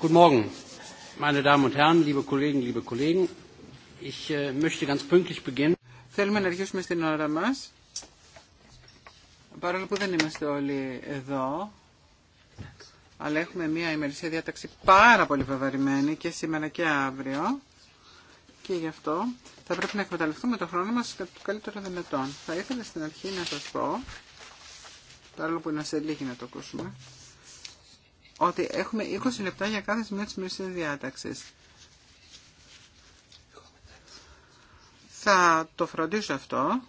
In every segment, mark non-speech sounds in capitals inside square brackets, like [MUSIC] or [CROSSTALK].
Guten Morgen, meine Damen und Herren, liebe Kolleginnen, liebe Kollegen. Ich äh, möchte ganz pünktlich beginnen. Θέλουμε να αρχίσουμε στην ώρα μας. Παρόλο που δεν είμαστε όλοι εδώ, αλλά έχουμε μια ημερησία διάταξη πάρα πολύ βαβαρημένη και σήμερα και αύριο και γι' αυτό θα πρέπει να εκμεταλλευτούμε το χρόνο μας κατά το καλύτερο δυνατόν. Θα ήθελα στην αρχή να σας πω, παρόλο που είναι σε λίγη να το ακούσουμε, ότι έχουμε 20 λεπτά για κάθε σημείο της μερικής διάταξης. Θα το φροντίσω αυτό,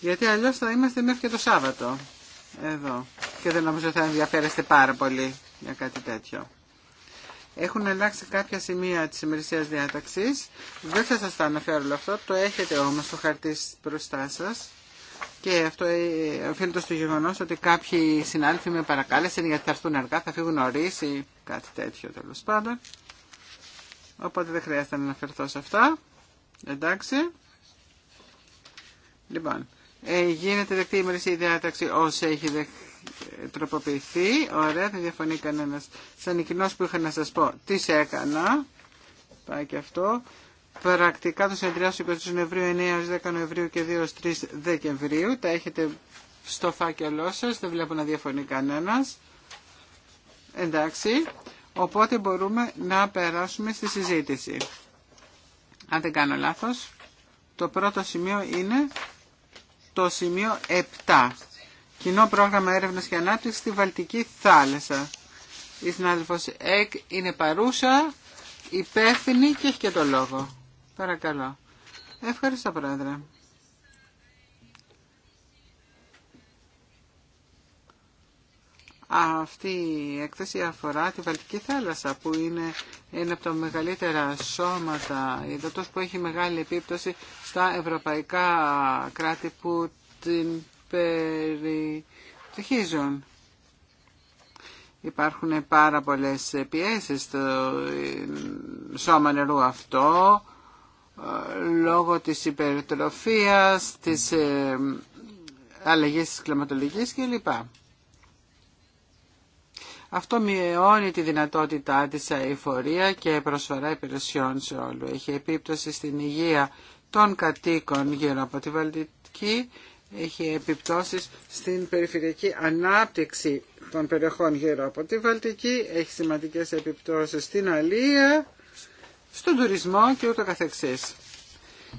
γιατί αλλιώς θα είμαστε μέχρι και το Σάββατο εδώ και δεν νομίζω θα ενδιαφέρεστε πάρα πολύ για κάτι τέτοιο. Έχουν αλλάξει κάποια σημεία της ημερησίας διάταξης. Δεν θα σας τα αναφέρω όλο αυτό, το έχετε όμως το χαρτί μπροστά σας. Και αυτό ε, οφείλεται στο γεγονό ότι κάποιοι συνάδελφοι με παρακάλεσαν γιατί θα έρθουν αργά, θα φύγουν νωρί ή κάτι τέτοιο τέλο πάντων. Οπότε δεν χρειάζεται να αναφερθώ σε αυτά. Εντάξει. Λοιπόν, ε, γίνεται δεκτή η ημερησία διάταξη όσο έχει δεχ... τροποποιηθεί. Ωραία, δεν διαφωνεί ημερησια διαταξη οσο εχει τροποποιηθει ωραια δεν διαφωνει κανενα Σαν εκείνο που είχα να σα πω, τι έκανα. Πάει και αυτό πρακτικά το το στις 20 Νοεμβρίου, 9 10 Νοεμβρίου και 2 3 Δεκεμβρίου. Τα έχετε στο φάκελό σας, δεν βλέπω να διαφωνεί κανένας. Εντάξει, οπότε μπορούμε να περάσουμε στη συζήτηση. Αν δεν κάνω λάθος, το πρώτο σημείο είναι το σημείο 7. Κοινό πρόγραμμα έρευνας και ανάπτυξης στη Βαλτική θάλασσα. Η συνάδελφος ΕΚ είναι παρούσα, υπεύθυνη και έχει και το λόγο. Παρακαλώ. Ευχαριστώ, Πρόεδρε. Αυτή η έκθεση αφορά τη Βαλτική θάλασσα που είναι ένα από τα μεγαλύτερα σώματα υδατός που έχει μεγάλη επίπτωση στα ευρωπαϊκά κράτη που την περιτυχίζουν. Υπάρχουν πάρα πολλές πιέσεις στο ε, σώμα νερού αυτό λόγω της υπερτροφίας, της ε, αλλαγής της κλιματολογικής κλπ. Αυτό μειώνει τη δυνατότητά της αηφορία και προσφορά υπηρεσιών σε όλου. Έχει επίπτωση στην υγεία των κατοίκων γύρω από τη Βαλτική, έχει επιπτώσεις στην περιφερειακή ανάπτυξη των περιοχών γύρω από τη Βαλτική, έχει σημαντικές επιπτώσεις στην Αλία στον τουρισμό και ούτω καθεξής.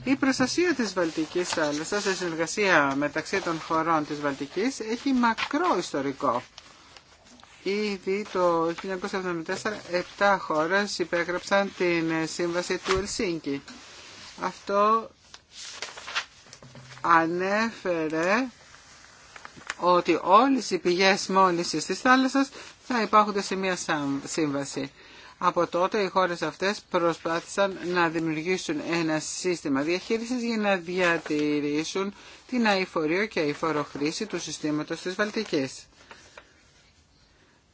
Η προστασία της Βαλτικής θάλασσας η συνεργασία μεταξύ των χωρών της Βαλτικής έχει μακρό ιστορικό. Ήδη το 1974 7 χώρες υπέγραψαν την σύμβαση του Ελσίνκη. Αυτό ανέφερε ότι όλες οι πηγές μόλις της θάλασσας θα υπάρχουν σε μία σύμβαση. Από τότε οι χώρες αυτές προσπάθησαν να δημιουργήσουν ένα σύστημα διαχείρισης για να διατηρήσουν την αηφορείο και αηφοροχρήση του συστήματος της Βαλτικής.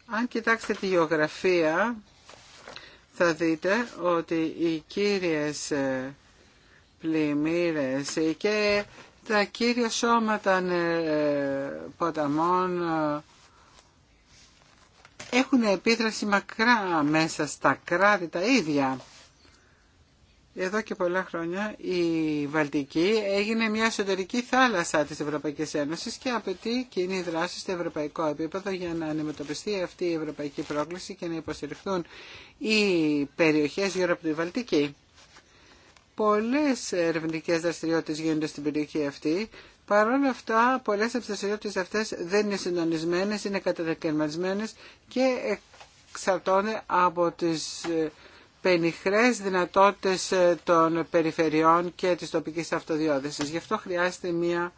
Αν κοιτάξετε τη γεωγραφία θα δείτε ότι οι κύριες ε, πλημμύρες και τα κύρια σώματα ε, ποταμών έχουν επίδραση μακρά μέσα στα κράτη τα ίδια. Εδώ και πολλά χρόνια η Βαλτική έγινε μια εσωτερική θάλασσα της Ευρωπαϊκής Ένωσης και απαιτεί κοινή δράση στο ευρωπαϊκό επίπεδο για να αντιμετωπιστεί αυτή η ευρωπαϊκή πρόκληση και να υποστηριχθούν οι περιοχές γύρω από τη Βαλτική. Πολλές ερευνητικές δραστηριότητες γίνονται στην περιοχή αυτή Παρ' όλα αυτά, πολλές από τις αυτές δεν είναι συντονισμένες, είναι καταδεκαιρματισμένες και εξαρτώνται από τις ε, πενιχρές δυνατότητες ε, των περιφερειών και της τοπικής αυτοδιόδεσης. Γι' αυτό χρειάζεται μια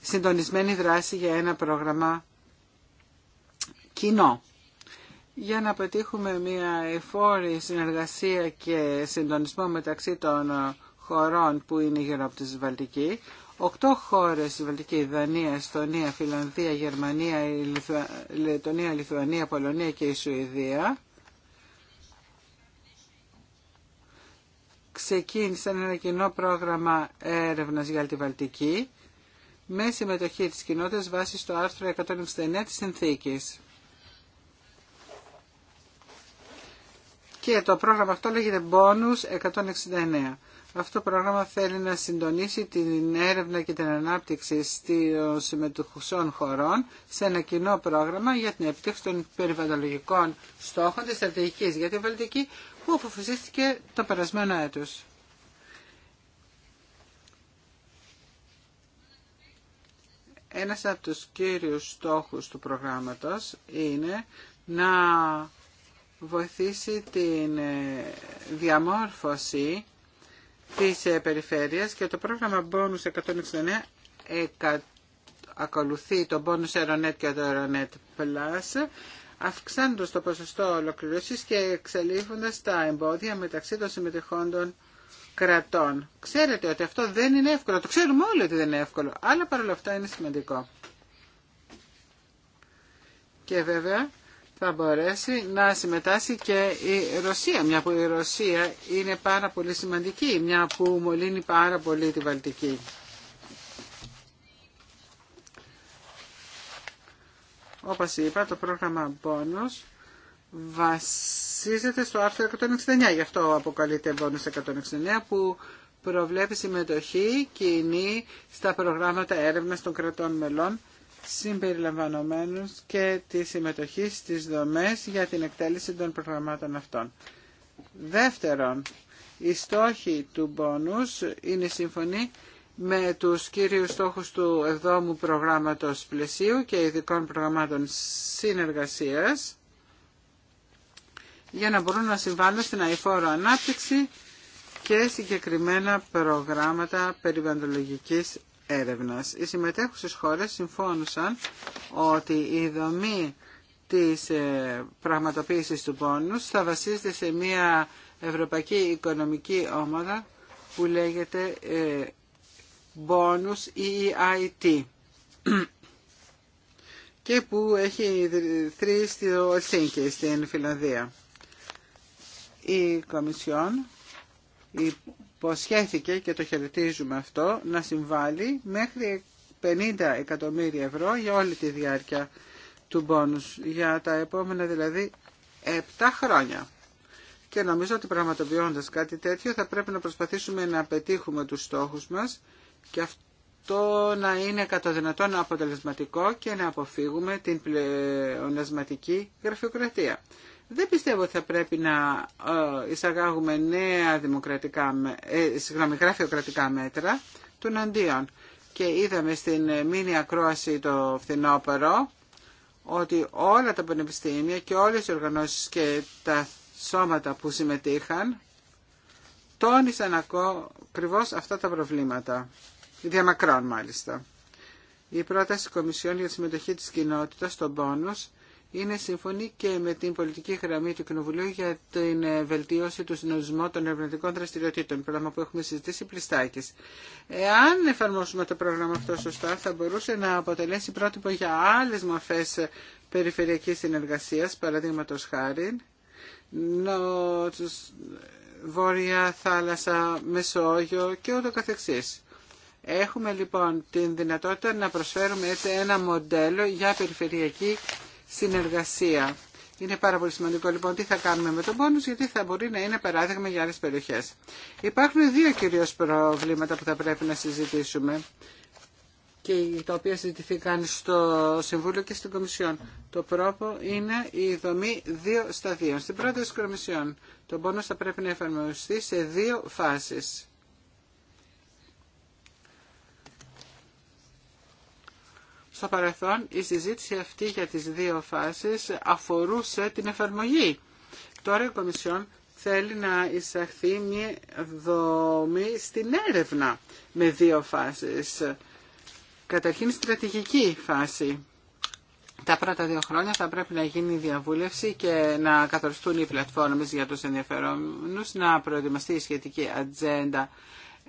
συντονισμένη δράση για ένα πρόγραμμα κοινό. Για να πετύχουμε μια εφόρη συνεργασία και συντονισμό μεταξύ των ε, χωρών που είναι γύρω από τη Βαλτική, Οκτώ χώρες, Βαλτική, Δανία, Εστονία, Φιλανδία, Γερμανία, η Λετωνία, Λιθουανία, Πολωνία και η Σουηδία, ξεκίνησαν ένα κοινό πρόγραμμα έρευνας για τη Βαλτική με συμμετοχή της κοινότητας βάσει στο άρθρο 169 της Συνθήκης. Και το πρόγραμμα αυτό λέγεται Bonus 169. Αυτό το πρόγραμμα θέλει να συντονίσει την έρευνα και την ανάπτυξη των συμμετοχουσών χωρών σε ένα κοινό πρόγραμμα για την επιτύχηση των περιβαλλοντικών στόχων της στρατηγικής για την Βαλτική που αποφασίστηκε το περασμένο έτος. Ένας από τους κύριους στόχους του προγράμματος είναι να βοηθήσει την διαμόρφωση της ε, περιφέρειας και το πρόγραμμα Bonus 169 ακολουθεί το Bonus Aeronet και το Aeronet Plus αυξάνοντας το ποσοστό ολοκληρώσης και εξελίφοντας τα εμπόδια μεταξύ των συμμετεχόντων κρατών. Ξέρετε ότι αυτό δεν είναι εύκολο. Το ξέρουμε όλοι ότι δεν είναι εύκολο. Αλλά παρόλα αυτά είναι σημαντικό. Και βέβαια θα μπορέσει να συμμετάσχει και η Ρωσία, μια που η Ρωσία είναι πάρα πολύ σημαντική, μια που μολύνει πάρα πολύ τη Βαλτική. Όπως είπα, το πρόγραμμα Bonus βασίζεται στο άρθρο 169, γι' αυτό αποκαλείται Bonus 169, που προβλέπει συμμετοχή κοινή στα προγράμματα έρευνας των κρατών μελών συμπεριλαμβανομένους και τη συμμετοχή στις δομές για την εκτέλεση των προγραμμάτων αυτών. Δεύτερον, οι στόχοι του πόνους είναι σύμφωνη με τους κύριους στόχους του εβδομου προγράμματος πλαισίου και ειδικών προγραμμάτων συνεργασίας για να μπορούν να συμβάλλουν στην αηφόρο ανάπτυξη και συγκεκριμένα προγράμματα περιβαντολογικής έρευνας. Οι συμμετέχουσες χώρες συμφώνησαν ότι η δομή της ε, πραγματοποίησης του πόνους θα βασίζεται σε μια ευρωπαϊκή οικονομική ομάδα που λέγεται ε, Bonus EIT e [CLEARS THROAT] και που έχει ιδρυθεί στη Ελσίνκι στην Φιλανδία. Η Κομισιόν υποσχέθηκε και το χαιρετίζουμε αυτό να συμβάλλει μέχρι 50 εκατομμύρια ευρώ για όλη τη διάρκεια του μπόνους για τα επόμενα δηλαδή 7 χρόνια. Και νομίζω ότι πραγματοποιώντας κάτι τέτοιο θα πρέπει να προσπαθήσουμε να πετύχουμε τους στόχους μας και αυτό να είναι κατά δυνατόν αποτελεσματικό και να αποφύγουμε την πλεονασματική γραφειοκρατία. Δεν πιστεύω ότι θα πρέπει να ε, εισαγάγουμε νέα δημοκρατικά, ε, γραφειοκρατικά μέτρα των αντίον. Και είδαμε στην ε, μήνυα ακρόαση το φθινόπερο ότι όλα τα πανεπιστήμια και όλες οι οργανώσεις και τα σώματα που συμμετείχαν τόνισαν ακριβώ αυτά τα προβλήματα. Διαμακρών μάλιστα. Η πρόταση Κομισιόν για τη συμμετοχή της κοινότητας στον πόνους είναι σύμφωνη και με την πολιτική γραμμή του Κοινοβουλίου για την ε, βελτίωση του συνολισμού των ερευνητικών δραστηριοτήτων, πράγμα που έχουμε συζητήσει πλιστάκι. Εάν εφαρμόσουμε το πρόγραμμα αυτό σωστά, θα μπορούσε να αποτελέσει πρότυπο για άλλε μορφέ ε, περιφερειακή συνεργασία, παραδείγματο χάρη, νο... Βόρεια Θάλασσα, Μεσόγειο και ούτω καθεξής. Έχουμε λοιπόν την δυνατότητα να προσφέρουμε έτσι ένα μοντέλο για περιφερειακή συνεργασία. Είναι πάρα πολύ σημαντικό λοιπόν τι θα κάνουμε με τον πόνους γιατί θα μπορεί να είναι παράδειγμα για άλλες περιοχές. Υπάρχουν δύο κυρίως προβλήματα που θα πρέπει να συζητήσουμε και τα οποία συζητηθήκαν στο Συμβούλιο και στην Κομισιόν. Το πρώτο είναι η δομή δύο σταδίων. Στην πρώτη της Κομισιόν το πόνος θα πρέπει να εφαρμοστεί σε δύο φάσεις. Στο παρελθόν η συζήτηση αυτή για τις δύο φάσεις αφορούσε την εφαρμογή. Τώρα η Κομισιόν θέλει να εισαχθεί μια δομή στην έρευνα με δύο φάσεις. Καταρχήν στρατηγική φάση. Τα πρώτα δύο χρόνια θα πρέπει να γίνει διαβούλευση και να καθοριστούν οι πλατφόρμες για τους ενδιαφερόμενους, να προετοιμαστεί η σχετική ατζέντα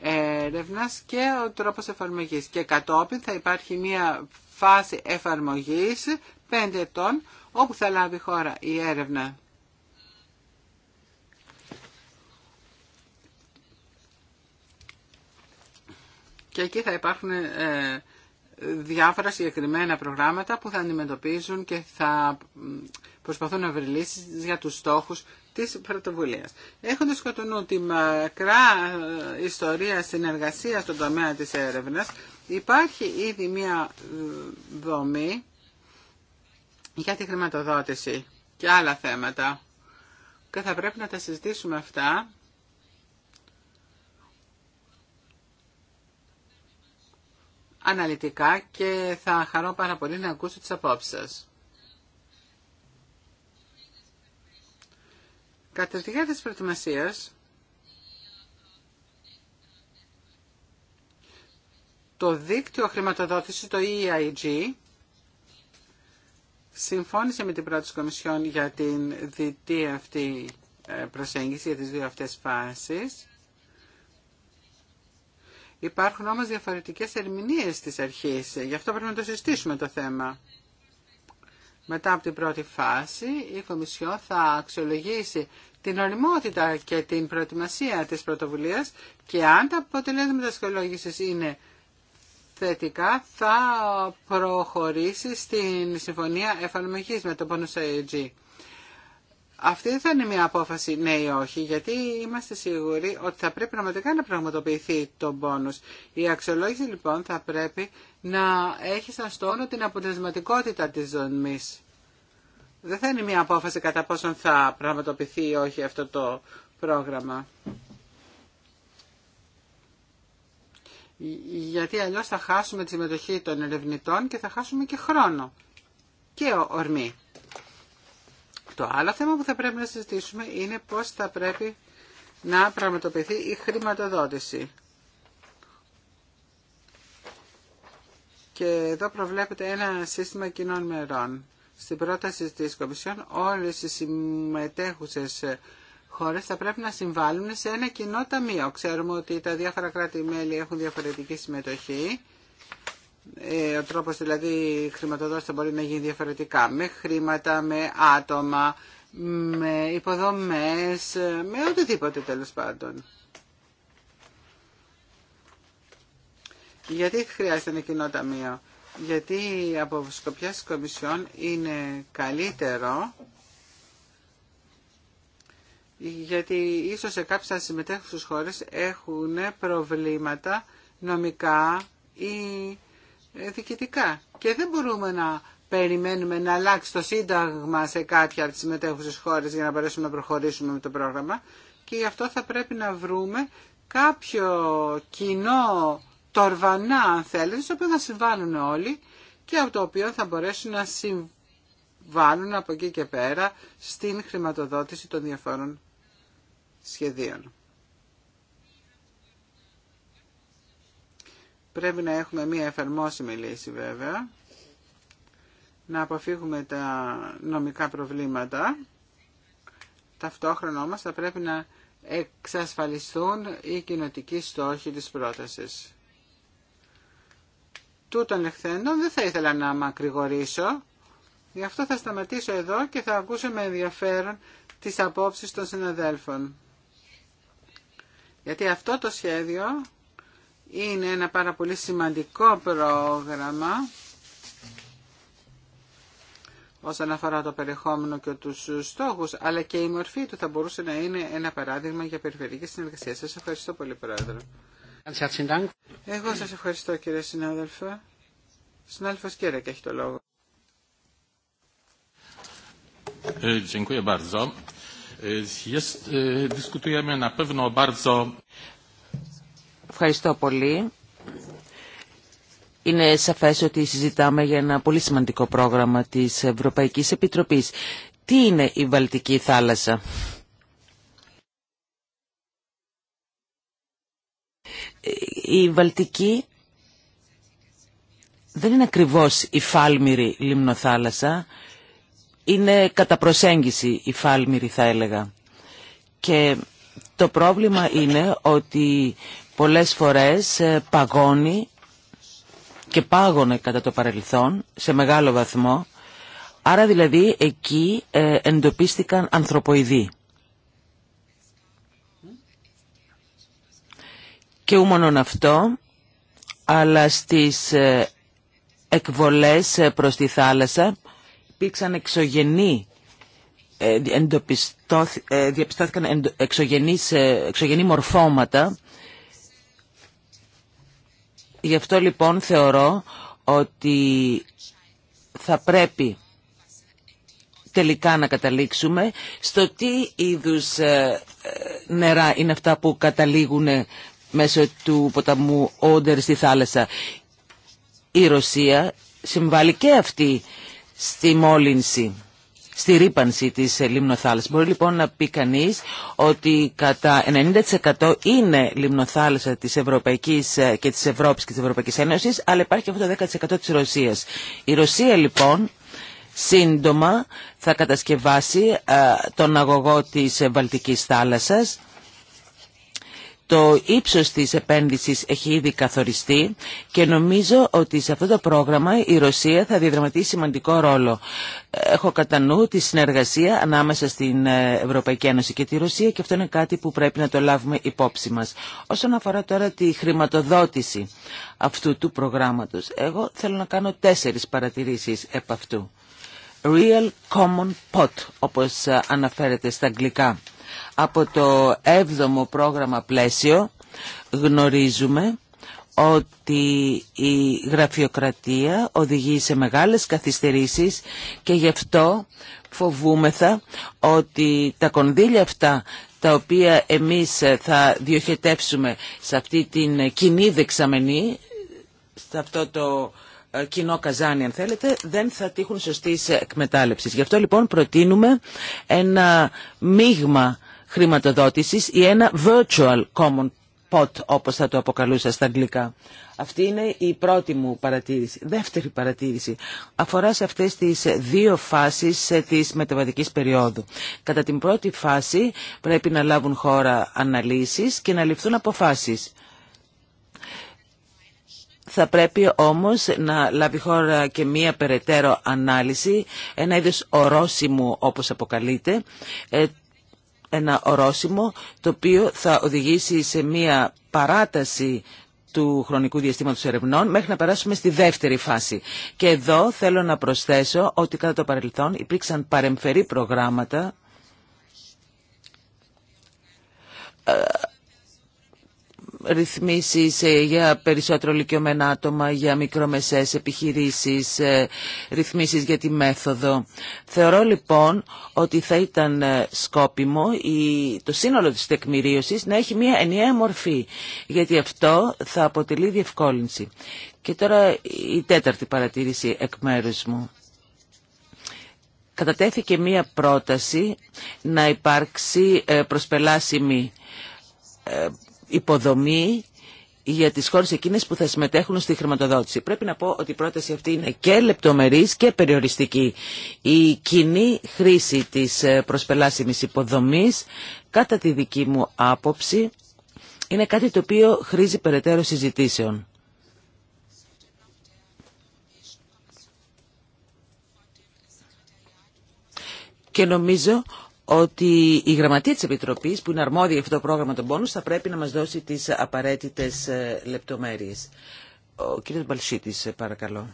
έρευνας και ο τρόπος εφαρμογής. Και κατόπιν θα υπάρχει μια φάση εφαρμογής 5 ετών όπου θα λάβει χώρα η έρευνα. Και εκεί θα υπάρχουν ε, διάφορα συγκεκριμένα προγράμματα που θα αντιμετωπίζουν και θα προσπαθούν να βρει λύσει για τους στόχους της πρωτοβουλίας. Έχοντας κατά τη μακρά ε, ιστορία συνεργασία στον τομέα της έρευνας, Υπάρχει ήδη μία ε, δομή για τη χρηματοδότηση και άλλα θέματα και θα πρέπει να τα συζητήσουμε αυτά αναλυτικά και θα χαρώ πάρα πολύ να ακούσω τις απόψεις σας. Κατά τη διάρκεια της το δίκτυο χρηματοδότηση, το EIG, συμφώνησε με την πρώτη Κομισιόν για την διτή αυτή ε, προσέγγιση, για τις δύο αυτές φάσεις. Υπάρχουν όμως διαφορετικές ερμηνείες της αρχής, γι' αυτό πρέπει να το συστήσουμε το θέμα. Μετά από την πρώτη φάση, η Κομισιόν θα αξιολογήσει την οριμότητα και την προετοιμασία της πρωτοβουλίας και αν τα αποτελέσματα της είναι θετικά θα προχωρήσει στην συμφωνία εφαρμογής με το Πόνος ΑΕΓ. Αυτή δεν θα είναι μια απόφαση ναι ή όχι, γιατί είμαστε σίγουροι ότι θα πρέπει πραγματικά να πραγματοποιηθεί το πόνος. Η αξιολόγηση λοιπόν θα πρέπει να έχει σαν στόνο την αποτελεσματικότητα της δομής. Δεν θα είναι μια απόφαση κατά πόσον θα πραγματοποιηθεί ή όχι αυτό το πρόγραμμα. γιατί αλλιώς θα χάσουμε τη συμμετοχή των ερευνητών και θα χάσουμε και χρόνο και ορμή. Το άλλο θέμα που θα πρέπει να συζητήσουμε είναι πώς θα πρέπει να πραγματοποιηθεί η χρηματοδότηση. Και εδώ προβλέπεται ένα σύστημα κοινών μερών. Στην πρόταση της Κομισιόν όλες οι συμμετέχουσες χώρες θα πρέπει να συμβάλλουν σε ένα κοινό ταμείο. Ξέρουμε ότι τα διάφορα κράτη-μέλη έχουν διαφορετική συμμετοχή. Ε, ο τρόπος δηλαδή χρηματοδότηση θα μπορεί να γίνει διαφορετικά. Με χρήματα, με άτομα, με υποδομές, με οτιδήποτε τέλος πάντων. Γιατί χρειάζεται ένα κοινό ταμείο. Γιατί από σκοπιά της Κομισιόν είναι καλύτερο γιατί ίσως σε κάποιες ασυμμετέχουσες χώρες έχουν προβλήματα νομικά ή ε, διοικητικά και δεν μπορούμε να περιμένουμε να αλλάξει το σύνταγμα σε κάποια από τις συμμετέχουσες χώρες για να μπορέσουμε να προχωρήσουμε με το πρόγραμμα και γι' αυτό θα πρέπει να βρούμε κάποιο κοινό τορβανά αν θέλετε στο οποίο θα συμβάλλουν όλοι και από το οποίο θα μπορέσουν να συμβάλλουν από εκεί και πέρα στην χρηματοδότηση των διαφόρων σχεδίων. Πρέπει να έχουμε μία εφαρμόσιμη λύση βέβαια, να αποφύγουμε τα νομικά προβλήματα. Ταυτόχρονα όμως θα πρέπει να εξασφαλιστούν οι κοινοτικοί στόχοι της πρότασης. Τούτων εχθέντων δεν θα ήθελα να μακρηγορήσω, γι' αυτό θα σταματήσω εδώ και θα ακούσω με ενδιαφέρον τις απόψεις των συναδέλφων. Γιατί αυτό το σχέδιο είναι ένα πάρα πολύ σημαντικό πρόγραμμα όσον αφορά το περιεχόμενο και τους στόχους, αλλά και η μορφή του θα μπορούσε να είναι ένα παράδειγμα για περιφερειακή συνεργασία. Σας ευχαριστώ πολύ, Πρόεδρο. Εγώ σας ευχαριστώ, κύριε συνάδελφε. Συνάδελφος και έχει το λόγο. Ε, Ευχαριστώ πολύ. Είναι σαφές ότι συζητάμε για ένα πολύ σημαντικό πρόγραμμα της Ευρωπαϊκής Επιτροπής. Τι είναι η Βαλτική θάλασσα? Η Βαλτική δεν είναι ακριβώς η φάλμηρη λιμνοθάλασσα, είναι κατά προσέγγιση η φάλμηρη θα έλεγα. Και το πρόβλημα είναι ότι πολλές φορές ε, παγώνει και πάγωνε κατά το παρελθόν σε μεγάλο βαθμό. Άρα δηλαδή εκεί ε, εντοπίστηκαν ανθρωποειδοί. Και ού αυτό, αλλά στις ε, εκβολές προς τη θάλασσα υπήρξαν εξωγενή, ε, ε, διαπιστώθηκαν εξωγενείς, ε, εξωγενή μορφώματα. Γι' αυτό λοιπόν θεωρώ ότι θα πρέπει τελικά να καταλήξουμε στο τι είδους νερά είναι αυτά που καταλήγουν μέσω του ποταμού Όντερ στη θάλασσα. Η Ρωσία συμβάλλει και αυτή στη μόλυνση στη ρήπανση της ε, λιμνοθάλασσας. Μπορεί λοιπόν να πει κανείς ότι κατά 90% είναι λιμνοθάλασσα της Ευρωπαϊκής ε, και της Ευρώπης και της Ευρωπαϊκής Ένωσης, αλλά υπάρχει και αυτό το 10% της Ρωσίας. Η Ρωσία λοιπόν σύντομα θα κατασκευάσει ε, τον αγωγό της Βαλτικής θάλασσας το ύψος της επένδυσης έχει ήδη καθοριστεί και νομίζω ότι σε αυτό το πρόγραμμα η Ρωσία θα διαδραματίσει σημαντικό ρόλο. Έχω κατά νου τη συνεργασία ανάμεσα στην ε, Ευρωπαϊκή Ένωση και τη Ρωσία και αυτό είναι κάτι που πρέπει να το λάβουμε υπόψη μας. Όσον αφορά τώρα τη χρηματοδότηση αυτού του προγράμματος, εγώ θέλω να κάνω τέσσερις παρατηρήσεις επ' αυτού. Real Common Pot, όπως ε, αναφέρεται στα αγγλικά από το 7ο πρόγραμμα πλαίσιο γνωρίζουμε ότι η γραφειοκρατία οδηγεί σε μεγάλες καθυστερήσεις και γι' αυτό φοβούμεθα ότι τα κονδύλια αυτά τα οποία εμείς θα διοχετεύσουμε σε αυτή την κοινή δεξαμενή, σε αυτό το ε, κοινό καζάνι αν θέλετε, δεν θα τύχουν σωστής εκμετάλλευσης. Γι' αυτό λοιπόν προτείνουμε ένα μείγμα χρηματοδότησης ή ένα virtual common pot όπως θα το αποκαλούσα στα αγγλικά. Αυτή είναι η πρώτη μου παρατήρηση. Δεύτερη παρατήρηση αφορά σε αυτές τις δύο φάσεις ε, της μεταβατικής περίοδου. Κατά την πρώτη φάση πρέπει να λάβουν χώρα αναλύσεις και να ληφθούν αποφάσεις. Θα πρέπει όμως να λάβει χώρα και μία περαιτέρω ανάλυση, ένα είδος ορόσημου όπως αποκαλείται, ε, ένα ορόσημο το οποίο θα οδηγήσει σε μία παράταση του χρονικού διαστήματος ερευνών μέχρι να περάσουμε στη δεύτερη φάση. Και εδώ θέλω να προσθέσω ότι κατά το παρελθόν υπήρξαν παρεμφερή προγράμματα ρυθμίσεις ε, για περισσότερο ηλικιωμένα άτομα, για μικρομεσαίες επιχειρήσεις, ε, ρυθμίσεις για τη μέθοδο. Θεωρώ λοιπόν ότι θα ήταν ε, σκόπιμο το σύνολο της τεκμηρίωσης να έχει μια ενιαία μορφή, γιατί αυτό θα αποτελεί διευκόλυνση. Και τώρα η τέταρτη παρατήρηση εκ μέρους μου κατατέθηκε μία πρόταση να υπάρξει προσπελάσιμη υποδομή για τις χώρες εκείνες που θα συμμετέχουν στη χρηματοδότηση. Πρέπει να πω ότι η πρόταση αυτή είναι και λεπτομερής και περιοριστική. Η κοινή χρήση της ε, προσπελάσιμης υποδομής, κατά τη δική μου άποψη, είναι κάτι το οποίο χρήζει περαιτέρω συζητήσεων. Και νομίζω ότι η γραμματεία της Επιτροπής που είναι αρμόδια για αυτό το πρόγραμμα των πόνους θα πρέπει να μας δώσει τις απαραίτητες ε, λεπτομέρειες. Ο κύριος Μπαλσίτης ε, παρακαλώ.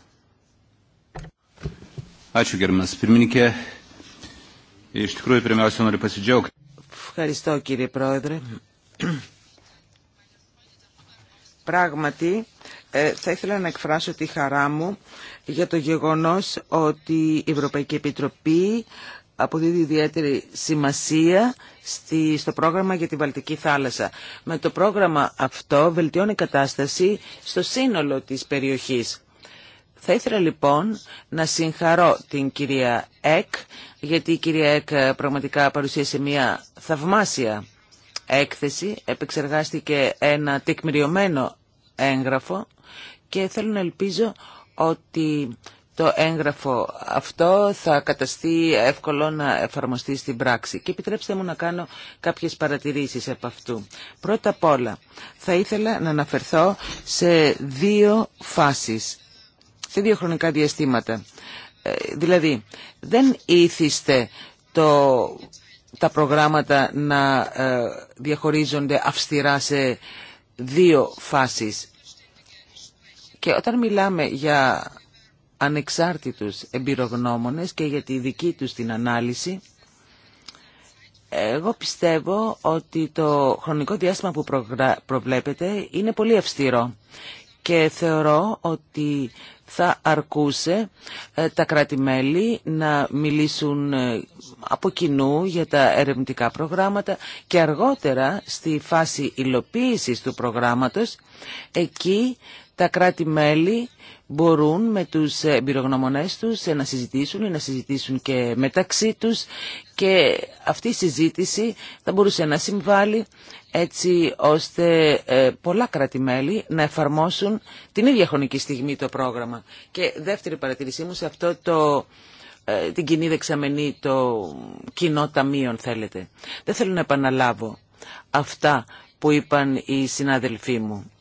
Ευχαριστώ κύριε Πρόεδρε. Πράγματι, ε, θα ήθελα να εκφράσω τη χαρά μου για το γεγονός ότι η Ευρωπαϊκή Επιτροπή αποδίδει ιδιαίτερη σημασία στη, στο πρόγραμμα για τη Βαλτική θάλασσα. Με το πρόγραμμα αυτό βελτιώνει κατάσταση στο σύνολο της περιοχής. Θα ήθελα λοιπόν να συγχαρώ την κυρία Εκ, γιατί η κυρία Εκ ε, πραγματικά παρουσίασε μια θαυμάσια έκθεση, επεξεργάστηκε ένα τεκμηριωμένο έγγραφο και θέλω να ελπίζω ότι το έγγραφο αυτό θα καταστεί εύκολο να εφαρμοστεί στην πράξη. Και επιτρέψτε μου να κάνω κάποιες παρατηρήσεις από αυτού. Πρώτα απ' όλα, θα ήθελα να αναφερθώ σε δύο φάσεις, σε δύο χρονικά διαστήματα. Ε, δηλαδή, δεν ήθιστε το, τα προγράμματα να ε, διαχωρίζονται αυστηρά σε δύο φάσεις. Και όταν μιλάμε για ανεξάρτητους εμπειρογνώμονες και για τη δική τους την ανάλυση. Εγώ πιστεύω ότι το χρονικό διάστημα που προβλέπετε είναι πολύ αυστηρό και θεωρώ ότι θα αρκούσε ε, τα κράτη-μέλη να μιλήσουν ε, από κοινού για τα ερευνητικά προγράμματα και αργότερα στη φάση υλοποίησης του προγράμματος εκεί τα κράτη-μέλη μπορούν με τους εμπειρογνωμονές τους να συζητήσουν ή να συζητήσουν και μεταξύ τους και αυτή η συζήτηση θα μπορούσε να συμβάλλει έτσι ώστε ε, πολλά κράτη-μέλη να εφαρμόσουν την ίδια χρονική στιγμή το πρόγραμμα. Και δεύτερη παρατηρήσή μου σε αυτό το ε, την κοινή δεξαμενή, το κοινό ταμείο θέλετε. Δεν θέλω να επαναλάβω αυτά που είπαν οι συνάδελφοί μου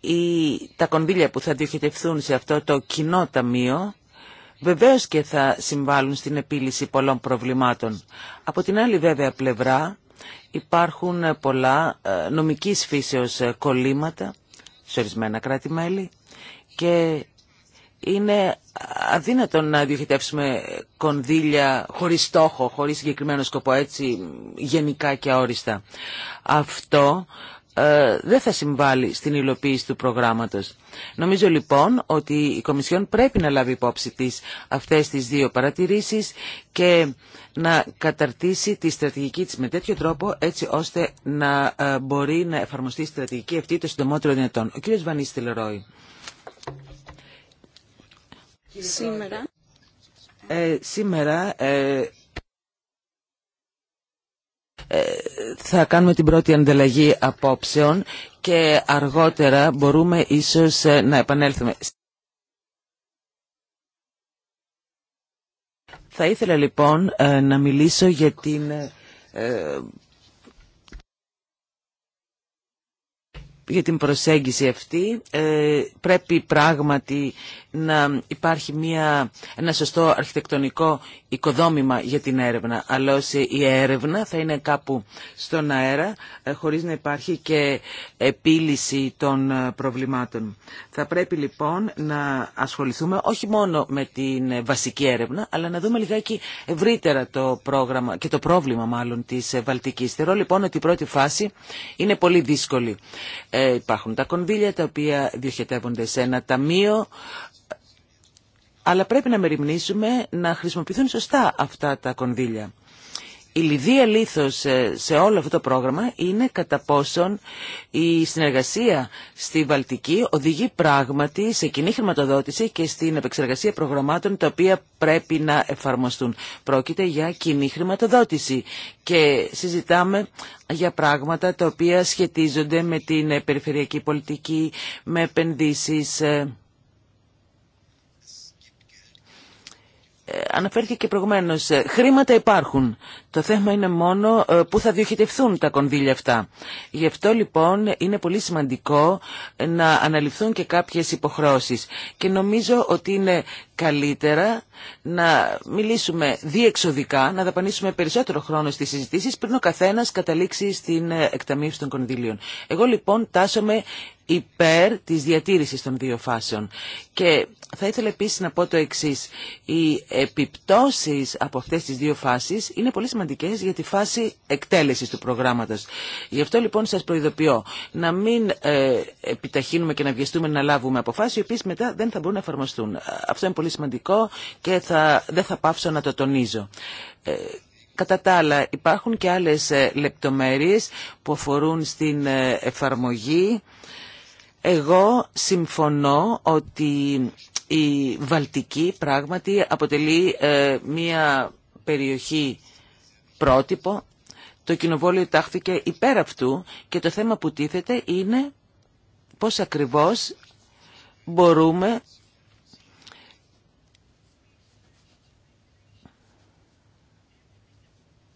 ή τα κονδύλια που θα διοχετευθούν σε αυτό το κοινό ταμείο βεβαίως και θα συμβάλλουν στην επίλυση πολλών προβλημάτων. Από την άλλη βέβαια πλευρά υπάρχουν πολλά ε, νομικής φύσεως ε, κολλήματα σε ορισμένα κράτη-μέλη και είναι αδύνατο να διοχετεύσουμε κονδύλια χωρίς στόχο, χωρίς συγκεκριμένο σκοπό, έτσι γενικά και αόριστα. Αυτό ε, δεν θα συμβάλλει στην υλοποίηση του προγράμματος. Νομίζω λοιπόν ότι η Κομισιόν πρέπει να λάβει υπόψη της αυτές τις δύο παρατηρήσεις και να καταρτήσει τη στρατηγική της με τέτοιο τρόπο έτσι ώστε να ε, μπορεί να εφαρμοστεί η στρατηγική αυτή το συντομότερο δυνατόν. Ο κύριος Βανίς Σήμερα, ε, ε, θα κάνουμε την πρώτη ανταλλαγή απόψεων και αργότερα μπορούμε ίσως ε, να επανέλθουμε. Θα ήθελα λοιπόν ε, να μιλήσω για την για την προσέγγιση αυτή. πρέπει πράγματι να υπάρχει μια, ένα σωστό αρχιτεκτονικό οικοδόμημα για την έρευνα. Αλλιώς η έρευνα θα είναι κάπου στον αέρα ε, χωρίς να υπάρχει και επίλυση των ε, προβλημάτων. Θα πρέπει λοιπόν να ασχοληθούμε όχι μόνο με την ε, βασική έρευνα αλλά να δούμε λιγάκι ευρύτερα το πρόγραμμα και το πρόβλημα μάλλον της Βαλτικής. Θεωρώ λοιπόν ότι η πρώτη φάση είναι πολύ δύσκολη. Ε, υπάρχουν τα κονδύλια τα οποία διοχετεύονται σε ένα ταμείο αλλά πρέπει να μεριμνήσουμε να χρησιμοποιηθούν σωστά αυτά τα κονδύλια. Η λιδία λήθος ε, σε όλο αυτό το πρόγραμμα είναι κατά πόσον η συνεργασία στη Βαλτική οδηγεί πράγματι σε κοινή χρηματοδότηση και στην επεξεργασία προγραμμάτων τα οποία πρέπει να εφαρμοστούν. Πρόκειται για κοινή χρηματοδότηση και συζητάμε για πράγματα τα οποία σχετίζονται με την περιφερειακή πολιτική, με επενδύσεις ε, Ε, αναφέρθηκε και προηγουμένως, ε, χρήματα υπάρχουν. Το θέμα είναι μόνο ε, πού θα διοχετευθούν τα κονδύλια αυτά. Γι' αυτό λοιπόν είναι πολύ σημαντικό να αναλυφθούν και κάποιες υποχρώσεις. Και νομίζω ότι είναι καλύτερα να μιλήσουμε διεξοδικά, να δαπανίσουμε περισσότερο χρόνο στις συζητήσεις πριν ο καθένας καταλήξει στην εκταμείωση των κονδυλίων. Εγώ λοιπόν τάσομαι υπέρ της διατήρησης των δύο φάσεων. Και θα ήθελα επίσης να πω το εξής. Οι επιπτώσεις από αυτές τις δύο φάσεις είναι πολύ σημαντικές για τη φάση εκτέλεσης του προγράμματος. Γι' αυτό λοιπόν σας προειδοποιώ να μην ε, επιταχύνουμε και να βιαστούμε να λάβουμε αποφάσεις οι οποίες μετά δεν θα μπορούν να εφαρμοστούν. Αυτό είναι πολύ σημαντικό και δεν θα πάψω να το τονίζω. Ε, κατά τα άλλα υπάρχουν και άλλες ε, λεπτομέρειες που αφορούν στην εφαρμογή εγώ συμφωνώ ότι η Βαλτική πράγματι αποτελεί ε, μία περιοχή πρότυπο. Το κοινοβόλιο τάχθηκε υπέρ αυτού και το θέμα που τίθεται είναι πώς ακριβώς μπορούμε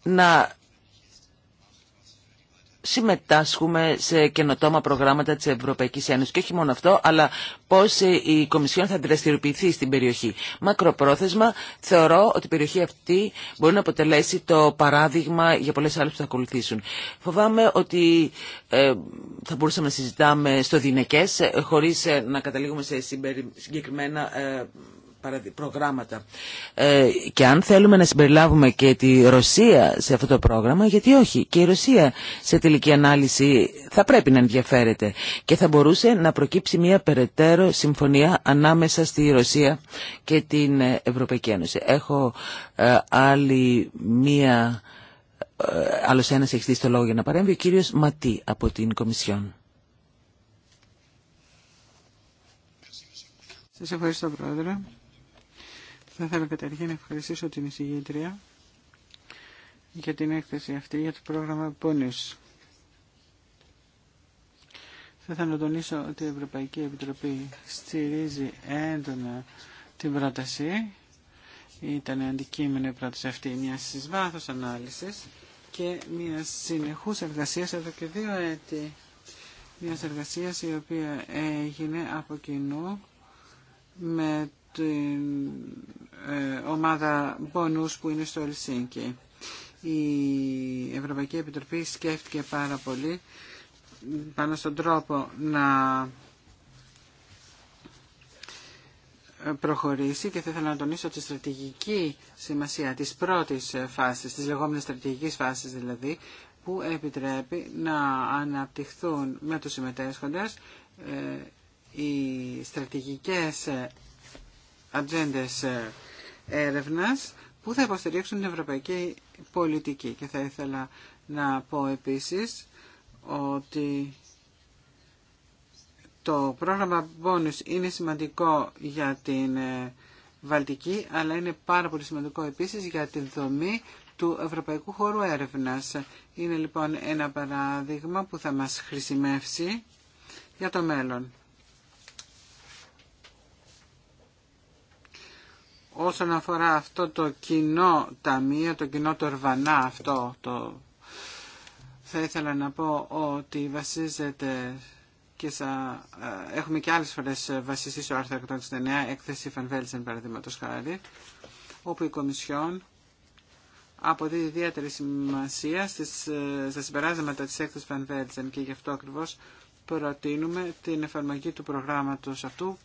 να συμμετάσχουμε σε καινοτόμα προγράμματα της Ευρωπαϊκής Ένωσης και όχι μόνο αυτό, αλλά πώς ε, η Κομισιόν θα δραστηριοποιηθεί στην περιοχή. Μακροπρόθεσμα θεωρώ ότι η περιοχή αυτή μπορεί να αποτελέσει το παράδειγμα για πολλές άλλες που θα ακολουθήσουν. Φοβάμαι ότι ε, θα μπορούσαμε να συζητάμε στο δινεκές ε, χωρίς να καταλήγουμε σε συγκεκριμένα προγράμματα. Ε, και αν θέλουμε να συμπεριλάβουμε και τη Ρωσία σε αυτό το πρόγραμμα, γιατί όχι. Και η Ρωσία σε τελική ανάλυση θα πρέπει να ενδιαφέρεται και θα μπορούσε να προκύψει μια περαιτέρω συμφωνία ανάμεσα στη Ρωσία και την ε, Ευρωπαϊκή Ένωση. Έχω ε, άλλη μία... Ε, άλλος ένας έχει το λόγο για να παρέμβει, ο κύριος Ματή από την Κομισιόν. Σας ευχαριστώ, Πρόεδρε. Θα ήθελα καταρχήν να ευχαριστήσω την εισηγήτρια για την έκθεση αυτή για το πρόγραμμα Πόνιους. Θα ήθελα να τονίσω ότι η Ευρωπαϊκή Επιτροπή στηρίζει έντονα την πρόταση. Ήταν αντικείμενο η πρόταση αυτή μια συσβάθος ανάλυσης και μια συνεχούς εργασίας εδώ και δύο έτη. Μια εργασία η οποία έγινε από κοινού με την ε, ομάδα Bonus που είναι στο Ελσίνκι. Η Ευρωπαϊκή Επιτροπή σκέφτηκε πάρα πολύ πάνω στον τρόπο να προχωρήσει και θα ήθελα να τονίσω τη στρατηγική σημασία της πρώτης φάσης, της λεγόμενης στρατηγικής φάσης δηλαδή, που επιτρέπει να αναπτυχθούν με τους συμμετέσχοντες ε, οι στρατηγικές ατζέντε ε, έρευνας που θα υποστηρίξουν την ευρωπαϊκή πολιτική. Και θα ήθελα να πω επίσης ότι το πρόγραμμα Bonus είναι σημαντικό για την ε, Βαλτική, αλλά είναι πάρα πολύ σημαντικό επίσης για τη δομή του Ευρωπαϊκού Χώρου Έρευνας. Είναι λοιπόν ένα παράδειγμα που θα μας χρησιμεύσει για το μέλλον. όσον αφορά αυτό το κοινό ταμείο, το κοινό τορβανά αυτό, το... θα ήθελα να πω ότι βασίζεται και σα... Ε, έχουμε και άλλες φορές βασιστεί στο άρθρο 169, έκθεση Φανβέλτζεν, παραδείγματος χάρη, όπου η Κομισιόν αποδίδει ιδιαίτερη σημασία στις, ε, στα συμπεράσματα της έκθεσης Φανβέλτζεν και γι' αυτό ακριβώς προτείνουμε την εφαρμογή του προγράμματος αυτού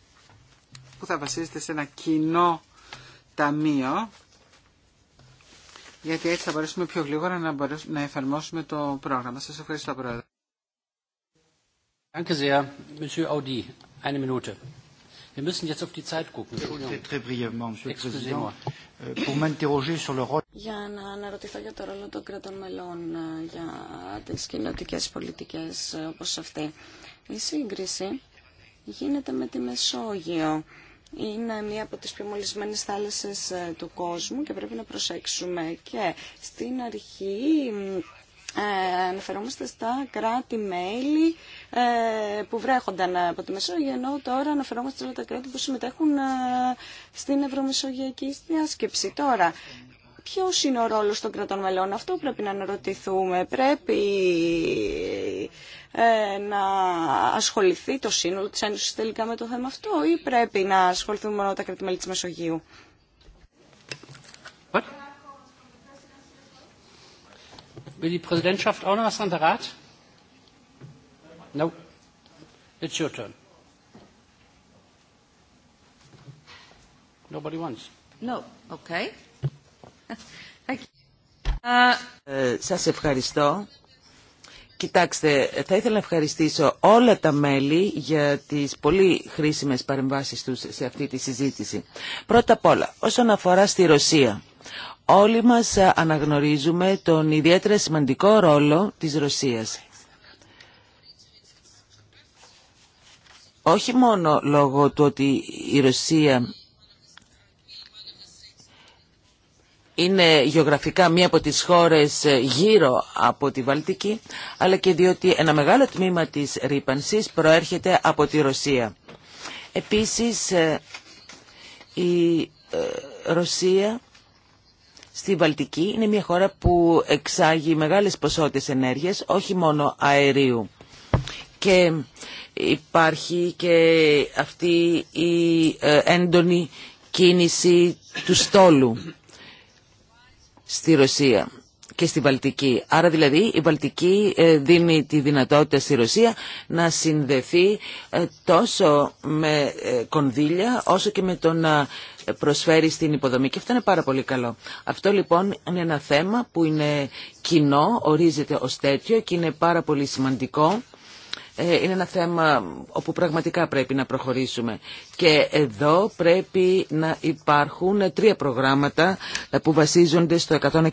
που θα βασίζεται σε ένα κοινό ταμείο γιατί έτσι θα μπορέσουμε πιο γρήγορα να, να εφαρμόσουμε το πρόγραμμα. Σας ευχαριστώ Πρόεδρε. Danke sehr, Monsieur Audi. Eine Minute. Wir müssen jetzt auf die Zeit gucken. Euh, για να αναρωτηθώ για το ρόλο των κρατών μελών ε, για τις κοινωτικές πολιτικές ε, όπως αυτή. Η σύγκριση γίνεται με τη Μεσόγειο είναι μία από τις πιο μολυσμένες θάλασσες ε, του κόσμου και πρέπει να προσέξουμε και στην αρχή ε, αναφερόμαστε στα κράτη-μέλη ε, που βρέχονταν από τη Μεσόγειο, ενώ τώρα αναφερόμαστε στα κράτη που συμμετέχουν ε, στην Ευρωμεσογειακή διάσκεψη. Τώρα, Ποιος είναι ο ρόλος των κρατών μελών, αυτό πρέπει να αναρωτηθούμε. Πρέπει ε, να ασχοληθεί το σύνολο της Ένωσης τελικά με το θέμα αυτό ή πρέπει να ασχοληθούν μόνο τα κρατημέλη της Μεσογείου. What? Will die Präsidentschaft auch noch was an der Rat? No. It's your turn. Nobody wants. No. Okay. Ε, σας ευχαριστώ. Κοιτάξτε, θα ήθελα να ευχαριστήσω όλα τα μέλη για τις πολύ χρήσιμες παρεμβάσεις τους σε αυτή τη συζήτηση. Πρώτα απ' όλα, όσον αφορά στη Ρωσία, όλοι μας αναγνωρίζουμε τον ιδιαίτερα σημαντικό ρόλο της Ρωσίας. Όχι μόνο λόγω του ότι η Ρωσία είναι γεωγραφικά μία από τις χώρες ε, γύρω από τη Βαλτική, αλλά και διότι ένα μεγάλο τμήμα της ρήπανσης προέρχεται από τη Ρωσία. Επίσης, ε, η ε, Ρωσία στη Βαλτική είναι μια χώρα που εξάγει μεγάλες ποσότητες ενέργειας, όχι μόνο αερίου. Και υπάρχει και αυτή η έντονη κίνηση του στόλου στη Ρωσία και στη Βαλτική. Άρα δηλαδή η Βαλτική ε, δίνει τη δυνατότητα στη Ρωσία να συνδεθεί ε, τόσο με ε, κονδύλια όσο και με το να προσφέρει στην υποδομή και αυτό είναι πάρα πολύ καλό. Αυτό λοιπόν είναι ένα θέμα που είναι κοινό, ορίζεται ως τέτοιο και είναι πάρα πολύ σημαντικό ε, είναι ένα θέμα όπου πραγματικά πρέπει να προχωρήσουμε. Και εδώ πρέπει να υπάρχουν τρία προγράμματα που βασίζονται στο 169.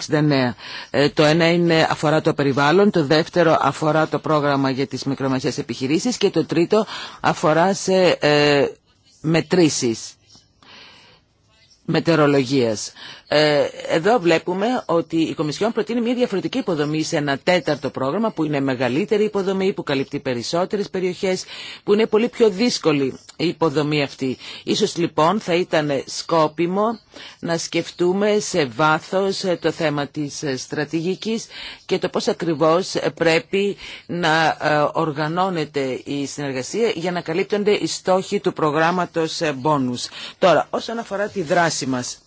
Ε, το ένα είναι αφορά το περιβάλλον, το δεύτερο αφορά το πρόγραμμα για τις μικρομεσαίες επιχειρήσεις και το τρίτο αφορά σε ε, μετρήσεις μετερολογίας. Ε, εδώ βλέπουμε ότι η Κομισιόν προτείνει μια διαφορετική υποδομή σε ένα τέταρτο πρόγραμμα που είναι μεγαλύτερη υποδομή, που καλύπτει περισσότερες περιοχές, που είναι πολύ πιο δύσκολη η υποδομή αυτή. Ίσως λοιπόν θα ήταν σκόπιμο να σκεφτούμε σε βάθος ε, το θέμα της ε, στρατηγικής και το πώς ακριβώς πρέπει να οργανώνεται η συνεργασία για να καλύπτονται οι στόχοι του προγράμματος Bonus. Τώρα, όσον αφορά τη δράση μας.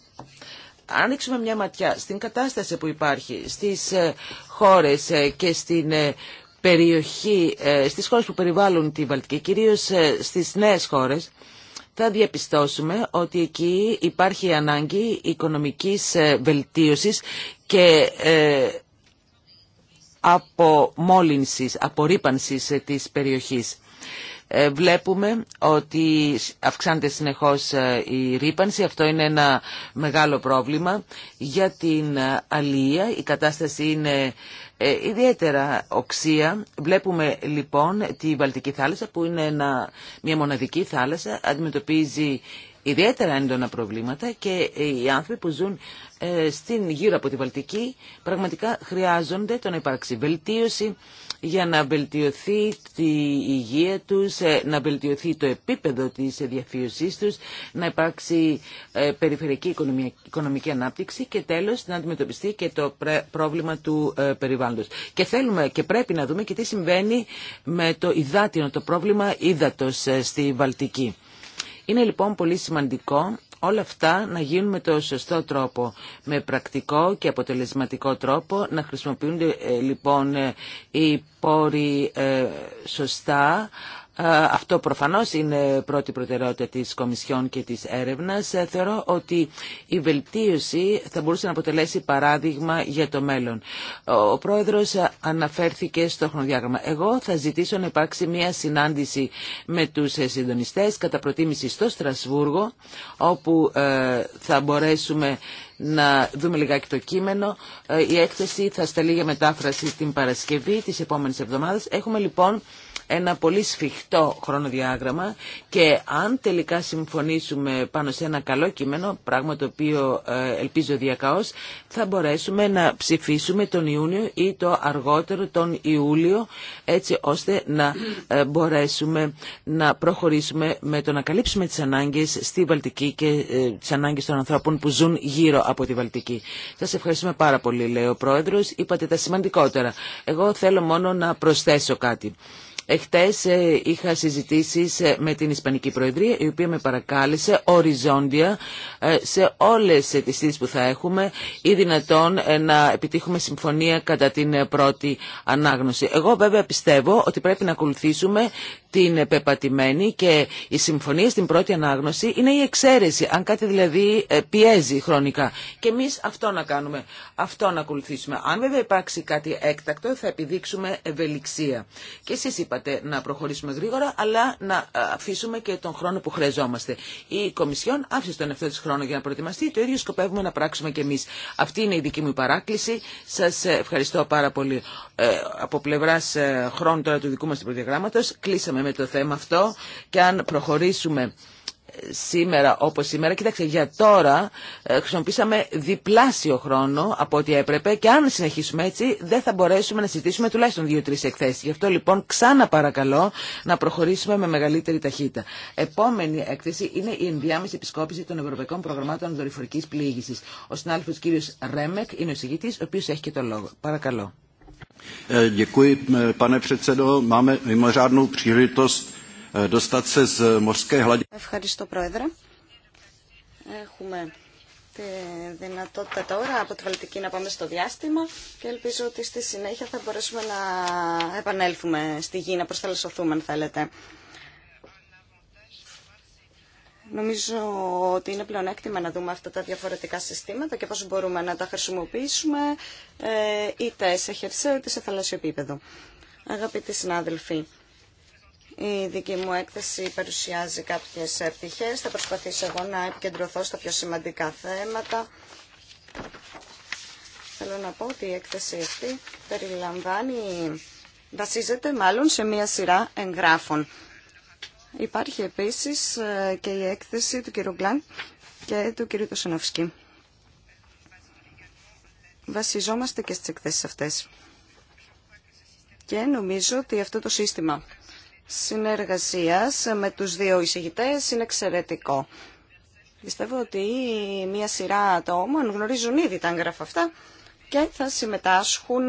Αν ανοίξουμε μια ματιά στην κατάσταση που υπάρχει στις ε, χώρες ε, και στην ε, περιοχή, στις χώρες που περιβάλλουν τη Βαλτική, κυρίως στις νέες χώρες, θα διαπιστώσουμε ότι εκεί υπάρχει ανάγκη οικονομικής βελτίωσης και απομόλυνσης, απορρίπανσης της περιοχής. Ε, βλέπουμε ότι αυξάνεται συνεχώς ε, η ρήπανση. Αυτό είναι ένα μεγάλο πρόβλημα. Για την ε, αλία η κατάσταση είναι ιδιαίτερα οξία. Βλέπουμε λοιπόν τη Βαλτική θάλασσα που είναι μια μοναδική θάλασσα, αντιμετωπίζει ιδιαίτερα έντονα προβλήματα και οι άνθρωποι που ζουν στην γύρω από τη Βαλτική πραγματικά χρειάζονται το να υπάρξει βελτίωση για να βελτιωθεί τη υγεία τους, ε, να βελτιωθεί το επίπεδο της διαφύωσής τους, να υπάρξει ε, περιφερειακή οικονομική ανάπτυξη και τέλος να αντιμετωπιστεί και το πρόβλημα του ε, περιβάλλοντος. Και θέλουμε και πρέπει να δούμε και τι συμβαίνει με το υδάτινο, το πρόβλημα ύδατος στη Βαλτική. Είναι λοιπόν πολύ σημαντικό όλα αυτά να γίνουν με το σωστό τρόπο, με πρακτικό και αποτελεσματικό τρόπο, να χρησιμοποιούνται ε, λοιπόν ε, οι πόροι ε, σωστά, ε, αυτό προφανώς είναι πρώτη προτεραιότητα της Κομισιόν και της έρευνας. Ε, θεωρώ ότι η βελτίωση θα μπορούσε να αποτελέσει παράδειγμα για το μέλλον. Ο πρόεδρος αναφέρθηκε στο χρονοδιάγραμμα. Εγώ θα ζητήσω να υπάρξει μια συνάντηση με τους ε, συντονιστές κατά προτίμηση στο Στρασβούργο όπου θα μπορέσουμε να δούμε λιγάκι το κείμενο. Η έκθεση θα σταλεί για μετάφραση την Παρασκευή της επόμενης εβδομάδας. Έχουμε λοιπόν ένα πολύ σφιχτό χρονοδιάγραμμα και αν τελικά συμφωνήσουμε πάνω σε ένα καλό κείμενο, πράγμα το οποίο ε, ελπίζω διακαώς, θα μπορέσουμε να ψηφίσουμε τον Ιούνιο ή το αργότερο τον Ιούλιο, έτσι ώστε να ε, μπορέσουμε να προχωρήσουμε με το να καλύψουμε τις ανάγκες στη Βαλτική και ε, τις ανάγκες των ανθρώπων που ζουν γύρω από τη Βαλτική. Σας ευχαριστούμε πάρα πολύ, λέει ο Πρόεδρος. Είπατε τα σημαντικότερα. Εγώ θέλω μόνο να προσθέσω κάτι. Εχθές ε, είχα συζητήσεις ε, με την Ισπανική Προεδρία, η οποία με παρακάλεσε οριζόντια ε, σε όλες τις θήσεις που θα έχουμε ή δυνατόν να επιτύχουμε συμφωνία κατά την πρώτη ανάγνωση. Εγώ βέβαια πιστεύω ότι πρέπει να ακολουθήσουμε την πεπατημένη και η συμφωνία στην πρώτη ανάγνωση είναι η εξαίρεση, αν κάτι δηλαδή πιέζει χρονικά. Και εμείς αυτό να κάνουμε, αυτό να ακολουθήσουμε. Αν βέβαια υπάρξει κάτι έκτακτο θα επιδείξουμε ευελιξία. Και εσείς είπατε είπατε, να προχωρήσουμε γρήγορα, αλλά να αφήσουμε και τον χρόνο που χρειαζόμαστε. Η Κομισιόν άφησε τον εαυτό τη χρόνο για να προετοιμαστεί, το ίδιο σκοπεύουμε να πράξουμε κι εμεί. Αυτή είναι η δική μου παράκληση. Σα ευχαριστώ πάρα πολύ. Ε, από πλευρά ε, χρόνου τώρα του δικού μα προδιαγράμματο, κλείσαμε με το θέμα αυτό και αν προχωρήσουμε σήμερα όπως σήμερα, κοίταξε για τώρα ε, χρησιμοποίησαμε διπλάσιο χρόνο από ό,τι έπρεπε και αν συνεχίσουμε έτσι δεν θα μπορέσουμε να συζητήσουμε τουλάχιστον δύο-τρει εκθέσεις. Γι' αυτό λοιπόν ξανά παρακαλώ να προχωρήσουμε με μεγαλύτερη ταχύτητα. Επόμενη εκθέση είναι η ενδιάμεση επισκόπηση των Ευρωπαϊκών Προγραμμάτων Δορυφορικής Πλήγησης. Ο συνάδελφος κ. Ρέμεκ είναι ο συγητή, ο οποίο έχει και το λόγο. Παρακαλώ. Ε, ε, ε, Ευχαριστώ, Πρόεδρε. Έχουμε τη δυνατότητα τώρα από τη Βαλτική να πάμε στο διάστημα και ελπίζω ότι στη συνέχεια θα μπορέσουμε να επανέλθουμε στη γη, να προσθαλασσοθούμε αν θέλετε. Νομίζω ότι είναι πλεονέκτημα να δούμε αυτά τα διαφορετικά συστήματα και πώς μπορούμε να τα χρησιμοποιήσουμε ε, είτε σε χερσαίο είτε σε θαλασσιοπίπεδο. Αγαπητοί συνάδελφοι, η δική μου έκθεση παρουσιάζει κάποιες πτυχές. Θα προσπαθήσω εγώ να επικεντρωθώ στα πιο σημαντικά θέματα. Θέλω να πω ότι η έκθεση αυτή περιλαμβάνει, βασίζεται μάλλον σε μία σειρά εγγράφων. Υπάρχει επίσης ε, και η έκθεση του κ. Γκλάν και του κ. Τωσονοφσκή. Βασιζόμαστε και στις εκθέσεις αυτές. Και νομίζω ότι αυτό το σύστημα συνεργασίας με τους δύο εισηγητές είναι εξαιρετικό. Πιστεύω ότι μία σειρά ατόμων γνωρίζουν ήδη τα έγγραφα αυτά και θα συμμετάσχουν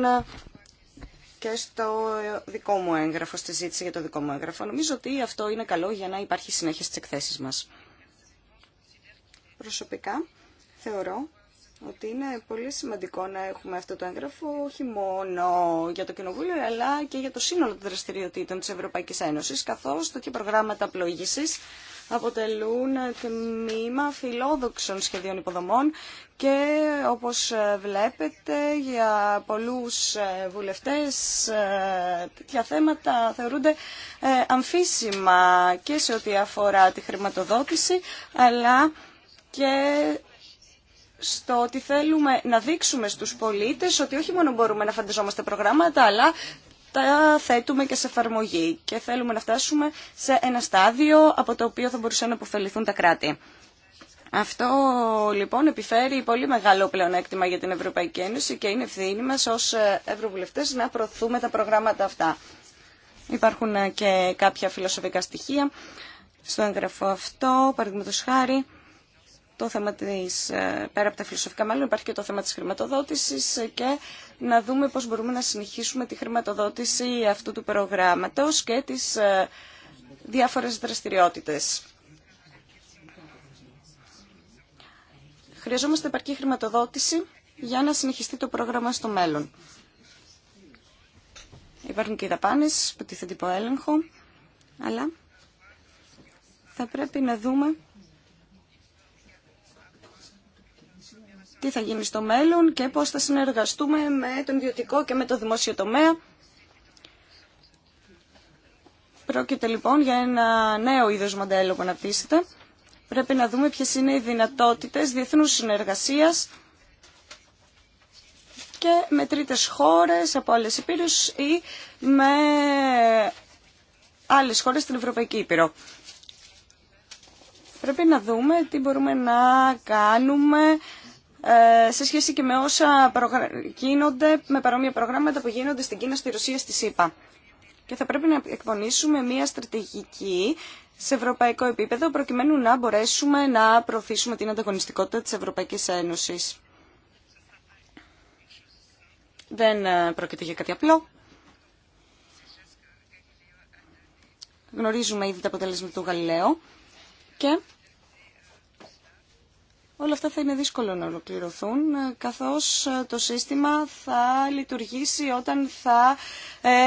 και στο δικό μου έγγραφο, στη ζήτηση για το δικό μου έγγραφο. Νομίζω ότι αυτό είναι καλό για να υπάρχει συνέχεια στις εκθέσεις μας. Προσωπικά θεωρώ ότι είναι πολύ σημαντικό να έχουμε αυτό το έγγραφο όχι μόνο για το Κοινοβούλιο αλλά και για το σύνολο των δραστηριοτήτων της Ευρωπαϊκής Ένωσης καθώς το και προγράμματα πλοήγησης αποτελούν τμήμα φιλόδοξων σχεδίων υποδομών και όπως βλέπετε για πολλούς ε, βουλευτές ε, τέτοια θέματα θεωρούνται ε, αμφίσιμα και σε ό,τι αφορά τη χρηματοδότηση αλλά και στο ότι θέλουμε να δείξουμε στους πολίτες ότι όχι μόνο μπορούμε να φανταζόμαστε προγράμματα, αλλά τα θέτουμε και σε εφαρμογή και θέλουμε να φτάσουμε σε ένα στάδιο από το οποίο θα μπορούσαν να αποφεληθούν τα κράτη. Αυτό λοιπόν επιφέρει πολύ μεγάλο πλεονέκτημα για την Ευρωπαϊκή Ένωση και είναι ευθύνη μας ως Ευρωβουλευτές να προωθούμε τα προγράμματα αυτά. Υπάρχουν και κάποια φιλοσοφικά στοιχεία στο έγγραφο αυτό, παραδείγματος χάρη το θέμα της, ε, πέρα από τα φιλοσοφικά μάλλον υπάρχει και το θέμα της χρηματοδότησης και να δούμε πώς μπορούμε να συνεχίσουμε τη χρηματοδότηση αυτού του προγράμματος και τις ε, διάφορες δραστηριότητες. Χρειαζόμαστε επαρκή χρηματοδότηση για να συνεχιστεί το πρόγραμμα στο μέλλον. Υπάρχουν και οι δαπάνες που τίθενται υπό έλεγχο, αλλά θα πρέπει να δούμε τι θα γίνει στο μέλλον και πώς θα συνεργαστούμε με τον ιδιωτικό και με το δημόσιο τομέα. Πρόκειται λοιπόν για ένα νέο είδος μοντέλο που αναπτύσσεται. Πρέπει να δούμε ποιες είναι οι δυνατότητες διεθνούς συνεργασίας και με τρίτες χώρες από άλλες υπήρους ή με άλλες χώρες στην Ευρωπαϊκή Ήπειρο. Πρέπει να δούμε τι μπορούμε να κάνουμε ε, σε σχέση και με όσα γίνονται με παρόμοια προγράμματα που γίνονται στην Κίνα, στη Ρωσία, στη ΣΥΠΑ. Και θα πρέπει να εκπονήσουμε μια στρατηγική σε ευρωπαϊκό επίπεδο προκειμένου να μπορέσουμε να προωθήσουμε την ανταγωνιστικότητα της Ευρωπαϊκής Ένωσης. Δεν ε, πρόκειται για κάτι απλό. Γνωρίζουμε ήδη τα αποτελέσματα του Γαλιλαίου και Όλα αυτά θα είναι δύσκολο να ολοκληρωθούν, καθώς ε, το σύστημα θα λειτουργήσει όταν θα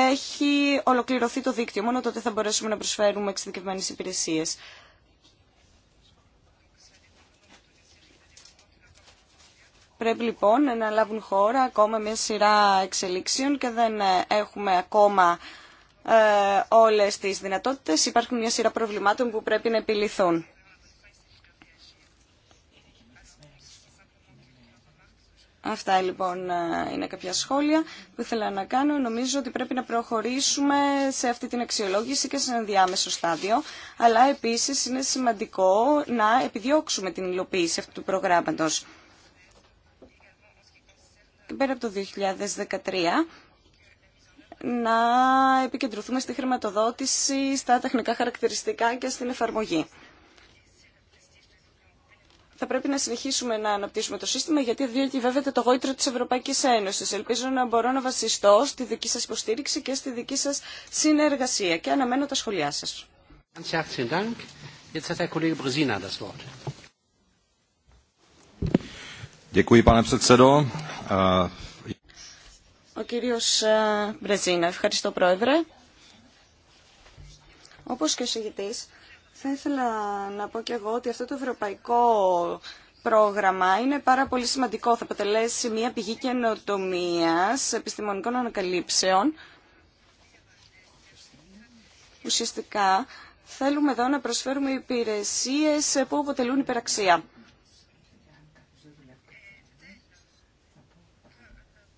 έχει ολοκληρωθεί το δίκτυο. Μόνο τότε θα μπορέσουμε να προσφέρουμε εξειδικευμένες υπηρεσίες. Πρέπει λοιπόν να λάβουν χώρα ακόμα μια σειρά εξελίξεων και δεν ε, έχουμε ακόμα ε, όλες τις δυνατότητες. Υπάρχουν μια σειρά προβλημάτων που πρέπει να επιληθούν. Αυτά λοιπόν ε, είναι κάποια σχόλια που ήθελα να κάνω. Νομίζω ότι πρέπει να προχωρήσουμε σε αυτή την αξιολόγηση και σε ένα διάμεσο στάδιο. Αλλά επίσης είναι σημαντικό να επιδιώξουμε την υλοποίηση αυτού του προγράμματος. Και πέρα από το 2013 να επικεντρωθούμε στη χρηματοδότηση, στα τεχνικά χαρακτηριστικά και στην εφαρμογή θα πρέπει να συνεχίσουμε να αναπτύσσουμε το σύστημα γιατί διακυβεύεται το γόητρο τη Ευρωπαϊκή Ένωση. Ελπίζω να μπορώ να βασιστώ στη δική σα υποστήριξη και στη δική σα συνεργασία και αναμένω τα σχολιά σας. Ο κύριος ε, Μπρεζίνα, ευχαριστώ πρόεδρε. Όπως και ο θα ήθελα να πω και εγώ ότι αυτό το ευρωπαϊκό πρόγραμμα είναι πάρα πολύ σημαντικό. Θα αποτελέσει μια πηγή καινοτομία επιστημονικών ανακαλύψεων. Ουσιαστικά θέλουμε εδώ να προσφέρουμε υπηρεσίες που αποτελούν υπεραξία.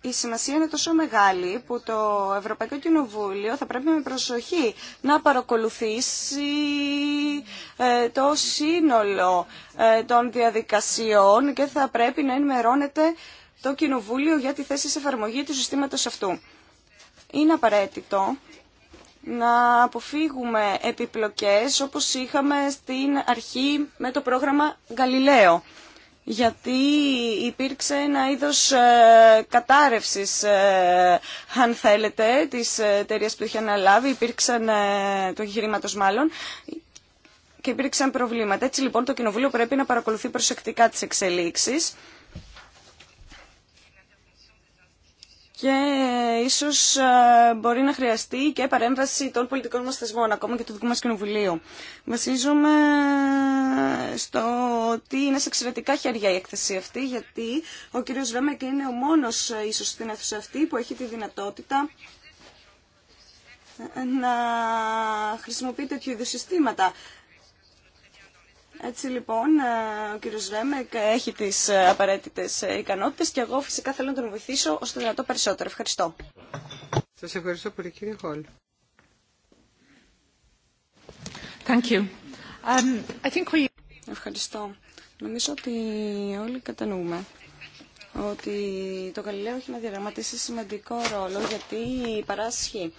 η σημασία είναι τόσο μεγάλη που το Ευρωπαϊκό Κοινοβούλιο θα πρέπει με προσοχή να παρακολουθήσει ε, το σύνολο ε, των διαδικασιών και θα πρέπει να ενημερώνεται το Κοινοβούλιο για τη θέση σε εφαρμογή του συστήματος αυτού. Είναι απαραίτητο να αποφύγουμε επιπλοκές όπως είχαμε στην αρχή με το πρόγραμμα Γαλιλαίο γιατί υπήρξε ένα είδος ε, κατάρρευσης, ε, αν θέλετε, της εταιρεία που είχε αναλάβει, υπήρξαν, ε, του εγχειρήματος μάλλον, και υπήρξαν προβλήματα. Έτσι λοιπόν το Κοινοβούλιο πρέπει να παρακολουθεί προσεκτικά τις εξελίξεις και ίσως ε, μπορεί να χρειαστεί και παρέμβαση των πολιτικών μας θεσμών, ακόμα και του δικού μας κοινοβουλίου. Βασίζομαι στο ότι είναι σε εξαιρετικά χέρια η έκθεση αυτή, γιατί ο κύριος Ρέμεκ είναι ο μόνος ε, ίσως στην αίθουσα αυτή που έχει τη δυνατότητα να χρησιμοποιεί τέτοιου είδους συστήματα. Έτσι λοιπόν, ε, ο κύριος Ρέμεκ έχει τις ε, απαραίτητες ε, ικανότητες και εγώ φυσικά θέλω να τον βοηθήσω ώστε το δυνατό περισσότερο. Ευχαριστώ. Σας ευχαριστώ πολύ κύριε Χόλ. Um, ευχαριστώ. Νομίζω ότι όλοι κατανοούμε ότι το Γαλιλαίο έχει να διαδραματίσει σημαντικό ρόλο γιατί παράσχει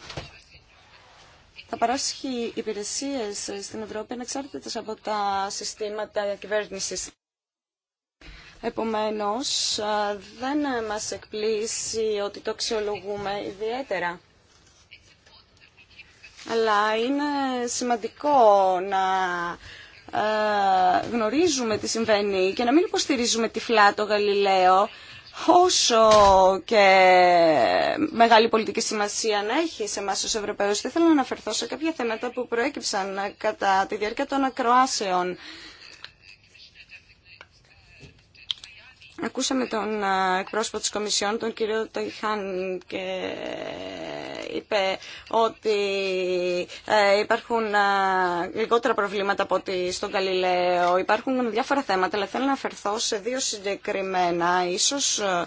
θα παράσχει υπηρεσίες στην Ευρώπη ανεξάρτητα από τα συστήματα κυβέρνησης. Επομένως, δεν μας εκπλήσει ότι το αξιολογούμε ιδιαίτερα. Αλλά είναι σημαντικό να γνωρίζουμε τι συμβαίνει και να μην υποστηρίζουμε τυφλά το Γαλιλαίο, όσο και μεγάλη πολιτική σημασία να έχει σε εμά του Ευρωπαίου, θέλω να αναφερθώ σε κάποια θέματα που προέκυψαν κατά τη διάρκεια των ακροάσεων. Ακούσαμε τον εκπρόσωπο της Κομισιόν, τον κύριο Ταϊχάν, και είπε ότι ε, υπάρχουν λιγότερα προβλήματα από ότι στον Καλλιλέο. Υπάρχουν διάφορα θέματα, αλλά θέλω να αφαιρθώ σε δύο συγκεκριμένα. Ίσως ε,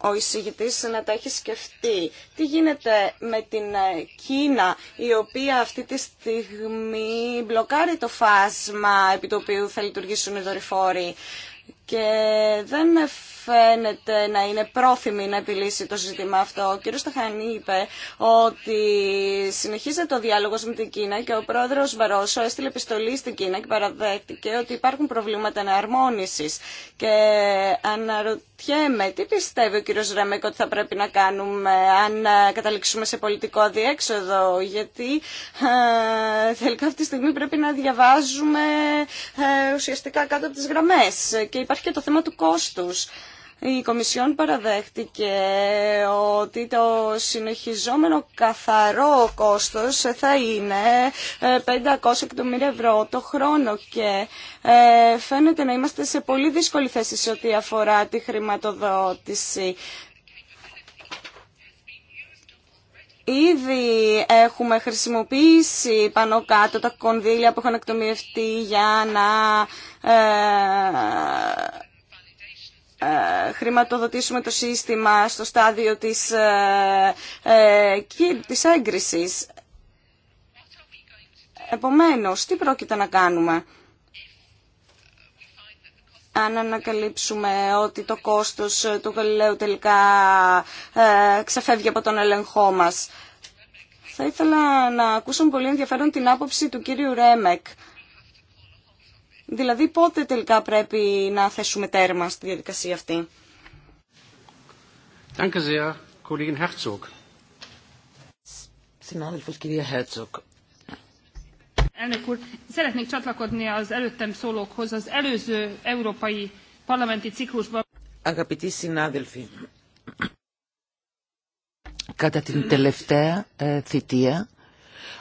ο εισηγητής να τα έχει σκεφτεί. Τι γίνεται με την ε, Κίνα, η οποία αυτή τη στιγμή μπλοκάρει το φάσμα επί το οποίου θα λειτουργήσουν οι δορυφόροι και δεν φαίνεται να είναι πρόθυμη να επιλύσει το ζήτημα αυτό. Ο κύριος Σταχανή είπε ότι συνεχίζεται ο διάλογος με την Κίνα και ο πρόεδρος Βαρόσο έστειλε επιστολή στην Κίνα και παραδέχτηκε ότι υπάρχουν προβλήματα αναρμόνισης. Και αναρωτιέμαι τι πιστεύει ο κύριος Ρεμέκο ότι θα πρέπει να κάνουμε αν καταληξούμε σε πολιτικό αδιέξοδο γιατί α, τελικά αυτή τη στιγμή πρέπει να διαβάζουμε ε, ουσιαστικά κάτω από τις γραμμές και και το θέμα του κόστους. Η Κομισιόν παραδέχτηκε ότι το συνεχιζόμενο καθαρό κόστος θα είναι 500 ε, εκατομμύρια ευρώ το χρόνο και ε, φαίνεται να είμαστε σε πολύ δύσκολη θέση σε ό,τι αφορά τη χρηματοδότηση. Ήδη έχουμε χρησιμοποιήσει πάνω κάτω τα κονδύλια που έχουν εκτομιευτεί για να ε, ε, χρηματοδοτήσουμε το σύστημα στο στάδιο της, ε, της έγκρισης. Επομένως, τι πρόκειται να κάνουμε αν ανακαλύψουμε ότι το κόστος του Γαλιλαίου τελικά ξεφεύγει από τον ελεγχό μας. Θα ήθελα να ακούσω πολύ ενδιαφέρον την άποψη του κύριου Ρέμεκ Δηλαδή πότε τελικά πρέπει να θέσουμε τέρμα στη διαδικασία αυτή. Danke sehr, Kollegin Herzog. Συνάδελφος κυρία Herzog. Elnök úr, szeretnék csatlakozni az előttem szólókhoz az előző európai parlamenti ciklusban. Αγαπητοί συνάδελφοι, κατά την τελευταία ε, θητεία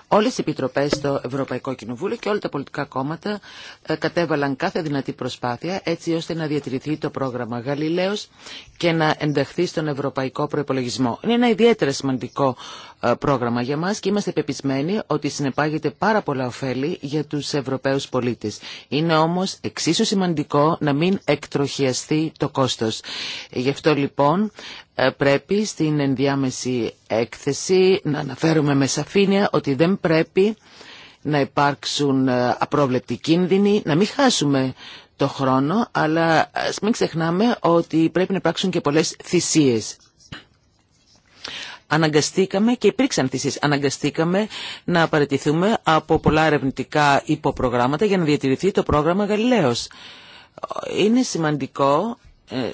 Όλες οι επιτροπές στο Ευρωπαϊκό Κοινοβούλιο και όλα τα πολιτικά κόμματα ε, κατέβαλαν κάθε δυνατή προσπάθεια έτσι ώστε να διατηρηθεί το πρόγραμμα Γαλιλαίος και να ενταχθεί στον Ευρωπαϊκό Προπολογισμό. Είναι ένα ιδιαίτερα σημαντικό ε, πρόγραμμα για μας και είμαστε πεπισμένοι ότι συνεπάγεται πάρα πολλά ωφέλη για τους Ευρωπαίους πολίτες. Είναι όμως εξίσου σημαντικό να μην εκτροχιαστεί το κόστος. Γι' αυτό λοιπόν ε, πρέπει στην ενδιάμεση έκθεση να αναφέρουμε με σαφήνεια ότι δεν πρέπει να υπάρξουν ε, απρόβλεπτοι κίνδυνοι, να μην χάσουμε το χρόνο, αλλά μην ξεχνάμε ότι πρέπει να υπάρξουν και πολλές θυσίες αναγκαστήκαμε και υπήρξαν θυσίες. Αναγκαστήκαμε να απαρατηθούμε από πολλά ερευνητικά υποπρογράμματα για να διατηρηθεί το πρόγραμμα Γαλιλαίος. Είναι σημαντικό ε,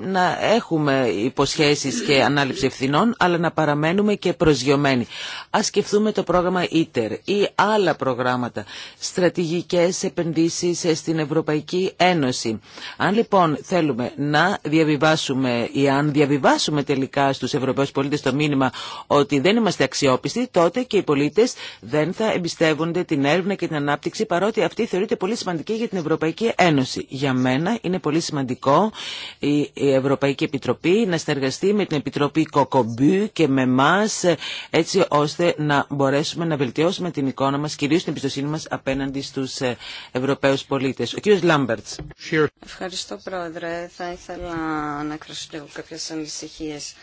να έχουμε υποσχέσεις και ανάληψη ευθυνών, αλλά να παραμένουμε και προσγειωμένοι. Ας σκεφτούμε το πρόγραμμα ITER ή άλλα προγράμματα, στρατηγικές επενδύσεις ε, στην Ευρωπαϊκή Ένωση. Αν λοιπόν θέλουμε να διαβιβάσουμε ή αν διαβιβάσουμε τελικά στους Ευρωπαίους πολίτες το μήνυμα ότι δεν είμαστε αξιόπιστοι, τότε και οι πολίτες δεν θα εμπιστεύονται την έρευνα και την ανάπτυξη, παρότι αυτή θεωρείται πολύ σημαντική για την Ευρωπαϊκή Ένωση. Για μένα είναι πολύ σημαντικό η Ευρωπαϊκή Επιτροπή να συνεργαστεί με την Επιτροπή Κοκομπύ και με εμά ε, έτσι ώστε να μπορέσουμε να βελτιώσουμε την εικόνα μα κυρίω την εμπιστοσύνη μα απέναντι στους ε, Ευρωπαίους πολίτες. Ο κύριος Λάμπερτ. Ευχαριστώ Πρόεδρε. Θα ήθελα να κρατήσω λίγο κάποιε ανησυχίες.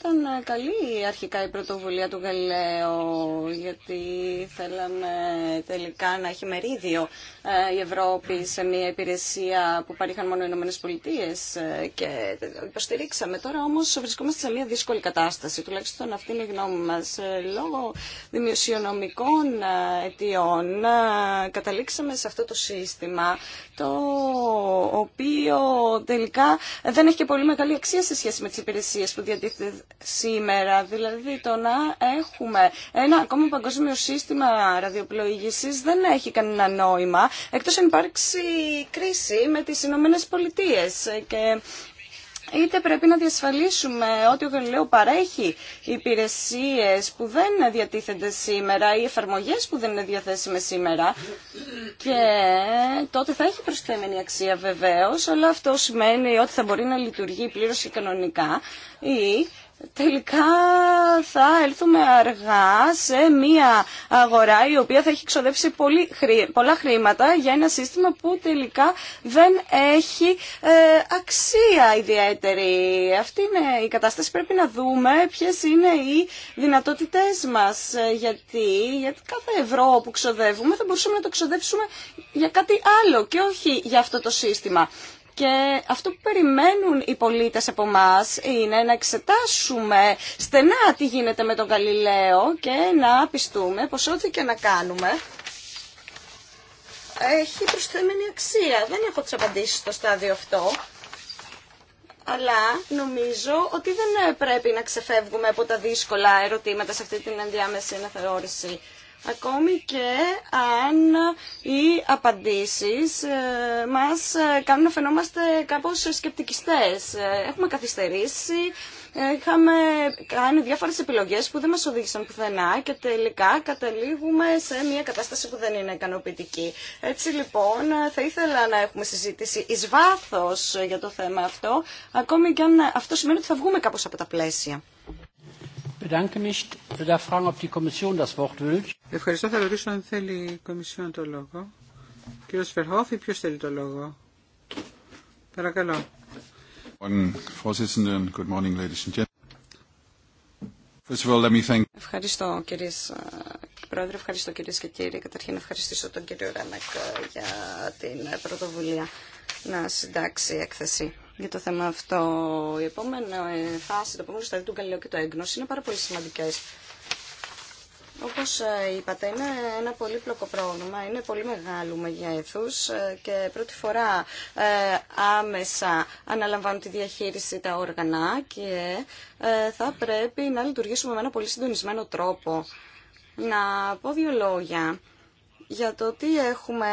Ήταν ε, καλή αρχικά η πρωτοβουλία του Γαλιλαίου, γιατί θέλαμε τελικά να έχει μερίδιο ε, η Ευρώπη σε μια υπηρεσία που παρήχαν μόνο οι Ηνωμένες Πολιτείες ε, και υποστηρίξαμε. Τώρα όμως βρισκόμαστε σε μια δύσκολη κατάσταση, τουλάχιστον αυτή είναι η γνώμη μας. Λόγω δημοσιονομικών αιτιών καταλήξαμε σε αυτό το σύστημα, το οποίο τελικά δεν έχει και πολύ μεγάλη αξία σε σχέση με τις υπηρεσίες που διατίθεται σήμερα. Δηλαδή το να έχουμε ένα ακόμα παγκόσμιο σύστημα ραδιοπλοήγησης δεν έχει κανένα νόημα, εκτός αν υπάρξει κρίση με τις Ηνωμένε Πολιτείε. Και είτε πρέπει να διασφαλίσουμε ότι ο Γαλιλαίο παρέχει υπηρεσίε που δεν διατίθενται σήμερα ή εφαρμογές που δεν είναι διαθέσιμες σήμερα και τότε θα έχει προσθέμενη αξία βεβαίω, αλλά αυτό σημαίνει ότι θα μπορεί να λειτουργεί πλήρω και κανονικά ή τελικά θα έλθουμε αργά σε μία αγορά η οποία θα έχει ξοδέψει πολύ, πολλά χρήματα για ένα σύστημα που τελικά δεν έχει ε, αξία ιδιαίτερη. Αυτή είναι η κατάσταση. Πρέπει να δούμε ποιες είναι οι δυνατότητές μας. Ε, γιατί, γιατί κάθε ευρώ που ξοδεύουμε θα μπορούσαμε να το ξοδέψουμε για κάτι άλλο και όχι για αυτό το σύστημα. Και αυτό που περιμένουν οι πολίτες από εμά είναι να εξετάσουμε στενά τι γίνεται με τον Γαλιλαίο και να πιστούμε πως ό,τι και να κάνουμε έχει προσθέμενη αξία. Δεν έχω τις απαντήσεις στο στάδιο αυτό. Αλλά νομίζω ότι δεν πρέπει να ξεφεύγουμε από τα δύσκολα ερωτήματα σε αυτή την ενδιάμεση αναθεώρηση ακόμη και αν οι απαντήσεις ε, μας ε, κάνουν να φαινόμαστε κάπως σκεπτικιστές. Ε, έχουμε καθυστερήσει, είχαμε κάνει διάφορες επιλογές που δεν μας οδήγησαν πουθενά και τελικά καταλήγουμε σε μια κατάσταση που δεν είναι ικανοποιητική. Έτσι λοιπόν θα ήθελα να έχουμε συζήτηση εις για το θέμα αυτό, ακόμη και αν αυτό σημαίνει ότι θα βγούμε κάπως από τα πλαίσια. Ευχαριστώ. Θα ρωτήσω αν θέλει η Κομισιόν το λόγο. Κύριος Φερχόφ ή ποιος θέλει το λόγο. Παρακαλώ. Ευχαριστώ κύριε Πρόεδρε, ευχαριστώ κυρίε και κύριοι. Καταρχήν ευχαριστήσω τον κύριο Ρένακ ε, για την πρωτοβουλία να συντάξει έκθεση για το θέμα αυτό. Η επόμενη φάση, το επόμενο στάδιο του Γκαλιλαίου και το έγνωση είναι πάρα πολύ σημαντικές. Όπως ε, είπατε, είναι ένα πολύπλοκο πρόβλημα, είναι πολύ μεγάλου μεγέθους ε, και πρώτη φορά ε, άμεσα αναλαμβάνουν τη διαχείριση τα όργανα και θα πρέπει να λειτουργήσουμε με ένα πολύ συντονισμένο τρόπο. Να πω δύο λόγια για το τι έχουμε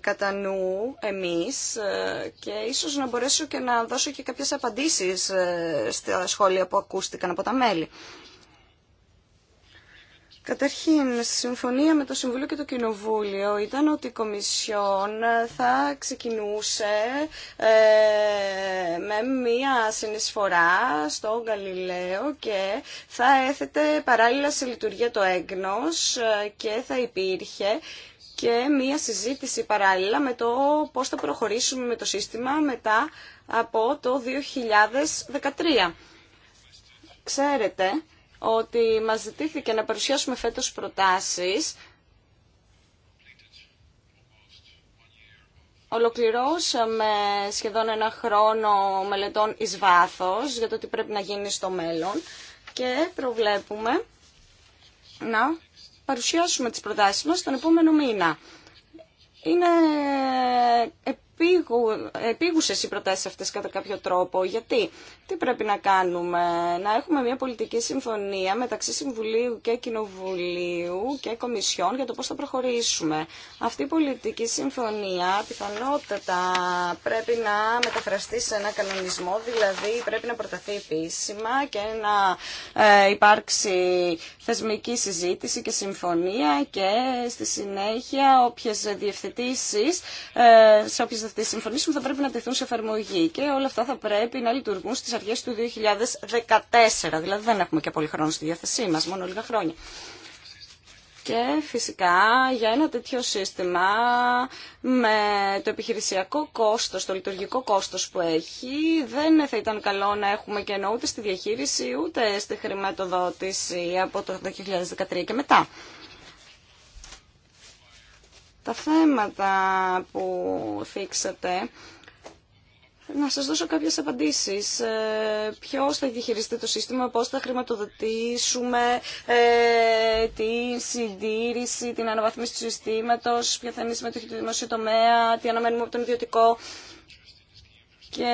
κατά νου εμείς ε, και ίσως να μπορέσω και να δώσω και κάποιες απαντήσεις ε, στα σχόλια που ακούστηκαν από τα μέλη. Καταρχήν, συμφωνία με το Συμβούλιο και το Κοινοβούλιο ήταν ότι η Κομισιόν θα ξεκινούσε ε, με μία συνεισφορά στο Γαλιλαίο και θα έθετε παράλληλα σε λειτουργία το έγνος και θα υπήρχε και μία συζήτηση παράλληλα με το πώς θα προχωρήσουμε με το σύστημα μετά από το 2013. Ξέρετε ότι μας ζητήθηκε να παρουσιάσουμε φέτος προτάσεις. Ολοκληρώσαμε σχεδόν ένα χρόνο μελετών εις βάθος για το τι πρέπει να γίνει στο μέλλον και προβλέπουμε να παρουσιάσουμε τις προτάσεις μας τον επόμενο μήνα. Είναι ε, επίγουσες οι προτάσεις αυτές κατά κάποιο τρόπο. Γιατί, τι πρέπει να κάνουμε, να έχουμε μια πολιτική συμφωνία μεταξύ Συμβουλίου και Κοινοβουλίου και Κομισιόν για το πώς θα προχωρήσουμε. Αυτή η πολιτική συμφωνία πιθανότατα πρέπει να μεταφραστεί σε ένα κανονισμό, δηλαδή πρέπει να προταθεί επίσημα και να ε, υπάρξει θεσμική συζήτηση και συμφωνία και στη συνέχεια όποιες διευθετήσεις, ε, σε όποιες τη συμφωνήσουμε θα πρέπει να τεθούν σε εφαρμογή και όλα αυτά θα πρέπει να λειτουργούν στις αρχές του 2014. Δηλαδή δεν έχουμε και πολύ χρόνο στη διάθεσή μα, μόνο λίγα χρόνια. Και φυσικά για ένα τέτοιο σύστημα με το επιχειρησιακό κόστος, το λειτουργικό κόστος που έχει, δεν θα ήταν καλό να έχουμε και ούτε στη διαχείριση ούτε στη χρηματοδότηση από το 2013 και μετά τα θέματα που θίξατε. Να σας δώσω κάποιες απαντήσεις. Ε, ποιος θα διαχειριστεί το σύστημα, πώς θα χρηματοδοτήσουμε ε, τη συντήρηση, την αναβαθμίση του συστήματος, ποια θα είναι η συμμετοχή του δημοσίου τομέα, τι αναμένουμε από τον ιδιωτικό και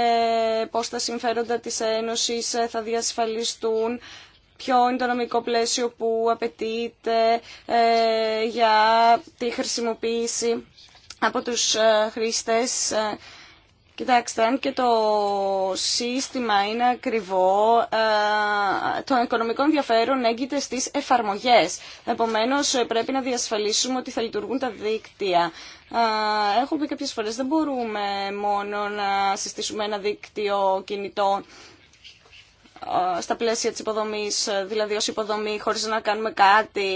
πώς τα συμφέροντα της Ένωσης ε, θα διασφαλιστούν ποιο είναι το νομικό πλαίσιο που απαιτείται ε, για τη χρησιμοποίηση από τους ε, χρήστες. Ε, κοιτάξτε, αν και το σύστημα είναι ακριβό, το οικονομικό ενδιαφέρον έγκυται στις εφαρμογές. Επομένως, πρέπει να διασφαλίσουμε ότι θα λειτουργούν τα δίκτυα. Έχω πει κάποιες φορές, δεν μπορούμε μόνο να συστήσουμε ένα δίκτυο κινητών ε, στα πλαίσια της υποδομής, ε, δηλαδή ως υποδομή χωρίς να κάνουμε κάτι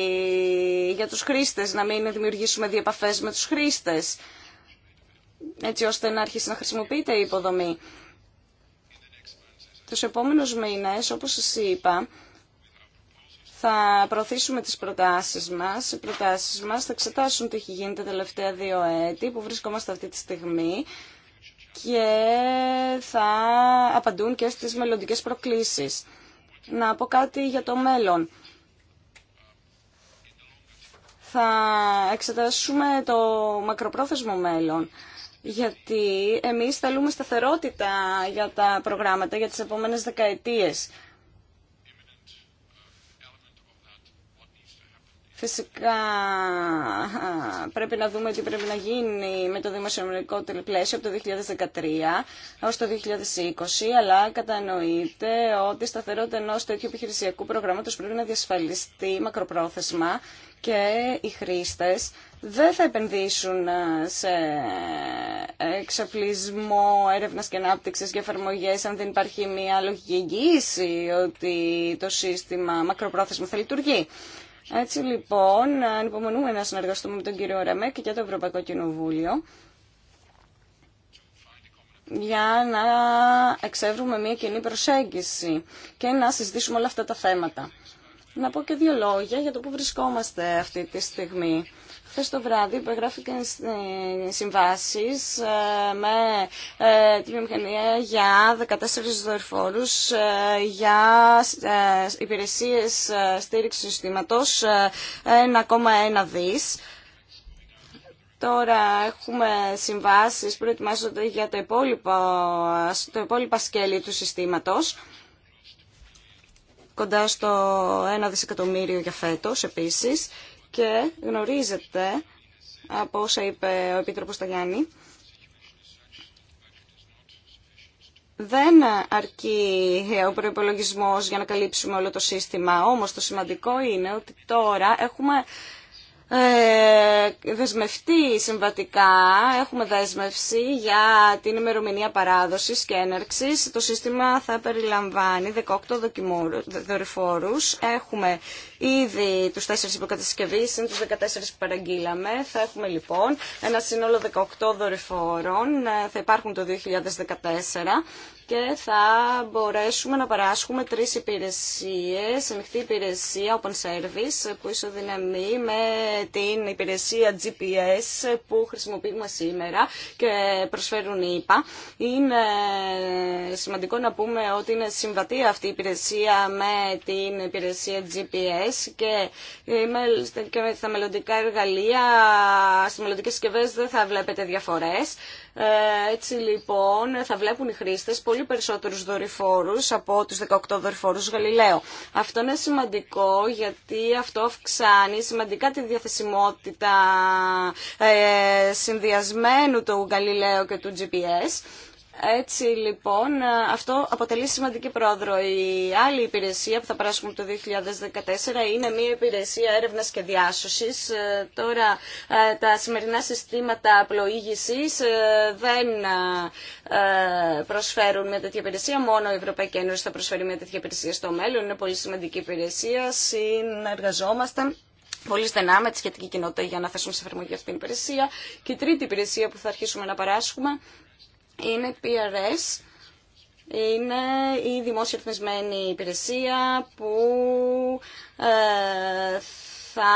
για τους χρήστες, να μην δημιουργήσουμε διεπαφές με τους χρήστες, έτσι ώστε να αρχίσει να χρησιμοποιείται η υποδομή. Τους επόμενους μήνες, όπως σας είπα, θα προωθήσουμε τις προτάσεις μας. Οι προτάσεις μας θα εξετάσουν τι έχει γίνει τα τελευταία δύο έτη που βρισκόμαστε αυτή τη στιγμή και θα απαντούν και στις μελλοντικές προκλήσεις. Να πω κάτι για το μέλλον. Θα εξετάσουμε το μακροπρόθεσμο μέλλον, γιατί εμείς θέλουμε σταθερότητα για τα προγράμματα για τις επόμενες δεκαετίες. Φυσικά πρέπει να δούμε τι πρέπει να γίνει με το δημοσιονομικό πλαίσιο από το 2013 έως το 2020, αλλά κατανοείται ότι η σταθερότητα ενό τέτοιου επιχειρησιακού προγράμματος πρέπει να διασφαλιστεί μακροπρόθεσμα και οι χρήστες δεν θα επενδύσουν ε, σε εξοπλισμό έρευνας και ανάπτυξης και εφαρμογέ αν δεν υπάρχει μια λογική εγγύηση ότι το σύστημα μακροπρόθεσμα θα λειτουργεί. Έτσι λοιπόν, ανυπομονούμε να συνεργαστούμε με τον κύριο ρεμέ και το Ευρωπαϊκό Κοινοβούλιο για να εξεύρουμε μια κοινή προσέγγιση και να συζητήσουμε όλα αυτά τα θέματα. Να πω και δύο λόγια για το που βρισκόμαστε αυτή τη στιγμή. Χθε το βράδυ υπεγράφηκαν συμβάσει ε, ε, με ε, τη βιομηχανία για 14 δορυφόρου για υπηρεσίε στήριξη συστήματο 1,1 δι. Τώρα έχουμε συμβάσεις που ετοιμάζονται για το υπόλοιπο, το του συστήματος κοντά στο 1 δισεκατομμύριο για φέτος επίσης και γνωρίζετε από όσα είπε ο Επίτροπος Ταγιάννη δεν αρκεί ο προπολογισμό για να καλύψουμε όλο το σύστημα. Όμως το σημαντικό είναι ότι τώρα έχουμε ε, δεσμευτεί συμβατικά, έχουμε δέσμευση για την ημερομηνία παράδοσης και έναρξης. Το σύστημα θα περιλαμβάνει 18 δορυφόρους. Έχουμε ήδη του 4 υποκατασκευή, είναι του 14 που παραγγείλαμε. Θα έχουμε λοιπόν ένα σύνολο 18 δορυφόρων, ε, θα υπάρχουν το 2014 και θα μπορέσουμε να παράσχουμε τρεις υπηρεσίες, ανοιχτή υπηρεσία Open Service που ισοδυναμεί με την υπηρεσία GPS που χρησιμοποιούμε σήμερα και προσφέρουν η Είναι σημαντικό να πούμε ότι είναι συμβατή αυτή η υπηρεσία με την υπηρεσία GPS και, και με μελλοντικά εργαλεία, στις μελλοντικές συσκευέ δεν θα βλέπετε διαφορές. Ε, έτσι λοιπόν θα βλέπουν οι χρήστες πολύ περισσότερους δορυφόρους από τους 18 δορυφόρους Γαλιλαίο. Αυτό είναι σημαντικό γιατί αυτό αυξάνει σημαντικά τη διαθεσιμότητα ε, συνδυασμένου του Γαλιλαίου και του GPS έτσι λοιπόν αυτό αποτελεί σημαντική πρόδρο. Η άλλη υπηρεσία που θα περάσουμε το 2014 είναι μια υπηρεσία έρευνας και διάσωσης. Ε, τώρα ε, τα σημερινά συστήματα πλοήγησης ε, δεν προσφέρουν μια τέτοια υπηρεσία. Μόνο η Ευρωπαϊκή Ένωση θα προσφέρει μια τέτοια υπηρεσία στο μέλλον. Είναι πολύ σημαντική υπηρεσία. Συνεργαζόμαστε πολύ στενά με τη σχετική κοινότητα για να θέσουμε σε εφαρμογή αυτή την υπηρεσία. Και η τρίτη υπηρεσία που θα αρχίσουμε να παράσχουμε είναι PRS, είναι η δημόσια ρυθμισμένη υπηρεσία που ε, θα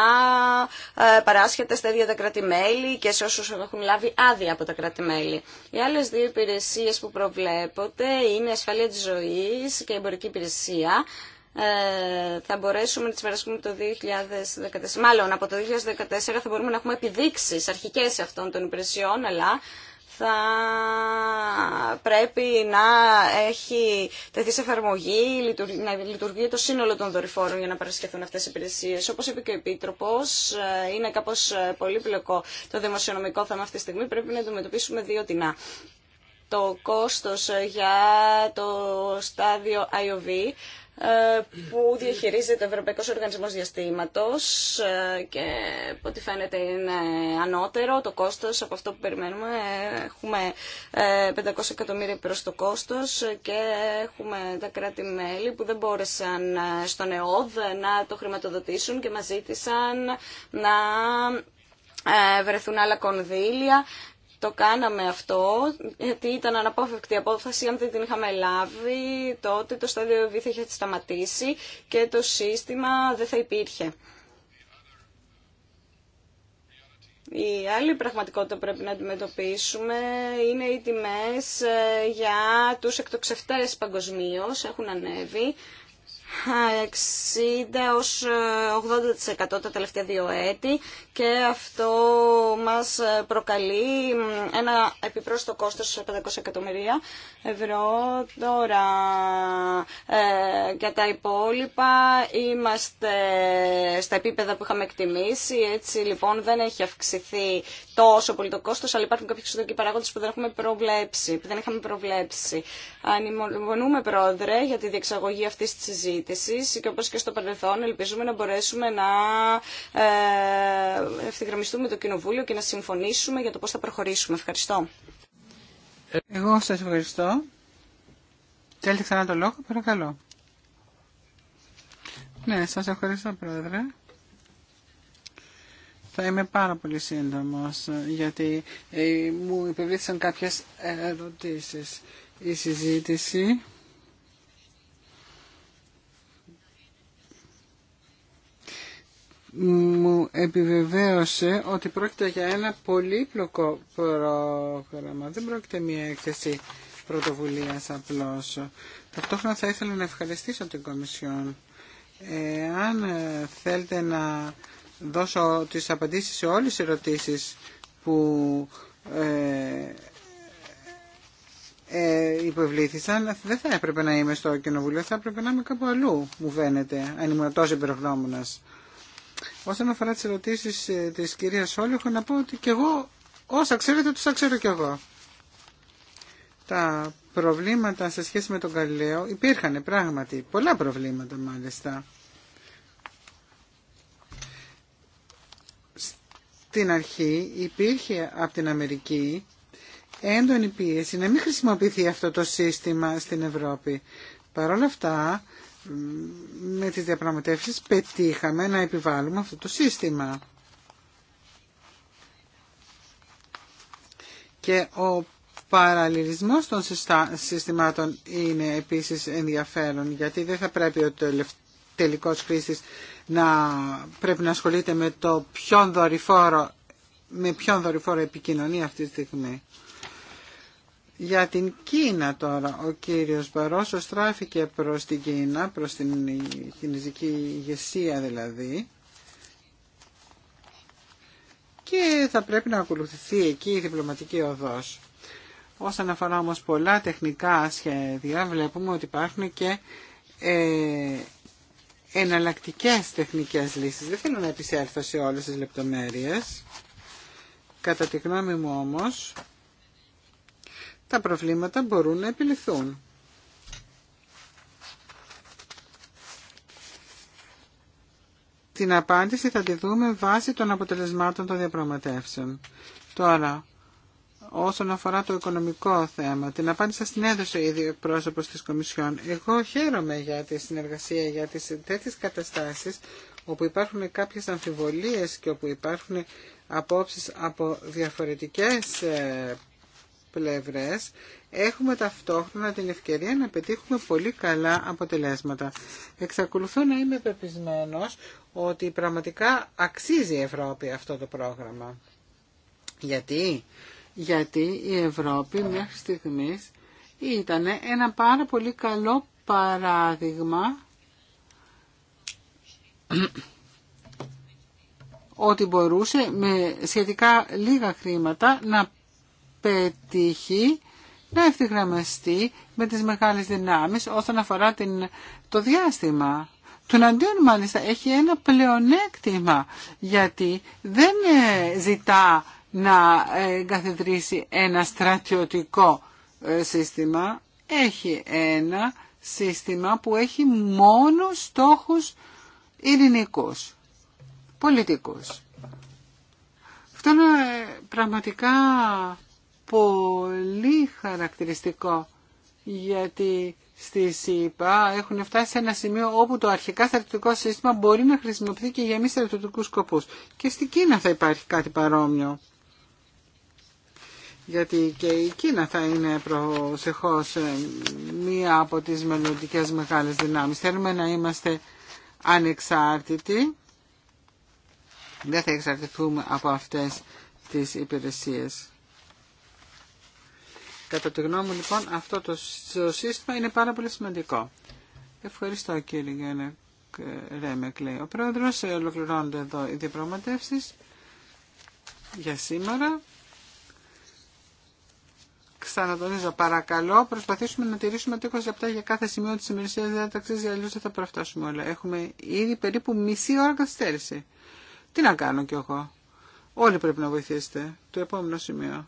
ε, παράσχεται στα ίδια τα κράτη-μέλη και σε όσους έχουν λάβει άδεια από τα κράτη-μέλη. Οι άλλες δύο υπηρεσίες που προβλέπονται είναι η ασφάλεια της ζωής και η εμπορική υπηρεσία. Ε, θα μπορέσουμε να τις περάσουμε το 2014. Μάλλον από το 2014 θα μπορούμε να έχουμε επιδείξεις αρχικές αυτών των υπηρεσιών, αλλά θα πρέπει να έχει τεθεί σε εφαρμογή, να λειτουργεί το σύνολο των δορυφόρων για να παρασκευθούν αυτές οι υπηρεσίες. Όπως είπε και ο Επίτροπος, ε, είναι κάπως ε, πολύπλοκο το δημοσιονομικό θέμα αυτή τη στιγμή, πρέπει να αντιμετωπίσουμε δύο τινά: Το κόστος ε, για το στάδιο IOV ε, που διαχειρίζεται ο Ευρωπαϊκός Οργανισμός Διαστήματος ε, και από ό,τι φαίνεται είναι ανώτερο το κόστος από αυτό που περιμένουμε. Έχουμε 500 ε, εκατομμύρια προ το κόστο και έχουμε τα κράτη-μέλη που δεν μπόρεσαν στον ΕΟΔ να το χρηματοδοτήσουν και μα ζήτησαν να βρεθούν άλλα κονδύλια το κάναμε αυτό γιατί ήταν αναπόφευκτη η απόφαση. Αν δεν την είχαμε λάβει, τότε το στάδιο Β θα είχε σταματήσει και το σύστημα δεν θα υπήρχε. Η άλλη πραγματικότητα που πρέπει να αντιμετωπίσουμε είναι οι τιμές ε, για τους εκτοξευτές παγκοσμίως. έχουν ανέβει 60 ως 80% ε, τα τελευταία δύο έτη και αυτό μας ε, προκαλεί ένα επιπρόσθετο κόστος 500 εκατομμυρία ευρώ. Τώρα ε, για τα υπόλοιπα είμαστε στα επίπεδα που είχαμε εκτιμήσει, έτσι λοιπόν δεν έχει αυξηθεί τόσο πολύ το κόστος, αλλά υπάρχουν κάποιοι εξωτερικοί παράγοντες που δεν έχουμε προβλέψει, που δεν είχαμε προβλέψει. Ανυμονούμε, Πρόεδρε, για τη διεξαγωγή αυτής της συζήτησης επιθυμείτε και όπω και στο παρελθόν ελπίζουμε να μπορέσουμε να ε, ευθυγραμμιστούμε το Κοινοβούλιο και να συμφωνήσουμε για το πώς θα προχωρήσουμε. Ευχαριστώ. Εγώ σας ευχαριστώ. Θέλετε ξανά το λόγο, παρακαλώ. Ναι, σας ευχαριστώ, Πρόεδρε. Θα είμαι πάρα πολύ σύντομος, γιατί ε, μου υπευλήθησαν κάποιες ερωτήσεις. Η συζήτηση μου επιβεβαίωσε ότι πρόκειται για ένα πολύπλοκο πρόγραμμα. Δεν πρόκειται μια έκθεση πρωτοβουλίας απλώς. Ταυτόχρονα θα ήθελα να ευχαριστήσω την Κομισιόν. Αν θέλετε να δώσω τις απαντήσεις σε όλες τις ερωτήσεις που ε, ε υποβλήθησαν, δεν θα έπρεπε να είμαι στο Κοινοβουλίο, θα έπρεπε να είμαι κάπου αλλού, μου φαίνεται, αν ήμουν τόσο υπερογνώμονας. Όσον αφορά τις ερωτήσεις ε, της κυρίας έχω να πω ότι και εγώ όσα ξέρετε τους ξέρω κι εγώ. Τα προβλήματα σε σχέση με τον Καλλιλέο υπήρχαν πράγματι, πολλά προβλήματα μάλιστα. Στην αρχή υπήρχε από την Αμερική έντονη πίεση να μην χρησιμοποιηθεί αυτό το σύστημα στην Ευρώπη. Παρ' όλα αυτά με τις διαπραγματεύσεις πετύχαμε να επιβάλλουμε αυτό το σύστημα. Και ο παραλληλισμός των συστημάτων είναι επίσης ενδιαφέρον γιατί δεν θα πρέπει ο τελικός χρήστης να πρέπει να ασχολείται με το ποιον δορυφόρο με ποιον δορυφόρο επικοινωνεί αυτή τη στιγμή. Για την Κίνα τώρα, ο κύριος Μπαρόσο στράφηκε προς την Κίνα, προς την κινέζικη ηγεσία δηλαδή, και θα πρέπει να ακολουθηθεί εκεί η διπλωματική οδός. Όσον αφορά όμως πολλά τεχνικά σχέδια, βλέπουμε ότι υπάρχουν και ε, εναλλακτικές τεχνικές λύσεις. Δεν θέλω να επισέλθω σε όλες τις λεπτομέρειες. Κατά τη γνώμη μου όμως, τα προβλήματα μπορούν να επιληθούν. Την απάντηση θα τη δούμε βάσει των αποτελεσμάτων των διαπραγματεύσεων. Τώρα, όσον αφορά το οικονομικό θέμα, την απάντηση στην έδωσε ήδη ο πρόσωπος της Κομισιόν. Εγώ χαίρομαι για τη συνεργασία, για τις τέτοιες καταστάσεις όπου υπάρχουν κάποιες αμφιβολίες και όπου υπάρχουν απόψεις από διαφορετικές ε, πλευρές έχουμε ταυτόχρονα την ευκαιρία να πετύχουμε πολύ καλά αποτελέσματα. Εξακολουθώ να είμαι πεπισμένος ότι πραγματικά αξίζει η Ευρώπη αυτό το πρόγραμμα. Γιατί, Γιατί η Ευρώπη μέχρι στιγμής ήταν ένα πάρα πολύ καλό παράδειγμα ότι μπορούσε με σχετικά λίγα χρήματα να πετύχει να ευθυγραμμαστεί με τις μεγάλες δυνάμεις όσον αφορά την, το διάστημα. Τον αντίον μάλιστα έχει ένα πλεονέκτημα γιατί δεν ε, ζητά να καθιδρύσει ένα στρατιωτικό ε, σύστημα. Έχει ένα σύστημα που έχει μόνο στόχους ειρηνικούς, πολιτικούς. Αυτό είναι ε, πραγματικά πολύ χαρακτηριστικό γιατί στη ΣΥΠΑ έχουν φτάσει σε ένα σημείο όπου το αρχικά στρατιωτικό σύστημα μπορεί να χρησιμοποιηθεί και για μη στρατιωτικούς σκοπούς. Και στην Κίνα θα υπάρχει κάτι παρόμοιο. Γιατί και η Κίνα θα είναι προσεχώς ε, μία από τις μελλοντικέ μεγάλες δυνάμεις. Θέλουμε να είμαστε ανεξάρτητοι. Δεν θα εξαρτηθούμε από αυτές τις υπηρεσίες. Κατά τη γνώμη μου λοιπόν αυτό το σύστημα είναι πάρα πολύ σημαντικό. Ευχαριστώ κύριε Γιάννη ε, Ρέμεκ λέει ο πρόεδρος. Ε, ολοκληρώνονται εδώ οι διαπραγματεύσεις για σήμερα. Ξανατονίζω παρακαλώ, προσπαθήσουμε να τηρήσουμε το 20 λεπτά για κάθε σημείο της ημερησίας διάταξης, για αλλιώς δεν θα προφτάσουμε όλα. Έχουμε ήδη περίπου μισή ώρα καθυστέρηση. Τι να κάνω κι εγώ. Όλοι πρέπει να βοηθήσετε. Το επόμενο σημείο.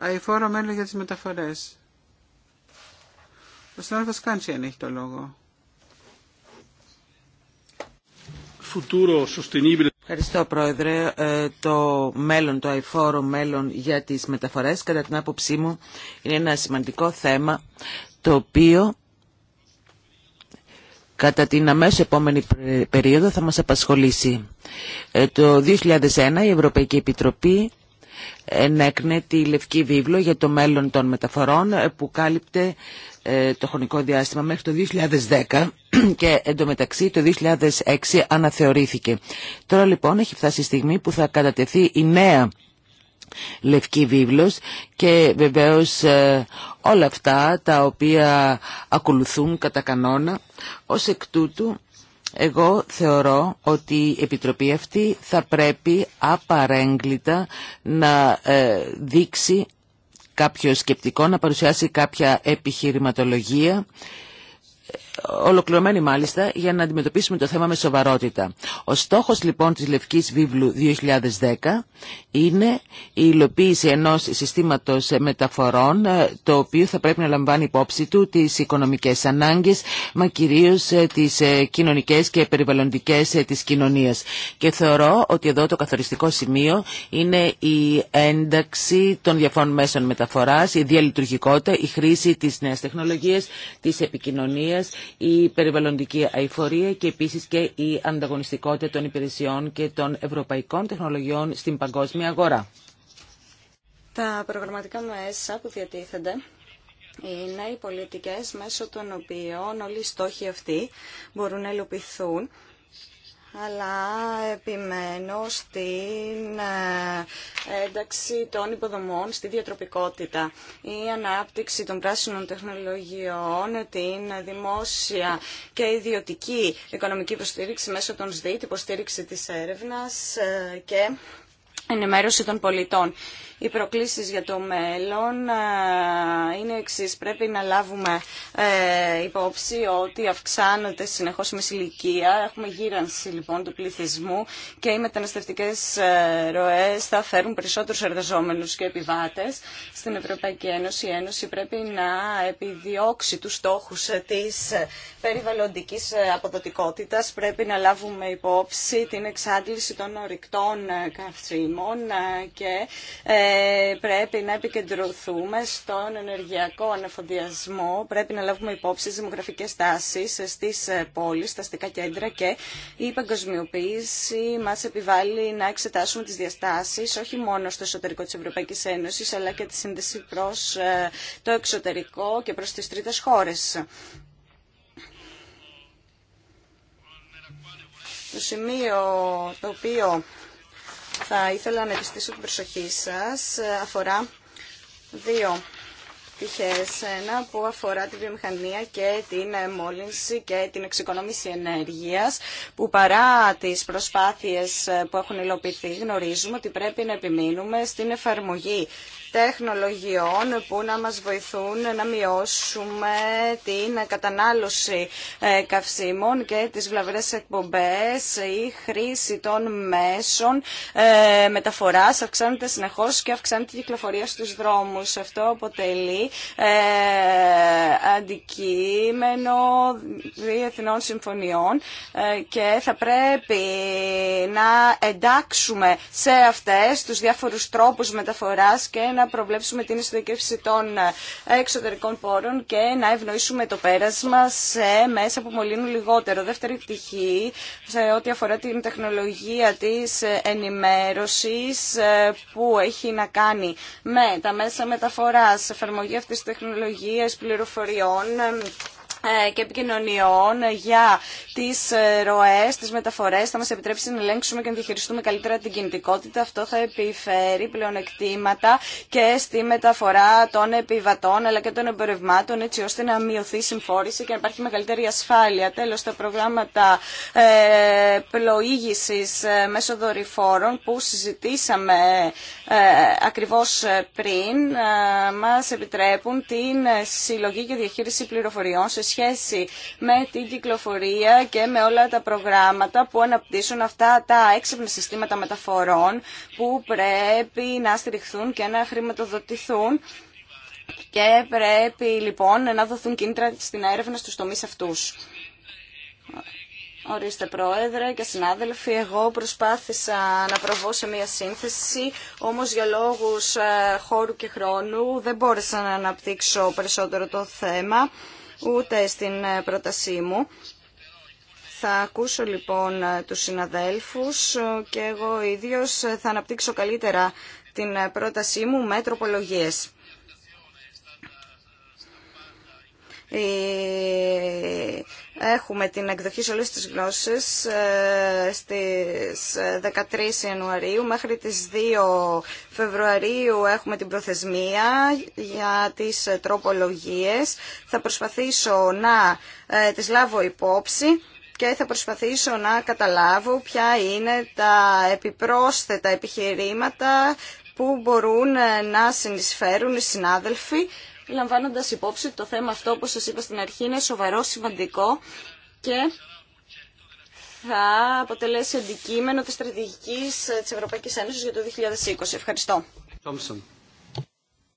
Αηφόρο μέλλον για τις μεταφορές. Ο συνάδελφος Κάντσιαν έχει το λόγο. Ευχαριστώ Πρόεδρε. Ε, το μέλλον, το αηφόρο μέλλον για τις μεταφορές, κατά την άποψή μου, είναι ένα σημαντικό θέμα, το οποίο κατά την αμέσως επόμενη περίοδο θα μας απασχολήσει. Ε, το 2001 η Ευρωπαϊκή Επιτροπή ενέκνε τη Λευκή Βίβλο για το μέλλον των μεταφορών ε, που κάλυπτε ε, το χρονικό διάστημα μέχρι το 2010 [CLEARS THROAT] και εντωμεταξύ το 2006 αναθεωρήθηκε. Τώρα λοιπόν έχει φτάσει η στιγμή που θα κατατεθεί η νέα Λευκή Βίβλος και βεβαίως ε, όλα αυτά τα οποία ακολουθούν κατά κανόνα ως εκ τούτου εγώ θεωρώ ότι η Επιτροπή αυτή θα πρέπει απαρέγκλιτα να ε, δείξει κάποιο σκεπτικό, να παρουσιάσει κάποια επιχειρηματολογία ολοκληρωμένη μάλιστα, για να αντιμετωπίσουμε το θέμα με σοβαρότητα. Ο στόχος λοιπόν της Λευκής Βίβλου 2010 είναι η υλοποίηση ενός συστήματος μεταφορών, ε, το οποίο θα πρέπει να λαμβάνει υπόψη του τις οικονομικές ανάγκες, μα κυρίως ε, τις ε, κοινωνικές και περιβαλλοντικές της κοινωνίας. Και θεωρώ ότι εδώ το καθοριστικό σημείο είναι η ένταξη των διαφόρων μέσων μεταφοράς, η διαλειτουργικότητα, η χρήση της νέας τεχνολογίας, της επικοινωνίας, η περιβαλλοντική αηφορία και επίσης και η ανταγωνιστικότητα των υπηρεσιών και των ευρωπαϊκών τεχνολογιών στην παγκόσμια αγορά. Τα προγραμματικά μέσα που διατίθενται είναι οι πολιτικές μέσω των οποίων όλοι οι στόχοι αυτοί μπορούν να υλοποιηθούν αλλά επιμένω στην ε, ένταξη των υποδομών στη διατροπικότητα. Η ανάπτυξη των πράσινων τεχνολογιών, την δημόσια και ιδιωτική οικονομική υποστήριξη μέσω των ΣΔΙΤ, υποστήριξη της έρευνας ε, και ενημέρωση των πολιτών. Οι προκλήσεις για το μέλλον ε, είναι εξή. Πρέπει να λάβουμε ε, υπόψη ότι αυξάνονται συνεχώς με ηλικία. Έχουμε γύρανση λοιπόν του πληθυσμού και οι μεταναστευτικές ε, ροές θα φέρουν περισσότερους εργαζόμενους και επιβάτες στην Ευρωπαϊκή Ένωση. Η Ένωση πρέπει να επιδιώξει τους στόχους της περιβαλλοντικής αποδοτικότητας. Πρέπει να λάβουμε υπόψη την εξάντληση των ορυκτών καυσίμων και πρέπει να επικεντρωθούμε στον ενεργειακό ανεφοδιασμό. Πρέπει να λάβουμε υπόψη στις δημογραφικές τάσεις στις πόλεις, στα αστικά κέντρα και η παγκοσμιοποίηση μας επιβάλλει να εξετάσουμε τις διαστάσεις όχι μόνο στο εσωτερικό της Ευρωπαϊκής Ένωσης αλλά και τη σύνδεση προς ε, το εξωτερικό και προς τις τρίτες χώρες. το οποίο θα ήθελα να επιστήσω την προσοχή σας αφορά δύο πτυχές. Ένα που αφορά τη βιομηχανία και την μόλυνση και την εξοικονόμηση ενέργειας που παρά τις προσπάθειες που έχουν υλοποιηθεί γνωρίζουμε ότι πρέπει να επιμείνουμε στην εφαρμογή τεχνολογιών που να μας βοηθούν να μειώσουμε την κατανάλωση ε, καυσίμων και τις βλαβερές εκπομπές η χρήση των μέσων ε, μεταφοράς αυξάνεται συνεχώς και αυξάνεται η κυκλοφορία στους δρόμους. Αυτό αποτελεί ε, αντικείμενο διεθνών συμφωνιών και θα πρέπει να εντάξουμε σε αυτές τους διάφορους τρόπους μεταφοράς και να προβλέψουμε την εισδοκεύση των ε, εξωτερικών πόρων και να ευνοήσουμε το πέρασμα σε μέσα που μολύνουν λιγότερο. Δεύτερη πτυχή, σε ό,τι αφορά την τεχνολογία της ενημέρωσης ε, που έχει να κάνει με τα μέσα μεταφοράς, εφαρμογή αυτής της τεχνολογίας πληροφοριών ε, και επικοινωνιών για τις ε, ροές, τις μεταφορές. Θα μας επιτρέψει να ελέγξουμε και να διαχειριστούμε καλύτερα την κινητικότητα. Αυτό θα επιφέρει πλεονεκτήματα και στη μεταφορά των επιβατών αλλά και των εμπορευμάτων έτσι ώστε να μειωθεί η συμφόρηση και να υπάρχει μεγαλύτερη ασφάλεια. Τέλος, τα προγράμματα ε, ε μέσω δορυφόρων που συζητήσαμε ακριβώ πριν μα επιτρέπουν την συλλογή και διαχείριση πληροφοριών σε σχέση με την κυκλοφορία και με όλα τα προγράμματα που αναπτύσσουν αυτά τα έξυπνα συστήματα μεταφορών που πρέπει να στηριχθούν και να χρηματοδοτηθούν και πρέπει λοιπόν να δοθούν κίνητρα στην έρευνα στους τομείς αυτούς. Ορίστε πρόεδρε και συνάδελφοι, εγώ προσπάθησα να προβώ σε μία σύνθεση, όμως για λόγους ε, χώρου και χρόνου δεν μπόρεσα να αναπτύξω περισσότερο το θέμα ούτε στην ε, πρότασή μου. Θα ακούσω λοιπόν ε, τους συναδέλφους ε, και εγώ ίδιος θα αναπτύξω καλύτερα την πρότασή μου με τροπολογίες. Ε, έχουμε την εκδοχή σε όλες τις γλώσσες ε, στις 13 ε, Ιανουαρίου μέχρι τις 2 Φεβρουαρίου έχουμε την προθεσμία για τις τροπολογίες. Θα προσπαθήσω να τις λάβω υπόψη και θα προσπαθήσω να καταλάβω ποια είναι τα επιπρόσθετα επιχειρήματα που μπορούν να συνεισφέρουν οι συνάδελφοι λαμβάνοντας υπόψη το θέμα αυτό, όπως σας είπα στην αρχή, είναι σοβαρό, σημαντικό και θα αποτελέσει αντικείμενο της στρατηγική ε, της Ευρωπαϊκής Ένωσης για το 2020. Ευχαριστώ. Thompson.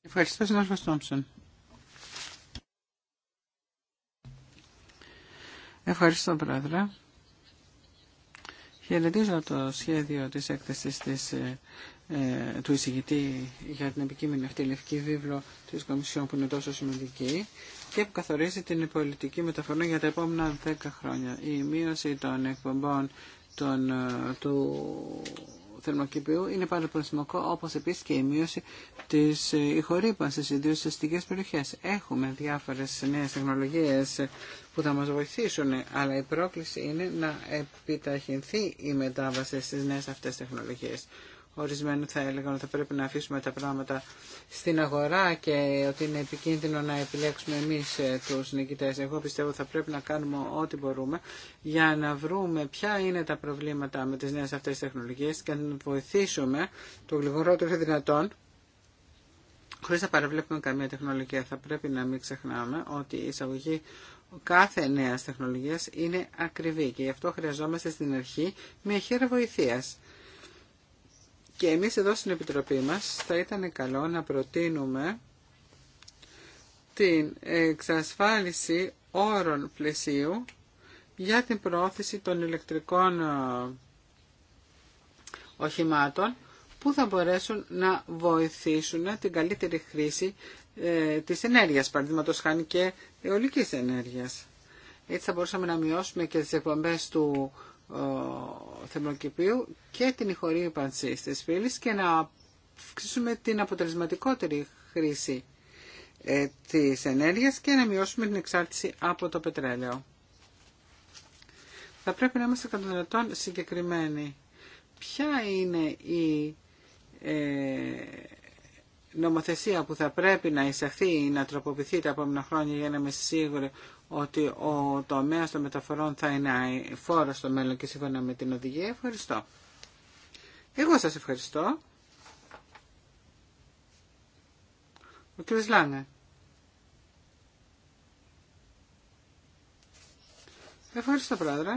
Ευχαριστώ, συνάδελφο Τόμψον. Ευχαριστώ, Πρόεδρε. Χαιρετίζω το σχέδιο της έκθεσης της ε, ε, του εισηγητή για την επικείμενη αυτή λευκή βίβλο τη Κομισιόν που είναι τόσο σημαντική και που καθορίζει την πολιτική μεταφορά για τα επόμενα 10 χρόνια. Η μείωση των εκπομπών των, ε, του θερμοκηπίου είναι πάρα πολύ σημαντικό, όπως επίσης και η μείωση της ε, ηχορύπανσης, ιδίω στις αστικέ περιοχές. Έχουμε διάφορες νέες τεχνολογίες που θα μας βοηθήσουν, αλλά η πρόκληση είναι να επιταχυνθεί η μετάβαση στις νέες αυτές τεχνολογίες ορισμένου θα έλεγαν ότι θα πρέπει να αφήσουμε τα πράγματα στην αγορά και ότι είναι επικίνδυνο να επιλέξουμε εμείς ε, τους νικητές. Εγώ πιστεύω θα πρέπει να κάνουμε ό,τι μπορούμε για να βρούμε ποια είναι τα προβλήματα με τις νέες αυτές τεχνολογίες και να βοηθήσουμε το γλυγορότερο δυνατόν Χωρί να παραβλέπουμε καμία τεχνολογία. Θα πρέπει να μην ξεχνάμε ότι η εισαγωγή κάθε νέα τεχνολογία είναι ακριβή και γι' αυτό χρειαζόμαστε στην αρχή μια χέρα βοηθεία. Και εμείς εδώ στην Επιτροπή μας θα ήταν καλό να προτείνουμε την εξασφάλιση όρων πλαισίου για την προώθηση των ηλεκτρικών ε, οχημάτων που θα μπορέσουν να βοηθήσουν την καλύτερη χρήση ε, της ενέργειας, παραδείγματος χάνει και αιωλικής ενέργειας. Έτσι θα μπορούσαμε να μειώσουμε και τις εκπομπές του θερμοκηπίου και την ηχορύπανση τη φύλη και να αυξήσουμε την αποτελεσματικότερη χρήση ε, της ενέργειας και να μειώσουμε την εξάρτηση από το πετρέλαιο. Θα πρέπει να είμαστε κατά συγκεκριμένοι. Ποια είναι η ε, νομοθεσία που θα πρέπει να εισαχθεί ή να τροποποιηθεί τα επόμενα χρόνια για να είμαι σίγουρη ότι ο τομέας των μεταφορών θα είναι φόρος στο μέλλον και σύμφωνα με την οδηγία. Ευχαριστώ. Εγώ σας ευχαριστώ. Ο κ. Λάνε. Ευχαριστώ, Πρόεδρε.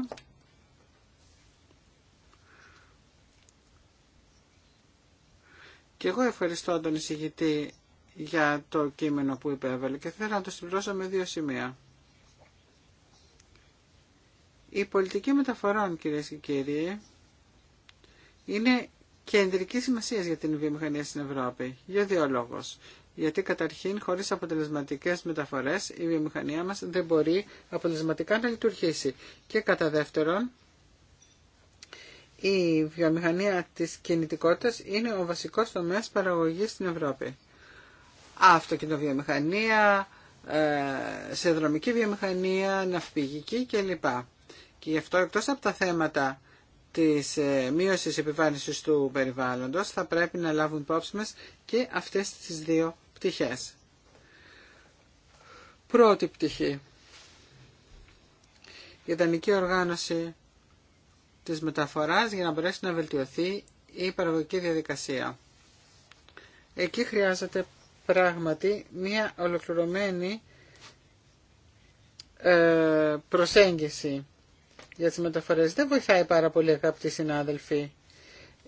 Και εγώ ευχαριστώ τον εισηγητή για το κείμενο που υπέβαλε και θέλω να το συμπληρώσω με δύο σημεία. Η πολιτική μεταφορών, κυρίε και κύριοι, είναι κεντρική σημασία για την βιομηχανία στην Ευρώπη. Για δύο λόγου. Γιατί καταρχήν, χωρί αποτελεσματικέ μεταφορέ, η βιομηχανία μα δεν μπορεί αποτελεσματικά να λειτουργήσει. Και κατά δεύτερον, η βιομηχανία της κινητικότητας είναι ο βασικός τομέας παραγωγής στην Ευρώπη. Αυτοκινητοβιομηχανία, σε δρομική βιομηχανία, ναυπηγική κλπ. Και γι' αυτό εκτός από τα θέματα της ε, μείωσης επιβάρυνσης του περιβάλλοντος θα πρέπει να λάβουν υπόψη μας και αυτές τις δύο πτυχές. Πρώτη πτυχή. Η οργάνωση της μεταφοράς για να μπορέσει να βελτιωθεί η παραγωγική διαδικασία. Εκεί χρειάζεται πράγματι μια ολοκληρωμένη ε, προσέγγιση για τις μεταφορές. Δεν βοηθάει πάρα πολύ αγαπητοί συνάδελφοι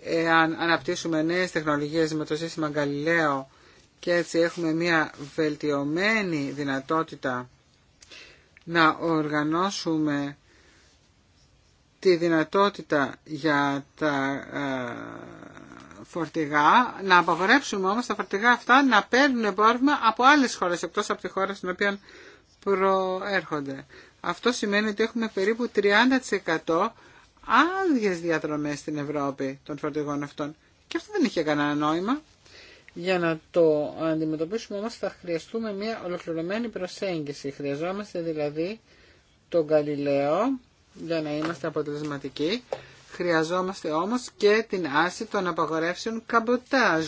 εάν αναπτύσσουμε νέες τεχνολογίες με το σύστημα Γαλιλαίο και έτσι έχουμε μια βελτιωμένη δυνατότητα να οργανώσουμε τη δυνατότητα για τα ε, φορτηγά, να απαγορέψουμε όμως τα φορτηγά αυτά να παίρνουν εμπόρευμα από άλλες χώρες εκτός από τη χώρα στην οποία προέρχονται. Αυτό σημαίνει ότι έχουμε περίπου 30% άδειε διαδρομές στην Ευρώπη των φορτηγών αυτών. Και αυτό δεν είχε κανένα νόημα. Για να το αντιμετωπίσουμε όμως θα χρειαστούμε μια ολοκληρωμένη προσέγγιση. Χρειαζόμαστε δηλαδή τον Γαλιλαίο για να είμαστε αποτελεσματικοί. Χρειαζόμαστε όμως και την άση των απαγορεύσεων καμποτάζ.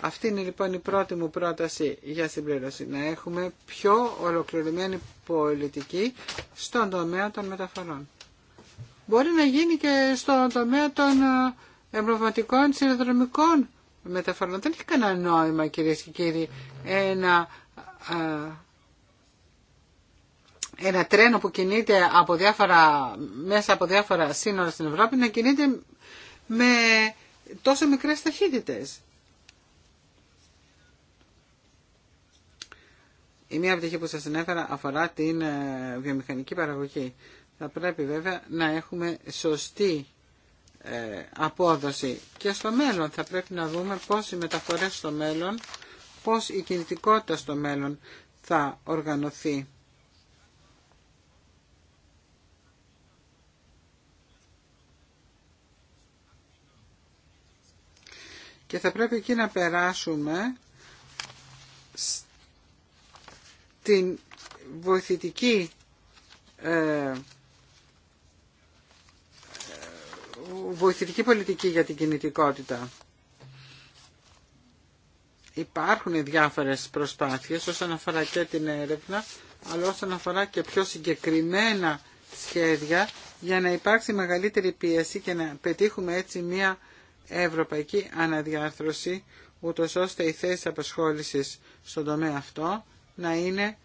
Αυτή είναι λοιπόν η πρώτη μου πρόταση για συμπλήρωση. Να έχουμε πιο ολοκληρωμένη πολιτική στον τομέα των μεταφορών. Μπορεί να γίνει και στον τομέα των ε, εμπνευματικών συνδρομικών μεταφορών. Δεν έχει κανένα νόημα κυρίε και κύριοι ένα ε, ένα τρένο που κινείται από μέσα από διάφορα σύνορα στην Ευρώπη να κινείται με τόσο μικρές ταχύτητες. Η μία πτυχή που σας ανέφερα αφορά την ε, βιομηχανική παραγωγή. Θα πρέπει βέβαια να έχουμε σωστή ε, απόδοση και στο μέλλον θα πρέπει να δούμε πώς οι μεταφορές στο μέλλον, πώς η κινητικότητα στο μέλλον θα οργανωθεί. και θα πρέπει εκεί να περάσουμε την βοηθητική ε, βοηθητική πολιτική για την κινητικότητα. Υπάρχουν διάφορες προσπάθειες όσον αφορά και την έρευνα, αλλά όσον αφορά και πιο συγκεκριμένα σχέδια για να υπάρξει μεγαλύτερη πίεση και να πετύχουμε έτσι μία ευρωπαϊκή αναδιάρθρωση, ούτω ώστε οι θέσει απασχόλησης στον τομέα αυτό να είναι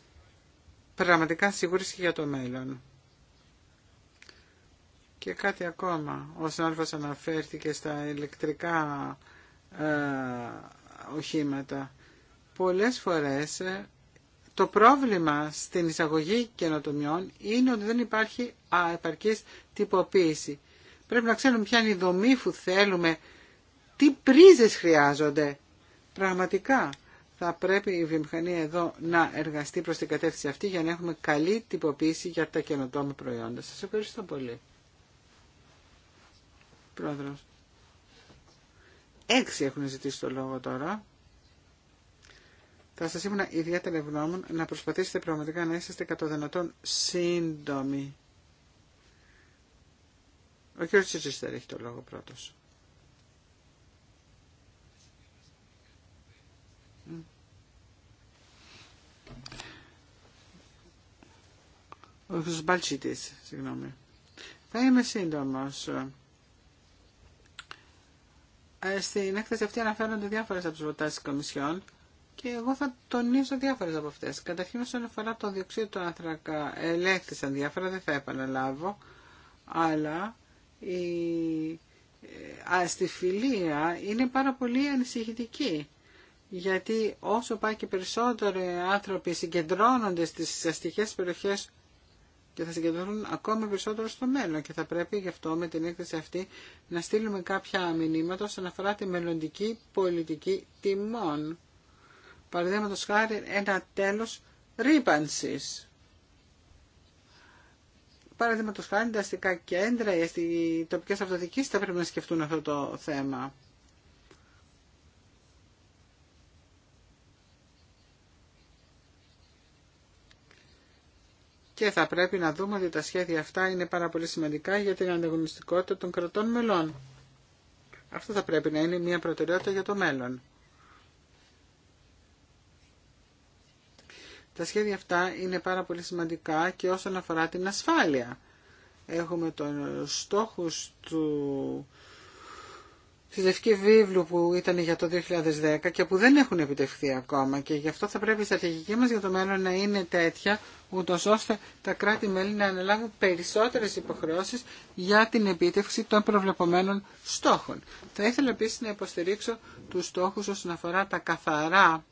πραγματικά σίγουρες και για το μέλλον. Και κάτι ακόμα, ο Σνάλφας αναφέρθηκε στα ηλεκτρικά ε, οχήματα. Πολλές φορές ε, το πρόβλημα στην εισαγωγή καινοτομιών είναι ότι δεν υπάρχει επαρκής τυποποίηση. Πρέπει να ξέρουμε ποια είναι η δομή που θέλουμε τι πρίζες χρειάζονται. Πραγματικά θα πρέπει η βιομηχανία εδώ να εργαστεί προς την κατεύθυνση αυτή για να έχουμε καλή τυποποίηση για τα καινοτόμα προϊόντα. Σας ευχαριστώ πολύ. Πρόεδρος. Έξι έχουν ζητήσει το λόγο τώρα. Θα σας ήμουν ιδιαίτερα ευγνώμων να προσπαθήσετε πραγματικά να είσαστε κατά δυνατόν σύντομοι. Ο κ. Τσιτσίστερ έχει το λόγο πρώτος. Ο Μπαλτσίτης, συγγνώμη. Θα είμαι σύντομο. Ε, στην έκθεση αυτή αναφέρονται διάφορε από τι προτάσει Κομισιόν και εγώ θα τονίσω διάφορε από αυτέ. Καταρχήν, όσον αφορά το διοξείδιο του άνθρακα, ελέγχθησαν διάφορα, δεν θα επαναλάβω, αλλά η ε, αστιφιλία είναι πάρα πολύ ανησυχητική. Γιατί όσο πάει και περισσότεροι άνθρωποι συγκεντρώνονται στις αστικές περιοχές και θα συγκεντρωθούν ακόμα περισσότερο στο μέλλον και θα πρέπει γι' αυτό με την έκθεση αυτή να στείλουμε κάποια μηνύματα όσον αφορά τη μελλοντική πολιτική τιμών. Παραδείγματο χάρη ένα τέλος ρήπανσης. Παραδείγματο χάρη τα αστικά κέντρα, οι τοπικές αυτοδικήσεις θα πρέπει να σκεφτούν αυτό το θέμα. και θα πρέπει να δούμε ότι τα σχέδια αυτά είναι πάρα πολύ σημαντικά για την ανταγωνιστικότητα των κρατών μελών. Αυτό θα πρέπει να είναι μια προτεραιότητα για το μέλλον. Τα σχέδια αυτά είναι πάρα πολύ σημαντικά και όσον αφορά την ασφάλεια. Έχουμε τον στόχο του στη Λευκή Βίβλου που ήταν για το 2010 και που δεν έχουν επιτευχθεί ακόμα και γι' αυτό θα πρέπει η στρατηγική μας για το μέλλον να είναι τέτοια ούτω ώστε τα κράτη-μέλη να αναλάβουν περισσότερες υποχρεώσεις για την επίτευξη των προβλεπωμένων στόχων. Θα ήθελα επίσης να υποστηρίξω τους στόχους όσον αφορά τα καθαρά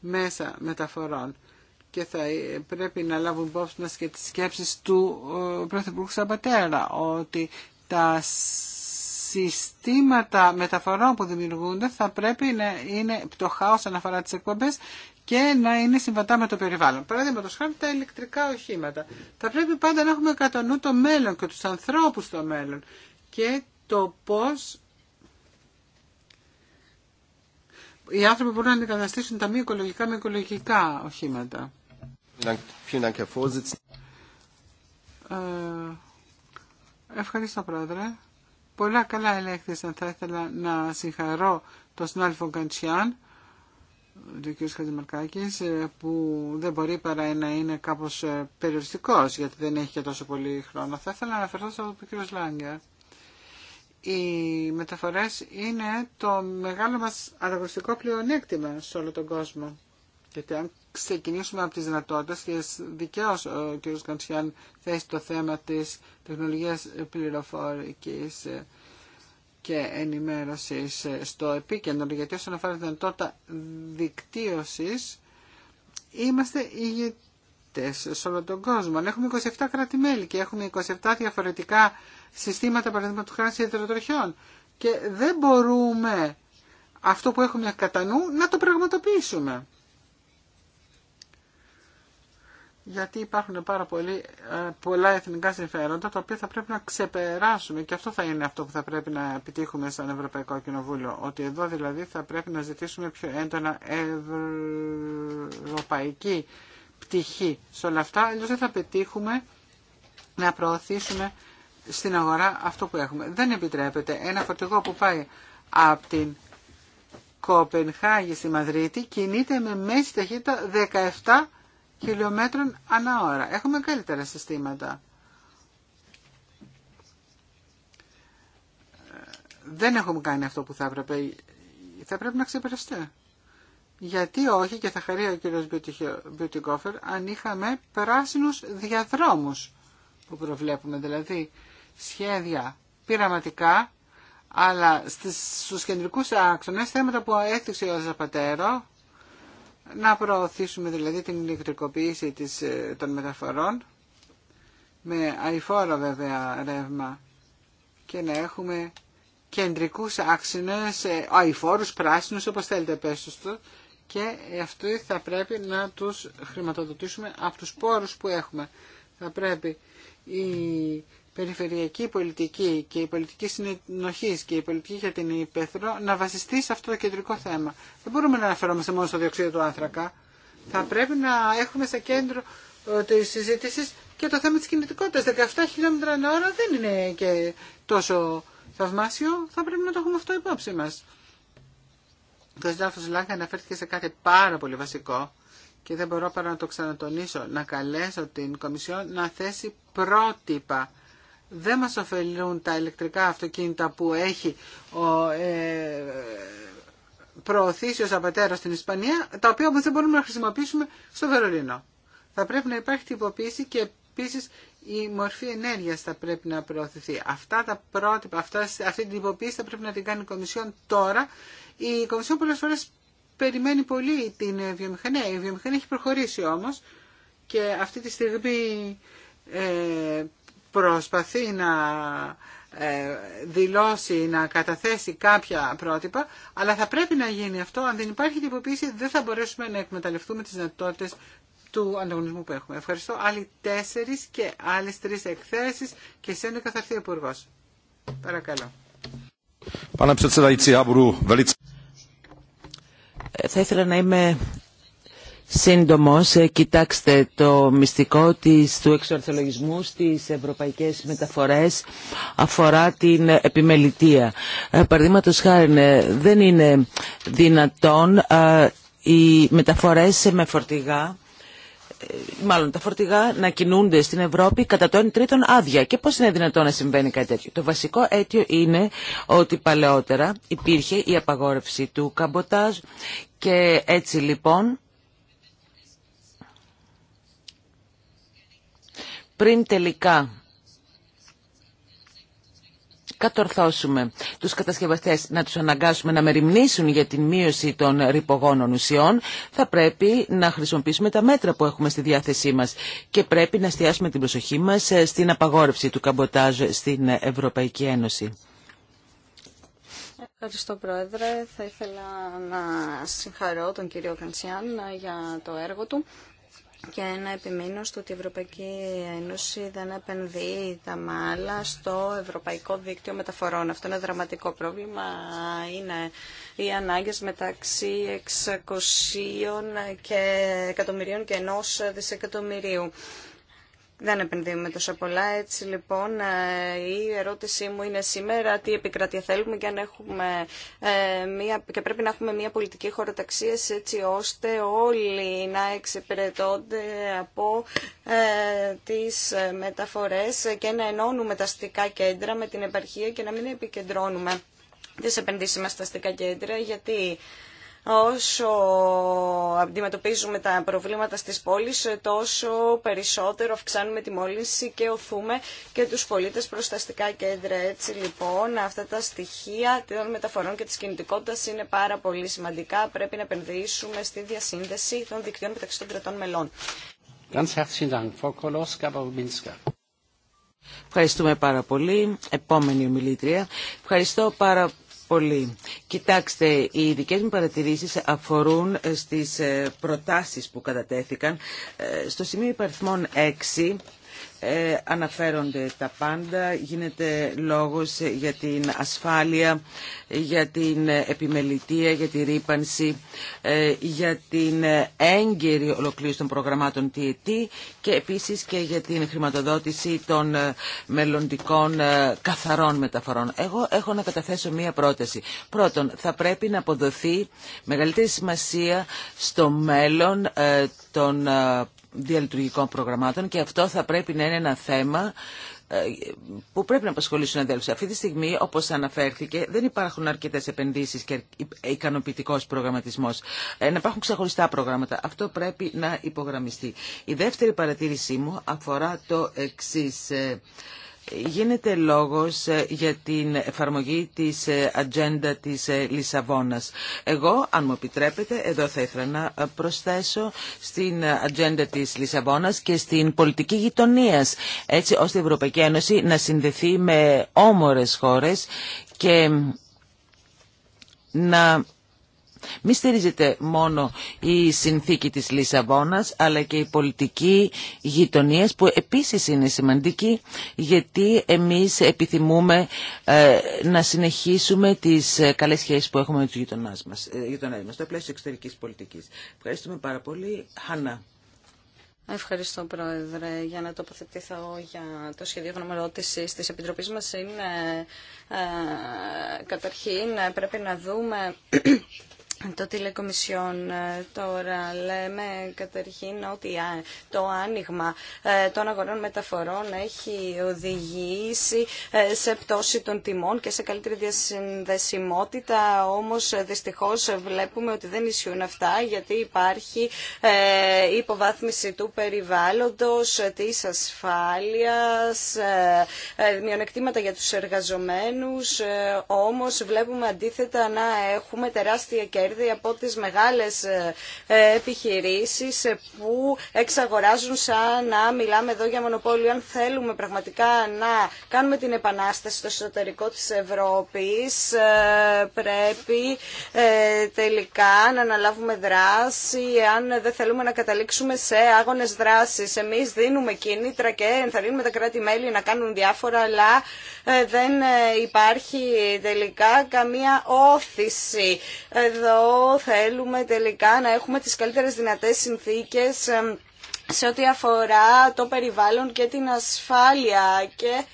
μέσα μεταφορών και θα ε, πρέπει να λάβουν υπόψη μας και τις σκέψεις του ε, Πρωθυπουργού Σαμπατέρα ότι τα συστήματα μεταφορών που δημιουργούνται θα πρέπει να είναι πτωχά όσον αφορά τι εκπομπές και να είναι συμβατά με το περιβάλλον. Παραδείγματο χάρη τα ηλεκτρικά οχήματα. Θα πρέπει πάντα να έχουμε κατά νου το μέλλον και τους ανθρώπους στο μέλλον και το πώς οι άνθρωποι μπορούν να αντικαταστήσουν τα μη οικολογικά με οικολογικά οχήματα. Ε, ευχαριστώ, Πρόεδρε. Πολλά καλά ελέγχθησαν. Θα ήθελα να συγχαρώ τον συνάδελφο Γκαντσιάν, τον κ. Χατζημαρκάκη, ε, που δεν μπορεί παρά να είναι κάπως ε, περιοριστικός, γιατί δεν έχει και τόσο πολύ χρόνο. Θα ήθελα να αναφερθώ στον κ. Λάγκερ. Οι μεταφορές είναι το μεγάλο μας ανταγωνιστικό πλεονέκτημα σε όλο τον κόσμο. Γιατί αν ξεκινήσουμε από τις δυνατότητες και δικαίως ο κ. Καντσιάν θέσει το θέμα της τεχνολογίας πληροφορικής ε, και ενημέρωσης ε, στο επίκεντρο, γιατί όσον αφορά τη δυνατότητα δικτύωσης, είμαστε ηγητές σε όλο τον κόσμο. Έχουμε 27 κράτη-μέλη και έχουμε 27 διαφορετικά συστήματα παραδείγματο χάρη σιδηροτροχιών, και δεν μπορούμε αυτό που έχουμε κατά νου να το πραγματοποιήσουμε γιατί υπάρχουν πάρα πολύ, ε, πολλά εθνικά συμφέροντα τα οποία θα πρέπει να ξεπεράσουμε και αυτό θα είναι αυτό που θα πρέπει να επιτύχουμε σαν Ευρωπαϊκό Κοινοβούλιο ότι εδώ δηλαδή θα πρέπει να ζητήσουμε πιο έντονα ευρωπαϊκή πτυχή σε όλα αυτά αλλιώς δεν θα πετύχουμε να προωθήσουμε στην αγορά αυτό που έχουμε. Δεν επιτρέπεται ένα φορτηγό που πάει από την Κοπενχάγη στη Μαδρίτη κινείται με μέση ταχύτητα 17 χιλιόμετρων ανά ώρα. Έχουμε καλύτερα συστήματα. Δεν έχουμε κάνει αυτό που θα έπρεπε. Θα πρέπει να ξεπεραστεί. Γιατί όχι, και θα χαρεί ο κύριος Μπιουτικόφερ, αν είχαμε πράσινους διαδρόμους που προβλέπουμε, δηλαδή σχέδια πειραματικά, αλλά στις, στους κεντρικούς άξονες θέματα που έθιξε ο Ζαπατέρο, να προωθήσουμε δηλαδή την ηλεκτρικοποίηση της, ε, των μεταφορών με αηφόρο βέβαια ρεύμα και να έχουμε κεντρικούς άξινες, ε, αηφόρους, πράσινους όπως θέλετε πέσω του και αυτοί θα πρέπει να τους χρηματοδοτήσουμε από τους πόρους που έχουμε. Θα πρέπει η περιφερειακή πολιτική και η πολιτική συνοχή και η πολιτική για την υπεθρό να βασιστεί σε αυτό το κεντρικό θέμα. Δεν μπορούμε να αναφερόμαστε μόνο στο διοξείδιο του άνθρακα. Θα πρέπει να έχουμε σε κέντρο ε, τη συζήτηση και το θέμα τη κινητικότητα. 17 χιλιόμετρα ανά ώρα δεν είναι και τόσο θαυμάσιο. Θα πρέπει να το έχουμε αυτό υπόψη μα. Το Ζάφο Λάγκα αναφέρθηκε σε κάτι πάρα πολύ βασικό και δεν μπορώ παρά να το ξανατονίσω. Να καλέσω την Κομισιόν να θέσει πρότυπα δεν μας ωφελούν τα ηλεκτρικά αυτοκίνητα που έχει ο, ε, προωθήσει ο Σαπατέρα στην Ισπανία, τα οποία όμως δεν μπορούμε να χρησιμοποιήσουμε στο Βερολίνο. Θα πρέπει να υπάρχει τυποποίηση και επίση η μορφή ενέργειας θα πρέπει να προωθηθεί. Αυτά τα πρότυπα, αυτά, αυτή την τυποποίηση θα πρέπει να την κάνει η Κομισιόν τώρα. Η Κομισιόν πολλές φορές περιμένει πολύ την βιομηχανία. Η βιομηχανία έχει προχωρήσει όμως και αυτή τη στιγμή ε, προσπαθεί να ε, δηλώσει, να καταθέσει κάποια πρότυπα, αλλά θα πρέπει να γίνει αυτό. Αν δεν υπάρχει τυποποίηση, δεν θα μπορέσουμε να εκμεταλλευτούμε τις δυνατότητε του ανταγωνισμού που έχουμε. Ευχαριστώ. Άλλοι τέσσερι και άλλε τρει εκθέσει και σε θα έρθει ο Υπουργό. Παρακαλώ. Ε, θα ήθελα να είμαι Σύντομος, ε, κοιτάξτε το μυστικό της, του εξορθολογισμού στις ευρωπαϊκές μεταφορές αφορά την επιμελητία. Ε, Παραδείγματος χάρη ε, δεν είναι δυνατόν ε, οι μεταφορές με φορτηγά μάλλον τα φορτηγά να κινούνται στην Ευρώπη κατά τόν 1 τρίτον άδεια. Και πώς είναι δυνατόν να συμβαίνει κάτι τέτοιο. Το βασικό αίτιο είναι ότι παλαιότερα υπήρχε η απαγόρευση του καμποτάζ και έτσι λοιπόν πριν τελικά κατορθώσουμε τους κατασκευαστές να τους αναγκάσουμε να μεριμνήσουν για την μείωση των ρηπογόνων ουσιών, θα πρέπει να χρησιμοποιήσουμε τα μέτρα που έχουμε στη διάθεσή μας και πρέπει να εστιάσουμε την προσοχή μας στην απαγόρευση του καμποτάζ στην Ευρωπαϊκή Ένωση. Ευχαριστώ Πρόεδρε. Θα ήθελα να συγχαρώ τον κύριο Κανσιάν για το έργο του και να επιμείνω στο ότι η Ευρωπαϊκή Ένωση δεν επενδύει τα μάλλα στο Ευρωπαϊκό Δίκτυο Μεταφορών. Αυτό είναι δραματικό πρόβλημα. Είναι οι ανάγκες μεταξύ 600 και εκατομμυρίων και ενός δισεκατομμυρίου. Δεν επενδύουμε τόσο πολλά. Έτσι λοιπόν ε, η ερώτησή μου είναι σήμερα τι επικρατεία θέλουμε και, έχουμε, ε, μια, και πρέπει να έχουμε μια πολιτική χωροταξία έτσι ώστε όλοι να εξυπηρετώνται από ε, τις μεταφορές και να ενώνουμε τα αστικά κέντρα με την επαρχία και να μην επικεντρώνουμε τις επενδύσεις μας στα αστικά κέντρα γιατί Όσο αντιμετωπίζουμε τα προβλήματα στις πόλεις, τόσο περισσότερο αυξάνουμε τη μόλυνση και οθούμε και τους πολίτες προσταστικά τα κέντρα. Έτσι λοιπόν αυτά τα στοιχεία των μεταφορών και της κινητικότητας είναι πάρα πολύ σημαντικά. Πρέπει να επενδύσουμε στη διασύνδεση των δικτύων μεταξύ των κρατών μελών. Ευχαριστούμε πάρα πολύ. Επόμενη ομιλήτρια. Ευχαριστώ πάρα πολύ. Κοιτάξτε, οι δικές μου παρατηρήσει αφορούν ε, στις ε, προτάσει που κατατέθηκαν. Ε, στο σημείο υπαριθμών 6 ε, αναφέρονται τα πάντα, γίνεται λόγος για την ασφάλεια, για την επιμελητία, για τη ρήπανση, ε, για την έγκαιρη ολοκλήρωση των προγραμμάτων TET και επίσης και για την χρηματοδότηση των ε, μελλοντικών ε, καθαρών μεταφορών. Εγώ έχω να καταθέσω μία πρόταση. Πρώτον, θα πρέπει να αποδοθεί μεγαλύτερη σημασία στο μέλλον ε, των διαλειτουργικών προγραμμάτων και αυτό θα πρέπει να είναι ένα θέμα ε, που πρέπει να απασχολήσουν αδέλφους. Αυτή τη στιγμή, όπως αναφέρθηκε, δεν υπάρχουν αρκετές επενδύσεις και ε, ικανοποιητικός προγραμματισμός. Ε, να υπάρχουν ξεχωριστά προγράμματα. Αυτό πρέπει να υπογραμμιστεί. Η δεύτερη παρατήρησή μου αφορά το εξής. Ε, γίνεται λόγος ε, για την εφαρμογή της ε, ατζέντα της ε, Λισαβόνας. Εγώ, αν μου επιτρέπετε, εδώ θα ήθελα να προσθέσω στην ατζέντα της Λισαβόνας και στην πολιτική γειτονίας, έτσι ώστε η Ευρωπαϊκή Ένωση να συνδεθεί με όμορες χώρες και να μη στηρίζεται μόνο η συνθήκη της Λισαβόνας, αλλά και η πολιτική γειτονία που επίσης είναι σημαντική, γιατί εμείς επιθυμούμε ε, να συνεχίσουμε τις ε, καλές σχέσεις που έχουμε με τους γειτονάς μας, ε, γειτονάς μας, στο πλαίσιο εξωτερικής πολιτικής. Ευχαριστούμε πάρα πολύ. Χανά. Ευχαριστώ, Πρόεδρε. Για να τοποθετηθώ για το σχέδιο γνωμερώτηση τη Επιτροπή μα, είναι καταρχήν πρέπει να δούμε το τηλεκομισιόν ε, τώρα λέμε καταρχήν ότι ε, το άνοιγμα ε, των αγορών μεταφορών έχει οδηγήσει σε πτώση των τιμών και σε καλύτερη διασυνδεσιμότητα όμως δυστυχώς βλέπουμε ότι δεν ισχύουν αυτά γιατί υπάρχει υποβάθμιση του περιβάλλοντος, της ασφάλειας, μειονεκτήματα για τους εργαζομένους όμως βλέπουμε αντίθετα να έχουμε τεράστια κέρδη κέρδη από τις μεγάλες ε, ε, επιχειρήσεις ε, που εξαγοράζουν σαν να μιλάμε εδώ για μονοπόλιο. Αν θέλουμε πραγματικά να κάνουμε την επανάσταση στο εσωτερικό της Ευρώπης πρέπει τελικά να αναλάβουμε δράση αν δεν θέλουμε να καταλήξουμε σε άγονες δράσεις. Εμείς δίνουμε κίνητρα και ενθαρρύνουμε τα κράτη-μέλη να κάνουν διάφορα αλλά δεν υπάρχει τελικά καμία όθηση. Εδώ θέλουμε τελικά να έχουμε τις καλύτερες δυνατές συνθήκες σε ό,τι αφορά το περιβάλλον και την ασφάλεια και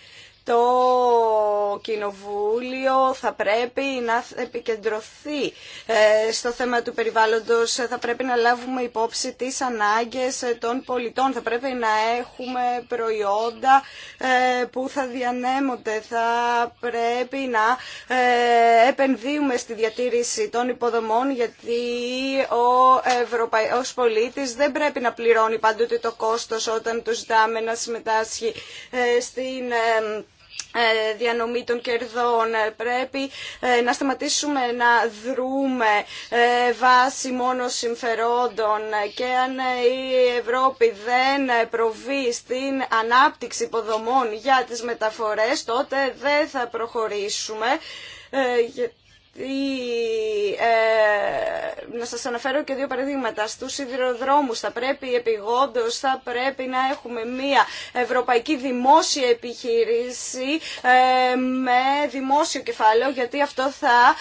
το Κοινοβούλιο θα πρέπει να επικεντρωθεί ε, στο θέμα του περιβάλλοντος, θα πρέπει να λάβουμε υπόψη τις ανάγκες των πολιτών, θα πρέπει να έχουμε προϊόντα ε, που θα διανέμονται, θα πρέπει να ε, επενδύουμε στη διατήρηση των υποδομών γιατί ο ευρωπαϊκός πολίτης δεν πρέπει να πληρώνει πάντοτε το κόστος όταν του ζητάμε να συμμετάσχει στην ε, διανομή των κερδών. Ε, πρέπει ε, να σταματήσουμε να δρούμε βάση μόνο συμφερόντων και αν η Ευρώπη δεν προβεί στην ανάπτυξη υποδομών για τις μεταφορές τότε δεν θα προχωρήσουμε ε, να σας αναφέρω και δύο παραδείγματα. Στους σιδηροδρόμους θα πρέπει επιγόντως, θα πρέπει να έχουμε μία ευρωπαϊκή δημόσια επιχείρηση ε, με δημόσιο κεφάλαιο, γιατί αυτό θα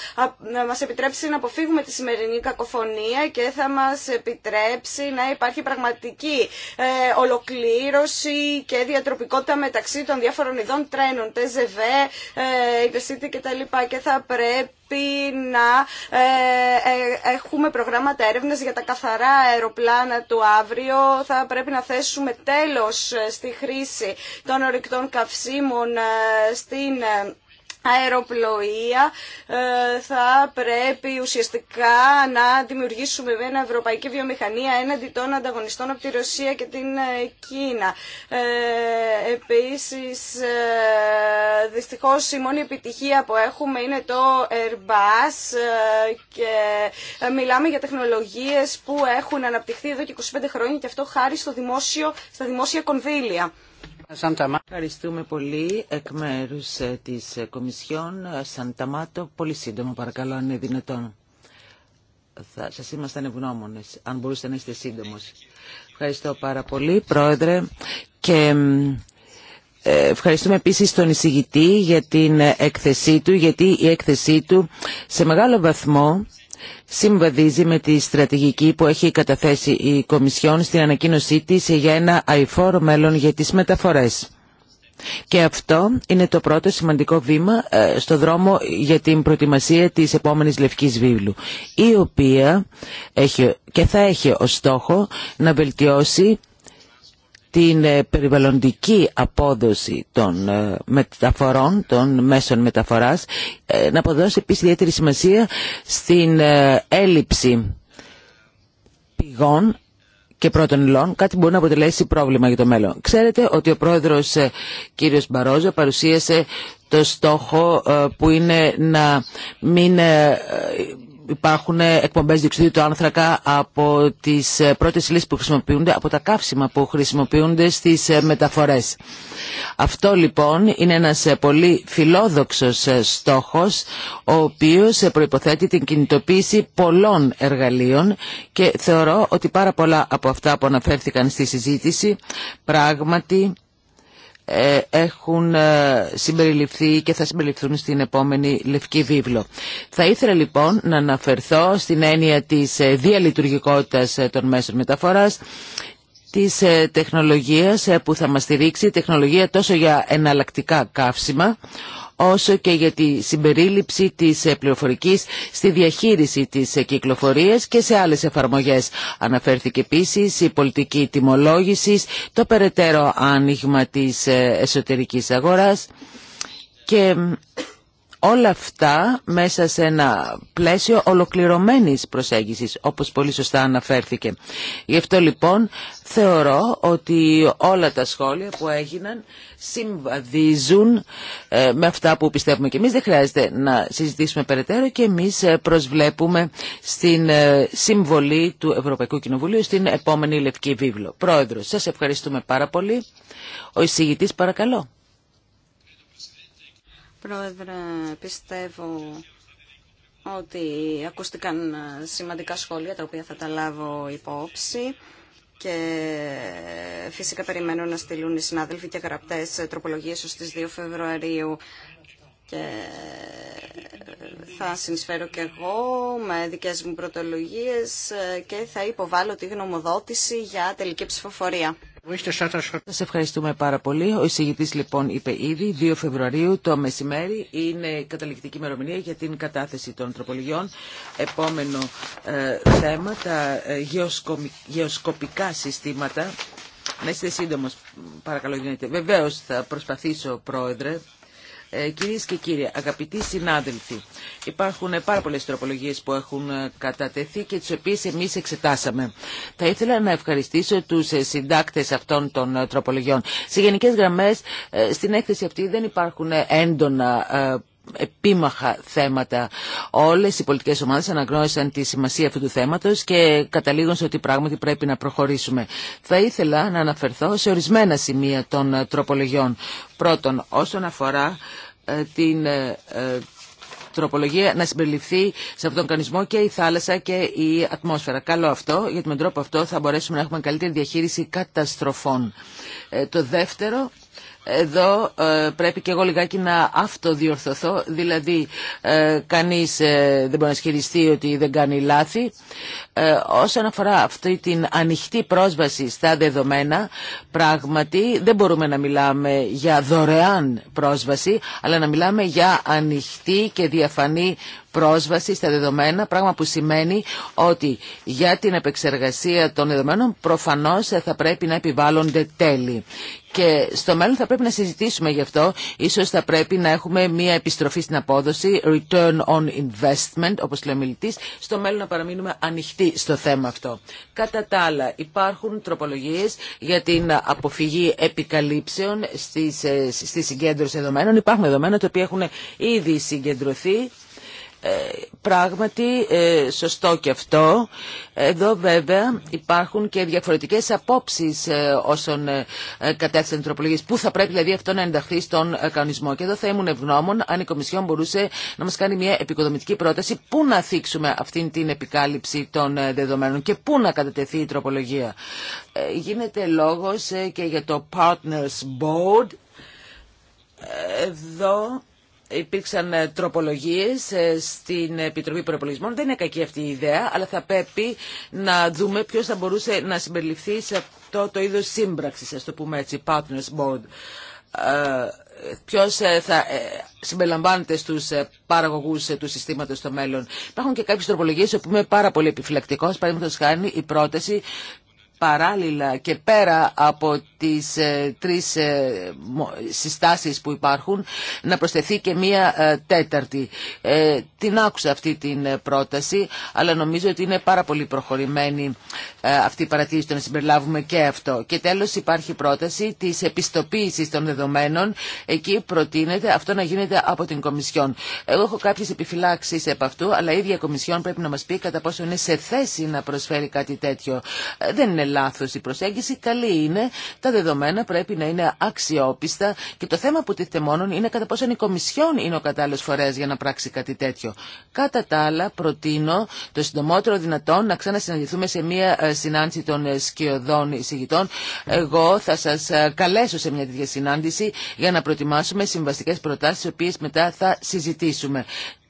μας επιτρέψει να αποφύγουμε τη σημερινή κακοφωνία και θα μας επιτρέψει να υπάρχει πραγματική ε, ολοκλήρωση και διατροπικότητα μεταξύ των διάφορων ειδών τρένων, ΤΖΒ, ε, κτλ. Και θα πρέπει να ε, ε, έχουμε προγράμματα έρευνες για τα καθαρά αεροπλάνα του αύριο. Θα πρέπει να θέσουμε τέλος ε, στη χρήση των ορυκτών καυσίμων στην αεροπλοεία ε, θα πρέπει ουσιαστικά να δημιουργήσουμε ένα ευρωπαϊκή βιομηχανία έναντι των ανταγωνιστών από τη Ρωσία και την ε, Κίνα. Ε, επίσης, δυστυχώς η μόνη επιτυχία που έχουμε είναι το Airbus και μιλάμε για τεχνολογίες που έχουν αναπτυχθεί εδώ και 25 χρόνια και αυτό χάρη στο δημόσιο, στα δημόσια κονδύλια. Ευχαριστούμε πολύ εκ μέρου ε, τη ε, Κομισιόν. Ε, Σανταμάτο, πολύ σύντομα παρακαλώ αν είναι δυνατόν. Θα σας ήμασταν ευγνώμονε, αν μπορούσατε να είστε σύντομο. Ευχαριστώ πάρα πολύ, Πρόεδρε. Και Ευχαριστούμε επίσης τον εισηγητή για την έκθεσή του, γιατί η έκθεσή του σε μεγάλο βαθμό συμβαδίζει με τη στρατηγική που έχει καταθέσει η Κομισιόν στην ανακοίνωσή της για ένα αηφόρο μέλλον για τις μεταφορές. Και αυτό είναι το πρώτο σημαντικό βήμα ε, στο δρόμο για την προετοιμασία της επόμενης Λευκής Βίβλου, η οποία έχει και θα έχει ως στόχο να βελτιώσει την ε, περιβαλλοντική απόδοση των ε, μεταφορών, των μέσων μεταφοράς, ε, να αποδώσει επίσης ιδιαίτερη σημασία στην έλλειψη πηγών και πρώτων υλών, κάτι που μπορεί να αποτελέσει πρόβλημα για το μέλλον. Ξέρετε ότι ο πρόεδρος κύριος Μπαρόζο παρουσίασε το στόχο που είναι να μην υπάρχουν εκπομπές διοξιδίου του άνθρακα από τις ε, πρώτε λύσει που χρησιμοποιούνται, από τα καύσιμα που χρησιμοποιούνται στις ε, μεταφορές. Αυτό λοιπόν είναι ένας ε, πολύ φιλόδοξος στόχος, ο οποίος προποθέτει την κινητοποίηση πολλών εργαλείων και θεωρώ ότι πάρα πολλά από αυτά που αναφέρθηκαν στη συζήτηση πράγματι ε, έχουν ε, συμπεριληφθεί και θα συμπεριληφθούν στην επόμενη Λευκή Βίβλο. Θα ήθελα λοιπόν να αναφερθώ στην έννοια της ε, διαλειτουργικότητας των μέσων μεταφοράς της τεχνολογίας που θα μας στηρίξει, τεχνολογία τόσο για εναλλακτικά καύσιμα, όσο και για τη συμπερίληψη της ε, πληροφορικής στη διαχείριση της ε, κυκλοφορίας και σε άλλες εφαρμογές. Αναφέρθηκε επίσης η πολιτική τιμολόγηση, το περαιτέρω άνοιγμα της ε, εσωτερικής αγοράς και Όλα αυτά μέσα σε ένα πλαίσιο ολοκληρωμένης προσέγγισης, όπως πολύ σωστά αναφέρθηκε. Γι' αυτό λοιπόν θεωρώ ότι όλα τα σχόλια που έγιναν συμβαδίζουν ε, με αυτά που πιστεύουμε και εμείς. Δεν χρειάζεται να συζητήσουμε περαιτέρω και εμείς ε, προσβλέπουμε στην ε, συμβολή του Ευρωπαϊκού Κοινοβουλίου στην επόμενη Λευκή Βίβλο. Πρόεδρο, σας ευχαριστούμε πάρα πολύ. Ο εισηγητής παρακαλώ. Πρόεδρε, πιστεύω ότι ακούστηκαν σημαντικά σχόλια τα οποία θα τα λάβω υπόψη και φυσικά περιμένω να στείλουν οι συνάδελφοι και γραπτές τροπολογίες ως τις 2 Φεβρουαρίου και ε, θα συνεισφέρω και εγώ με δικές μου πρωτολογίες ε, και θα υποβάλω τη γνωμοδότηση για τελική ψηφοφορία. Σα ευχαριστούμε πάρα πολύ. Ο εισηγητή λοιπόν είπε ήδη 2 Φεβρουαρίου το μεσημέρι είναι καταληκτική ημερομηνία για την κατάθεση των τροπολογιών. Επόμενο ε, θέμα, τα γεωσκοπικά συστήματα. Να είστε σύντομο, παρακαλώ. Βεβαίω θα προσπαθήσω, Πρόεδρε, ε, κυρίες και κύριοι, αγαπητοί συνάδελφοι, υπάρχουν πάρα πολλές τροπολογίες που έχουν ε, κατατεθεί και τις οποίες εμείς εξετάσαμε. Θα ήθελα να ευχαριστήσω τους ε, συντάκτες αυτών των τροπολογιών. Σε γενικές γραμμές, στην έκθεση αυτή δεν υπάρχουν έντονα επίμαχα θέματα. Όλες οι πολιτικές ομάδες αναγνώρισαν τη σημασία αυτού του θέματος και καταλήγουν σε ότι πράγματι πρέπει να προχωρήσουμε. Θα ήθελα να αναφερθώ σε ορισμένα σημεία των ε, τροπολογιών. Πρώτον, όσον αφορά ε, την ε, τροπολογία να συμπεριληφθεί σε αυτόν τον κανονισμό και η θάλασσα και η ατμόσφαιρα. Καλό αυτό, γιατί με τρόπο αυτό θα μπορέσουμε να έχουμε καλύτερη διαχείριση καταστροφών. το δεύτερο εδώ ε, πρέπει και εγώ λιγάκι να αυτοδιορθωθώ, δηλαδή ε, κανείς ε, δεν μπορεί να ισχυριστεί ότι δεν κάνει λάθη. Όσον αφορά αυτή την ανοιχτή πρόσβαση στα δεδομένα, πράγματι δεν μπορούμε να μιλάμε για δωρεάν πρόσβαση, αλλά να μιλάμε για ανοιχτή και διαφανή πρόσβαση στα δεδομένα, πράγμα που σημαίνει ότι για την επεξεργασία των δεδομένων προφανώς θα πρέπει να επιβάλλονται τέλη. Και στο μέλλον θα πρέπει να συζητήσουμε γι' αυτό. Ίσως θα πρέπει να έχουμε μια επιστροφή στην απόδοση, return on investment, όπως λέει ο μιλητής. Στο μέλλον να παραμείνουμε ανοιχτοί στο θέμα αυτό. Κατά τα άλλα, υπάρχουν τροπολογίες για την αποφυγή επικαλύψεων ε, στη συγκέντρωση δεδομένων. Υπάρχουν δεδομένα τα οποία έχουν ήδη συγκεντρωθεί ε, πράγματι ε, σωστό και αυτό. Εδώ βέβαια υπάρχουν και διαφορετικές απόψεις ε, όσων την τροπολογία, Πού θα πρέπει δηλαδή αυτό να ενταχθεί στον κανονισμό. Και εδώ θα ήμουν ευγνώμων αν η Κομισιόν μπορούσε να μας κάνει μια επικοδομητική πρόταση πού να θίξουμε αυτήν την επικάλυψη των δεδομένων και πού να κατατεθεί η τροπολογία. Γίνεται λόγος και για το Partners Board. Εδώ υπήρξαν ε, τροπολογίες ε, στην Επιτροπή Προπολογισμών. Δεν είναι κακή αυτή η ιδέα, αλλά θα πρέπει να δούμε ποιος θα μπορούσε να συμπεριληφθεί σε αυτό το είδος σύμπραξης, ας το πούμε έτσι, Partners Board. Ε, ποιος θα συμπεριλαμβάνεται στους παραγωγούς του συστήματος στο μέλλον. Υπάρχουν και κάποιες τροπολογίες που είμαι πάρα πολύ επιφυλακτικός. Παραδείγματος χάνει η πρόταση παράλληλα και πέρα από τις ε, τρεις ε, συστάσεις που υπάρχουν να προσθεθεί και μία ε, τέταρτη. Την άκουσα αυτή την πρόταση αλλά νομίζω ότι είναι πάρα πολύ προχωρημένη αυτή η παρατήρηση το να συμπεριλάβουμε και αυτό. Και τέλος υπάρχει πρόταση της επιστοποίησης των δεδομένων. Εκεί προτείνεται αυτό να γίνεται από την Κομισιόν. Εγώ έχω κάποιες επιφυλάξεις επ' αυτού αλλά η ίδια Κομισιόν πρέπει να μας πει κατά πόσο είναι σε θέση να προσφέρει κάτι τέτοιο. Δεν είναι λάθος η προσέγγιση. Καλή είναι, τα δεδομένα πρέπει να είναι αξιόπιστα και το θέμα που τίθεται μόνο είναι κατά πόσο η Κομισιόν είναι ο κατάλληλος φορέας για να πράξει κάτι τέτοιο. Κατά τα άλλα προτείνω το συντομότερο δυνατόν να ξανασυναντηθούμε σε μια ε, συνάντηση των ε, σκιωδών εισηγητών. Εγώ θα σας ε, καλέσω σε μια τέτοια συνάντηση για να προετοιμάσουμε συμβαστικές προτάσεις, τις οποίε μετά θα συζητήσουμε.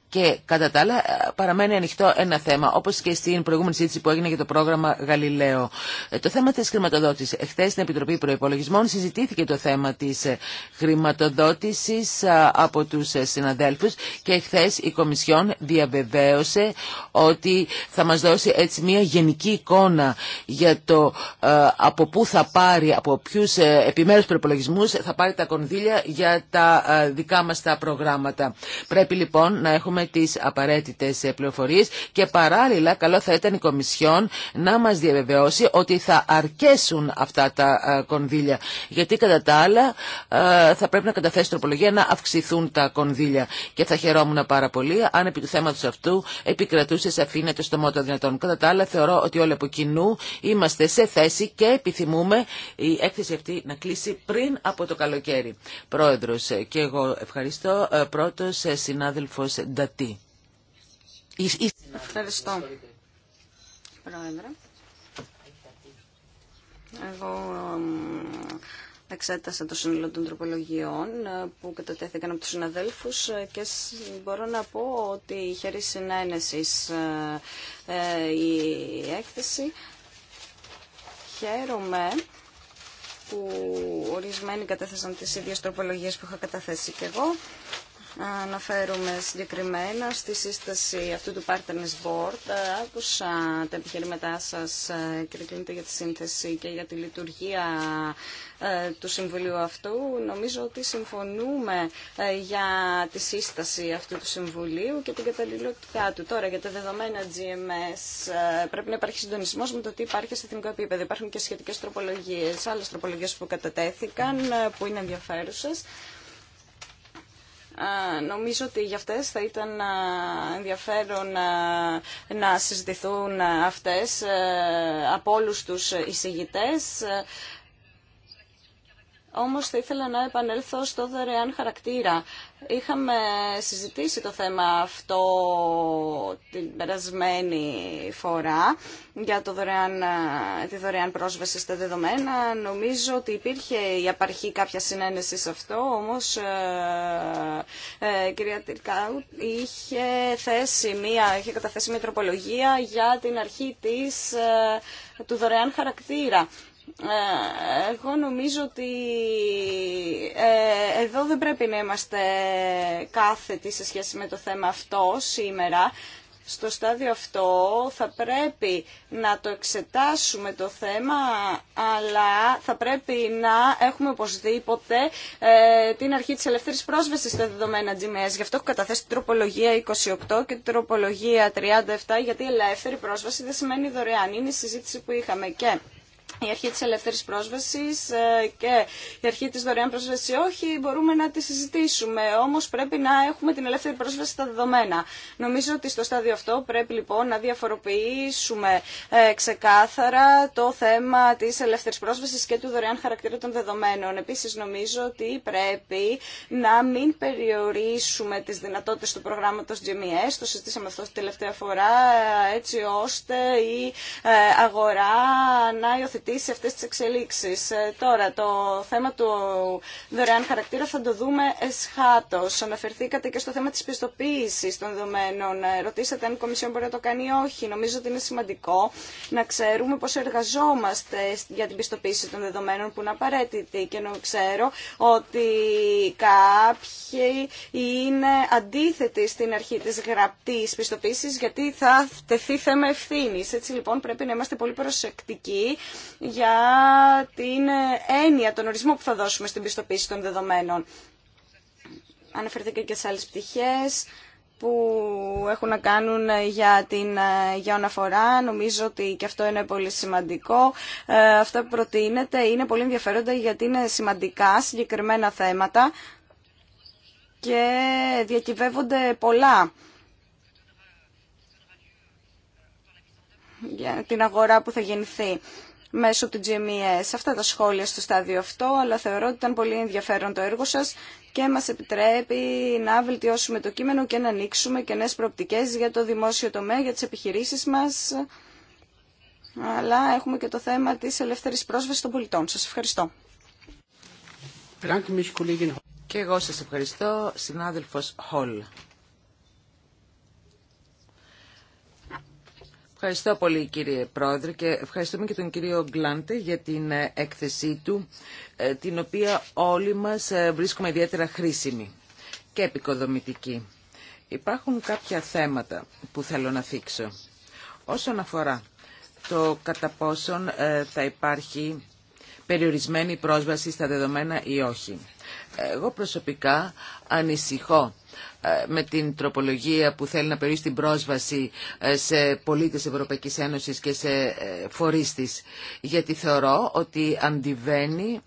Και κατά τα άλλα ε, παραμένει ανοιχτό ένα θέμα, όπως και στην προηγούμενη συζήτηση που έγινε για το πρόγραμμα Γαλιλαίο. Ε, το θέμα της χρηματοδότησης. Εχθές στην Επιτροπή Προϋπολογισμών συζητήθηκε το θέμα της ε, χρηματοδότησης από τους συναδέλφους και εχθές η Κομισιόν διαβεβαίωσε ότι θα μας δώσει έτσι μια γενική εικόνα για το από πού θα πάρει, από ποιους επιμέρους προπολογισμού θα πάρει τα κονδύλια για τα δικά μας τα προγράμματα. Πρέπει λοιπόν να έχουμε έχουμε τις απαραίτητες πληροφορίες και παράλληλα καλό θα ήταν η Κομισιόν να μας διαβεβαιώσει ότι θα αρκέσουν αυτά τα ε, κονδύλια. Γιατί κατά τα άλλα ε, θα πρέπει να καταθέσει τροπολογία να αυξηθούν τα κονδύλια. Και θα χαιρόμουν πάρα πολύ αν επί του θέματος αυτού επικρατούσε σε το στομό των Κατά τα άλλα θεωρώ ότι όλοι από κοινού είμαστε σε θέση και επιθυμούμε η έκθεση αυτή να κλείσει πριν από το καλοκαίρι. Πρόεδρος ε, και εγώ ευχαριστώ. Πρώτος συνάδελφος Νταντ Ευχαριστώ. Πρόεδρε. Εγώ εξέτασα το σύνολο των τροπολογιών ε, που κατατέθηκαν από τους συναδέλφους ε, και μπορώ να πω ότι χέρι συνένεσης ε, η έκθεση. Χαίρομαι που ορισμένοι κατέθεσαν τις ίδιες τροπολογίες που είχα καταθέσει και εγώ αναφέρουμε συγκεκριμένα στη σύσταση αυτού του Partners Board. Ε, άκουσα τα επιχειρήματά σας, ε, κύριε Κλίντε, για τη σύνθεση και για τη λειτουργία ε, του Συμβουλίου αυτού. Νομίζω ότι συμφωνούμε για τη σύσταση αυτού του Συμβουλίου και την καταλληλότητά του. Τώρα, για τα δεδομένα GMS, πρέπει να υπάρχει συντονισμό με το τι υπάρχει σε εθνικό επίπεδο. Υπάρχουν και σχετικέ τροπολογίε, άλλε τροπολογίε που κατατέθηκαν, που είναι ενδιαφέρουσε. Νομίζω ότι για αυτές θα ήταν ενδιαφέρον να συζητηθούν αυτές ε, από όλους τους εισηγητές όμως θα ήθελα να επανέλθω στο δωρεάν χαρακτήρα. Είχαμε συζητήσει το θέμα αυτό την περασμένη φορά για το δωρεάν, τη δωρεάν πρόσβαση στα δεδομένα. Νομίζω ότι υπήρχε η απαρχή κάποια συνένεση σε αυτό, όμως ε, ε κυρία Τυρκάου είχε, θέσει μία, είχε καταθέσει μια τροπολογία για την αρχή της, ε, του δωρεάν χαρακτήρα. Ε, εγώ νομίζω ότι ε, εδώ δεν πρέπει να είμαστε κάθετοι σε σχέση με το θέμα αυτό σήμερα. Στο στάδιο αυτό θα πρέπει να το εξετάσουμε το θέμα, αλλά θα πρέπει να έχουμε οπωσδήποτε ε, την αρχή της ελευθερής πρόσβασης στα δεδομένα GMS. Γι' αυτό έχω καταθέσει την τροπολογία 28 και την τροπολογία 37, γιατί η ελεύθερη πρόσβαση δεν σημαίνει δωρεάν. Είναι η συζήτηση που είχαμε και η αρχή της ελεύθερης πρόσβασης ε, και η αρχή της δωρεάν πρόσβασης όχι, μπορούμε να τη συζητήσουμε, όμως πρέπει να έχουμε την ελεύθερη πρόσβαση στα δεδομένα. Νομίζω ότι στο στάδιο αυτό πρέπει λοιπόν να διαφοροποιήσουμε ε, ξεκάθαρα το θέμα της ελεύθερης πρόσβασης και του δωρεάν χαρακτήρα των δεδομένων. Επίσης νομίζω ότι πρέπει να μην περιορίσουμε τις δυνατότητες του προγράμματος GMS, e το συζητήσαμε αυτό τη τελευταία φορά, ε, έτσι ώστε η αγορά να υιοθετήσει συζητήσει αυτές τις εξελίξεις. Ε, τώρα, το θέμα του δωρεάν χαρακτήρα θα το δούμε εσχάτως. Αναφερθήκατε και στο θέμα της πιστοποίησης των δεδομένων. Ε, ρωτήσατε αν η Κομισιόν μπορεί να το κάνει ή όχι. Νομίζω ότι είναι σημαντικό να ξέρουμε πώς εργαζόμαστε για την πιστοποίηση των δεδομένων που είναι απαραίτητη. Και να ξέρω ότι κάποιοι είναι αντίθετοι στην αρχή της γραπτής πιστοποίησης γιατί θα τεθεί θέμα ευθύνη. Έτσι λοιπόν πρέπει να είμαστε πολύ προσεκτικοί για την έννοια, τον ορισμό που θα δώσουμε στην πιστοποίηση των δεδομένων. Αναφερθήκα και σε άλλες πτυχές που έχουν να κάνουν για την για αναφορά. Νομίζω ότι και αυτό είναι πολύ σημαντικό. Ε, αυτά που προτείνεται είναι πολύ ενδιαφέροντα γιατί είναι σημαντικά συγκεκριμένα θέματα και διακυβεύονται πολλά. για την αγορά που θα γεννηθεί μέσω του GMES. Αυτά τα σχόλια στο στάδιο αυτό, αλλά θεωρώ ότι ήταν πολύ ενδιαφέρον το έργο σας και μας επιτρέπει να βελτιώσουμε το κείμενο και να ανοίξουμε και νέες προοπτικές για το δημόσιο τομέα, για τις επιχειρήσεις μας, αλλά έχουμε και το θέμα της ελεύθερης πρόσβασης των πολιτών. Σας ευχαριστώ. Και εγώ σας ευχαριστώ, συνάδελφος Χολ. Ευχαριστώ πολύ κύριε Πρόεδρε και ευχαριστούμε και τον κύριο Γκλάντε για την ε, έκθεσή του, ε, την οποία όλοι μας ε, βρίσκουμε ιδιαίτερα χρήσιμη και επικοδομητική. Υπάρχουν κάποια θέματα που θέλω να θίξω. Όσον αφορά το κατά πόσον θα υπάρχει περιορισμένη πρόσβαση στα δεδομένα ή όχι. Εγώ προσωπικά ανησυχώ ε, με την τροπολογία που θέλει να περιορίσει την πρόσβαση ε, σε πολίτες Ευρωπαϊκής Ένωσης και σε ε, φορείς της, γιατί θεωρώ ότι αντιβαίνει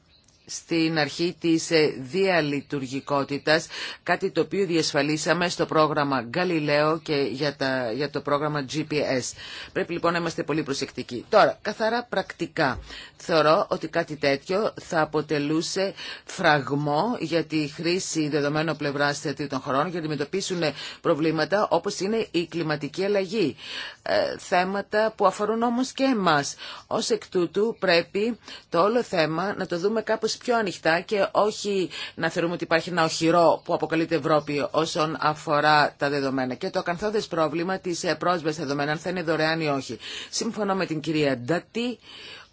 στην αρχή της ε, διαλειτουργικότητας, κάτι το οποίο διασφαλίσαμε στο πρόγραμμα Galileo και για, τα, για το πρόγραμμα GPS. Πρέπει λοιπόν να είμαστε πολύ προσεκτικοί. Τώρα, καθαρά πρακτικά. Θεωρώ ότι κάτι τέτοιο θα αποτελούσε φραγμό για τη χρήση δεδομένων πλευρά τρίτων χωρών για να αντιμετωπίσουν προβλήματα όπως είναι η κλιματική αλλαγή. Ε, θέματα που αφορούν όμως και εμάς. Ως εκ τούτου πρέπει το όλο θέμα να το δούμε κάπως πιο ανοιχτά και όχι να θεωρούμε ότι υπάρχει ένα οχυρό που αποκαλείται Ευρώπη όσον αφορά τα δεδομένα. Και το ακαθόδε πρόβλημα τη ε, πρόσβαση δεδομένων αν θα είναι δωρεάν ή όχι. Σύμφωνα με την κυρία Ντατή,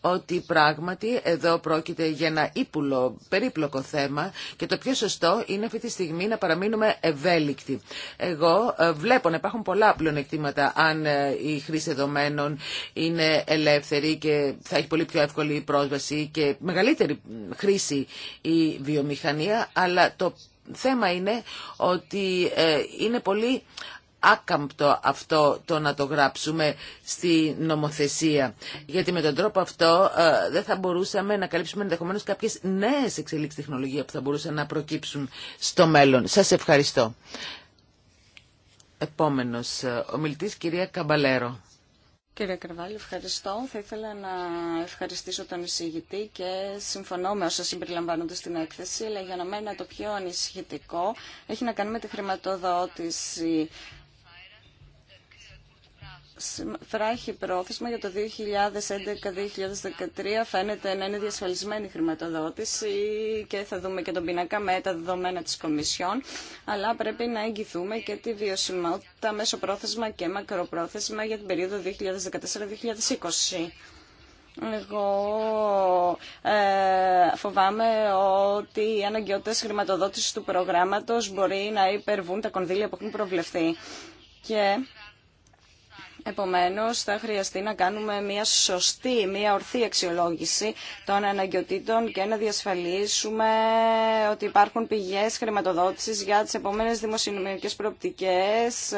ότι πράγματι εδώ πρόκειται για ένα ύπουλο, περίπλοκο θέμα και το πιο σωστό είναι αυτή τη στιγμή να παραμείνουμε ευέλικτοι. Εγώ ε, βλέπω να υπάρχουν πολλά πλεονεκτήματα αν η ε, χρήση δεδομένων είναι ελεύθερη και θα έχει πολύ πιο εύκολη πρόσβαση και μεγαλύτερη χρήση η βιομηχανία, αλλά το θέμα είναι ότι ε, είναι πολύ άκαμπτο αυτό το να το γράψουμε στη νομοθεσία. Γιατί με τον τρόπο αυτό ε, δεν θα μπορούσαμε να καλύψουμε ενδεχομένως κάποιες νέες εξελίξεις τεχνολογία που θα μπορούσαν να προκύψουν στο μέλλον. Σας ευχαριστώ. Επόμενος ε, ο κυρία Καμπαλέρο. Κύριε Κρεβάλη, ευχαριστώ. Θα ήθελα να ευχαριστήσω τον εισηγητή και συμφωνώ με όσα συμπεριλαμβάνονται στην έκθεση, αλλά για να μένα το πιο ανησυχητικό έχει να κάνει με τη χρηματοδότηση. Φράχη πρόθεσμα για το 2011-2013 φαίνεται να είναι διασφαλισμένη η χρηματοδότηση και θα δούμε και τον πινακά με τα δεδομένα της Κομισιόν, αλλά πρέπει να εγγυθούμε και τη βιωσιμότητα μέσω πρόθεσμα και μακροπρόθεσμα για την περίοδο 2014-2020. Εγώ ε, φοβάμαι ότι οι αναγκαιότητες χρηματοδότησης του προγράμματος μπορεί να υπερβούν τα κονδύλια που έχουν προβλεφθεί. Και Επομένως, θα χρειαστεί να κάνουμε μια σωστή, μια ορθή αξιολόγηση των αναγκαιοτήτων και να διασφαλίσουμε ότι υπάρχουν πηγές χρηματοδότησης για τις επόμενες δημοσιονομικές προοπτικές.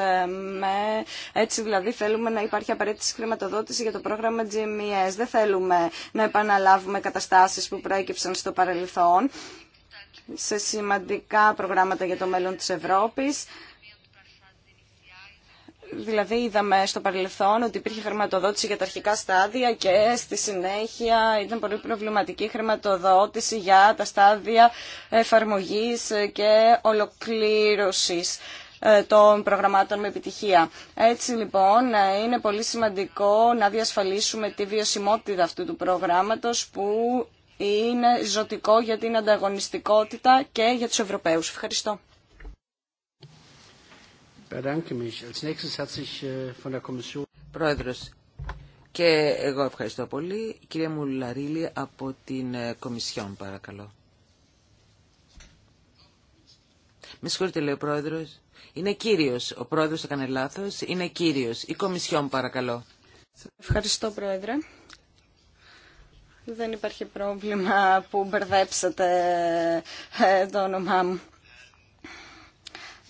Με... Έτσι δηλαδή θέλουμε να υπάρχει απαραίτητη χρηματοδότηση για το πρόγραμμα GMES. Δεν θέλουμε να επαναλάβουμε καταστάσεις που προέκυψαν στο παρελθόν σε σημαντικά προγράμματα για το μέλλον της Ευρώπης. Δηλαδή είδαμε στο παρελθόν ότι υπήρχε χρηματοδότηση για τα αρχικά στάδια και στη συνέχεια ήταν πολύ προβληματική χρηματοδότηση για τα στάδια εφαρμογής και ολοκλήρωσης ε, των προγραμμάτων με επιτυχία. Έτσι λοιπόν ε, είναι πολύ σημαντικό να διασφαλίσουμε τη βιωσιμότητα αυτού του προγράμματος που είναι ζωτικό για την ανταγωνιστικότητα και για τους Ευρωπαίους. Ευχαριστώ. Äh, πρόεδρος, και εγώ ευχαριστώ πολύ. Η κυρία Μουλαρίλη από την ε, Κομισιόν, παρακαλώ. Με συγχωρείτε, λέει ο Πρόεδρος. Είναι κύριος. Ο Πρόεδρος έκανε λάθος. Είναι κύριος. Η Κομισιόν, παρακαλώ. Ευχαριστώ, Πρόεδρε. Δεν υπάρχει πρόβλημα που μπερδέψατε ε, το όνομά μου.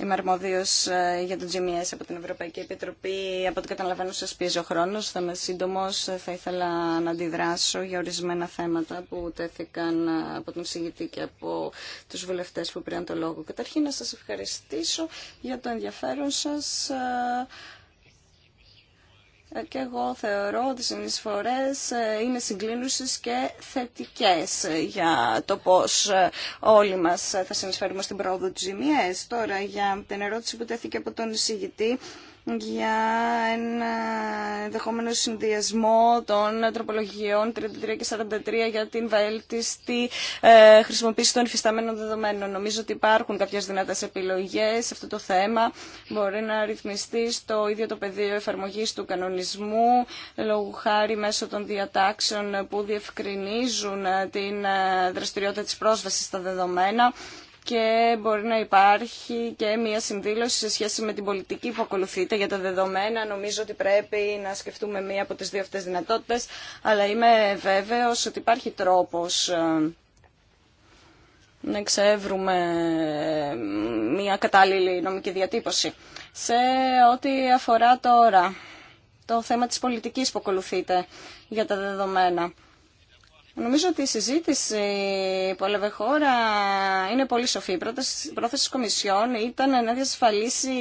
Είμαι αρμόδιο ε, για το GMS e από την Ευρωπαϊκή Επιτροπή. Από ό,τι καταλαβαίνω, σα πιέζει ο χρόνο. Θα είμαι σύντομο. Θα ήθελα να αντιδράσω για ορισμένα θέματα που τέθηκαν ε, από τον συγγητή και από του βουλευτέ που πήραν το λόγο. Καταρχήν, να σα ευχαριστήσω για το ενδιαφέρον σα ε, ε, και εγώ θεωρώ ότι οι συνεισφορές ε, είναι συγκλίνουσες και θετικές ε, για το πώς όλοι μας θα συνεισφέρουμε στην πρόοδο της ζημίας. E Τώρα για την ερώτηση που τέθηκε από τον εισηγητή για ένα ενδεχόμενο συνδυασμό των τροπολογιών 33 και 43 για την βαέλτιστη ε, χρησιμοποίηση των υφισταμένων δεδομένων. Νομίζω ότι υπάρχουν κάποιες δυνατές επιλογές. σε Αυτό το θέμα μπορεί να ρυθμιστεί στο ίδιο το πεδίο εφαρμογής του κανονισμού, λόγου χάρη μέσω των διατάξεων που διευκρινίζουν την ε, δραστηριότητα της πρόσβασης στα δεδομένα και μπορεί να υπάρχει και μια συνδήλωση σε σχέση με την πολιτική που ακολουθείται για τα δεδομένα. Νομίζω ότι πρέπει να σκεφτούμε μία από τις δύο αυτές δυνατότητες, αλλά είμαι βέβαιος ότι υπάρχει τρόπος ε, να εξεύρουμε μια κατάλληλη νομική διατύπωση. Σε ό,τι αφορά τώρα το θέμα της πολιτικής που ακολουθείται για τα δεδομένα. Νομίζω ότι η συζήτηση που έλαβε χώρα είναι πολύ σοφή. Η πρόθεση της Κομισιόν ήταν να διασφαλίσει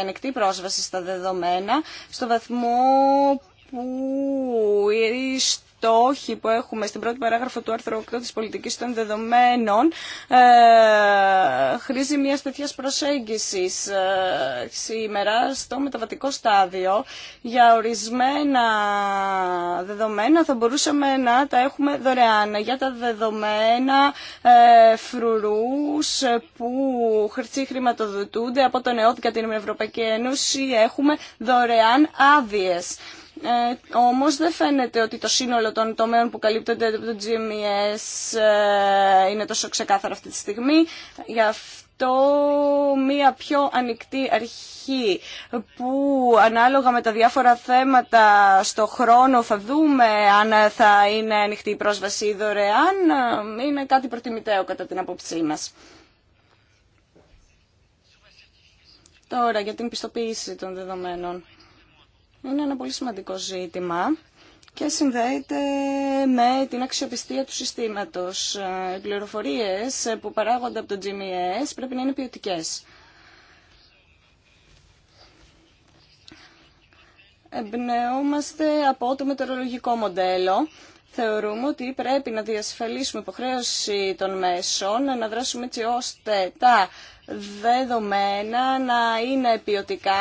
ανεκτή πρόσβαση στα δεδομένα στο βαθμό που το όχι που έχουμε στην πρώτη παράγραφο του άρθρου 8 της πολιτικής των δεδομένων ε, χρήζει μια τέτοια προσέγγισης ε, σήμερα στο μεταβατικό στάδιο για ορισμένα δεδομένα θα μπορούσαμε να τα έχουμε δωρεάν για τα δεδομένα ε, φρουρούς που χρηματοδοτούνται από τον ΕΟΤ και την Ευρωπαϊκή Ένωση έχουμε δωρεάν άδειες ε, όμως δεν φαίνεται ότι το σύνολο των τομέων που καλύπτονται από το GMS e ε, είναι τόσο ξεκάθαρο αυτή τη στιγμή. Γι' αυτό μία πιο ανοιχτή αρχή που ανάλογα με τα διάφορα θέματα στο χρόνο θα δούμε αν θα είναι ανοιχτή η πρόσβαση δωρεάν ε, είναι κάτι προτιμητέο κατά την απόψή μας. Τώρα για την πιστοποίηση των δεδομένων είναι ένα πολύ σημαντικό ζήτημα και συνδέεται με την αξιοπιστία του συστήματος. Ε, οι πληροφορίες που παράγονται από το GMS e πρέπει να είναι ποιοτικέ. Εμπνεούμαστε από το μετεωρολογικό μοντέλο. Θεωρούμε ότι πρέπει να διασφαλίσουμε υποχρέωση των μέσων, να δράσουμε έτσι ώστε τα δεδομένα να είναι ποιοτικά,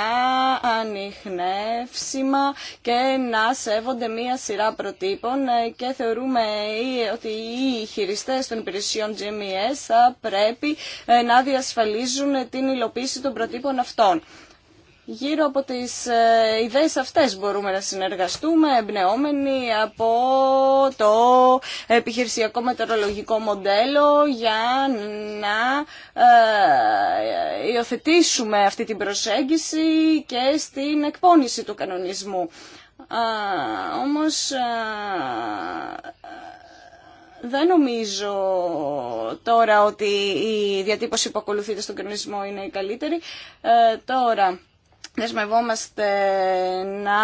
ανιχνεύσιμα και να σέβονται μία σειρά προτύπων ε, και θεωρούμε ε, ότι οι χειριστές των υπηρεσιών GMES θα πρέπει ε, να διασφαλίζουν την υλοποίηση των προτύπων αυτών γύρω από τις ε, ιδέες αυτές μπορούμε να συνεργαστούμε εμπνεόμενοι από το επιχειρησιακό μετεωρολογικό μοντέλο για να ε, υιοθετήσουμε αυτή την προσέγγιση και στην εκπόνηση του κανονισμού. Όμως δεν νομίζω τώρα ότι η διατύπωση που ακολουθείται στον κανονισμό είναι η καλύτερη. Ε, τώρα δεσμευόμαστε να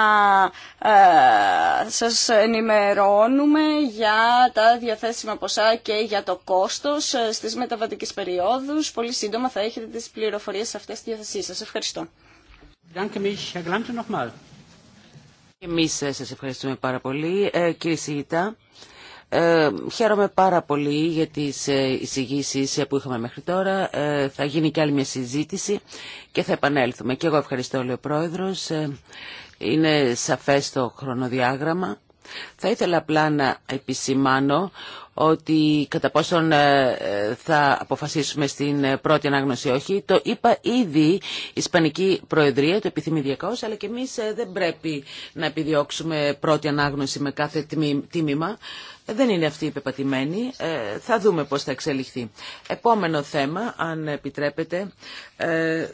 ε, σας ενημερώνουμε για τα διαθέσιμα ποσά και για το κόστος ε, στις μεταβατικές περιόδους. Πολύ σύντομα θα έχετε τις πληροφορίες αυτές στη διάθεσή σας. Ευχαριστώ. Εμείς ε, σας ευχαριστούμε πάρα πολύ. Ε, κύριε Σιγητά, ε, χαίρομαι πάρα πολύ για τις ε, εισηγήσεις ε, που είχαμε μέχρι τώρα. θα γίνει και άλλη μια συζήτηση και θα επανέλθουμε. Και εγώ ευχαριστώ, λέει ο Πρόεδρος. Είναι σαφές το χρονοδιάγραμμα. Θα ήθελα απλά να επισημάνω ότι κατά πόσον ε, θα αποφασίσουμε στην ε, πρώτη ανάγνωση όχι. Το είπα ήδη η Ισπανική Προεδρία, το επιθυμεί αλλά και εμείς ε, δεν πρέπει να επιδιώξουμε πρώτη ανάγνωση με κάθε τίμημα. Δεν είναι αυτή η πεπατημένη. θα δούμε πώς θα εξελιχθεί. Επόμενο θέμα, αν επιτρέπετε,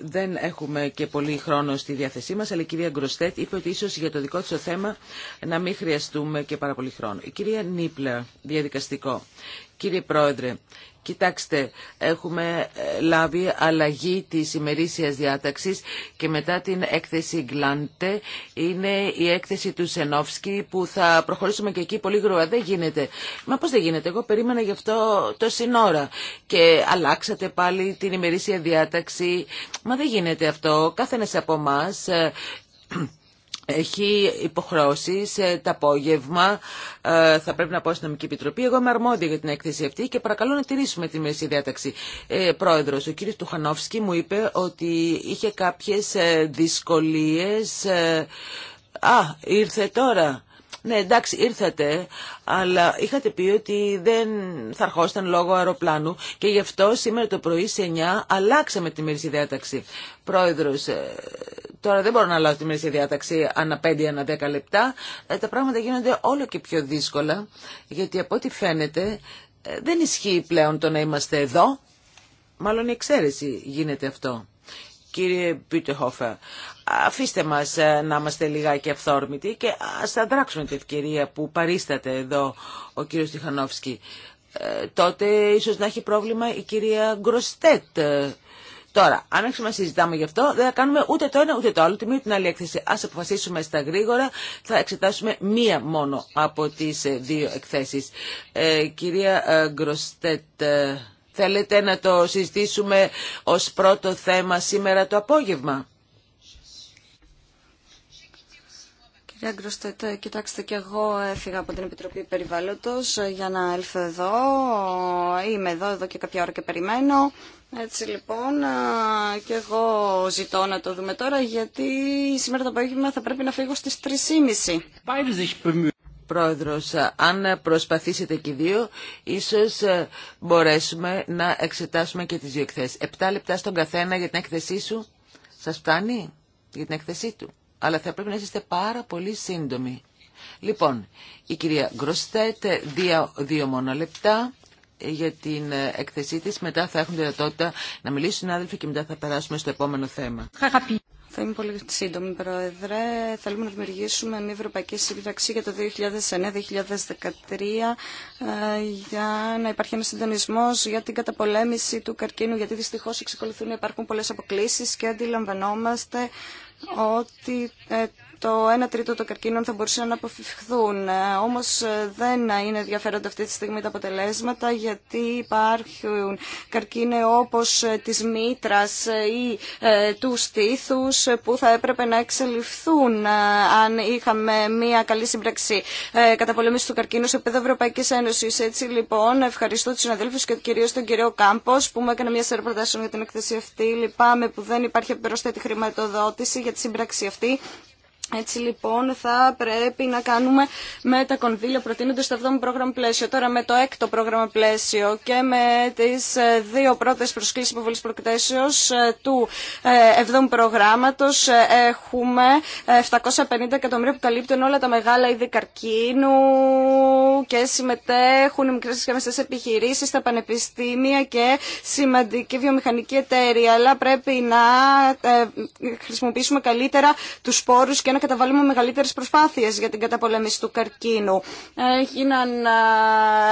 δεν έχουμε και πολύ χρόνο στη διάθεσή μας, αλλά η κυρία Γκροστέτ είπε ότι ίσως για το δικό της θέμα να μην χρειαστούμε και πάρα πολύ χρόνο. Η κυρία Νίπλα, διαδικαστικό. Κύριε Πρόεδρε, Κοιτάξτε, έχουμε ε, λάβει αλλαγή της ημερήσιας διάταξης και μετά την έκθεση Γκλάντε είναι η έκθεση του Σενόφσκι που θα προχωρήσουμε και εκεί πολύ γρήγορα. Δεν γίνεται. Μα πώς δεν γίνεται. Εγώ περίμενα γι' αυτό το σύνορα και αλλάξατε πάλι την ημερήσια διάταξη. Μα δεν γίνεται αυτό. Κάθενες από εμά ε, έχει υποχρεώσει σε το απόγευμα. Ε, θα πρέπει να πω στην νομική επιτροπή. Εγώ είμαι αρμόδια για την έκθεση αυτή και παρακαλώ να τηρήσουμε τη μέση διάταξη. Ε, Πρόεδρο, ο κύριο Τουχανόφσκι μου είπε ότι είχε κάποιε δυσκολίε. Ε, Α, ήρθε τώρα. Ναι, εντάξει, ήρθατε, αλλά είχατε πει ότι δεν θα αρχόσταν λόγω αεροπλάνου και γι' αυτό σήμερα το πρωί σε 9 αλλάξαμε τη μέση διάταξη. Πρόεδρος, ε, Τώρα δεν μπορώ να αλλάζω τη μέση διάταξη ανά 5 ανά 10 λεπτά. Ε, τα πράγματα γίνονται όλο και πιο δύσκολα, γιατί από ό,τι φαίνεται ε, δεν ισχύει πλέον το να είμαστε εδώ. Μάλλον η εξαίρεση γίνεται αυτό. Κύριε Μπιτεχόφερ, αφήστε μας ε, να είμαστε λιγάκι αυθόρμητοι και ας αντράξουμε την ευκαιρία που παρίσταται εδώ ο κύριος Τιχανόφσκι. τότε ίσως να έχει πρόβλημα η κυρία Γκροστέτ Τώρα, αν έχουμε να συζητάμε γι' αυτό, δεν θα κάνουμε ούτε το ένα ούτε το άλλο, τη μία την άλλη έκθεση. Α αποφασίσουμε στα γρήγορα, θα εξετάσουμε μία μόνο από τι ε, δύο εκθέσει. Ε, κυρία ε, Γκροστέτ, θέλετε να το συζητήσουμε ω πρώτο θέμα σήμερα το απόγευμα. Κυρία Γκροστέτε, κοιτάξτε και εγώ έφυγα από την Επιτροπή Περιβάλλοντος ε, για να έλθω εδώ. Είμαι εδώ, εδώ και κάποια ώρα και περιμένω. Έτσι λοιπόν ε, και εγώ ζητώ να το δούμε τώρα γιατί σήμερα το απόγευμα θα πρέπει να φύγω στις 3.30. Πρόεδρος, ε, αν προσπαθήσετε και οι δύο, ίσως μπορέσουμε να εξετάσουμε και τις δύο εκθέσεις. Επτά λεπτά στον καθένα για την έκθεσή σου. Σας φτάνει για την έκθεσή του αλλά θα πρέπει να είστε πάρα πολύ σύντομοι. Λοιπόν, η κυρία Γκροστέτ, δύο, δύο μόνο λεπτά ε, για την ε, εκθεσή της. Μετά θα έχουν δυνατότητα να μιλήσουν άδελφοι και μετά θα περάσουμε στο επόμενο θέμα. Θα είμαι πολύ σύντομη, Πρόεδρε. Θέλουμε να δημιουργήσουμε μια Ευρωπαϊκή Σύμπραξη για το 2009-2013 ε, για να υπάρχει ένα συντονισμό για την καταπολέμηση του καρκίνου, γιατί δυστυχώ εξακολουθούν να υπάρχουν πολλέ αποκλήσει και αντιλαμβανόμαστε Ό,τι τέτοιο. Ε, το 1 τρίτο των καρκίνων θα μπορούσαν να αποφευχθούν. Ε, όμως ε, δεν είναι ενδιαφέροντα αυτή τη στιγμή τα αποτελέσματα γιατί υπάρχουν καρκίνε όπως ε, της μήτρας ή του στήθους που θα έπρεπε να εξελιχθούν αν είχαμε μια καλή σύμπραξη καταπολέμηση του καρκίνου σε επίπεδο Ευρωπαϊκής Ένωσης. Έτσι λοιπόν ευχαριστώ τους συναδέλφους και κυρίως τον κύριο Κάμπος που μου έκανε μια σειρά προτάσεων για την εκθέση αυτή. Λυπάμαι που δεν υπάρχει προσθέτη χρηματοδότηση για τη σύμπραξη αυτή έτσι λοιπόν θα πρέπει να κάνουμε με τα κονδύλια προτείνονται στο 7ο πρόγραμμα πλαίσιο. Τώρα με το 6ο πρόγραμμα πλαίσιο και με τις ε, δύο πρώτες προσκλήσεις υποβολής προκτήσεως ε, του 7ου ε, προγράμματος έχουμε 750 εκατομμύρια που καλύπτουν όλα τα μεγάλα είδη καρκίνου και συμμετέχουν οι μικρές και μεσές επιχειρήσεις, τα πανεπιστήμια και σημαντική βιομηχανική εταίρεια. Αλλά πρέπει να χρησιμοποιήσουμε καλύτερα τους σπόρους και να καταβάλουμε μεγαλύτερε προσπάθειες για την καταπολέμηση του καρκίνου.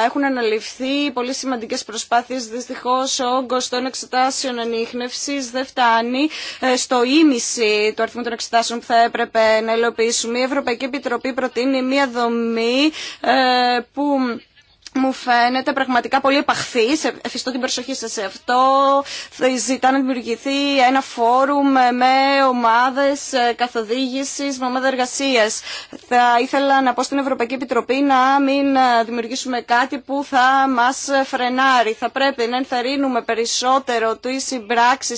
Έχουν αναλυφθεί πολύ σημαντικέ προσπάθειε δυστυχώ ο όγκο των εξετάσεων ανείχνευση δεν φτάνει ε, στο ίμιση του αριθμού των εξετάσεων που θα έπρεπε να υλοποιήσουμε. Η Ευρωπαϊκή Επιτροπή προτείνει μία δομή ε, που μου φαίνεται πραγματικά πολύ επαχθή. Ε, εφιστώ την προσοχή σας σε αυτό. Ζητά να δημιουργηθεί ένα φόρουμ με ομάδες ε, καθοδήγησης, με ομάδα εργασία. Θα ήθελα να πω στην Ευρωπαϊκή Επιτροπή να μην ε, δημιουργήσουμε κάτι που θα μας φρενάρει. Θα πρέπει να ενθαρρύνουμε περισσότερο τι συμπράξει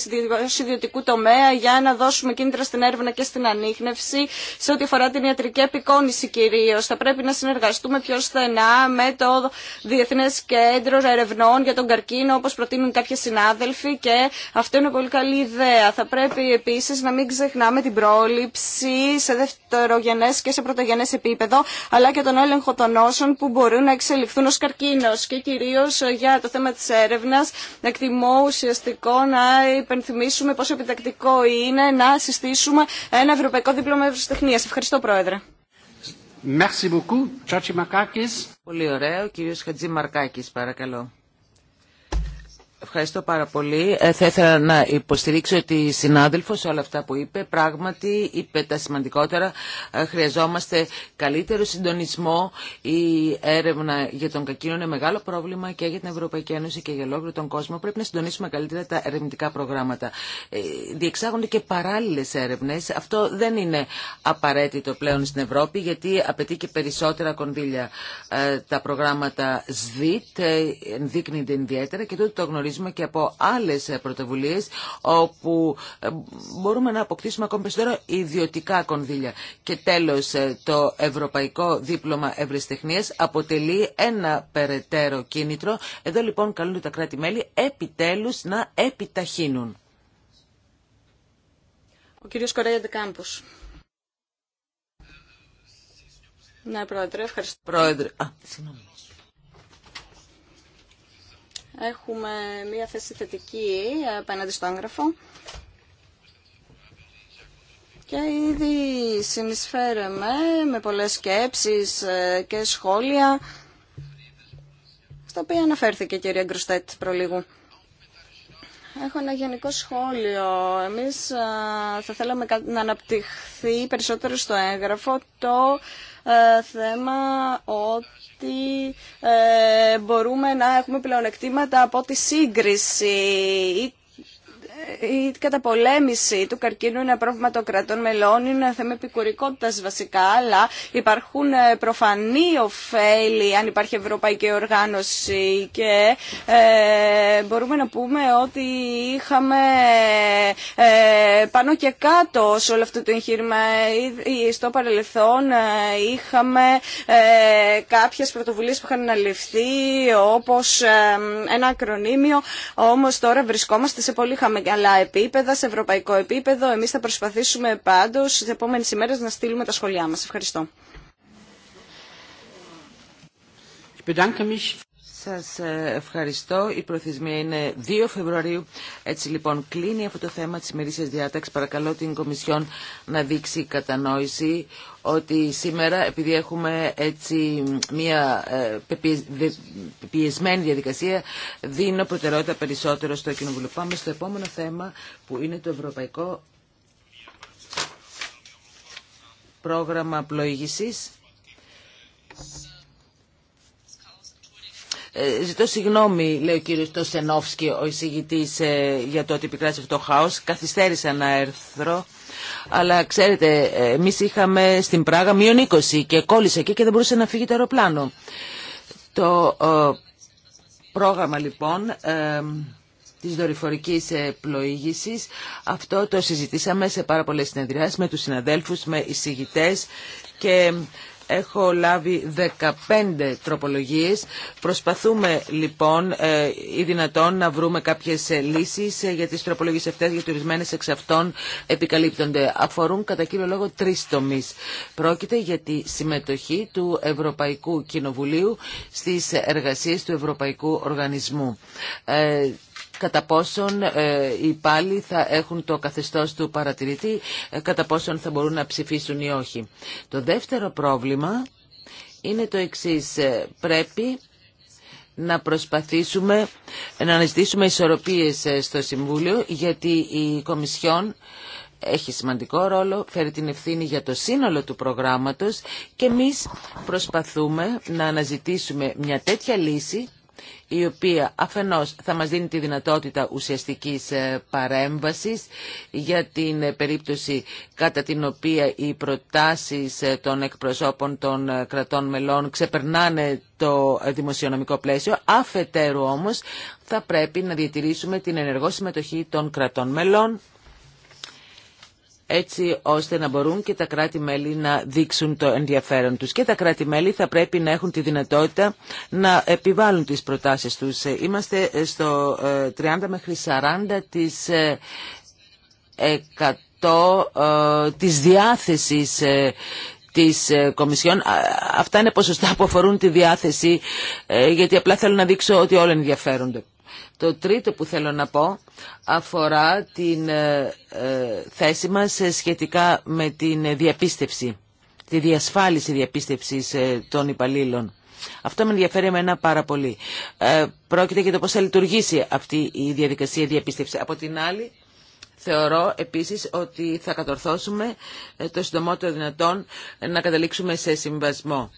ιδιωτικού τομέα για να δώσουμε κίνητρα στην έρευνα και στην ανείχνευση σε ό,τι αφορά την ιατρική επικόνηση κυρίω. Θα πρέπει να συνεργαστούμε πιο στενά με το Διεθνέ Κέντρο Ερευνών για τον Καρκίνο, όπω προτείνουν κάποιοι συνάδελφοι και αυτό είναι πολύ καλή ιδέα. Θα πρέπει επίση να μην ξεχνάμε την πρόληψη σε δευτερογενέ και σε πρωτογενέ επίπεδο, αλλά και τον έλεγχο των νόσων που μπορούν να εξελιχθούν ω καρκίνο και κυρίω ε, για το θέμα τη έρευνα, Εκτιμώ ουσιαστικό να υπενθυμίσουμε πόσο επιτακτικό είναι να συστήσουμε ένα ευρωπαϊκό δίπλωμα ευρωστεχνία. Ευχαριστώ Πρόεδρε. Merci beaucoup. Πολύ ωραίο. Κύριος Χατζή Μαρκάκης, παρακαλώ. Ευχαριστώ πάρα πολύ. Ε, θα ήθελα να υποστηρίξω τη συνάδελφο σε όλα αυτά που είπε. Πράγματι, είπε τα σημαντικότερα. Ε, χρειαζόμαστε καλύτερο συντονισμό. Η έρευνα για τον κακίνο είναι μεγάλο πρόβλημα και για την Ευρωπαϊκή Ένωση και για ολόκληρο τον κόσμο. Πρέπει να συντονίσουμε καλύτερα τα ερευνητικά προγράμματα. Ε, διεξάγονται και παράλληλε έρευνε. Αυτό δεν είναι απαραίτητο πλέον στην Ευρώπη, γιατί απαιτεί και περισσότερα κονδύλια. τα προγράμματα ΣΔΙΤ ενδείκνυνται ιδιαίτερα και τούτο το γνωρίζουμε και από άλλες πρωτοβουλίε όπου ε, μπορούμε να αποκτήσουμε ακόμη περισσότερο ιδιωτικά κονδύλια. Και τέλος ε, το Ευρωπαϊκό Δίπλωμα Ευρεσιτεχνία αποτελεί ένα περαιτέρω κίνητρο. Εδώ λοιπόν καλούνται τα κράτη-μέλη επιτέλους να επιταχύνουν. Ο κύριος Κορέα Δεκάμπους. Ναι, Πρόεδρε, ευχαριστώ. Πρόεδρε, α, συγγνώμη έχουμε μία θέση θετική απέναντι στο έγγραφο και ήδη συνεισφέρεμε με πολλές σκέψεις ε, και σχόλια στα οποία αναφέρθηκε η κυρία Γκρουστέτ προλίγου. Έχω ένα γενικό σχόλιο. Εμείς ε, θα θέλαμε να αναπτυχθεί περισσότερο στο έγγραφο το ε, θέμα ότι ε, μπορούμε να έχουμε πλεονεκτήματα από τη σύγκριση η καταπολέμηση του καρκίνου είναι πρόβλημα των κρατών μελών, είναι θέμα επικουρικότητα βασικά, αλλά υπάρχουν ε, προφανή ωφέλη αν υπάρχει ευρωπαϊκή οργάνωση και ε, μπορούμε να πούμε ότι είχαμε ε, πάνω και κάτω σε όλο αυτό το εγχείρημα. Στο παρελθόν είχαμε ε, κάποιες πρωτοβουλίες που είχαν αναλυφθεί όπως ένα ακρονίμιο, όμως τώρα βρισκόμαστε σε πολύ χαμηλή άλλα επίπεδα, σε ευρωπαϊκό επίπεδο. Εμείς θα προσπαθήσουμε πάντως τις επόμενες ημέρες να στείλουμε τα σχολιά μας. Ευχαριστώ. Σας ε, ευχαριστώ. Η προθεσμία είναι 2 Φεβρουαρίου. Έτσι λοιπόν κλείνει αυτό το θέμα της ημερήσιας διάταξης. Παρακαλώ την Κομισιόν να δείξει κατανόηση ότι σήμερα επειδή έχουμε έτσι μια ε, πιεσμένη διαδικασία δίνω προτεραιότητα περισσότερο στο Κοινοβουλίο. Πάμε στο επόμενο θέμα που είναι το Ευρωπαϊκό Πρόγραμμα Πλοήγησης. Ε, ζητώ συγγνώμη, λέει ο κύριο Τσενόφσκι, ο εισηγητής ε, για το ότι επικράτησε αυτό το χάος. Καθυστέρησα να έρθω. Αλλά ξέρετε, εμεί είχαμε στην Πράγα μείον 20 και κόλλησε εκεί και δεν μπορούσε να φύγει το αεροπλάνο. Το ε, πρόγραμμα λοιπόν της δορυφορικής πλοήγησης. Αυτό το συζητήσαμε σε πάρα πολλές συνεδριάσεις με τους συναδέλφους, με εισηγητές και Έχω λάβει 15 τροπολογίες. Προσπαθούμε λοιπόν ε, ή δυνατόν να βρούμε κάποιες ε, λύσεις ε, για τις τροπολογίες αυτές, γιατί ορισμένες εξ αυτών επικαλύπτονται. Αφορούν κατά κύριο λόγο τρεις τομείς. Πρόκειται για τη συμμετοχή του Ευρωπαϊκού Κοινοβουλίου στις εργασίες του Ευρωπαϊκού Οργανισμού κατά πόσον ε, οι υπάλληλοι θα έχουν το καθεστώς του παρατηρητή, ε, κατά πόσον θα μπορούν να ψηφίσουν ή όχι. Το δεύτερο πρόβλημα είναι το εξής. Ε, πρέπει να προσπαθήσουμε να αναζητήσουμε ισορροπίες στο Συμβούλιο γιατί η Κομισιόν έχει σημαντικό ρόλο, φέρει την ευθύνη για το σύνολο του προγράμματος και εμείς προσπαθούμε να αναζητήσουμε μια τέτοια λύση η οποία αφενός θα μας δίνει τη δυνατότητα ουσιαστικής ε, παρέμβασης για την ε, περίπτωση κατά την οποία οι προτάσεις ε, των εκπροσώπων των κρατών μελών ξεπερνάνε το δημοσιονομικό πλαίσιο. Αφετέρου όμως θα πρέπει να διατηρήσουμε την ενεργό συμμετοχή των κρατών μελών έτσι ώστε να μπορούν και τα κράτη-μέλη να δείξουν το ενδιαφέρον τους. Και τα κράτη-μέλη θα πρέπει να έχουν τη δυνατότητα να επιβάλλουν τις προτάσεις τους. Είμαστε στο 30 ε, μέχρι 40 της ε, εκατό ε, της διάθεσης της Κομισιόν. Αυτά είναι ποσοστά που αφορούν τη διάθεση, γιατί απλά θέλω να δείξω ότι όλοι ενδιαφέρονται. Το τρίτο που θέλω να πω αφορά την ε, ε, θέση μας σχετικά με την διαπίστευση, τη διασφάλιση διαπίστευσης ε, των υπαλλήλων. Αυτό με ενδιαφέρει εμένα πάρα πολύ. πρόκειται για το πώς θα λειτουργήσει αυτή η διαδικασία διαπίστευση. Από την άλλη, θεωρώ επίσης ότι θα κατορθώσουμε το συντομότερο δυνατόν να καταλήξουμε σε συμβασμό.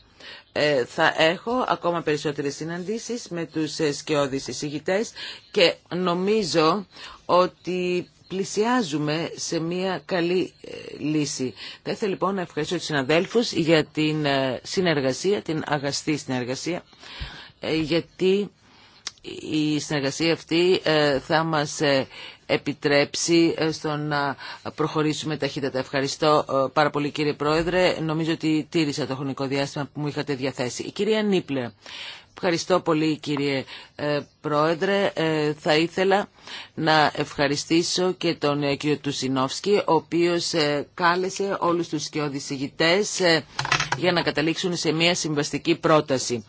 Ε, θα έχω ακόμα περισσότερες συναντήσεις με τους ε, σκιώδεις εισηγητές και νομίζω ότι πλησιάζουμε σε μια καλή ε, λύση. Θα ήθελα λοιπόν να ευχαριστήσω τους συναδέλφους για την συνεργασία, την αγαστή συνεργασία, γιατί η συνεργασία αυτή θα μας επιτρέψει ε, στο να προχωρήσουμε ταχύτατα. Ευχαριστώ ε, πάρα πολύ κύριε Πρόεδρε. Νομίζω ότι τήρησα το χρονικό διάστημα που μου είχατε διαθέσει. Η κυρία Νίπλε, Ευχαριστώ πολύ κύριε ε, Πρόεδρε. Ε, θα ήθελα να ευχαριστήσω και τον ε, κύριο Τουσινόφσκι, ο οποίος κάλεσε όλους τους σκιώδης για να καταλήξουν σε μια συμβαστική πρόταση.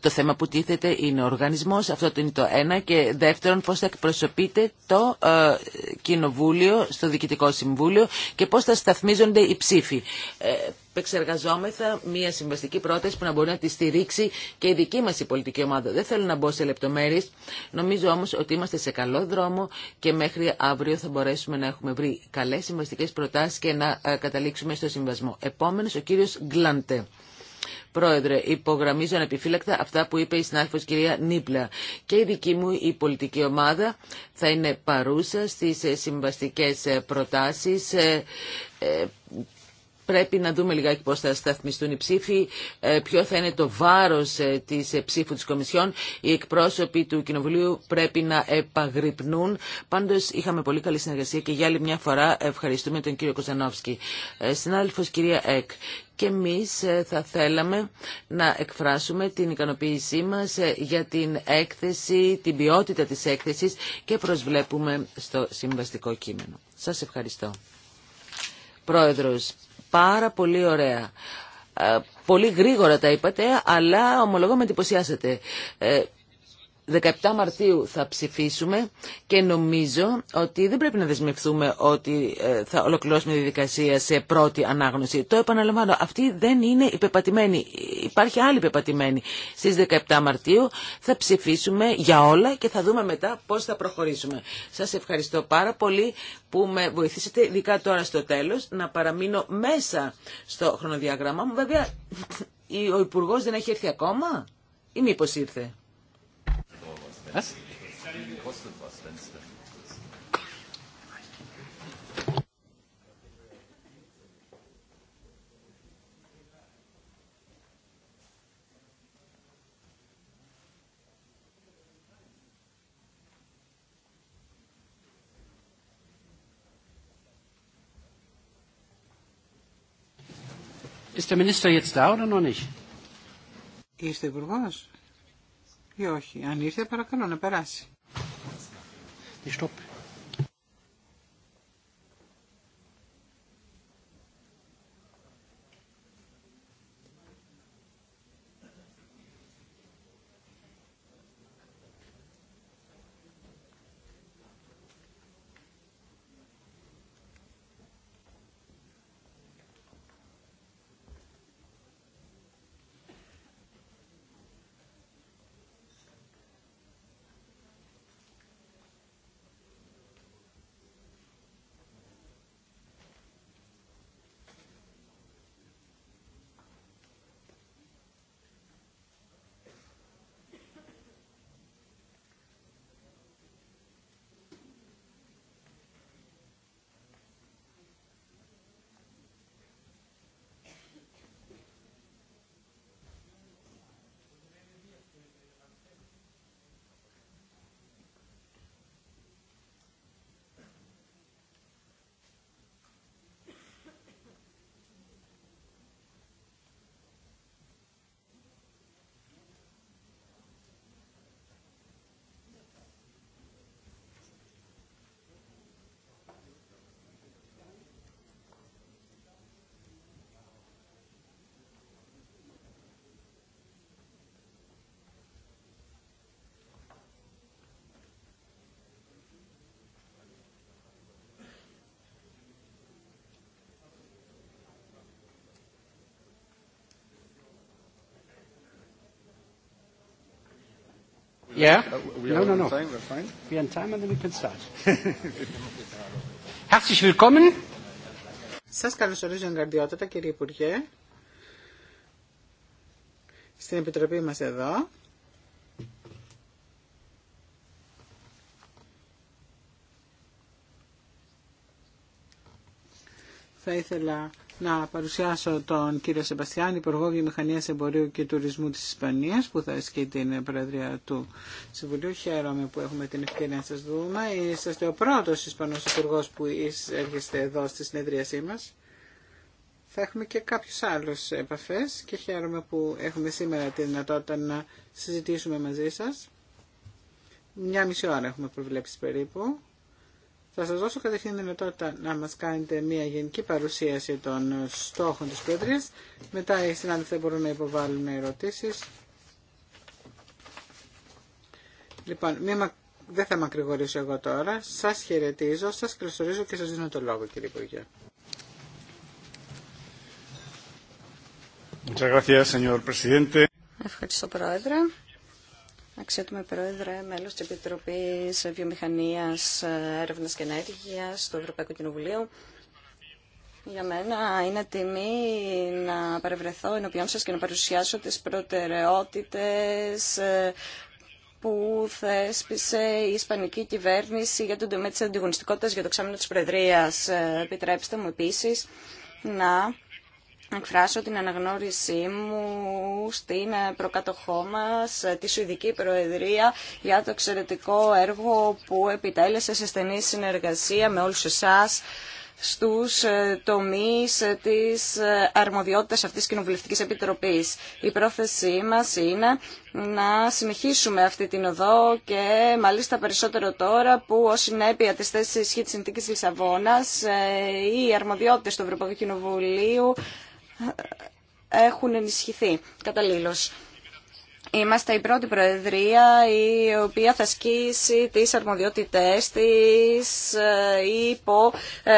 Το θέμα που τίθεται είναι ο οργανισμός, αυτό είναι το ένα, και δεύτερον πώς θα εκπροσωπείτε το Κοινοβούλιο στο Διοικητικό Συμβούλιο και πώς θα σταθμίζονται οι ψήφοι επεξεργαζόμεθα μια συμβαστική πρόταση που να μπορεί να τη στηρίξει και η δική μας η πολιτική ομάδα. Δεν θέλω να μπω σε λεπτομέρειες, νομίζω όμως ότι είμαστε σε καλό δρόμο και μέχρι αύριο θα μπορέσουμε να έχουμε βρει καλές συμβαστικές προτάσεις και να ε, καταλήξουμε στο συμβασμό. Επόμενος ο κύριος Γκλάντε. Πρόεδρε, υπογραμμίζω ανεπιφύλακτα αυτά που είπε η συνάδελφο κυρία Νίπλα. Και η δική μου η πολιτική ομάδα θα είναι παρούσα στι ε, συμβαστικέ ε, προτάσει πρέπει να δούμε λιγάκι πώς θα σταθμιστούν οι ψήφοι, ε, ποιο θα είναι το βάρος ε, της ε, ψήφου της Κομισιόν. Οι εκπρόσωποι του Κοινοβουλίου πρέπει να επαγρυπνούν. Πάντως είχαμε πολύ καλή συνεργασία και για άλλη μια φορά ευχαριστούμε τον κύριο Κοζανόφσκι. Συνάδελφος κυρία Εκ, και εμείς θα θέλαμε να εκφράσουμε την ικανοποίησή μας για την έκθεση, την ποιότητα της έκθεσης και προσβλέπουμε στο συμβαστικό κείμενο. Σας ευχαριστώ. Πρόεδρος, πάρα πολύ ωραία. Ε, πολύ γρήγορα τα είπατε, αλλά ομολογώ με εντυπωσιάσατε. Ε, 17 Μαρτίου θα ψηφίσουμε και νομίζω ότι δεν πρέπει να δεσμευθούμε ότι ε, θα ολοκληρώσουμε τη διαδικασία σε πρώτη ανάγνωση. Το επαναλαμβάνω, αυτή δεν είναι υπεπατημένη. Υπάρχει άλλη υπεπατημένη. Στις 17 Μαρτίου θα ψηφίσουμε για όλα και θα δούμε μετά πώς θα προχωρήσουμε. Σας ευχαριστώ πάρα πολύ που με βοηθήσετε, ειδικά τώρα στο τέλος, να παραμείνω μέσα στο χρονοδιάγραμμά μου. Βέβαια, ο Υπουργός δεν έχει έρθει ακόμα ή μήπως ήρθε. Was? Kostet was, wenn es Ist der Minister jetzt da oder noch nicht? Ist der Bürgermeister? ή όχι. Αν ήρθε παρακαλώ να περάσει. Yeah? Uh, no, no, no. We are in time and then we can start. [LAUGHS] Herzlich willkommen. Σας καλωσορίζω εγκαρδιότατα κύριε Υπουργέ στην Επιτροπή μας εδώ. Θα ήθελα να παρουσιάσω τον κύριο Σεμπαστιάν, Υπουργό Βιομηχανία Εμπορίου και Τουρισμού τη Ισπανία, που θα ασκεί την Προεδρία του Συμβουλίου. Χαίρομαι που έχουμε την ευκαιρία να σα δούμε. Είσαστε ο πρώτο Ισπανό Υπουργό που έρχεστε εδώ στη συνεδρίασή μα. Θα έχουμε και κάποιου άλλου επαφέ και χαίρομαι που έχουμε σήμερα τη δυνατότητα να συζητήσουμε μαζί σα. Μια μισή ώρα έχουμε προβλέψει περίπου. Θα σας δώσω καταρχήν δυνατότητα να μας κάνετε μια γενική παρουσίαση των στόχων της Προεδρίας. Μετά οι συνάδελφοι μπορούν να υποβάλουν ερωτήσεις. Λοιπόν, δεν θα μακρηγορήσω εγώ τώρα. Σας χαιρετίζω, σας καλωσορίζω και σας δίνω το λόγο κύριε Υπουργέ. Ευχαριστώ Πρόεδρε. Αξιότιμε Πρόεδρε, μέλο τη Επιτροπή Βιομηχανία, Έρευνα και Ενέργεια του Ευρωπαϊκού Κοινοβουλίου. Για μένα είναι τιμή να παρευρεθώ ενώπιόν σα και να παρουσιάσω τις προτεραιότητε ε, που θέσπισε η Ισπανική κυβέρνηση για τον τομέα τη αντιγωνιστικότητα για το ξάμεινο τη Προεδρία. Ε, επιτρέψτε μου επίσης να εκφράσω την αναγνώρισή μου στην ε, προκατοχό μας, ε, τη Σουηδική Προεδρία, για το εξαιρετικό έργο που επιτέλεσε σε στενή συνεργασία με όλους εσάς στους ε, τομείς της αρμοδιότητας αυτής της Κοινοβουλευτικής Επιτροπής. Η πρόθεσή μας είναι να συνεχίσουμε αυτή την οδό και μάλιστα περισσότερο τώρα που ως συνέπεια της θέσης ισχύ της Συνθήκης Λισαβόνας οι αρμοδιότητες του Ευρωπαϊκού Κοινοβουλίου έχουν ενισχυθεί καταλήλως. Είμαστε η πρώτη Προεδρία η οποία θα σκίσει τις αρμοδιότητές της ε, υπό ε,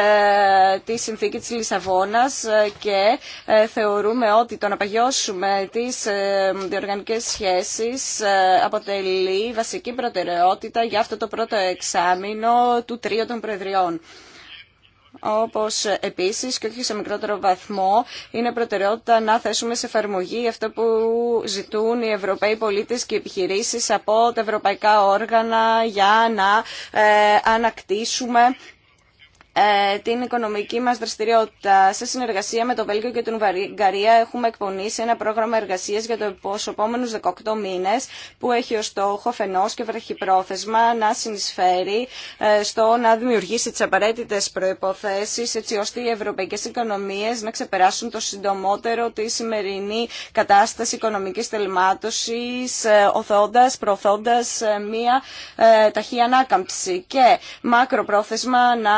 τη συνθήκη της Λισαβόνας και ε, θεωρούμε ότι το να παγιώσουμε τις διοργανικές σχέσεις αποτελεί βασική προτεραιότητα για αυτό το πρώτο εξάμεινο του τρίου των Προεδριών όπως επίσης και όχι σε μικρότερο βαθμό είναι προτεραιότητα να θέσουμε σε εφαρμογή αυτό που ζητούν οι Ευρωπαίοι πολίτες και οι επιχειρήσεις από τα ευρωπαϊκά όργανα για να ε, ανακτήσουμε ε, την οικονομική μας δραστηριότητα. Σε συνεργασία με το Βέλγιο και την Ουγγαρία έχουμε εκπονήσει ένα πρόγραμμα εργασίας για το επόμενους 18 μήνες που έχει ως στόχο φαινός και βραχυπρόθεσμα να συνεισφέρει ε, στο να δημιουργήσει τις απαραίτητες προϋποθέσεις έτσι ώστε οι ευρωπαϊκές οικονομίες να ξεπεράσουν το συντομότερο τη σημερινή κατάσταση οικονομικής τελμάτωσης ε, οθώντας, προωθώντας μια ταχύ ανάκαμψη και μακροπρόθεσμα να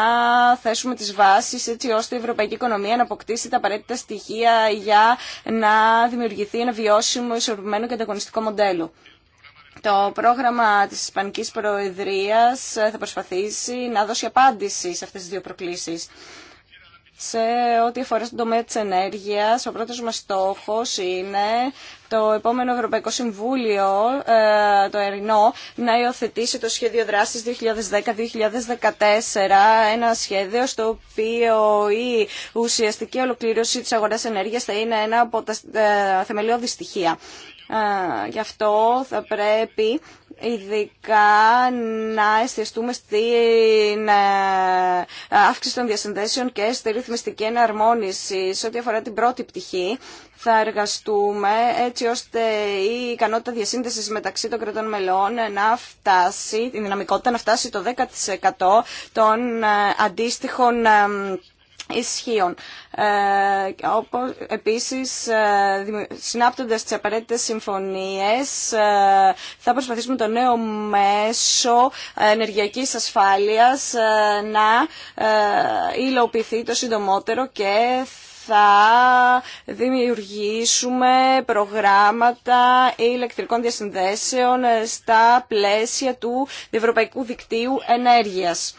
θέσουμε τις βάσεις έτσι ώστε η ευρωπαϊκή οικονομία να αποκτήσει τα απαραίτητα στοιχεία για να δημιουργηθεί ένα βιώσιμο, ισορροπημένο και ανταγωνιστικό μοντέλο. Το πρόγραμμα της Ισπανικής Προεδρίας θα προσπαθήσει να δώσει απάντηση σε αυτές τις δύο προκλήσεις σε ό,τι αφορά στον τομέα της ενέργειας, ο πρώτος μας στόχος είναι το επόμενο Ευρωπαϊκό Συμβούλιο, ε, το ΕΡΙΝΟ, να υιοθετήσει το σχέδιο δράσης 2010-2014, ένα σχέδιο στο οποίο η ουσιαστική ολοκλήρωση της αγοράς ενέργειας θα είναι ένα από τα ε, θεμελιώδη στοιχεία. Ε, γι' αυτό θα πρέπει ειδικά να εστιαστούμε στην ε, αύξηση των διασυνδέσεων και στη ρυθμιστική εναρμόνιση. Σε ό,τι αφορά την πρώτη πτυχή, θα εργαστούμε έτσι ώστε η ικανότητα διασύνδεσης μεταξύ των κρατών μελών να φτάσει, η δυναμικότητα να φτάσει το 10% των ε, αντίστοιχων ε, ισχύων. Ε, όπως, επίσης, ε, συνάπτοντας τις απαραίτητες συμφωνίες, ε, θα προσπαθήσουμε το νέο μέσο ενεργειακής ασφάλειας ε, να υλοποιηθεί το συντομότερο και θα δημιουργήσουμε προγράμματα ηλεκτρικών διασυνδέσεων στα πλαίσια του Ευρωπαϊκού Δικτύου Ενέργειας.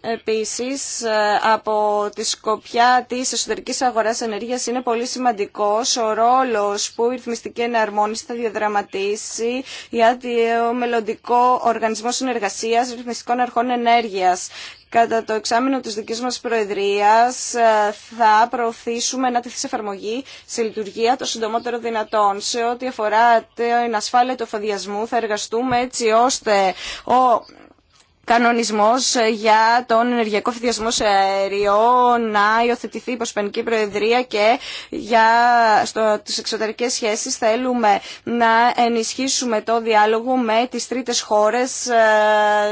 Επίσης, ε, από τη σκοπιά της εσωτερικής αγοράς ενέργειας είναι πολύ σημαντικός ο ρόλος που η ρυθμιστική εναρμόνιση θα διαδραματίσει για το μελλοντικό οργανισμό συνεργασίας ρυθμιστικών αρχών ενέργειας. Κατά το εξάμεινο της δικής μας Προεδρίας ε, θα προωθήσουμε να τεθεί σε εφαρμογή, σε λειτουργία το συντομότερο δυνατόν. Σε ό,τι αφορά την ασφάλεια του εφοδιασμού θα εργαστούμε έτσι ώστε ο κανονισμός ε, για τον ενεργειακό φυδιασμό σε αέριο να υιοθετηθεί η Ποσπενική Προεδρία και για στο, τις εξωτερικές σχέσεις θέλουμε να ενισχύσουμε το διάλογο με τις τρίτες χώρες ε,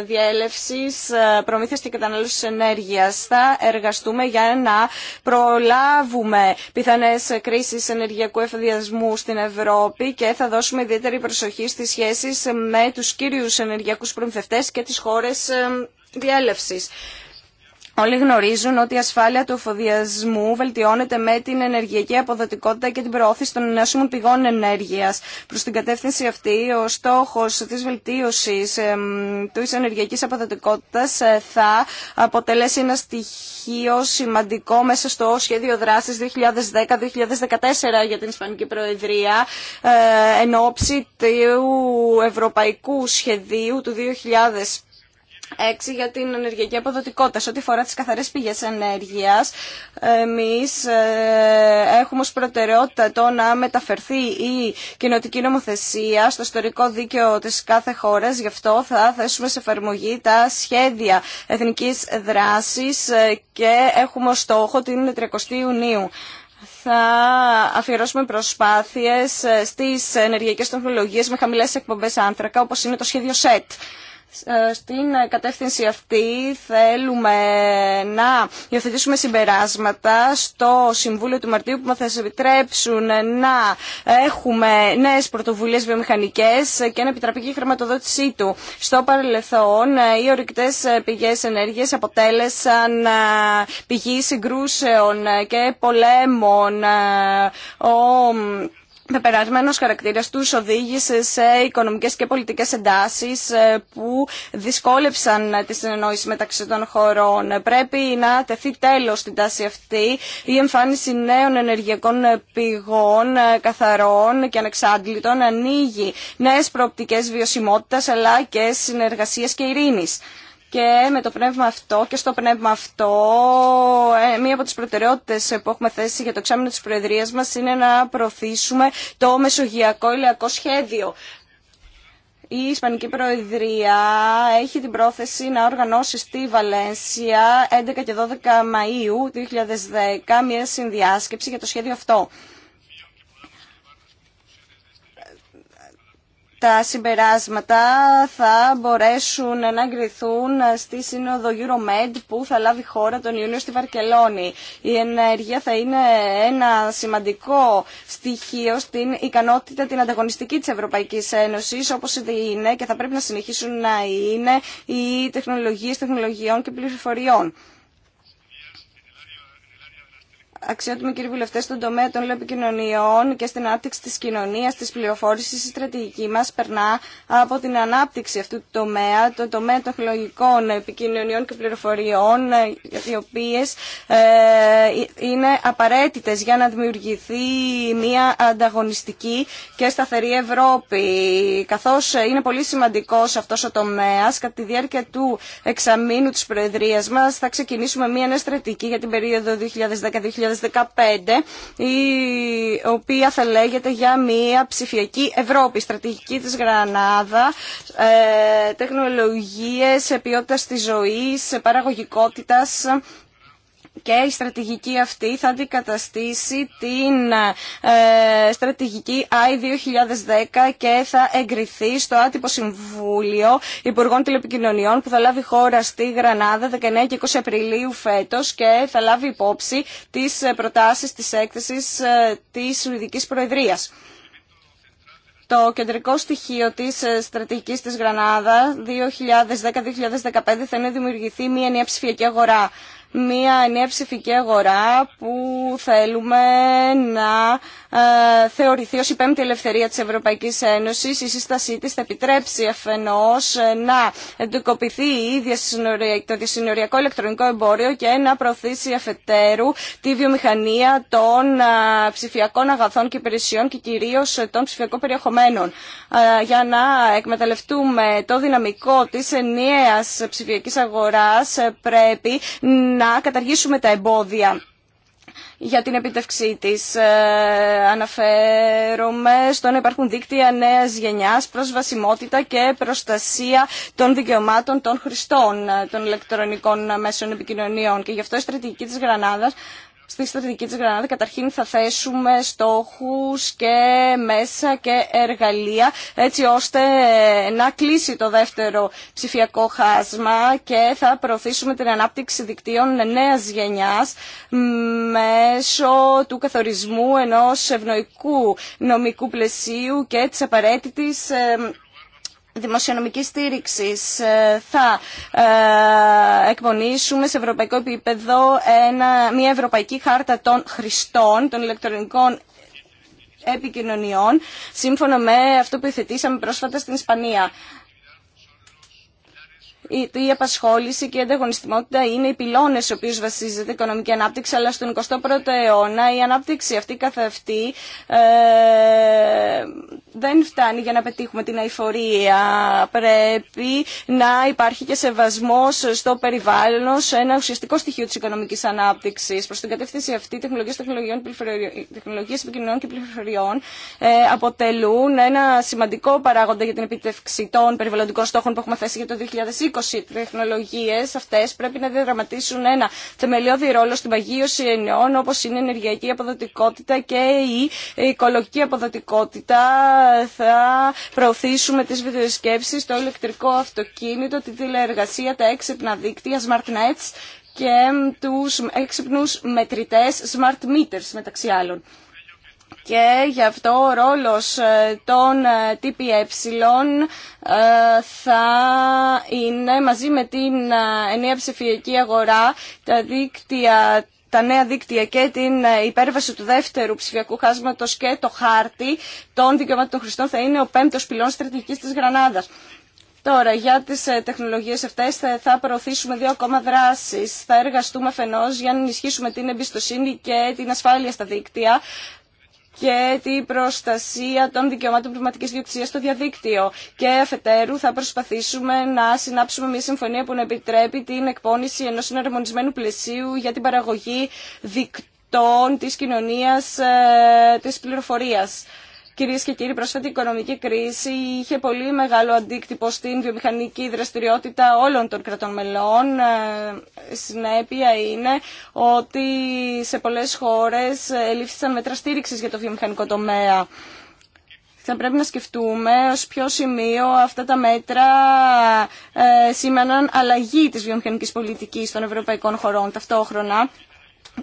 διέλευσης, ε, προμήθειας και κατανάλωση ενέργειας. Θα εργαστούμε για να προλάβουμε πιθανές κρίσεις ενεργειακού εφοδιασμού στην Ευρώπη και θα δώσουμε ιδιαίτερη προσοχή στις σχέσεις με τους κύριους ενεργειακούς προμηθευτές και τις χώρες ε, διέλευση. Όλοι γνωρίζουν ότι η ασφάλεια του εφοδιασμού βελτιώνεται με την ενεργειακή αποδοτικότητα και την προώθηση των ενώσιμων πηγών ενέργεια. Προ την κατεύθυνση αυτή, ο στόχο τη βελτίωση ε, τη ενεργειακή αποδοτικότητα ε, θα αποτελέσει ένα στοιχείο σημαντικό μέσα στο σχέδιο δράση 2010-2014 για την Ισπανική Προεδρία, εν ώψη του Ευρωπαϊκού Σχεδίου του 6 για την ενεργειακή αποδοτικότητα. Σε ό,τι αφορά τι καθαρέ πηγέ ενέργεια, εμεί ε, έχουμε ω προτεραιότητα το να μεταφερθεί η κοινοτική νομοθεσία στο ιστορικό δίκαιο τη κάθε χώρα. Γι' αυτό θα θέσουμε σε εφαρμογή τα σχέδια εθνική δράση ε, και έχουμε ως στόχο την 30 Ιουνίου θα αφιερώσουμε προσπάθειες ε, στις ενεργειακές τεχνολογίες με χαμηλές εκπομπές άνθρακα, όπως είναι το σχέδιο SET. Ε, στην κατεύθυνση αυτή θέλουμε να υιοθετήσουμε συμπεράσματα στο Συμβούλιο του Μαρτίου που θα σας επιτρέψουν να έχουμε νέες πρωτοβουλίες βιομηχανικές και να επιτραπεί και η χρηματοδότησή του. Στο παρελθόν, ε, οι ορυκτές πηγές ενέργειας αποτέλεσαν ε, πηγή συγκρούσεων και πολέμων με περασμένος χαρακτήρας τους οδήγησε σε οικονομικές και πολιτικές εντάσεις ε, που δυσκόλεψαν τη συνεννόηση μεταξύ των χωρών. Πρέπει να τεθεί τέλος στην τάση αυτή η εμφάνιση νέων ενεργειακών πηγών ε, καθαρών και ανεξάντλητων ανοίγει νέες προοπτικές βιωσιμότητας αλλά και συνεργασίας και ειρήνης. Και με το πνεύμα αυτό και στο πνεύμα αυτό, ε, μία από τις προτεραιότητες που έχουμε θέσει για το εξάμεινο της Προεδρίας μας είναι να προωθήσουμε το Μεσογειακό Ηλιακό Σχέδιο. Η Ισπανική Προεδρία έχει την πρόθεση να οργανώσει στη Βαλένσια 11 και 12 Μαΐου 2010 μια συνδιάσκεψη για το σχέδιο αυτό. τα συμπεράσματα θα μπορέσουν να εγκριθούν στη σύνοδο Euromed που θα λάβει χώρα τον Ιούνιο στη Βαρκελόνη. Η ενέργεια θα είναι ένα σημαντικό στοιχείο στην ικανότητα την ανταγωνιστική της Ευρωπαϊκής Ένωσης όπως ήδη είναι και θα πρέπει να συνεχίσουν να είναι οι τεχνολογίες τεχνολογιών και πληροφοριών αξιότιμοι κύριοι βουλευτέ, στον τομέα των λεπικοινωνιών και στην ανάπτυξη τη κοινωνία, τη πληροφόρηση, η στρατηγική μα περνά από την ανάπτυξη αυτού του τομέα, το τομέα των χειρολογικών επικοινωνιών και πληροφοριών, ε, οι οποίε ε, είναι απαραίτητε για να δημιουργηθεί μια ανταγωνιστική και σταθερή Ευρώπη. Καθώ είναι πολύ σημαντικό αυτό ο τομέα, κατά τη διάρκεια του εξαμήνου τη Προεδρία μα θα ξεκινήσουμε μια νέα στρατηγική για την περίοδο η οποία θα λέγεται για μια ψηφιακή Ευρώπη, στρατηγική της Γρανάδα, ε, τεχνολογίες, ποιότητας της ζωής, παραγωγικότητας και η στρατηγική αυτή θα αντικαταστήσει την ε, στρατηγική I 2010 και θα εγκριθεί στο άτυπο Συμβούλιο Υπουργών Τηλεπικοινωνιών που θα λάβει χώρα στη Γρανάδα 19 και 20 Απριλίου φέτος και θα λάβει υπόψη τις ε, προτάσεις της έκθεσης ε, της Σουηδικής Προεδρίας. Το κεντρικό στοιχείο της στρατηγικής της Γρανάδα 2010-2015 θα είναι δημιουργηθεί μια νέα ψηφιακή αγορά μια νέα ψηφική αγορά που θέλουμε να ε, θεωρηθεί ως η πέμπτη ελευθερία της Ευρωπαϊκής Ένωσης. Η σύστασή της θα επιτρέψει αφενός ε, να εντοικοποιηθεί η ίδια το διασυνοριακό ηλεκτρονικό εμπόριο και να προωθήσει αφετέρου τη βιομηχανία των ε, ψηφιακών αγαθών και υπηρεσιών και κυρίως των ψηφιακών περιεχομένων. Για να εκμεταλλευτούμε το δυναμικό της ενιαίας ψηφιακής αγοράς πρέπει να καταργήσουμε τα εμπόδια για την επίτευξή της. Ε, αναφέρομαι στο να υπάρχουν δίκτυα νέας γενιάς, προσβασιμότητα και προστασία των δικαιωμάτων των χρηστών ε, των ηλεκτρονικών μέσων επικοινωνιών. Και γι' αυτό η στρατηγική της Γρανάδας στη στρατηγική της Γρανάδα καταρχήν θα θέσουμε στόχους και μέσα και εργαλεία έτσι ώστε να κλείσει το δεύτερο ψηφιακό χάσμα και θα προωθήσουμε την ανάπτυξη δικτύων νέας γενιάς μέσω του καθορισμού ενός ευνοϊκού νομικού πλαισίου και της απαραίτητης Δημοσιονομική στήριξης ε, θα ε, εκπονήσουμε σε ευρωπαϊκό επίπεδο ένα, μια ευρωπαϊκή χάρτα των χρηστών, των ηλεκτρονικών επικοινωνιών, σύμφωνα με αυτό που υθετήσαμε πρόσφατα στην Ισπανία η απασχόληση και η ανταγωνιστικότητα είναι οι πυλώνε στου οποίου βασίζεται η οικονομική ανάπτυξη, αλλά στον 21ο αιώνα η ανάπτυξη αυτή καθ' ε, δεν φτάνει για να πετύχουμε την αηφορία. Πρέπει να υπάρχει και σεβασμό στο περιβάλλον σε ένα ουσιαστικό στοιχείο τη οικονομική ανάπτυξη. Προ την κατεύθυνση αυτή, τεχνολογίε τεχνολογίες επικοινωνιών και πληροφοριών ε, αποτελούν ένα σημαντικό παράγοντα για την επίτευξη των περιβαλλοντικών στόχων που έχουμε θέσει για το 2020 Τεχνολογίε, αυτέ πρέπει να διαδραματίσουν ένα θεμελιώδη ρόλο στην παγίωση ενιών όπω είναι η ενεργειακή αποδοτικότητα και η οικολογική αποδοτικότητα. Θα προωθήσουμε τι βιντεοσκέψεις, το ηλεκτρικό αυτοκίνητο, τη τηλεεργασία, τα έξυπνα δίκτυα, smart nets και τους έξυπνους μετρητές smart meters μεταξύ άλλων και γι' αυτό ο ρόλος ε, των TPE ε, ε, θα είναι μαζί με την ενιαία ψηφιακή αγορά τα δίκτυα τα νέα δίκτυα και την υπέρβαση του δεύτερου ψηφιακού χάσματος και το χάρτη των δικαιωμάτων των χρηστών θα είναι ο πέμπτος πυλών στρατηγικής της Γρανάδας. Τώρα, για τι τεχνολογίε αυτέ θα προωθήσουμε δύο ακόμα δράσει. Θα εργαστούμε αφενό για να ενισχύσουμε την εμπιστοσύνη και την ασφάλεια στα δίκτυα, και την προστασία των δικαιωμάτων πνευματικής διοκτησίας στο διαδίκτυο. Και αφετέρου θα προσπαθήσουμε να συνάψουμε μια συμφωνία που να επιτρέπει την εκπόνηση ενός συναρμονισμένου πλαισίου για την παραγωγή δικτών της κοινωνίας ε, της πληροφορίας. Κυρίε και κύριοι, η πρόσφατη οικονομική κρίση είχε πολύ μεγάλο αντίκτυπο στην βιομηχανική δραστηριότητα όλων των κρατών μελών. Ε, συνέπεια είναι ότι σε πολλέ χώρε ελήφθησαν μέτρα στήριξη για το βιομηχανικό τομέα. Θα πρέπει να σκεφτούμε ως ποιο σημείο αυτά τα μέτρα ε, σήμαιναν αλλαγή της βιομηχανικής πολιτικής των ευρωπαϊκών χωρών ταυτόχρονα.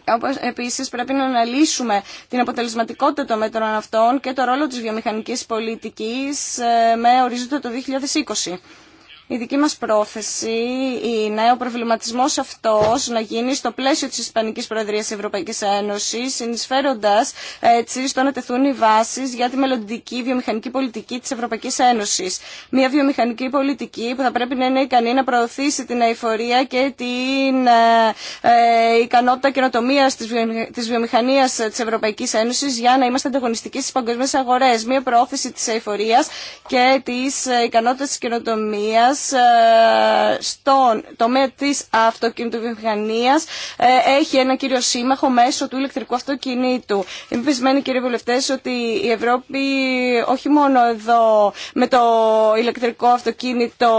Όπως επίσης πρέπει να αναλύσουμε την αποτελεσματικότητα των μέτρων αυτών και το ρόλο της βιομηχανικής πολιτικής ε, με ορίζοντα το 2020. Η δική μας πρόθεση είναι ο προβληματισμός αυτός να γίνει στο πλαίσιο της Ισπανικής Προεδρίας της Ευρωπαϊκής Ένωσης, συνεισφέροντας έτσι στο να τεθούν οι βάσεις για τη μελλοντική βιομηχανική πολιτική της Ευρωπαϊκής Ένωσης. Μια βιομηχανική πολιτική που θα πρέπει να είναι ικανή να προωθήσει την αηφορία και την ε, ε, ικανότητα καινοτομία της βιομηχανίας της Ευρωπαϊκής Ένωσης για να είμαστε ανταγωνιστικοί στις παγκοσμίες αγορές. Μια προώθηση της αηφορίας και της ε, ικανότητας της καινοτομίας στο ε, στον τομέα της αυτοκινητοβιομηχανίας ε, έχει ένα κύριο σύμμαχο μέσω του ηλεκτρικού αυτοκινήτου. Είμαι πεισμένη κύριε βουλευτέ, ότι η Ευρώπη όχι μόνο εδώ με το ηλεκτρικό αυτοκίνητο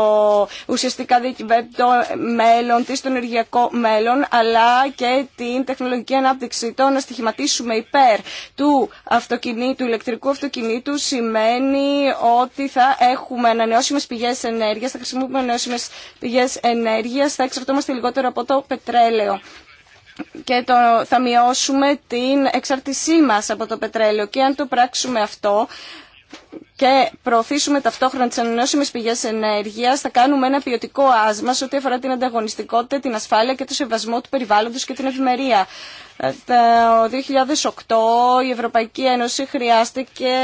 ουσιαστικά διακυβεύει το μέλλον της, το ενεργειακό μέλλον, αλλά και την τεχνολογική ανάπτυξη. Το να στοιχηματίσουμε υπέρ του αυτοκινήτου, ηλεκτρικού αυτοκινήτου σημαίνει ότι θα έχουμε ανανεώσιμες πηγές ενέργειας, χρησιμοποιούμε ενώσιμε πηγέ ενέργεια, θα εξαρτώμαστε λιγότερο από το πετρέλαιο και το, θα μειώσουμε την εξαρτησή μας από το πετρέλαιο και αν το πράξουμε αυτό και προωθήσουμε ταυτόχρονα τι ανανεώσιμε πηγέ ενέργεια, θα κάνουμε ένα ποιοτικό άσμα σε ό,τι αφορά την ανταγωνιστικότητα, την ασφάλεια και το σεβασμό του περιβάλλοντο και την ευημερία. Ε, το 2008 η Ευρωπαϊκή Ένωση χρειάστηκε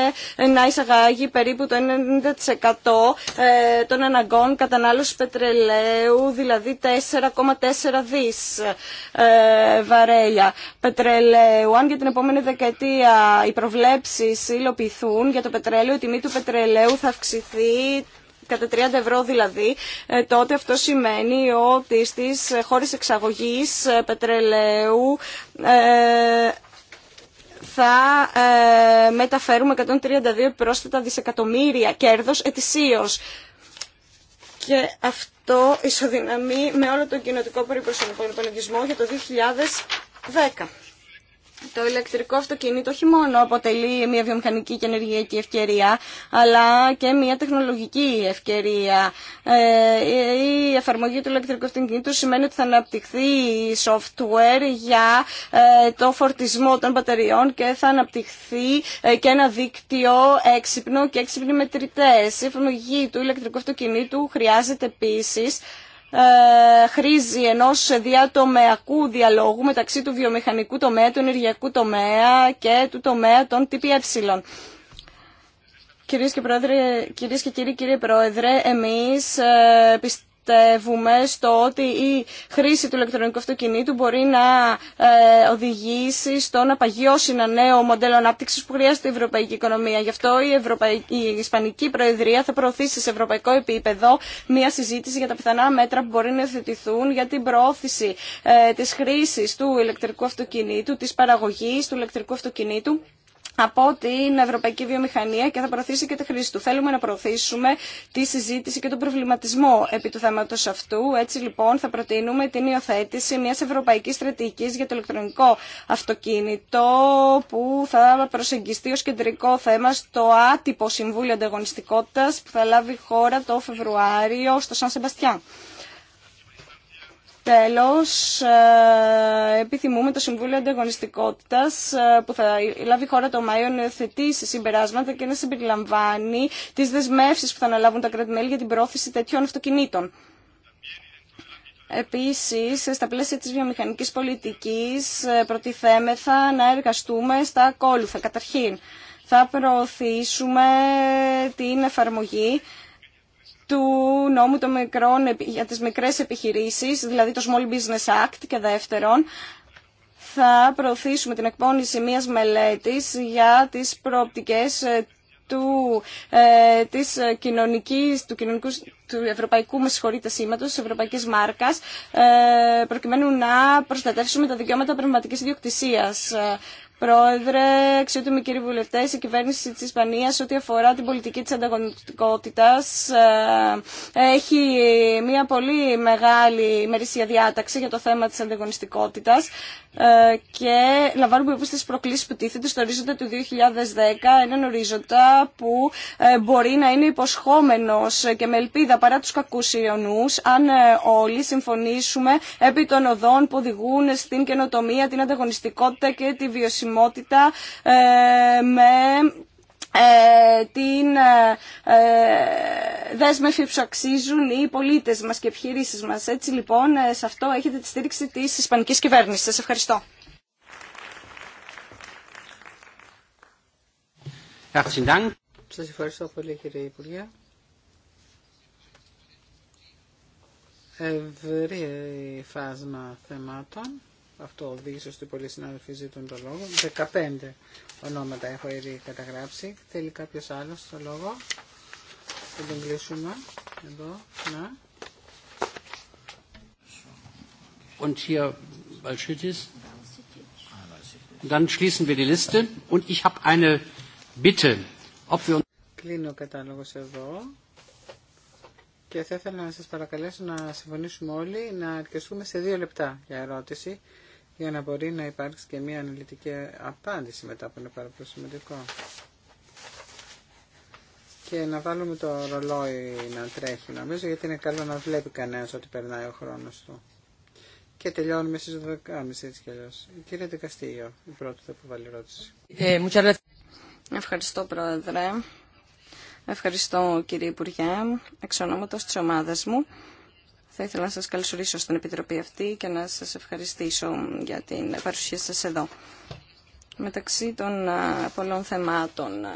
να εισαγάγει περίπου το 90% ε, των αναγκών κατανάλωση πετρελαίου, δηλαδή 4,4 δις ε, βαρέλια πετρελαίου. Αν για την επόμενη δεκαετία οι προβλέψει υλοποιηθούν για το πετρέλαιο, η τιμή του πετρελαίου θα αυξηθεί κατά 30 ευρώ δηλαδή, ε, τότε αυτό σημαίνει ότι στις ε, χώρες εξαγωγής ε, πετρελαίου θα μεταφέρουμε 132 πρόσθετα δισεκατομμύρια κέρδος ετησίως. Και αυτό ισοδυναμεί με όλο τον κοινοτικό περιπροσωπικό για το 2010 το ηλεκτρικό αυτοκίνητο όχι μόνο αποτελεί μια βιομηχανική και ενεργειακή ευκαιρία, αλλά και μια τεχνολογική ευκαιρία. Ε, η εφαρμογή του ηλεκτρικού αυτοκίνητου σημαίνει ότι θα αναπτυχθεί software για ε, το φορτισμό των μπαταριών και θα αναπτυχθεί ε, και ένα δίκτυο έξυπνο και έξυπνοι μετρητές. Η εφαρμογή του ηλεκτρικού αυτοκίνητου χρειάζεται επίσης ε, χρήζει ενό διατομεακού διαλόγου μεταξύ του βιομηχανικού τομέα, του ενεργειακού τομέα και του τομέα των ΤΠΕ. Κυρίε και, και κύριοι, κύριε Πρόεδρε, εμείς ε, πιστεύουμε στο ότι η χρήση του ηλεκτρονικού αυτοκινήτου μπορεί να ε, οδηγήσει στο να παγιώσει ένα νέο μοντέλο ανάπτυξης που χρειάζεται η ευρωπαϊκή οικονομία. Γι' αυτό η, ευρωπαϊκή Ισπανική Προεδρία θα προωθήσει σε ευρωπαϊκό επίπεδο μια συζήτηση για τα πιθανά μέτρα που μπορεί να θετηθούν για την προώθηση ε, τη χρήση του ηλεκτρικού αυτοκινήτου, τη παραγωγή του ηλεκτρικού αυτοκινήτου από την ευρωπαϊκή βιομηχανία και θα προωθήσει και τη χρήση του. Θέλουμε να προωθήσουμε τη συζήτηση και τον προβληματισμό επί του θέματο αυτού. Έτσι λοιπόν θα προτείνουμε την υιοθέτηση μιας ευρωπαϊκής στρατηγικής για το ηλεκτρονικό αυτοκίνητο που θα προσεγγιστεί ως κεντρικό θέμα στο άτυπο Συμβούλιο ανταγωνιστικότητα που θα λάβει χώρα το Φεβρουάριο στο Σαν Σεμπαστιά. Τέλος, ε, επιθυμούμε το Συμβούλιο Ανταγωνιστικότητας ε, που θα λάβει η χώρα το Μάιο να θετήσει συμπεράσματα και να συμπεριλαμβάνει τις δεσμεύσεις που θα αναλάβουν τα κράτη-μέλη για την πρόθεση τέτοιων αυτοκινήτων. Επίσης, στα πλαίσια της βιομηχανικής πολιτικής ε, προτιθέμεθα να εργαστούμε στα ακόλουθα. Καταρχήν, θα προωθήσουμε την εφαρμογή του νόμου των μικρών, για τις μικρές επιχειρήσεις, δηλαδή το Small Business Act και δεύτερον, θα προωθήσουμε την εκπόνηση μιας μελέτης για τις προοπτικές ε, του, ε, της κοινωνικής, του, κοινωνικού, του ευρωπαϊκού με συγχωρείτε σήματος, της ευρωπαϊκής μάρκας, ε, προκειμένου να προστατεύσουμε τα δικαιώματα πνευματικής ιδιοκτησίας. Πρόεδρε, αξιότιμοι κύριοι βουλευτέ, η κυβέρνηση τη Ισπανία ό,τι αφορά την πολιτική τη ανταγωνιστικότητα ε, έχει μια πολύ μεγάλη ημερησία διάταξη για το θέμα τη ανταγωνιστικότητα ε, και λαμβάνουμε υπόψη τι προκλήσει που τίθεται στο ορίζοντα του 2010, έναν ορίζοντα που ε, μπορεί να είναι υποσχόμενο και με ελπίδα παρά του κακού ιονού, αν όλοι συμφωνήσουμε επί των οδών που οδηγούν στην καινοτομία, την ανταγωνιστικότητα και τη βιωσιμότητα ε, με ε, την ε, δέσμευση που αξίζουν οι πολίτες μας και οι επιχειρήσεις μας. Έτσι λοιπόν σε αυτό έχετε τη στήριξη της Ισπανικής κυβέρνησης. Σας ευχαριστώ. Σας ευχαριστώ πολύ κύριε Υπουργέ. Ευρύ φάσμα θεμάτων. Αυτό οδήγησε ότι πολλοί συνάδελφοι ζητούν το λόγο. 15 ονόματα έχω ήδη καταγράψει. Θέλει κάποιο άλλο το λόγο. Θα τον κλείσουμε. Εδώ. Να. Und hier Dann Κλείνω ο κατάλογος εδώ. Και θα ήθελα να σας παρακαλέσω να συμφωνήσουμε όλοι να αρκεστούμε σε δύο λεπτά για ερώτηση για να μπορεί να υπάρξει και μια αναλυτική απάντηση μετά που είναι πάρα πολύ σημαντικό. Και να βάλουμε το ρολόι να τρέχει νομίζω γιατί είναι καλό να βλέπει κανένας ότι περνάει ο χρόνος του. Και τελειώνουμε στις 12.30 έτσι κι αλλιώς. Κύριε Δικαστήριο, η πρώτη θα υποβάλει ερώτηση. Ε, Ευχαριστώ Πρόεδρε. Ευχαριστώ κύριε Υπουργέ, εξ ονόματος της ομάδας μου. Θα ήθελα να σας καλωσορίσω στην Επιτροπή αυτή και να σας ευχαριστήσω για την παρουσία σας εδώ. Μεταξύ των πολλών θεμάτων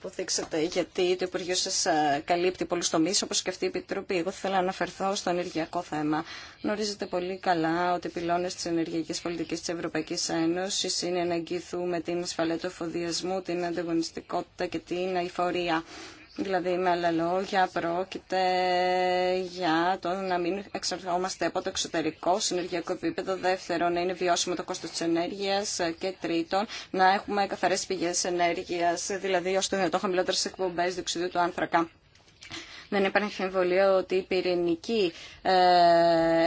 που δείξατε, γιατί το Υπουργείο σα καλύπτει πολλού τομεί, όπω και αυτή η Επιτροπή, εγώ θέλω να αναφερθώ στο ενεργειακό θέμα. Γνωρίζετε πολύ καλά ότι οι πυλώνες τη ενεργειακή πολιτική τη Ευρωπαϊκή Ένωση είναι να εγγυηθούμε την ασφαλεία του εφοδιασμού, την ανταγωνιστικότητα και την αηφορία. Δηλαδή, με άλλα λόγια, πρόκειται για το να μην εξαρτώμαστε από το εξωτερικό συνεργειακό επίπεδο. Δεύτερον, να είναι βιώσιμο το κόστος τη ενέργεια. Και τρίτον, να έχουμε καθαρές πηγές ενέργειας, δηλαδή ώστε να το χαμηλότερε εκπομπέ διοξιδίου του άνθρακα. Δεν υπάρχει εμβολία ότι η πυρηνική ε,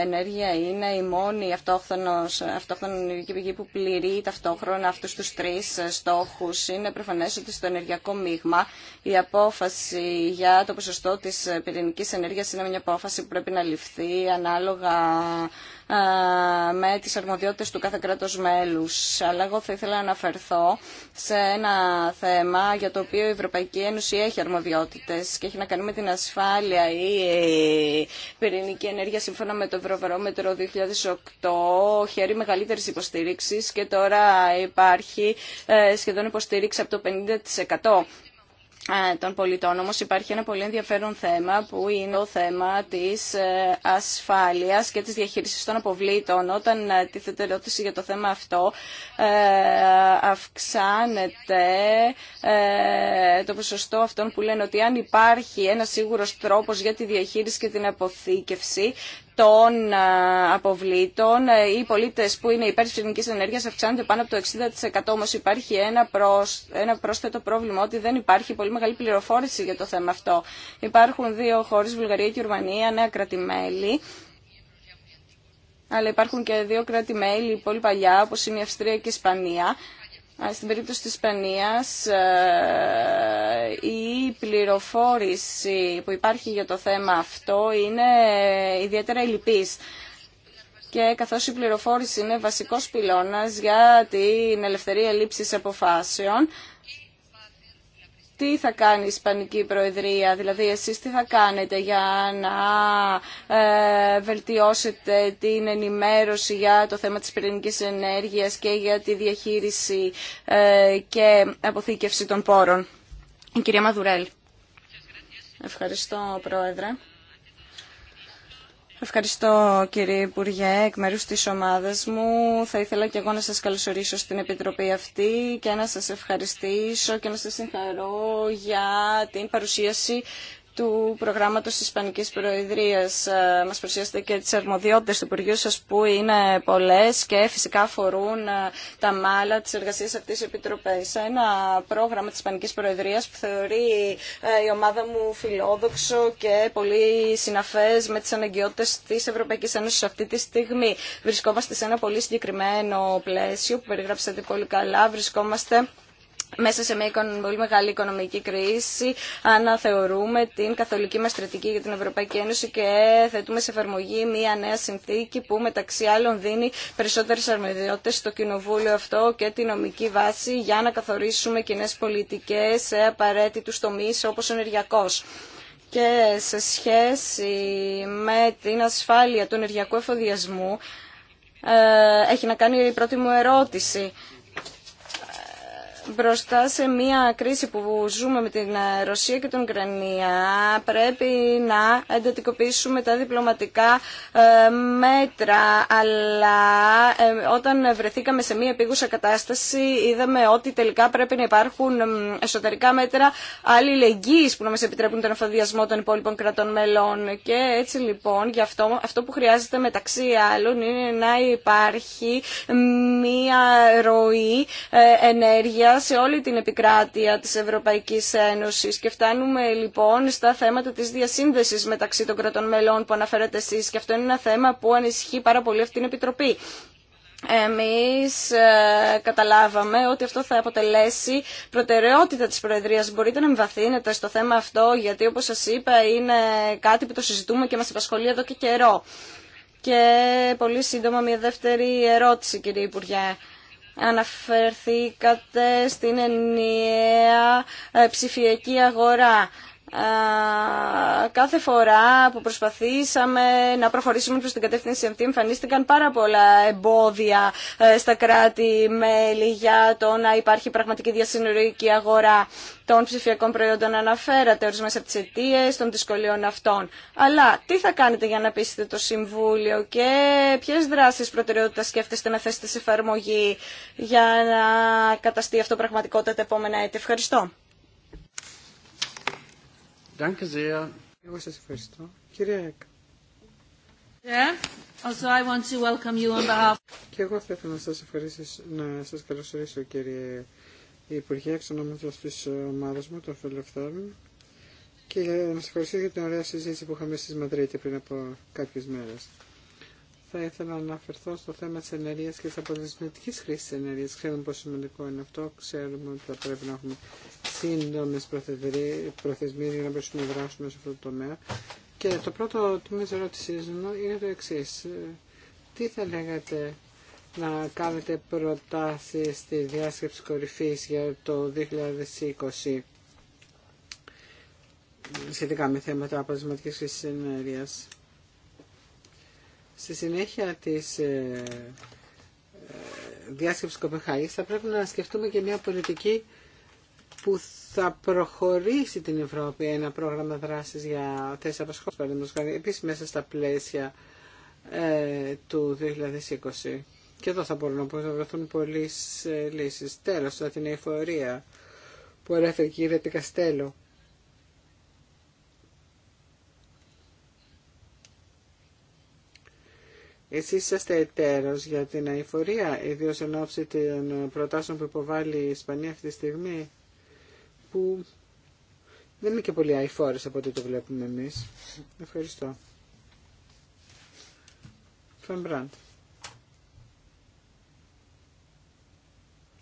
ενέργεια είναι η μόνη αυτόχθονη ενεργική πηγή που πληρεί ταυτόχρονα αυτούς τους τρεις ε, στόχους. Είναι προφανές ότι στο ενεργειακό μείγμα η απόφαση για το ποσοστό της πυρηνικής ενέργειας είναι μια απόφαση που πρέπει να ληφθεί ανάλογα με τις αρμοδιότητες του κάθε κράτος μέλους. Αλλά εγώ θα ήθελα να αναφερθώ σε ένα θέμα για το οποίο η Ευρωπαϊκή Ένωση έχει αρμοδιότητες και έχει να κάνει με την ασφάλεια ή πυρηνική ενέργεια σύμφωνα με το Ευρωβαρόμετρο 2008 χέρι μεγαλύτερη υποστήριξη και τώρα υπάρχει ε, σχεδόν υποστήριξη από το 50% ε, των πολιτών. Όμως υπάρχει ένα πολύ ενδιαφέρον θέμα που είναι το θέμα της ε, ασφάλειας και της διαχείρισης των αποβλήτων. Όταν ε, τίθεται ερώτηση για το θέμα αυτό αυξάνεται το ποσοστό αυτών που λένε ότι αν υπάρχει ένα σίγουρος τρόπος για τη διαχείριση και την αποθήκευση των αποβλήτων. Οι πολίτε που είναι υπέρ τη ελληνική ενέργεια αυξάνονται πάνω από το 60%. Όμω υπάρχει ένα, προσ... ένα πρόσθετο πρόβλημα ότι δεν υπάρχει πολύ μεγάλη πληροφόρηση για το θέμα αυτό. Υπάρχουν δύο χώρε, Βουλγαρία και Ουρμανία, νέα κρατημέλη. Αλλά υπάρχουν και δύο κράτη-μέλη πολύ παλιά, όπω είναι η Αυστρία και η Ισπανία, στην περίπτωση της Ισπανίας, ε, η πληροφόρηση που υπάρχει για το θέμα αυτό είναι ιδιαίτερα ελλειπής. Και καθώς η πληροφόρηση είναι βασικός πυλώνας για την ελευθερία λήψης αποφάσεων, τι θα κάνει η Ισπανική Προεδρία, δηλαδή εσείς τι θα κάνετε για να ε, βελτιώσετε την ενημέρωση για το θέμα της πυρηνικής ενέργειας και για τη διαχείριση ε, και αποθήκευση των πόρων. Η κυρία Μαδουρέλ. Ευχαριστώ, Πρόεδρε. Ευχαριστώ κύριε Υπουργέ, εκ μέρους της ομάδας μου. Θα ήθελα και εγώ να σας καλωσορίσω στην Επιτροπή αυτή και να σας ευχαριστήσω και να σας συγχαρώ για την παρουσίαση του προγράμματος της Ισπανικής Προεδρίας. Ε, μας παρουσιάσετε και τι αρμοδιότητε του Υπουργείου σα, που είναι πολλέ και φυσικά αφορούν ε, τα μάλα της εργασίας αυτής της Επιτροπής. Ένα πρόγραμμα της Ισπανικής Προεδρίας που θεωρεί ε, η ομάδα μου φιλόδοξο και πολύ συναφές με τις αναγκαιότητες της Ευρωπαϊκής Ένωση, αυτή τη στιγμή. Βρισκόμαστε σε ένα πολύ συγκεκριμένο πλαίσιο που περιγράψατε πολύ καλά. Βρισκόμαστε μέσα σε μια πολύ μεγάλη οικονομική κρίση αναθεωρούμε την καθολική μας στρατηγική για την Ευρωπαϊκή Ένωση και θέτουμε σε εφαρμογή μια νέα συνθήκη που μεταξύ άλλων δίνει περισσότερες αρμοδιότητες στο Κοινοβούλιο αυτό και τη νομική βάση για να καθορίσουμε κοινέ πολιτικές σε απαραίτητου τομεί όπως ο ενεργειακός και σε σχέση με την ασφάλεια του ενεργειακού εφοδιασμού ε, έχει να κάνει η πρώτη μου ερώτηση μπροστά σε μια κρίση που ζούμε με την ε, Ρωσία και την Ουκρανία πρέπει να εντατικοποιήσουμε τα διπλωματικά ε, μέτρα αλλά ε, όταν βρεθήκαμε σε μια επίγουσα κατάσταση είδαμε ότι τελικά πρέπει να υπάρχουν εσωτερικά μέτρα αλληλεγγύης που να μας επιτρέπουν τον εφοδιασμό των υπόλοιπων κρατών μελών και έτσι λοιπόν γι' αυτό, αυτό που χρειάζεται μεταξύ άλλων είναι να υπάρχει μια ροή ενέργεια σε όλη την επικράτεια της Ευρωπαϊκής Ένωσης και φτάνουμε λοιπόν στα θέματα της διασύνδεσης μεταξύ των κρατών μελών που αναφέρετε εσείς και αυτό είναι ένα θέμα που ανησυχεί πάρα πολύ αυτή την Επιτροπή. Εμείς ε, καταλάβαμε ότι αυτό θα αποτελέσει προτεραιότητα της Προεδρίας. Μπορείτε να εμβαθύνετε στο θέμα αυτό, γιατί όπως σας είπα είναι κάτι που το συζητούμε και μας απασχολεί εδώ και καιρό. Και πολύ σύντομα μια δεύτερη ερώτηση κύριε Υπουργέ. Αναφερθήκατε στην ενιαία ε, ψηφιακή αγορά κάθε φορά που προσπαθήσαμε να προχωρήσουμε προς την κατεύθυνση αυτή εμφανίστηκαν πάρα πολλά εμπόδια ε, στα κράτη-μέλη για το να υπάρχει πραγματική διασυνορική αγορά των ψηφιακών προϊόντων αναφέρατε ορισμένες από τις αιτίε των δυσκολιών αυτών. Αλλά τι θα κάνετε για να πείσετε το Συμβούλιο και ποιες δράσεις προτεραιότητα σκέφτεστε να θέσετε σε εφαρμογή για να καταστεί αυτό πραγματικότητα τα επόμενα έτη. Ευχαριστώ. Danke sehr. Εγώ σας ευχαριστώ. Κυρία Εκ. Also I want to welcome you on behalf. Και εγώ θα ήθελα να σας ευχαριστήσω, να σας καλωσορίσω κύριε Υπουργέ, εξ ονόματος της ομάδας μου, των Φιλελευθέρων. Και να σας ευχαριστήσω για την ωραία συζήτηση που είχαμε στη Μαδρίτη πριν από κάποιες μέρες θα ήθελα να αναφερθώ στο θέμα τη ενέργεια και της αποτελεσματική χρήση της ενέργειας. Ξέρουμε πόσο σημαντικό είναι αυτό. Ξέρουμε ότι θα πρέπει να έχουμε σύντομε προθεσμίε για να μπορέσουμε να δράσουμε σε αυτό το τομέα. Και το πρώτο τμήμα τη ερώτησή μου είναι το εξή. Τι θα λέγατε να κάνετε προτάσεις στη διάσκεψη κορυφής για το 2020 σχετικά με θέματα αποτελεσματικής χρήσης ενέργειας. Στη συνέχεια της ε, ε διάσκεψης Κοπεχάης θα πρέπει να σκεφτούμε και μια πολιτική που θα προχωρήσει την Ευρώπη ένα πρόγραμμα δράσης για θέσεις απασχόλησης, επίσης μέσα στα πλαίσια ε, του 2020. Και εδώ θα μπορούν να βρεθούν πολλές ε, λύσεις. Τέλος, την εφορία που η κυρία Καστέλο. Εσείς είσαστε εταίρος για την αηφορία, ιδίως εν ώψη των προτάσεων που υποβάλλει η Ισπανία αυτή τη στιγμή, που δεν είναι και πολύ αηφόρες από ό,τι το βλέπουμε εμείς. Ευχαριστώ. Φεμπράντ.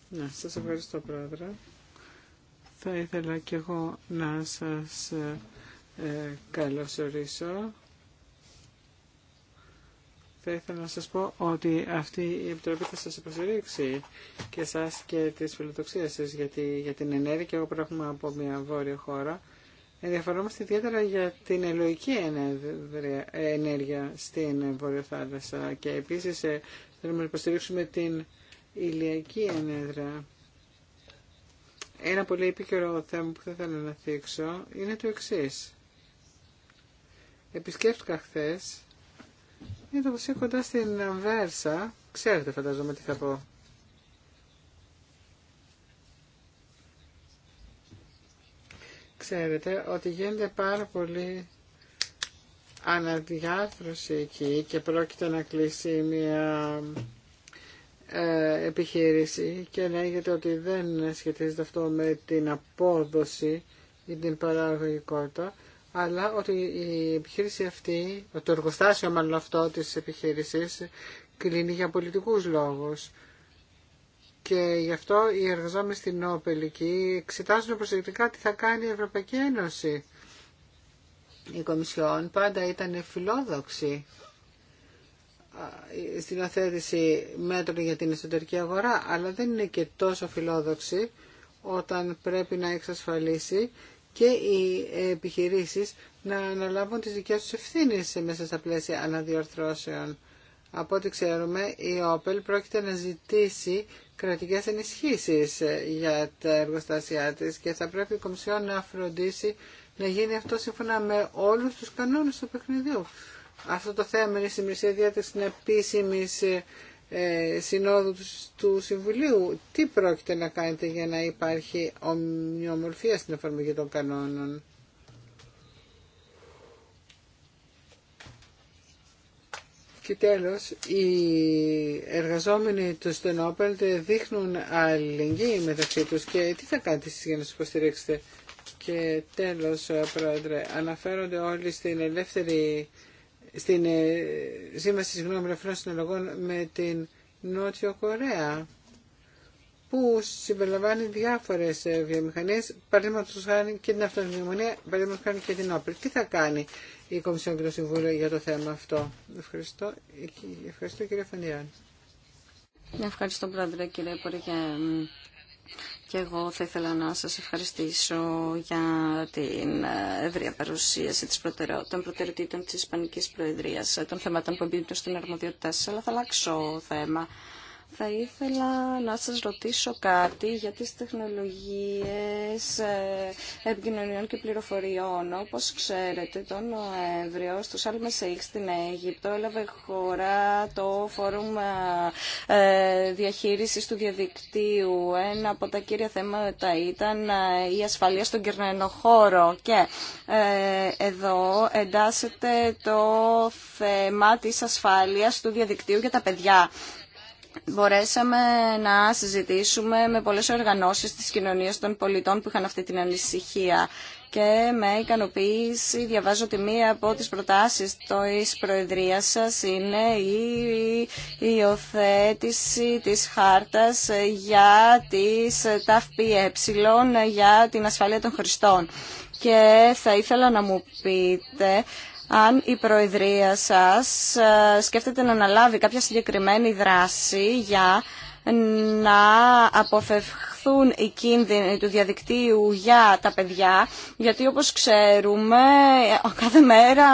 Ναι, σας ευχαριστώ πρόεδρε. Θα ήθελα και εγώ να σας ε, καλωσορίσω θα ήθελα να σας πω ότι αυτή η Επιτροπή θα σας υποστηρίξει και εσάς και τις φιλοδοξίες σας γιατί, για την ενέργεια και εγώ από μια βόρεια χώρα. Ενδιαφερόμαστε ιδιαίτερα για την ελοική ενέργεια στην Βόρεια Θάλασσα και επίσης ε, θέλουμε να υποστηρίξουμε την ηλιακή ενέδρα. Ένα πολύ επίκαιρο θέμα που θα ήθελα να θίξω είναι το εξής. Επισκέφτηκα χθες είναι το κοντά στην Αμβέρσα. Ξέρετε φαντάζομαι τι θα πω. Ξέρετε ότι γίνεται πάρα πολύ αναδιάρθρωση εκεί και πρόκειται να κλείσει μια ε, επιχείρηση και λέγεται ότι δεν σχετίζεται αυτό με την απόδοση ή την παραγωγικότητα αλλά ότι η επιχείρηση αυτή, το εργοστάσιο μάλλον αυτό της επιχείρησης, κλείνει για πολιτικούς λόγους. Και γι' αυτό οι εργαζόμενοι στην Όπελ εκεί εξετάζουν προσεκτικά τι θα κάνει η Ευρωπαϊκή Ένωση. Η Κομισιόν πάντα ήταν φιλόδοξη στην οθέτηση μέτρων για την εσωτερική αγορά, αλλά δεν είναι και τόσο φιλόδοξη όταν πρέπει να εξασφαλίσει και οι επιχειρήσεις να αναλάβουν τις δικές τους ευθύνες μέσα στα πλαίσια αναδιορθώσεων. Από ό,τι ξέρουμε, η Όπελ πρόκειται να ζητήσει κρατικές ενισχύσεις ε, για τα εργοστάσια της και θα πρέπει η Κομισιόν να φροντίσει να γίνει αυτό σύμφωνα με όλους τους κανόνες του παιχνιδιού. Αυτό το θέμα είναι η σημασία διάταξη επίσημη ε, ε, συνόδου του Συμβουλίου. Τι πρόκειται να κάνετε για να υπάρχει ομοιομορφία στην εφαρμογή των κανόνων. Και τέλος, οι εργαζόμενοι του Στενόπελτ δείχνουν αλληλεγγύη μεταξύ τους και τι θα κάνετε εσείς για να σας υποστηρίξετε. Και τέλος, Πρόεδρε, αναφέρονται όλοι στην ελεύθερη στην ε, σύμβαση συγγνώμη ελευθερών συνολογών με την Νότιο Κορέα που συμπεριλαμβάνει διάφορε βιομηχανίε, παραδείγματο χάρη και την αυτοβιομηχανία, παραδείγματο χάρη και την όπλη. Τι θα κάνει η Κομισιόν και το Συμβούλιο για το θέμα αυτό. Ευχαριστώ, ε, Ευχαριστώ κύριε Φανιάν. Ευχαριστώ, Πρόεδρε, κύριε Υπουργέ. Και εγώ θα ήθελα να σας ευχαριστήσω για την ε, ευρεία παρουσίαση της των προτεραιοτήτων της Ισπανικής Προεδρίας, ε, των θεμάτων που εμπίπτουν στην αρμοδιότητά σας, αλλά θα αλλάξω θέμα. Θα ήθελα να σας ρωτήσω κάτι για τις τεχνολογίες ε, επικοινωνιών και πληροφοριών. Όπως ξέρετε, τον Νοέμβριο στο Σάλμα στην Αίγυπτο έλαβε χώρα το Φόρουμ ε, Διαχείρισης του Διαδικτύου. Ένα από τα κύρια θέματα ήταν ε, η ασφαλεία στον χώρο Και εδώ εντάσσεται το θέμα της ασφάλειας του διαδικτύου για τα παιδιά μπορέσαμε να συζητήσουμε με πολλές οργανώσεις της κοινωνίας των πολιτών που είχαν αυτή την ανησυχία. Και με ικανοποίηση διαβάζω ότι μία από τις προτάσεις της Προεδρίας σας είναι η υιοθέτηση της χάρτας για τις ΤΑΦΠΕ, για την ασφάλεια των χρηστών. Και θα ήθελα να μου πείτε αν η Προεδρία σας ε, σκέφτεται να αναλάβει κάποια συγκεκριμένη δράση για να αποφευχθούν οι κίνδυνοι του διαδικτύου για τα παιδιά, γιατί όπως ξέρουμε ε, κάθε μέρα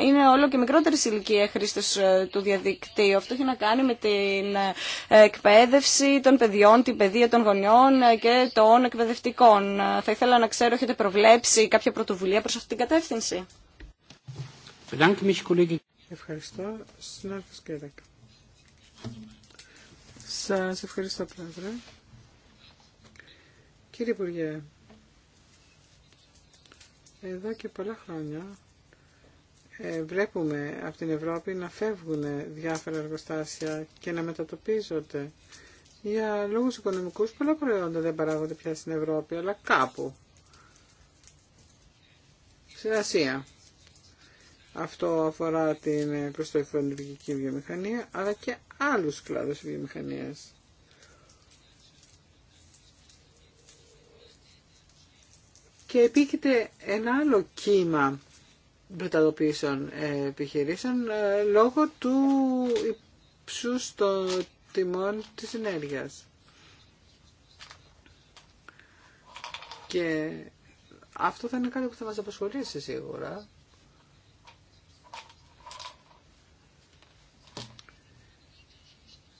είναι όλο και μικρότερη ηλικία χρήστες ε, του διαδικτύου. Αυτό έχει να κάνει με την εκπαίδευση των παιδιών, την παιδεία των γονιών και των εκπαιδευτικών. Θα ήθελα να ξέρω, έχετε προβλέψει κάποια πρωτοβουλία προς αυτήν την κατεύθυνση. Ευχαριστώ. Συνάδελφος Κέδεκ. Σας ευχαριστώ, Πρόεδρε. Κύριε Υπουργέ, εδώ και πολλά χρόνια ε, βλέπουμε από την Ευρώπη να φεύγουν διάφορα εργοστάσια και να μετατοπίζονται. Για λόγους οικονομικούς πολλά προϊόντα δεν παράγονται πια στην Ευρώπη, αλλά κάπου. Στην Ασία. Αυτό αφορά την ε, προστοϊφωνική βιομηχανία, αλλά και άλλους κλάδους βιομηχανίας. Και επίκειται ένα άλλο κύμα μεταδοποίησεων ε, επιχειρήσεων ε, λόγω του υψού των τιμών της ενέργειας. Και αυτό θα είναι κάτι που θα μας απασχολήσει σίγουρα.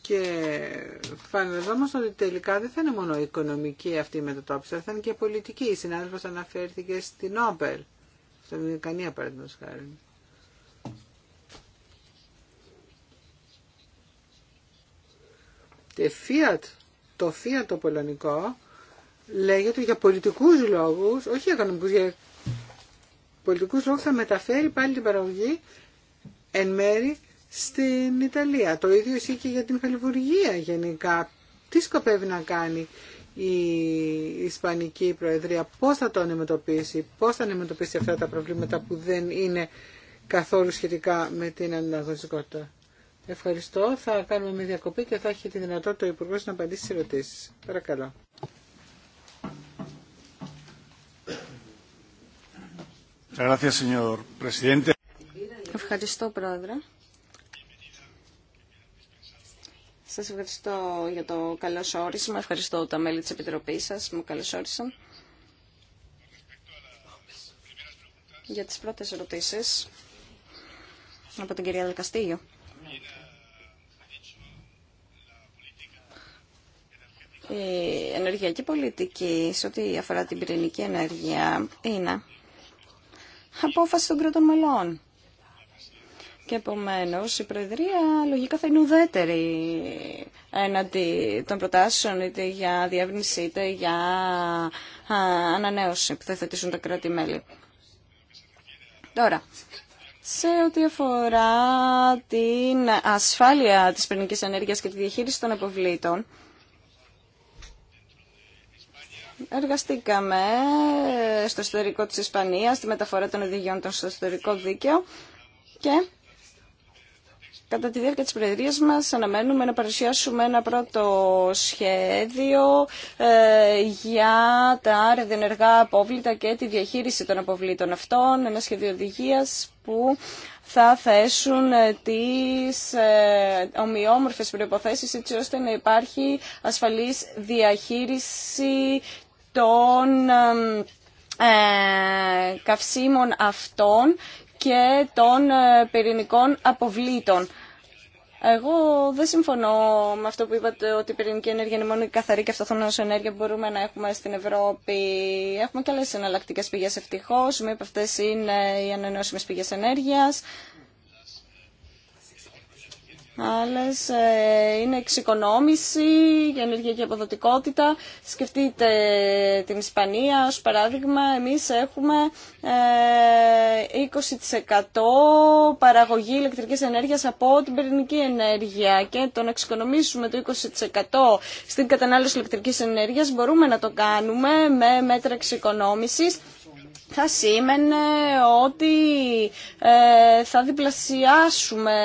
Και φανερόμαστε ότι τελικά δεν θα είναι μόνο οικονομική αυτή η μετατόπιση, θα είναι και πολιτική. Η συνάδελφος αναφέρθηκε στην Όπελ, στην Αμερικανία παραδείγματο χάρη. Fiat, το Fiat το πολωνικό λέγεται για πολιτικούς λόγους, όχι για οικονομικούς, για πολιτικούς λόγους θα μεταφέρει πάλι την παραγωγή εν μέρη στην Ιταλία. Το ίδιο ισχύει και για την Χαλιβουργία γενικά. Τι σκοπεύει να κάνει η Ισπανική Προεδρία, πώς θα το αντιμετωπίσει, πώς θα αντιμετωπίσει αυτά τα προβλήματα που δεν είναι καθόλου σχετικά με την ανταγωνιστικότητα. Ευχαριστώ. Θα κάνουμε μια διακοπή και θα έχει τη δυνατότητα ο Υπουργός να απαντήσει στι ερωτήσει. Παρακαλώ. Ευχαριστώ, Πρόεδρε. Σας ευχαριστώ για το καλό όρισμα. Ευχαριστώ τα μέλη της Επιτροπής σας που μου καλωσόρισαν. Για τις πρώτες ερωτήσεις από την κυρία Δεκαστήγιο. Η ενεργειακή πολιτική σε ό,τι αφορά την πυρηνική ενέργεια είναι απόφαση των κρατών μελών. Και επομένω η Προεδρία λογικά θα είναι ουδέτερη έναντι των προτάσεων είτε για διεύρυνση είτε για ανανέωση που θα θετήσουν τα κράτη-μέλη. Τώρα, σε ό,τι αφορά την ασφάλεια της πυρηνικής ενέργειας και τη διαχείριση των αποβλήτων, εργαστήκαμε στο εσωτερικό της Ισπανίας, τη μεταφορά των οδηγιών των στο εσωτερικό δίκαιο και Κατά τη διάρκεια της Προεδρίας μας αναμένουμε να παρουσιάσουμε ένα πρώτο σχέδιο ε, για τα ενεργά απόβλητα και τη διαχείριση των αποβλήτων αυτών, ένα σχέδιο οδηγίας που θα θέσουν ε, τις ε, ομοιόμορφες προϋποθέσεις έτσι ώστε να υπάρχει ασφαλής διαχείριση των ε, καυσίμων αυτών και των πυρηνικών αποβλήτων. Εγώ δεν συμφωνώ με αυτό που είπατε ότι η πυρηνική ενέργεια είναι μόνο η καθαρή και αυτοθόνα ενέργεια που μπορούμε να έχουμε στην Ευρώπη. Έχουμε και άλλε εναλλακτικέ πηγέ ευτυχώ. Μία από αυτέ είναι οι ανανεώσιμε πηγέ ενέργεια. Άλλες ε, είναι εξοικονόμηση για ενεργειακή αποδοτικότητα. Σκεφτείτε την Ισπανία ως παράδειγμα. Εμείς έχουμε 20% ε, παραγωγή ηλεκτρικής ενέργειας από την πυρηνική ενέργεια και το να εξοικονομήσουμε το 20% στην κατανάλωση ηλεκτρικής ενέργειας μπορούμε να το κάνουμε με μέτρα εξοικονόμησης θα σήμαινε ότι ε, θα διπλασιάσουμε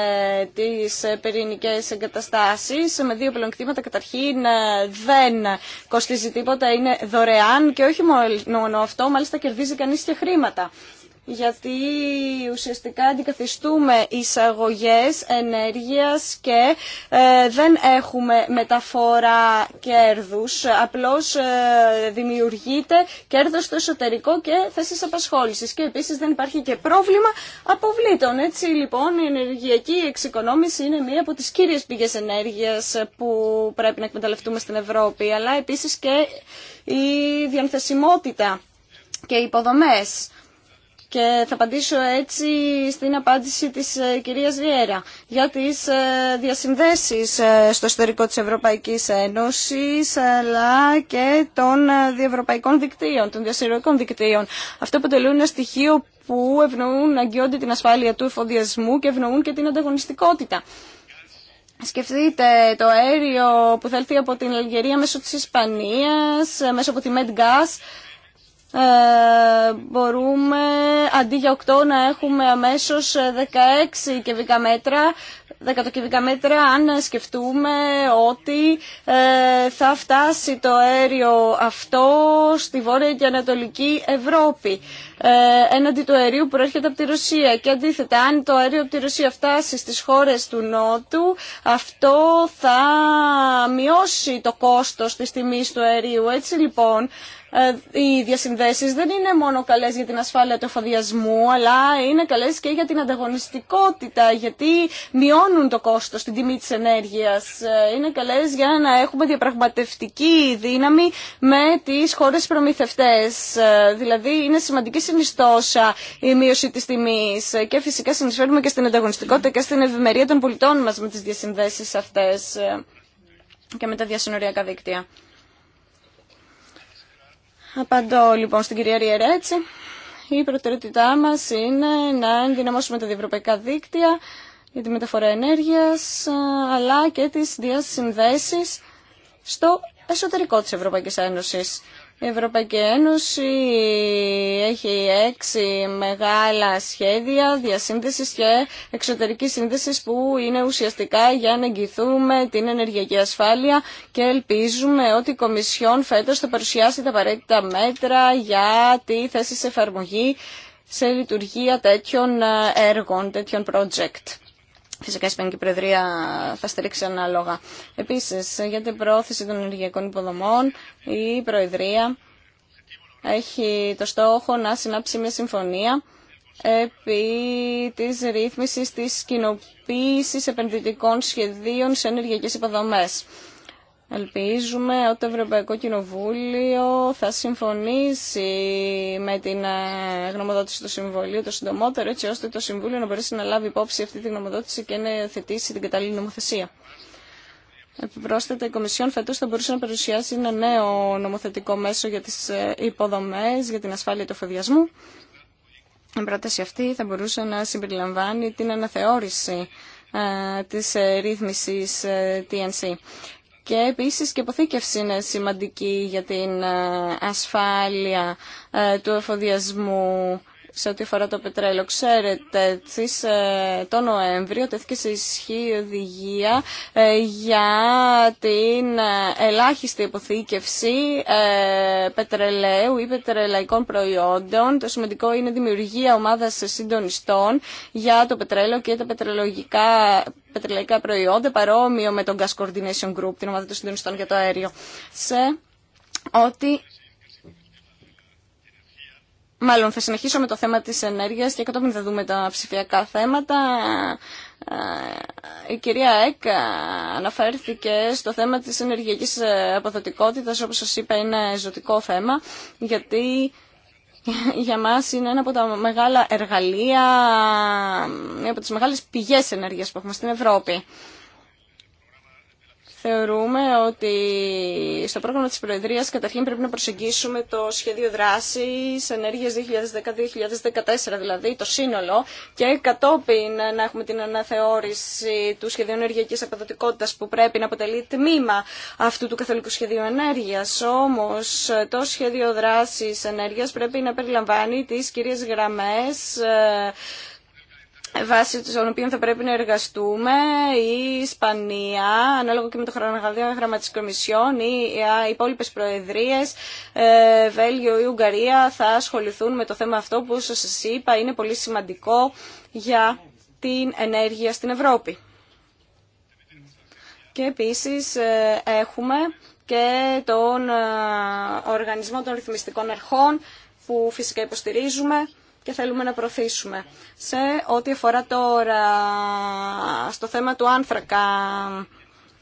τις ε, πυρηνικές εγκαταστάσεις με δύο πλεονεκτήματα. Καταρχήν ε, δεν κοστίζει τίποτα, είναι δωρεάν και όχι μόνο αυτό, μάλιστα κερδίζει κανείς και χρήματα γιατί ουσιαστικά αντικαθιστούμε εισαγωγές ενέργειας και ε, δεν έχουμε μεταφορά κέρδους. Απλώς ε, δημιουργείται κέρδος στο εσωτερικό και θέσεις απασχόλησης. Και επίσης δεν υπάρχει και πρόβλημα αποβλήτων. Έτσι λοιπόν η ενεργειακή εξοικονόμηση είναι μία από τις κύριες πηγές ενέργειας που πρέπει να εκμεταλλευτούμε στην Ευρώπη. Αλλά επίσης και η διανθεσιμότητα και οι υποδομές και θα απαντήσω έτσι στην απάντηση της ε, κυρίας Βιέρα για τις ε, διασυνδέσεις ε, στο εσωτερικό της Ευρωπαϊκής Ένωσης αλλά και των διευρωπαϊκών δικτύων, των διασυνδεσμικών δικτύων. Αυτό αποτελούν ένα στοιχείο που ευνοούν, αγγιώνται την ασφάλεια του εφοδιασμού και ευνοούν και την ανταγωνιστικότητα. Σκεφτείτε το αέριο που θα έρθει από την Αλγερία μέσω της Ισπανίας, μέσω από τη MedGas, ε, μπορούμε αντί για 8 να έχουμε αμέσως 16 ε, κυβικά μέτρα, 10 κυβικά μέτρα αν σκεφτούμε ότι ε, θα φτάσει το αέριο αυτό στη Βόρεια και Ανατολική Ευρώπη έναντι του αερίου που προέρχεται από τη Ρωσία. Και αντίθετα, αν το αέριο από τη Ρωσία φτάσει στις χώρες του Νότου, αυτό θα μειώσει το κόστος της τιμής του αερίου. Έτσι λοιπόν, ε, οι διασυνδέσεις δεν είναι μόνο καλές για την ασφάλεια του εφοδιασμού, αλλά είναι καλές και για την ανταγωνιστικότητα, γιατί μειώνουν το κόστος, την τιμή της ενέργειας. Ε, είναι καλές για να έχουμε διαπραγματευτική δύναμη με τις χώρες προμηθευτές. Ε, δηλαδή είναι σημαντική συνιστόσα η μείωση της τιμής και φυσικά συνεισφέρουμε και στην ανταγωνιστικότητα και στην ευημερία των πολιτών μας με τις διασυνδέσεις αυτές και με τα διασυνοριακά δίκτυα. Απαντώ λοιπόν στην κυρία Ριερέτση. Η προτεραιότητά μας είναι να ενδυναμώσουμε τα διευρωπαϊκά δίκτυα για τη μεταφορά ενέργειας, αλλά και τις διασυνδέσεις στο εσωτερικό της Ευρωπαϊκής Ένωσης. Η Ευρωπαϊκή Ένωση έχει έξι μεγάλα σχέδια διασύνδεσης και εξωτερικής σύνδεσης που είναι ουσιαστικά για να εγγυθούμε την ενεργειακή ασφάλεια και ελπίζουμε ότι η Κομισιόν φέτος θα παρουσιάσει τα απαραίτητα μέτρα για τη θέση σε εφαρμογή σε λειτουργία τέτοιων ε, έργων, τέτοιων project. Φυσικά η Ισπανική Προεδρία θα στηρίξει ανάλογα. Επίσης, για την προώθηση των ενεργειακών υποδομών, η Προεδρία έχει το στόχο να συνάψει μια συμφωνία επί της ρύθμισης της κοινοποίησης επενδυτικών σχεδίων σε ενεργειακές υποδομές. Ελπίζουμε ότι το Ευρωπαϊκό Κοινοβούλιο θα συμφωνήσει με την ε, γνωμοδότηση του Συμβουλίου το συντομότερο, έτσι ώστε το Συμβούλιο να μπορέσει να λάβει υπόψη αυτή τη γνωμοδότηση και να θετήσει την κατάλληλη νομοθεσία. Επιπρόσθετα, η Κομισιόν φέτος θα μπορούσε να παρουσιάσει ένα νέο νομοθετικό μέσο για τις ε, υποδομές, για την ασφάλεια του εφοδιασμού. Η πρόταση αυτή θα μπορούσε να συμπεριλαμβάνει την αναθεώρηση ε, της ρύθμισης TNC. Και επίσης και η αποθήκευση είναι σημαντική για την ε, ασφάλεια ε, του εφοδιασμού σε ό,τι αφορά το πετρέλαιο. Ξέρετε, ε, το Νοέμβριο τέθηκε σε ισχύ η οδηγία ε, για την ε, ελάχιστη υποθήκευση πετρελαίου ή πετρελαϊκών προϊόντων. Το σημαντικό είναι η δημιουργία ομάδας συντονιστών για το πετρέλαιο και τα πετρελογικά πετρελαϊκά προϊόντα, παρόμοιο με τον Gas Coordination Group, την ομάδα των συντονιστών για το αέριο. Σε ό,τι Μάλλον θα συνεχίσω με το θέμα της ενέργειας και κατόπιν θα δούμε τα ψηφιακά θέματα. Ε, η κυρία Εκ ε, αναφέρθηκε στο θέμα της ενεργειακής ε, αποδοτικότητας, όπως σας είπα είναι ζωτικό θέμα, γιατί για μας είναι ένα από τα μεγάλα εργαλεία, από τις μεγάλες πηγές ενέργειας που έχουμε στην Ευρώπη. Θεωρούμε ότι στο πρόγραμμα της Προεδρίας καταρχήν πρέπει να προσεγγίσουμε το σχέδιο δράσης ενέργειας 2010-2014, δηλαδή το σύνολο, και κατόπιν να έχουμε την αναθεώρηση του σχεδίου ενεργειακής αποδοτικότητας που πρέπει να αποτελεί τμήμα αυτού του καθολικού σχεδίου ενέργειας. Όμως το σχέδιο δράσης ενέργειας πρέπει να περιλαμβάνει τις κυρίες γραμμές ε, βάσει των οποίων θα πρέπει να εργαστούμε η Ισπανία, ανάλογα και με το χρονογραφείο τη Κομισιόν, οι υπόλοιπε προεδρίες, ε, Βέλγιο ή Ουγγαρία θα ασχοληθούν με το θέμα αυτό που όπως σας είπα είναι πολύ σημαντικό για την ενέργεια στην Ευρώπη. Και επίσης ε, έχουμε και τον ε, Οργανισμό των Ρυθμιστικών Αρχών που φυσικά υποστηρίζουμε και θέλουμε να προωθήσουμε. Σε ό,τι αφορά τώρα στο θέμα του άνθρακα,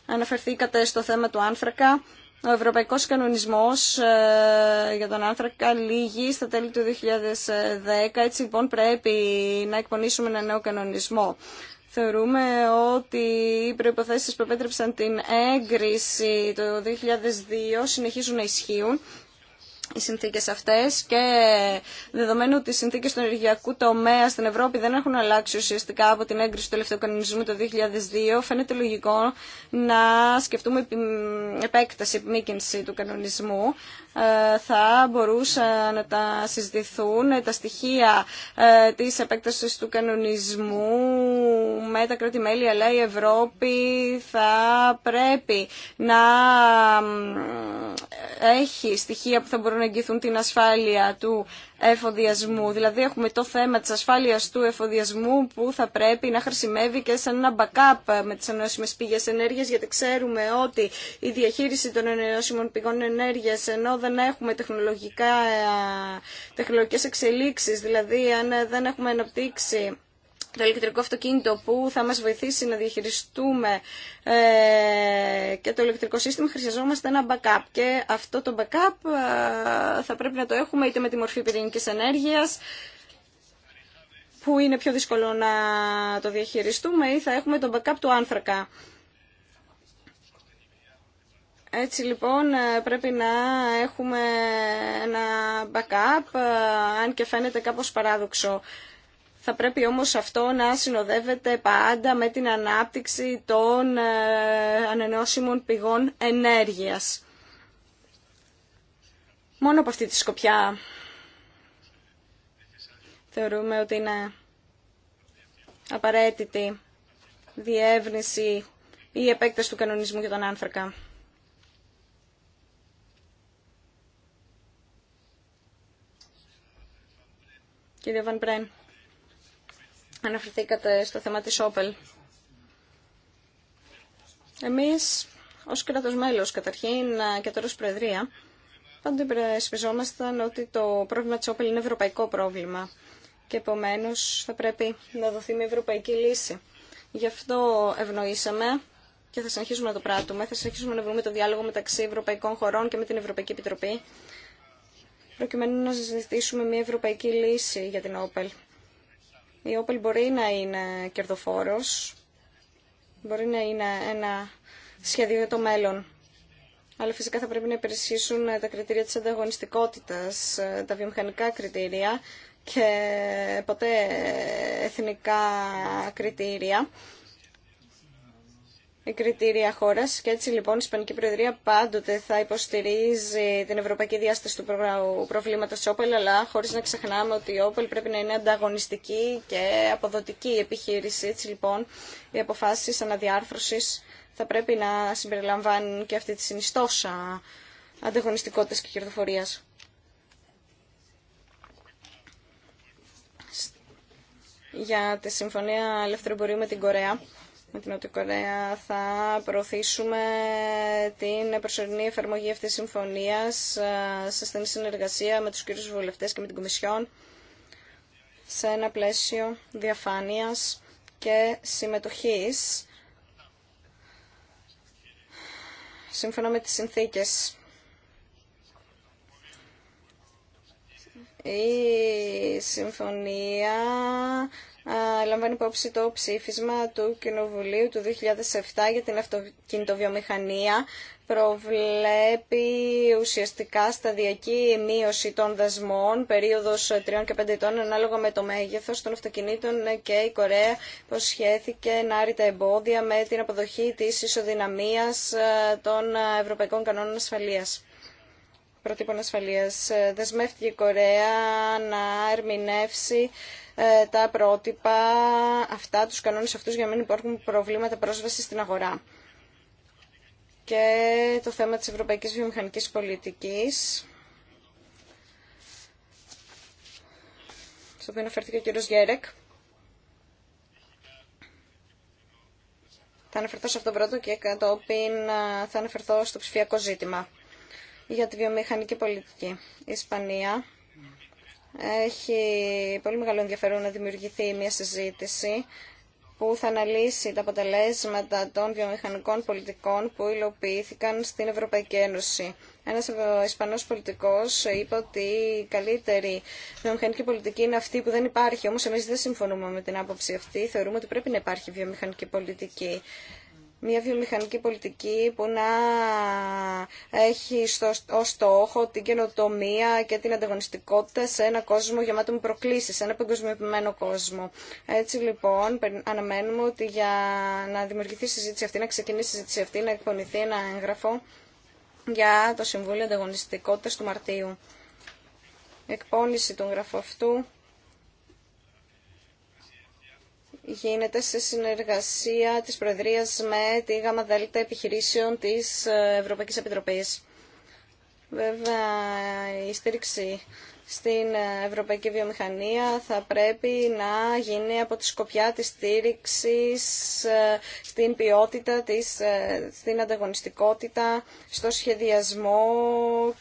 αναφερθήκατε στο θέμα του άνθρακα, ο Ευρωπαϊκός Κανονισμός ε, για τον Άνθρακα λύγει στα τέλη του 2010. Έτσι λοιπόν πρέπει να εκπονήσουμε ένα νέο κανονισμό. Θεωρούμε ότι οι προϋποθέσεις που επέτρεψαν την έγκριση το 2002 συνεχίζουν να ισχύουν οι συνθήκε αυτές και δεδομένου ότι οι συνθήκε του ενεργειακού τομέα στην Ευρώπη δεν έχουν αλλάξει ουσιαστικά από την έγκριση του τελευταίου κανονισμού το 2002, φαίνεται λογικό να σκεφτούμε επέκταση, επιμήκυνση του κανονισμού. Ε, θα μπορούσαν να τα συζητηθούν τα στοιχεία ε, της επέκταση του κανονισμού με τα κράτη-μέλη, αλλά η Ευρώπη θα πρέπει να έχει στοιχεία που θα μπορούν να εγγυηθούν την ασφάλεια του εφοδιασμού. Δηλαδή έχουμε το θέμα της ασφάλειας του εφοδιασμού που θα πρέπει να χρησιμεύει και σαν ένα backup με τις ανανεώσιμες πηγές ενέργειας γιατί ξέρουμε ότι η διαχείριση των ανανεώσιμων πηγών ενέργειας ενώ δεν έχουμε τεχνολογικά, ε, τεχνολογικές εξελίξεις, δηλαδή αν δεν έχουμε αναπτύξει το ηλεκτρικό αυτοκίνητο που θα μας βοηθήσει να διαχειριστούμε ε, και το ηλεκτρικό σύστημα χρειαζόμαστε ένα backup και αυτό το backup ε, θα πρέπει να το έχουμε είτε με τη μορφή πυρηνικής ενέργειας που είναι πιο δύσκολο να το διαχειριστούμε ή θα έχουμε το backup του άνθρακα. Έτσι λοιπόν ε, πρέπει να έχουμε ένα backup, αν και φαίνεται κάπως παράδοξο. Θα πρέπει όμως αυτό να συνοδεύεται πάντα με την ανάπτυξη των ε, ανανεώσιμων πηγών ενέργειας. Μόνο από αυτή τη σκοπιά θεωρούμε ότι είναι απαραίτητη διεύνηση ή επέκταση του κανονισμού για τον άνθρακα. Κύριε Βαν αναφερθήκατε στο θέμα της Όπελ. Εμείς ως κράτος μέλος καταρχήν και τώρα ως Προεδρία πάντοτε υπερασπιζόμασταν ότι το πρόβλημα της Όπελ είναι ευρωπαϊκό πρόβλημα και επομένως θα πρέπει να δοθεί μια ευρωπαϊκή λύση. Γι' αυτό ευνοήσαμε και θα συνεχίσουμε να το πράττουμε, θα συνεχίσουμε να βρούμε το διάλογο μεταξύ ευρωπαϊκών χωρών και με την Ευρωπαϊκή Επιτροπή προκειμένου να συζητήσουμε μια ευρωπαϊκή λύση για την Όπελ. Η όπελ μπορεί να είναι κερδοφόρος, μπορεί να είναι ένα σχέδιο για το μέλλον. Αλλά φυσικά θα πρέπει να υπηρεσίσουν τα κριτήρια της ανταγωνιστικότητας, τα βιομηχανικά κριτήρια και ποτέ εθνικά κριτήρια κριτήρια χώρα. και έτσι λοιπόν η Ισπανική Προεδρία πάντοτε θα υποστηρίζει την ευρωπαϊκή διάσταση του προβλήματο Όπελ αλλά χωρίς να ξεχνάμε ότι η Όπελ πρέπει να είναι ανταγωνιστική και αποδοτική επιχείρηση. Έτσι λοιπόν οι αποφάσεις αναδιάρθρωσης θα πρέπει να συμπεριλαμβάνουν και αυτή τη συνιστόσα ανταγωνιστικότητα και κερδοφορία. Για τη Συμφωνία Ελευθερου με την Κορέα με την Νότια θα προωθήσουμε την προσωρινή εφαρμογή αυτής της συμφωνίας ε, σε στενή συνεργασία με τους κύριους βουλευτές και με την Κομισιόν σε ένα πλαίσιο διαφάνειας και συμμετοχής σύμφωνα με τις συνθήκες. Η συμφωνία λαμβάνει υπόψη το ψήφισμα του Κοινοβουλίου του 2007 για την αυτοκινητοβιομηχανία προβλέπει ουσιαστικά σταδιακή μείωση των δασμών, περίοδος 3 και 5 ετών ανάλογα με το μέγεθος των αυτοκινήτων και η Κορέα προσχέθηκε να άρει τα εμπόδια με την αποδοχή της ισοδυναμίας των ευρωπαϊκών κανόνων ασφαλείας Πρωτύπων ασφαλείας. Δεσμεύτηκε η Κορέα να ερμηνεύσει ε, τα πρότυπα αυτά, τους κανόνες αυτούς για να μην υπάρχουν προβλήματα πρόσβασης στην αγορά. Και το θέμα της Ευρωπαϊκής Βιομηχανικής Πολιτικής, στο οποίο αναφέρθηκε ο κύριος Γέρεκ. Θα αναφερθώ σε αυτό πρώτο και κατόπιν ε, θα αναφερθώ στο ψηφιακό ζήτημα για τη βιομηχανική πολιτική. Η Ισπανία έχει πολύ μεγάλο ενδιαφέρον να δημιουργηθεί μια συζήτηση που θα αναλύσει τα αποτελέσματα των βιομηχανικών πολιτικών που υλοποιήθηκαν στην Ευρωπαϊκή Ένωση. Ένας Ισπανός πολιτικός είπε ότι η καλύτερη βιομηχανική πολιτική είναι αυτή που δεν υπάρχει. Όμως εμεί δεν συμφωνούμε με την άποψη αυτή. Θεωρούμε ότι πρέπει να υπάρχει βιομηχανική πολιτική μια βιομηχανική πολιτική που να έχει στο, ως στόχο την καινοτομία και την ανταγωνιστικότητα σε ένα κόσμο γεμάτο με προκλήσεις, σε ένα παγκοσμιοποιημένο κόσμο. Έτσι λοιπόν αναμένουμε ότι για να δημιουργηθεί η συζήτηση αυτή, να ξεκινήσει η συζήτηση αυτή, να εκπονηθεί ένα έγγραφο για το Συμβούλιο Ανταγωνιστικότητας του Μαρτίου. Εκπόνηση του εγγραφού αυτού γίνεται σε συνεργασία της Προεδρίας με τη ΓΑΜΑ Επιχειρήσεων της Ευρωπαϊκής Επιτροπής. Βέβαια, η στήριξη στην ε, ευρωπαϊκή βιομηχανία θα πρέπει να γίνει από τη σκοπιά της στήριξη ε, στην ποιότητα, της, ε, στην ανταγωνιστικότητα, στο σχεδιασμό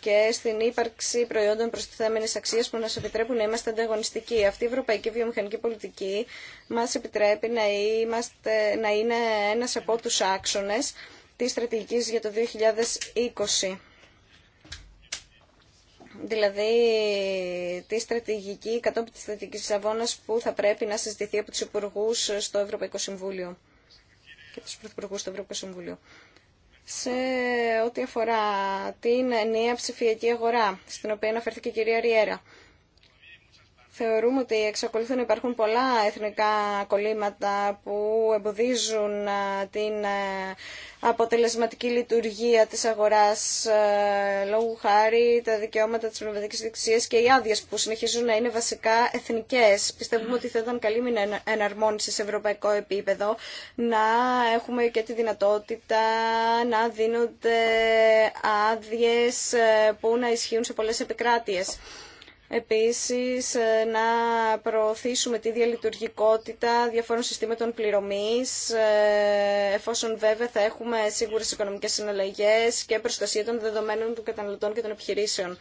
και στην ύπαρξη προϊόντων προστιθέμενης αξίας που μας επιτρέπουν να είμαστε ανταγωνιστικοί. Αυτή η ευρωπαϊκή βιομηχανική πολιτική μας επιτρέπει να, είμαστε, να είναι ένας από τους άξονες της στρατηγικής για το 2020 δηλαδή τη στρατηγική, κατόπιν της στρατηγικής της που θα πρέπει να συζητηθεί από τους υπουργού στο Ευρωπαϊκό Συμβούλιο και τους πρωθυπουργούς στο Ευρωπαϊκό Συμβούλιο. Σε ό,τι αφορά την νέα ψηφιακή αγορά, στην οποία αναφέρθηκε η κυρία Ριέρα. Θεωρούμε ότι εξακολουθούν να υπάρχουν πολλά εθνικά κολλήματα που εμποδίζουν ε, την ε, αποτελεσματική λειτουργία της αγοράς ε, λόγου χάρη τα δικαιώματα της πνευματικής δεξίας και οι άδειε που συνεχίζουν να είναι βασικά εθνικές. Πιστεύουμε ότι θα ήταν καλή μια εναρμόνιση σε ευρωπαϊκό επίπεδο να έχουμε και τη δυνατότητα να δίνονται άδειε που να ισχύουν σε πολλές επικράτειες. Επίσης, ε, να προωθήσουμε τη διαλειτουργικότητα διαφόρων συστήματων πληρωμής, ε, εφόσον βέβαια θα έχουμε σίγουρες οικονομικές συναλλαγές και προστασία των δεδομένων των καταναλωτών και των επιχειρήσεων.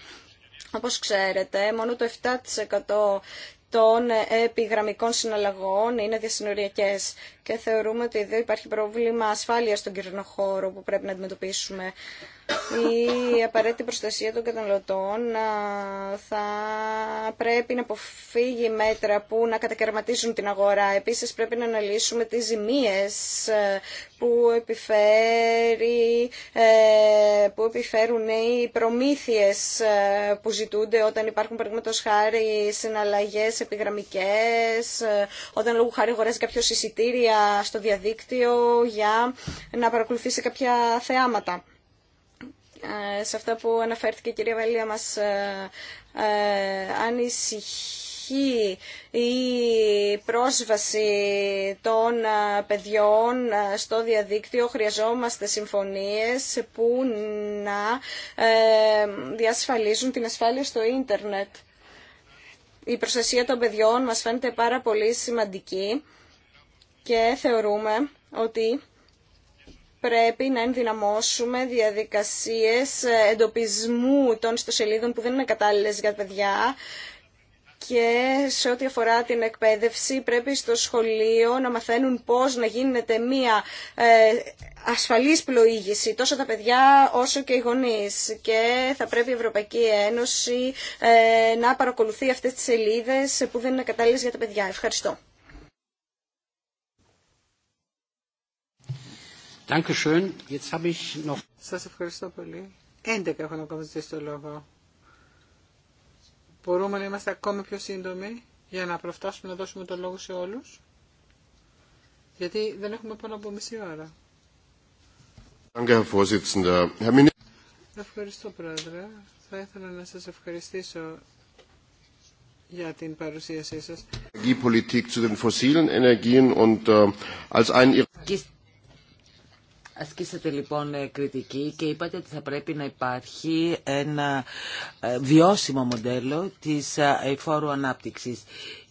Όπως ξέρετε, μόνο το 7% των επιγραμμικών συναλλαγών είναι διασυνοριακές και θεωρούμε ότι εδώ υπάρχει πρόβλημα ασφάλειας στον χώρο που πρέπει να αντιμετωπίσουμε η απαραίτητη προστασία των καταναλωτών θα πρέπει να αποφύγει μέτρα που να κατακαιρματίζουν την αγορά. Επίσης πρέπει να αναλύσουμε τις ζημίες ε, που, επιφέρει, ε, που επιφέρουν οι προμήθειες ε, που ζητούνται όταν υπάρχουν παραδείγματος χάρη συναλλαγές επιγραμμικές, όταν λόγω χάρη αγοράζει κάποιο εισιτήρια στο διαδίκτυο για να παρακολουθήσει κάποια θεάματα. Ε, σε αυτά που αναφέρθηκε η κυρία Βαλία μας ε, ε, ανησυχεί η πρόσβαση των παιδιών στο διαδίκτυο. Χρειαζόμαστε συμφωνίες που να διασφαλίζουν την ασφάλεια στο ίντερνετ. Η προστασία των παιδιών μας φαίνεται πάρα πολύ σημαντική και θεωρούμε ότι πρέπει να ενδυναμώσουμε διαδικασίες εντοπισμού των ιστοσελίδων που δεν είναι κατάλληλες για παιδιά και σε ό,τι αφορά την εκπαίδευση πρέπει στο σχολείο να μαθαίνουν πώς να γίνεται μία ε, ασφαλής πλοήγηση τόσο τα παιδιά όσο και οι γονείς και θα πρέπει η Ευρωπαϊκή Ένωση ε, να παρακολουθεί αυτές τις σελίδες που δεν είναι κατάλληλες για τα παιδιά. Ευχαριστώ. Σας ευχαριστώ πολύ. 11 έχουν ακόμα ζητήσει το λόγο. Μπορούμε να είμαστε ακόμη πιο σύντομοι για να προφτάσουμε να δώσουμε το λόγο σε όλους. Γιατί δεν έχουμε πάνω από μισή ώρα. Ευχαριστώ Πρόεδρε. Θα ήθελα να σας ευχαριστήσω για την παρουσίασή σας. Äh, και Ασκήσατε λοιπόν κριτική και είπατε ότι θα πρέπει να υπάρχει ένα ε, βιώσιμο μοντέλο της ε, εφόρου ανάπτυξης.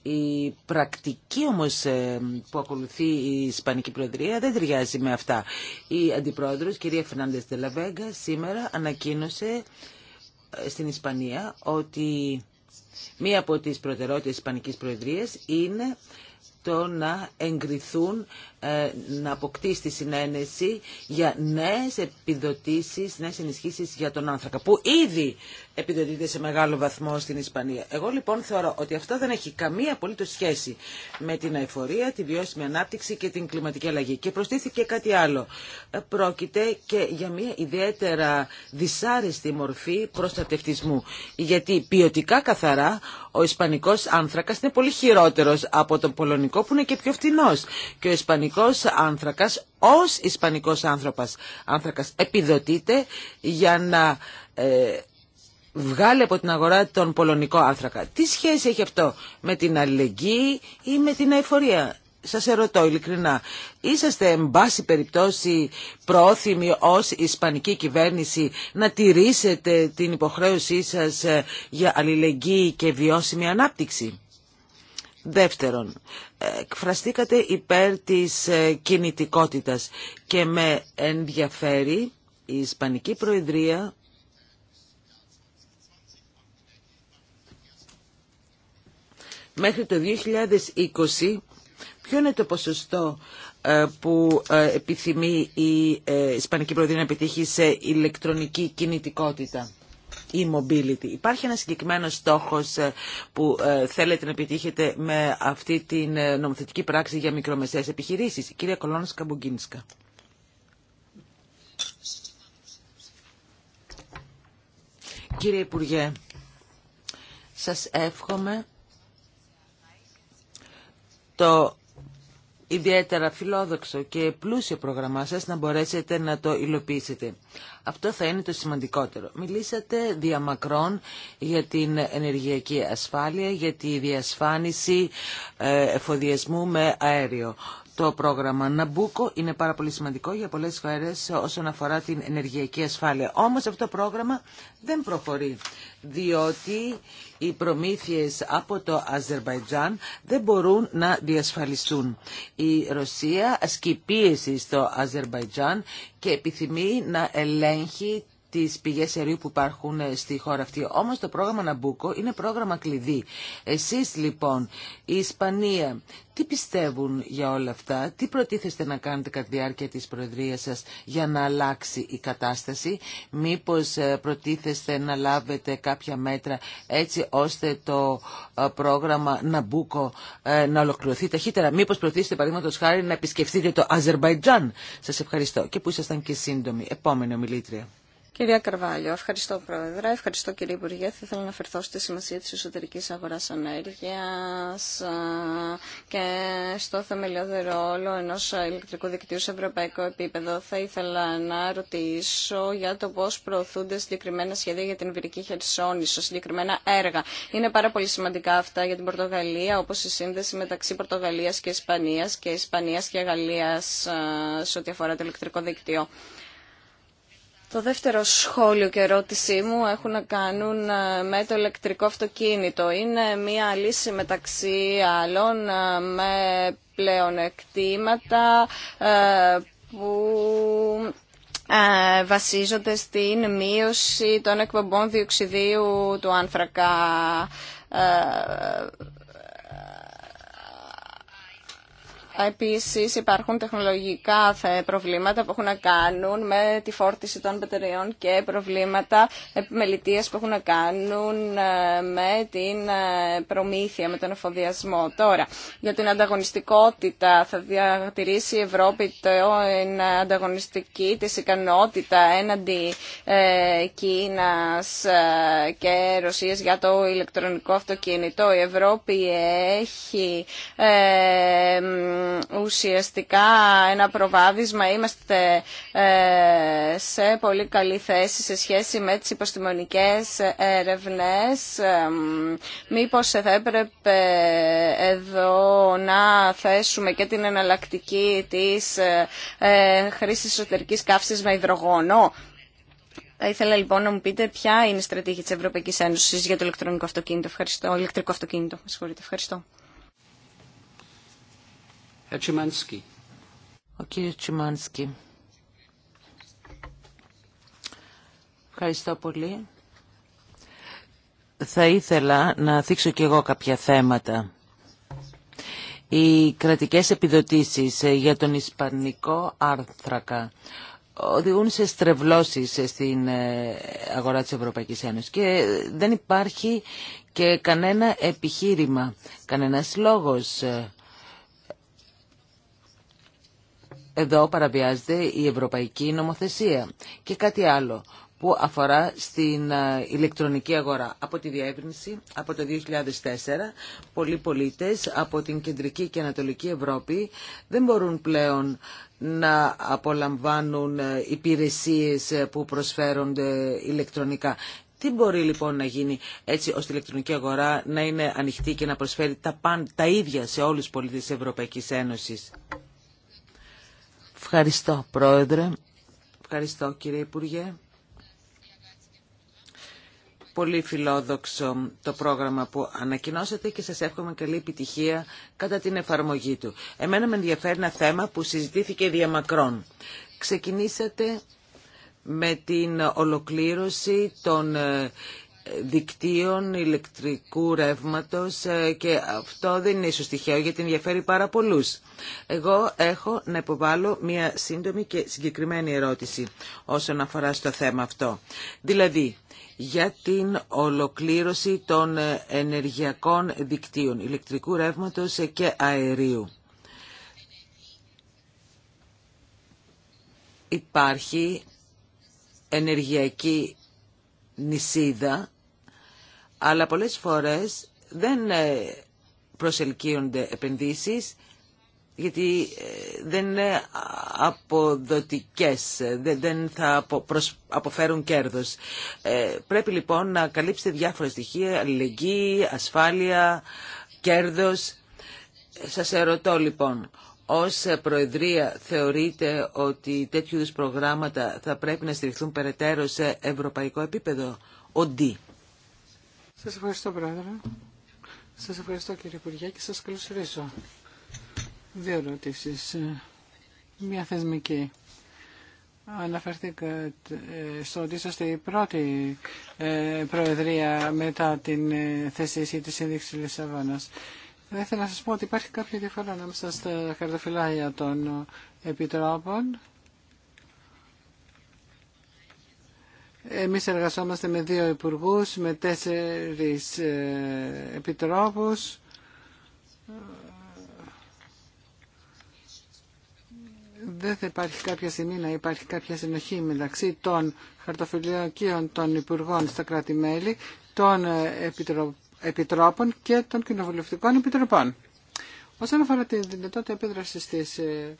Η πρακτική όμως ε, που ακολουθεί η Ισπανική Προεδρία δεν ταιριάζει με αυτά. Η Αντιπρόεδρος, κυρία Φερνάντες Τελαβέγκα, σήμερα ανακοίνωσε στην Ισπανία ότι μία από τις προτεραιότητες της Ισπανικής Προεδρίας είναι το να εγκριθούν, ε, να αποκτήσει τη συνένεση για νέες επιδοτήσεις, νέες ενισχύσεις για τον άνθρακα, που ήδη επιδοτείται σε μεγάλο βαθμό στην Ισπανία. Εγώ λοιπόν θεωρώ ότι αυτό δεν έχει καμία απολύτως σχέση με την αεφορία, τη βιώσιμη ανάπτυξη και την κλιματική αλλαγή. Και προστίθηκε κάτι άλλο. Ε, πρόκειται και για μια ιδιαίτερα δυσάρεστη μορφή προστατευτισμού. Γιατί ποιοτικά καθαρά ο ισπανικός άνθρακας είναι πολύ χειρότερος από τον πολωνικό που είναι και πιο φτηνός. Και ο ισπανικός άνθρακας ως ισπανικός άνθρωπος, άνθρακας επιδοτείται για να ε, βγάλει από την αγορά τον πολωνικό άνθρακα. Τι σχέση έχει αυτό με την αλληλεγγύη ή με την αηφορία. Σας ερωτώ ειλικρινά, είσαστε εν πάση περιπτώσει πρόθυμοι ως ισπανική κυβέρνηση να τηρήσετε την υποχρέωσή σας ε, για αλληλεγγύη και βιώσιμη ανάπτυξη. Δεύτερον, ε, εκφραστήκατε υπέρ της ε, κινητικότητας και με ενδιαφέρει η Ισπανική Προεδρία μέχρι το 2020 ποιο είναι το ποσοστό ε, που ε, επιθυμεί η ε, Ισπανική Προεδρία να επιτύχει σε ηλεκτρονική κινητικότητα ή mobility. Υπάρχει ένα συγκεκριμένο στόχος που θέλετε να επιτύχετε με αυτή την νομοθετική πράξη για μικρομεσαίες επιχειρήσεις. Η κυρία Κολόνα Καμπογκίνσκα. για μικρομεσαιες επιχειρησεις Κύριε κυρια Υπουργέ, σας εύχομαι το ιδιαίτερα φιλόδοξο και πλούσιο πρόγραμμά σας να μπορέσετε να το υλοποιήσετε. Αυτό θα είναι το σημαντικότερο. Μιλήσατε διαμακρών για την ενεργειακή ασφάλεια, για τη διασφάνιση ε, εφοδιασμού με αέριο. Το πρόγραμμα Ναμπούκο είναι πάρα πολύ σημαντικό για πολλές χώρες όσον αφορά την ενεργειακή ασφάλεια. Όμως αυτό το πρόγραμμα δεν προχωρεί, διότι οι προμήθειες από το Αζερβαϊτζάν δεν μπορούν να διασφαλιστούν. Η Ρωσία ασκεί πίεση στο Αζερβαϊτζάν και επιθυμεί να ελέγχει τις πηγές αερίου που υπάρχουν ε, στη χώρα αυτή. Όμως το πρόγραμμα Ναμπούκο είναι πρόγραμμα κλειδί. Εσείς λοιπόν, η Ισπανία, τι πιστεύουν για όλα αυτά, τι προτίθεστε να κάνετε κατά τη διάρκεια της Προεδρίας σας για να αλλάξει η κατάσταση, μήπως ε, προτίθεστε να λάβετε κάποια μέτρα έτσι ώστε το ε, πρόγραμμα Ναμπούκο να ολοκληρωθεί ταχύτερα, μήπως προτίθεστε παραδείγματο χάρη να επισκεφτείτε το Αζερβαϊτζάν. Σας ευχαριστώ και που ήσασταν και σύντομοι. Επόμενη ομιλήτρια. Κυρία Καρβάλιο, ευχαριστώ Πρόεδρε, ευχαριστώ κύριε Υπουργέ. Θα ήθελα να αφαιρθώ στη σημασία της εσωτερικής αγοράς ανέργειας και στο θεμελιώδη ρόλο ενός ηλεκτρικού δικτύου σε ευρωπαϊκό επίπεδο. Θα ήθελα να ρωτήσω για το πώς προωθούνται συγκεκριμένα σχέδια για την Βυρική Χερσόνησο, συγκεκριμένα έργα. Είναι πάρα πολύ σημαντικά αυτά για την Πορτογαλία, όπως η σύνδεση μεταξύ Πορτογαλίας και Ισπανίας και Ισπανίας και Γαλλίας σε ό,τι αφορά το ηλεκτρικό δίκτυο. Το δεύτερο σχόλιο και ερώτησή μου έχουν να κάνουν ε, με το ηλεκτρικό αυτοκίνητο. Είναι μία λύση μεταξύ άλλων ε, με πλεονεκτήματα ε, που βασίζονται στην μείωση των εκπομπών διοξιδίου του άνθρακα Επίσης υπάρχουν τεχνολογικά προβλήματα που έχουν να κάνουν με τη φόρτιση των μπαταριών και προβλήματα μελητίας που έχουν να κάνουν ε, με την ε, προμήθεια, με τον εφοδιασμό. Τώρα, για την ανταγωνιστικότητα θα διατηρήσει η Ευρώπη την ανταγωνιστική της ικανότητα έναντι ε, Κίνας και Ρωσίας για το ηλεκτρονικό αυτοκίνητο. Η Ευρώπη έχει ουσιαστικά ένα προβάδισμα. Είμαστε ε, σε πολύ καλή θέση σε σχέση με τις υποστημονικές έρευνες. Μήπως θα έπρεπε εδώ να θέσουμε και την εναλλακτική της ε, ε, χρήσης εσωτερικής καύσης με υδρογόνο. Θα ήθελα λοιπόν να μου πείτε ποια είναι η στρατηγική της Ευρωπαϊκής Ένωσης για το ηλεκτρονικό αυτοκίνητο. ηλεκτρικό αυτοκίνητο. Ευχαριστώ. Ο κύριος Τσιμάνσκι. Ευχαριστώ πολύ. Θα ήθελα να θίξω και εγώ κάποια θέματα. Οι κρατικές επιδοτήσεις ε, για τον ισπανικό άρθρακα οδηγούν σε στρεβλώσεις ε, στην ε, αγορά της Ευρωπαϊκής Ένωσης και δεν υπάρχει και κανένα επιχείρημα, κανένας λόγος Εδώ παραβιάζεται η ευρωπαϊκή νομοθεσία. Και κάτι άλλο που αφορά στην ε, ηλεκτρονική αγορά. Από τη διεύρυνση, από το 2004, πολλοί πολίτες από την κεντρική και ανατολική Ευρώπη δεν μπορούν πλέον να απολαμβάνουν ε, υπηρεσίες ε, που προσφέρονται ηλεκτρονικά. Τι μπορεί λοιπόν να γίνει έτσι ώστε η ηλεκτρονική αγορά να είναι ανοιχτή και να προσφέρει τα, τα ίδια σε όλους τους πολίτες της Ευρωπαϊκής Ένωσης. Ευχαριστώ, Πρόεδρε. Ευχαριστώ, κύριε Υπουργέ. Πολύ φιλόδοξο το πρόγραμμα που ανακοινώσατε και σας εύχομαι καλή επιτυχία κατά την εφαρμογή του. Εμένα με ενδιαφέρει ένα θέμα που συζητήθηκε διαμακρών. Ξεκινήσατε με την ολοκλήρωση των ε, δικτύων ηλεκτρικού ρεύματος ε, και αυτό δεν είναι ίσως τυχαίο γιατί ενδιαφέρει πάρα πολλούς. Εγώ έχω να υποβάλω μια σύντομη και συγκεκριμένη ερώτηση όσον αφορά στο θέμα αυτό. Δηλαδή, για την ολοκλήρωση των ε, ενεργειακών δικτύων ηλεκτρικού ρεύματος ε, και αερίου. Υπάρχει ενεργειακή νησίδα αλλά πολλές φορές δεν ε, προσελκύονται επενδύσεις γιατί ε, δεν είναι αποδοτικές, ε, δεν θα αποφέρουν κέρδος. Πρέπει λοιπόν να καλύψετε διάφορα στοιχεία, αλληλεγγύη, ασφάλεια, κέρδος. Σας ερωτώ λοιπόν, ως Προεδρία θεωρείτε ότι τέτοιου προγράμματα θα πρέπει να στηριχθούν περαιτέρω σε ευρωπαϊκό επίπεδο. Οντί. Σας ευχαριστώ πρόεδρε. Σας ευχαριστώ κύριε Υπουργέ και σας καλωσορίζω. Δύο ερωτήσει. Ε, Μία θεσμική. Αναφερθήκατε στο ότι είσαστε η πρώτη ε, προεδρία μετά την ε, θέση ισχύ της σύνδεξης Λισαβόνας. Θα ήθελα να σας πω ότι υπάρχει κάποια διαφορά ανάμεσα στα χαρτοφυλάκια των επιτρόπων Εμείς εργαζόμαστε με δύο υπουργούς, με τέσσερις ε, επιτρόπους. Δεν θα υπάρχει κάποια στιγμή να υπάρχει κάποια συνοχή μεταξύ των χαρτοφυλακίων των υπουργών στα κράτη-μέλη, των ε, επιτρόπων και των κοινοβουλευτικών επιτροπών. Όσον αφορά τη δυνατότητα επίδραση ε, ε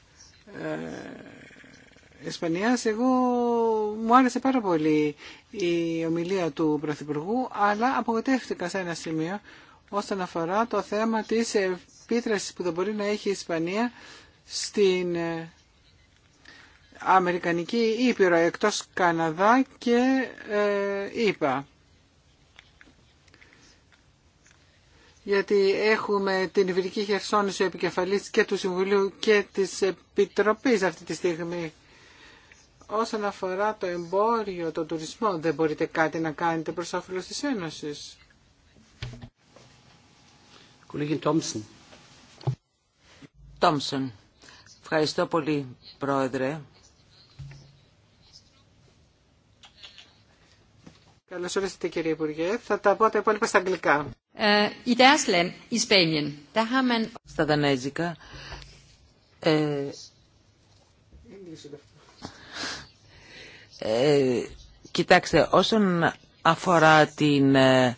Ισπανία. Εγώ μου άρεσε πάρα πολύ η ομιλία του Πρωθυπουργού, αλλά απογοητεύτηκα σε ένα σημείο όσον αφορά το θέμα τη επίδραση που δεν μπορεί να έχει η Ισπανία στην ε, Αμερικανική Ήπειρο, εκτός Καναδά και ε, ΗΠΑ. γιατί έχουμε την Ιβυρική Χερσόνησο επικεφαλής και του Συμβουλίου και της Επιτροπής αυτή τη στιγμή όσον αφορά το εμπόριο, το τουρισμό, δεν μπορείτε κάτι να κάνετε προς όφελος της Ένωσης. Κολλήγη Τόμσον. Τόμσον. Ευχαριστώ πολύ, Πρόεδρε. Καλώς ορίσατε κύριε Υπουργέ. Θα τα πω τα υπόλοιπα στα αγγλικά. Ε, στα δανέζικα. Ε, ε, κοιτάξτε, όσον αφορά την ε,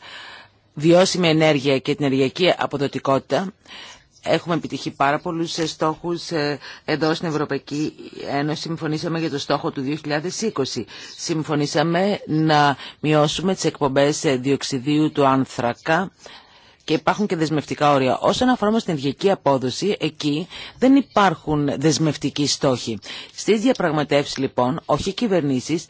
βιώσιμη ενέργεια και την ενεργειακή αποδοτικότητα, Έχουμε επιτυχεί πάρα πολλούς ε, στόχους εδώ στην Ευρωπαϊκή Ένωση. Συμφωνήσαμε για το στόχο του 2020. Συμφωνήσαμε να μειώσουμε τις εκπομπές διοξιδίου του άνθρακα και υπάρχουν και δεσμευτικά όρια. Όσον αφορά όμω την ενεργειακή απόδοση, εκεί δεν υπάρχουν δεσμευτικοί στόχοι. Στι διαπραγματεύσει, λοιπόν, όχι κυβερνήσει,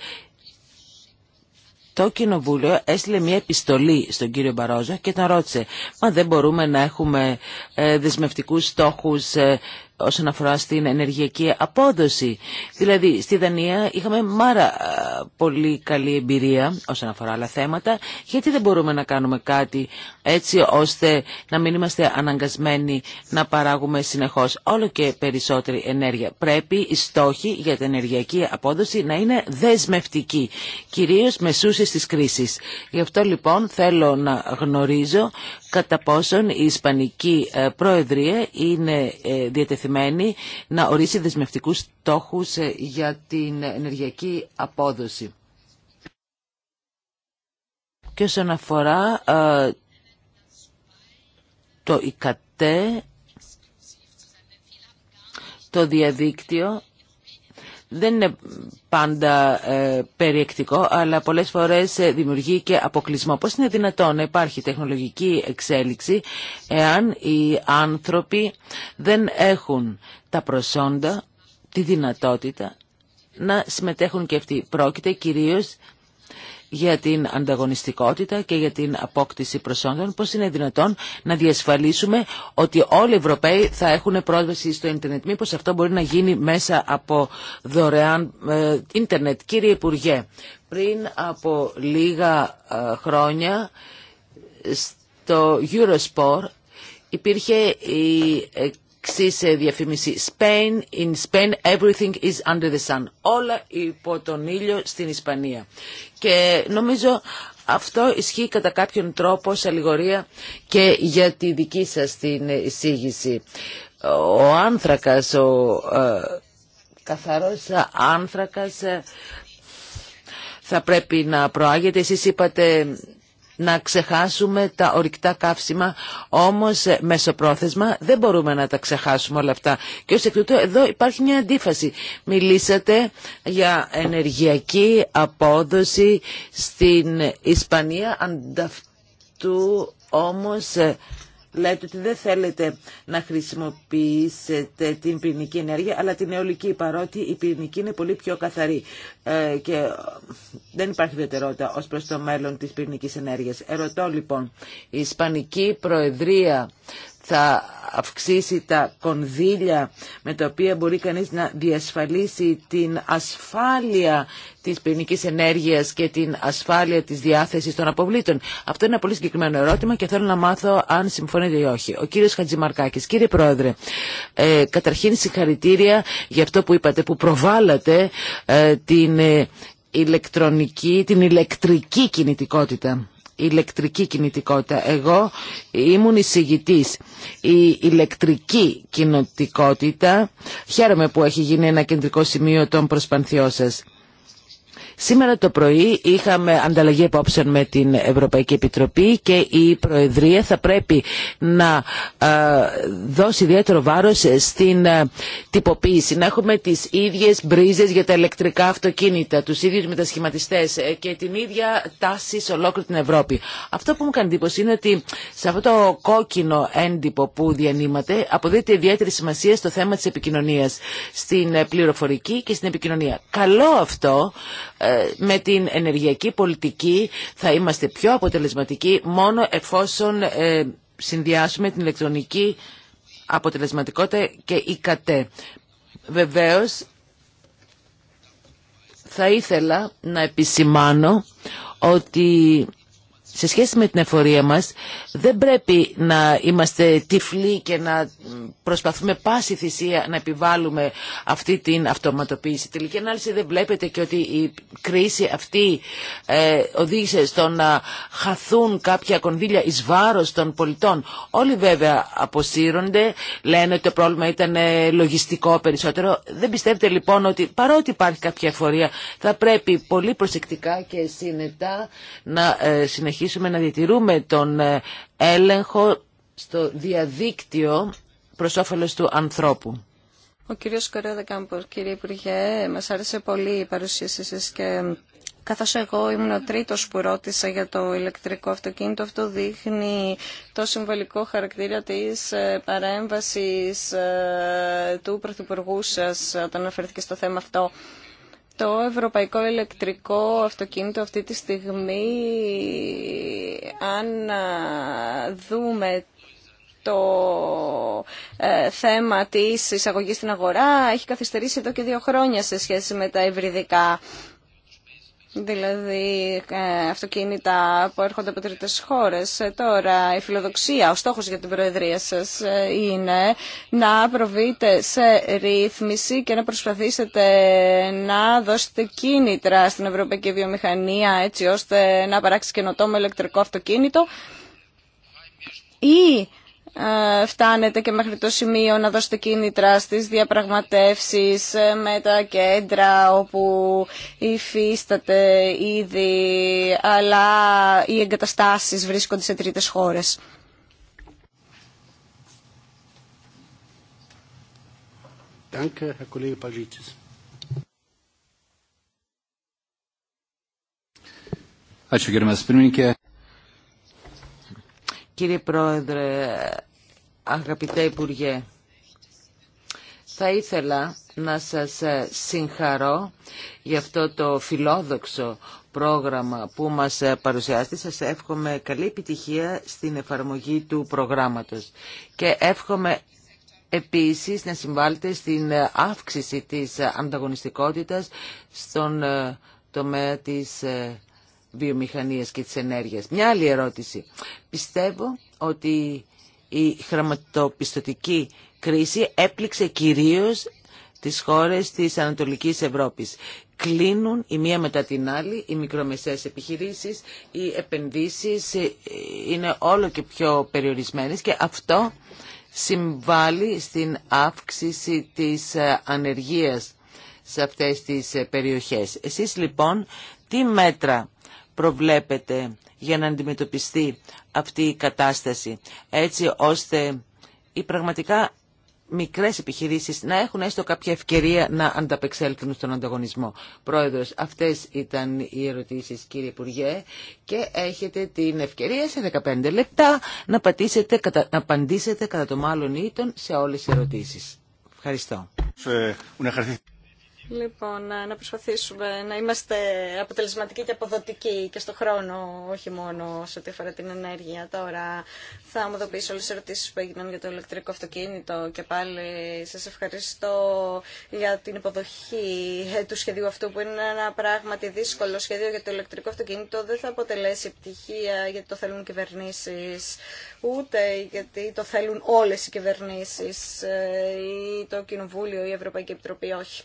το Κοινοβούλιο έστειλε μια επιστολή στον κύριο Μπαρόζο και τον ρώτησε «Μα δεν μπορούμε να έχουμε ε, δεσμευτικούς στόχους ε, όσον αφορά στην ενεργειακή απόδοση. Δηλαδή, στη Δανία είχαμε μάρα πολύ καλή εμπειρία όσον αφορά άλλα θέματα. Γιατί δεν μπορούμε να κάνουμε κάτι έτσι ώστε να μην είμαστε αναγκασμένοι να παράγουμε συνεχώς όλο και περισσότερη ενέργεια. Πρέπει οι στόχοι για την ενεργειακή απόδοση να είναι δεσμευτικοί, κυρίως μεσούσες της κρίσης. Γι' αυτό λοιπόν θέλω να γνωρίζω κατά πόσον η Ισπανική ε, Προεδρία είναι ε, διατεθειμένη να ορίσει δεσμευτικούς στόχους ε, για την ενεργειακή απόδοση. Και όσον αφορά ε, το ΙΚΑΤΕ, το διαδίκτυο, δεν είναι πάντα ε, περιεκτικό, αλλά πολλές φορές ε, δημιουργεί και αποκλεισμό. Πώς είναι δυνατόν να υπάρχει τεχνολογική εξέλιξη εάν οι άνθρωποι δεν έχουν τα προσόντα, τη δυνατότητα να συμμετέχουν και αυτοί. Πρόκειται κυρίως για την ανταγωνιστικότητα και για την απόκτηση προσόντων, πώς είναι δυνατόν να διασφαλίσουμε ότι όλοι οι Ευρωπαίοι θα έχουν πρόσβαση στο ίντερνετ. Μήπως αυτό μπορεί να γίνει μέσα από δωρεάν ε, ίντερνετ. Κύριε Υπουργέ, πριν από λίγα ε, χρόνια στο Eurosport υπήρχε η εξής ε, διαφήμιση. Spain, in Spain everything is under the sun. Όλα υπό τον ήλιο στην Ισπανία. Και νομίζω αυτό ισχύει κατά κάποιον τρόπο σε αλληγορία και για τη δική σας την εισήγηση. Ο άνθρακας, ο ε, καθαρός άνθρακας ε, θα πρέπει να προάγεται. Εσείς είπατε να ξεχάσουμε τα ορυκτά καύσιμα, όμως ε, μεσοπρόθεσμα δεν μπορούμε να τα ξεχάσουμε όλα αυτά. Και ως εκ τούτου εδώ υπάρχει μια αντίφαση. Μιλήσατε για ενεργειακή απόδοση στην Ισπανία, ανταυτού όμως ε, λέτε ότι δεν θέλετε να χρησιμοποιήσετε την πυρηνική ενέργεια, αλλά την αιωλική, παρότι η πυρηνική είναι πολύ πιο καθαρή ε, και δεν υπάρχει ιδιαιτερότητα ως προς το μέλλον της πυρηνικής ενέργειας. Ερωτώ λοιπόν, η Ισπανική Προεδρία θα αυξήσει τα κονδύλια με τα οποία μπορεί κανείς να διασφαλίσει την ασφάλεια της πυρηνικής ενέργειας και την ασφάλεια της διάθεσης των αποβλήτων. Αυτό είναι ένα πολύ συγκεκριμένο ερώτημα και θέλω να μάθω αν συμφωνείτε ή όχι. Ο κύριος Χατζημαρκάκης, κύριε Πρόεδρε, ε, καταρχήν συγχαρητήρια για αυτό που είπατε, που προβάλλατε ε, την ε, ηλεκτρονική, την ηλεκτρική κινητικότητα ηλεκτρική κινητικότητα. Εγώ ήμουν εισηγητής. Η ηλεκτρική κινητικότητα, χαίρομαι που έχει γίνει ένα κεντρικό σημείο των προσπανθιών σας. Σήμερα το πρωί είχαμε ανταλλαγή απόψεων με την Ευρωπαϊκή Επιτροπή και η Προεδρία θα πρέπει να ε, δώσει ιδιαίτερο βάρος στην ε, τυποποίηση. Να έχουμε τις ίδιες μπρίζες για τα ηλεκτρικά αυτοκίνητα, τους ίδιους μετασχηματιστές ε, και την ίδια τάση σε ολόκληρη την Ευρώπη. Αυτό που μου κάνει εντύπωση είναι ότι σε αυτό το κόκκινο έντυπο που διανύμαται αποδίδεται ιδιαίτερη σημασία στο θέμα της επικοινωνίας, στην πληροφορική και στην επικοινωνία. Καλό αυτό ε, με την ενεργειακή πολιτική θα είμαστε πιο αποτελεσματικοί μόνο εφόσον ε, συνδυάσουμε την ηλεκτρονική αποτελεσματικότητα και η ΚΑΤΕ. Βεβαίως, θα ήθελα να επισημάνω ότι σε σχέση με την εφορία μας δεν πρέπει να είμαστε τυφλοί και να προσπαθούμε πάση θυσία να επιβάλλουμε αυτή την αυτοματοποίηση. Τελική ανάλυση δεν βλέπετε και ότι η κρίση αυτή ε, οδήγησε στο να χαθούν κάποια κονδύλια εις βάρος των πολιτών. Όλοι βέβαια αποσύρονται, λένε ότι το πρόβλημα ήταν ε, λογιστικό περισσότερο. Δεν πιστεύετε λοιπόν ότι παρότι υπάρχει κάποια εφορία θα πρέπει πολύ προσεκτικά και συνετά να ε, συνεχίσουμε συνεχίσουμε να διατηρούμε τον ε, έλεγχο στο διαδίκτυο προς του ανθρώπου. Ο κύριος Κορέδα Κάμπορ, κύριε Υπουργέ, μας άρεσε πολύ η παρουσίασή σας και ε, καθώς εγώ ήμουν ο τρίτος που ρώτησα για το ηλεκτρικό αυτοκίνητο, αυτό δείχνει το συμβολικό χαρακτήρα της ε, παρέμβασης του Πρωθυπουργού σας όταν αναφέρθηκε στο θέμα αυτό το ευρωπαϊκό ηλεκτρικό αυτοκίνητο αυτή τη στιγμή, αν δούμε το ε, θέμα της εισαγωγής στην αγορά, έχει καθυστερήσει εδώ και δύο χρόνια σε σχέση με τα ευρυδικά δηλαδή ε, αυτοκίνητα που έρχονται από τρίτες χώρες. Ε, τώρα η φιλοδοξία, ο στόχος για την Προεδρία σας ε, είναι να προβείτε σε ρύθμιση και να προσπαθήσετε να δώσετε κίνητρα στην ευρωπαϊκή βιομηχανία έτσι ώστε να παράξει καινοτόμο ηλεκτρικό αυτοκίνητο ή ε, φτάνετε και μέχρι το σημείο να δώσετε κίνητρα στις διαπραγματεύσεις ε, με τα κέντρα όπου υφίσταται ήδη αλλά οι εγκαταστάσεις βρίσκονται σε τρίτες χώρες. Κύριε Πρόεδρε, αγαπητέ Υπουργέ, θα ήθελα να σας ε, συγχαρώ για αυτό το φιλόδοξο πρόγραμμα που μας ε, παρουσιάσετε. Σας εύχομαι καλή επιτυχία στην εφαρμογή του προγράμματος και εύχομαι επίσης να συμβάλλετε στην ε, αύξηση της ανταγωνιστικότητας στον τομέα της βιομηχανίας και της ενέργειας. Μια άλλη ερώτηση. Πιστεύω ότι η χρηματοπιστωτική κρίση έπληξε κυρίως τις χώρες της Ανατολικής Ευρώπης. Κλείνουν η μία μετά την άλλη οι μικρομεσαίες επιχειρήσεις, οι επενδύσεις ε, είναι όλο και πιο περιορισμένες και αυτό συμβάλλει στην αύξηση της ε, ανεργίας σε αυτές τις ε, περιοχές. Εσείς λοιπόν τι μέτρα προβλέπετε για να αντιμετωπιστεί αυτή η κατάσταση έτσι ώστε οι πραγματικά μικρές επιχειρήσεις να έχουν έστω κάποια ευκαιρία να ανταπεξέλθουν στον ανταγωνισμό. Πρόεδρος, αυτές ήταν οι ερωτήσεις κύριε Υπουργέ και έχετε την ευκαιρία σε 15 λεπτά να, πατήσετε, να απαντήσετε κατά το μάλλον ήτον σε όλες τις ερωτήσεις. Ευχαριστώ. Λοιπόν, να προσπαθήσουμε να είμαστε αποτελεσματικοί και αποδοτικοί και στον χρόνο, όχι μόνο σε ό,τι αφορά την ενέργεια. Τώρα θα μου δοποιήσω όλε τι ερωτήσει που έγιναν για το ηλεκτρικό αυτοκίνητο και πάλι σα ευχαριστώ για την υποδοχή του σχεδίου αυτού που είναι ένα πράγματι δύσκολο σχέδιο για το ηλεκτρικό αυτοκίνητο. Δεν θα αποτελέσει επιτυχία γιατί το θέλουν κυβερνήσει. ούτε γιατί το θέλουν όλε οι κυβερνήσει ε, ή το κοινοβούλιο ή η Ευρωπαϊκή Επιτροπή, όχι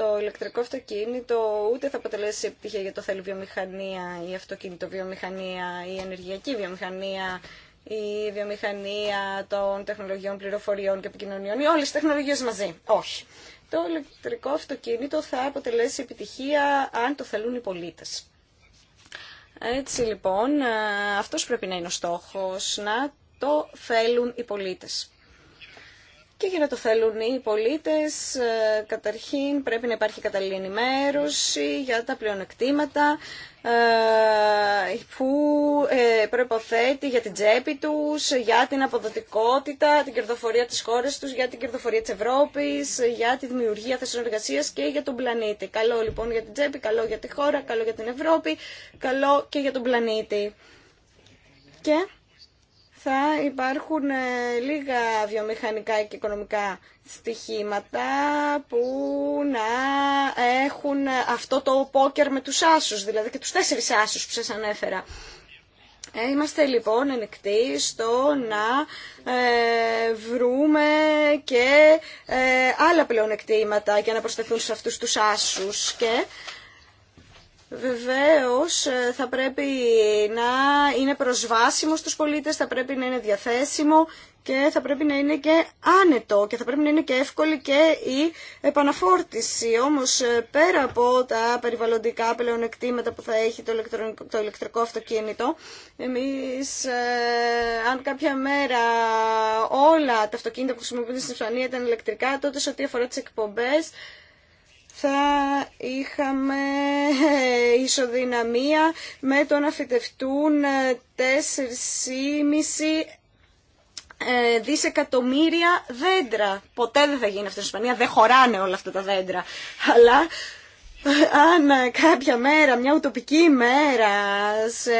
το ηλεκτρικό αυτοκίνητο ούτε θα αποτελέσει επιτυχία για το θέλει βιομηχανία, η αυτοκίνητο βιομηχανία, η ενεργειακή βιομηχανία, η βιομηχανία των τεχνολογιών πληροφοριών και επικοινωνιών ή όλες τις τεχνολογίες μαζί. Όχι. Το ηλεκτρικό αυτοκίνητο θα αποτελέσει επιτυχία αν το θέλουν οι πολίτες. Έτσι λοιπόν, ε, αυτός πρέπει να είναι ο στόχος, να το θέλουν οι πολίτες. Και για να το θέλουν οι πολίτες, ε, καταρχήν πρέπει να υπάρχει καταλληλή ενημέρωση για τα πλεονεκτήματα ε, που ε, προϋποθέτει για την τσέπη τους, για την αποδοτικότητα, την κερδοφορία της χώρας τους, για την κερδοφορία της Ευρώπης, για τη δημιουργία θέσεων εργασίας και για τον πλανήτη. Καλό λοιπόν για την τσέπη, καλό για τη χώρα, καλό για την Ευρώπη, καλό και για τον πλανήτη. Και θα υπάρχουν ε, λίγα βιομηχανικά και οικονομικά στοιχήματα που να έχουν αυτό το πόκερ με τους άσους, δηλαδή και τους τέσσερις άσους που σας ανέφερα. Ε, είμαστε λοιπόν ενεκτοί στο να ε, βρούμε και ε, άλλα πλεονεκτήματα για να προσθεθούν σε αυτούς τους άσους και Βεβαίως ε, θα πρέπει να είναι προσβάσιμο στους πολίτες, θα πρέπει να είναι διαθέσιμο και θα πρέπει να είναι και άνετο και θα πρέπει να είναι και εύκολη και η επαναφόρτιση. Όμως ε, πέρα από τα περιβαλλοντικά πλεονεκτήματα που θα έχει το, το ηλεκτρικό αυτοκίνητο, εμείς ε, αν κάποια μέρα όλα τα αυτοκίνητα που χρησιμοποιούνται στην Ισπανία ήταν ηλεκτρικά, τότε σε ό,τι αφορά τις εκπομπές θα είχαμε ισοδυναμία με το να φυτευτούν 4,5 ε, δισεκατομμύρια δέντρα. Ποτέ δεν θα γίνει αυτό στην Ισπανία, δεν χωράνε όλα αυτά τα δέντρα. Αλλά αν κάποια μέρα, μια ουτοπική μέρα, σε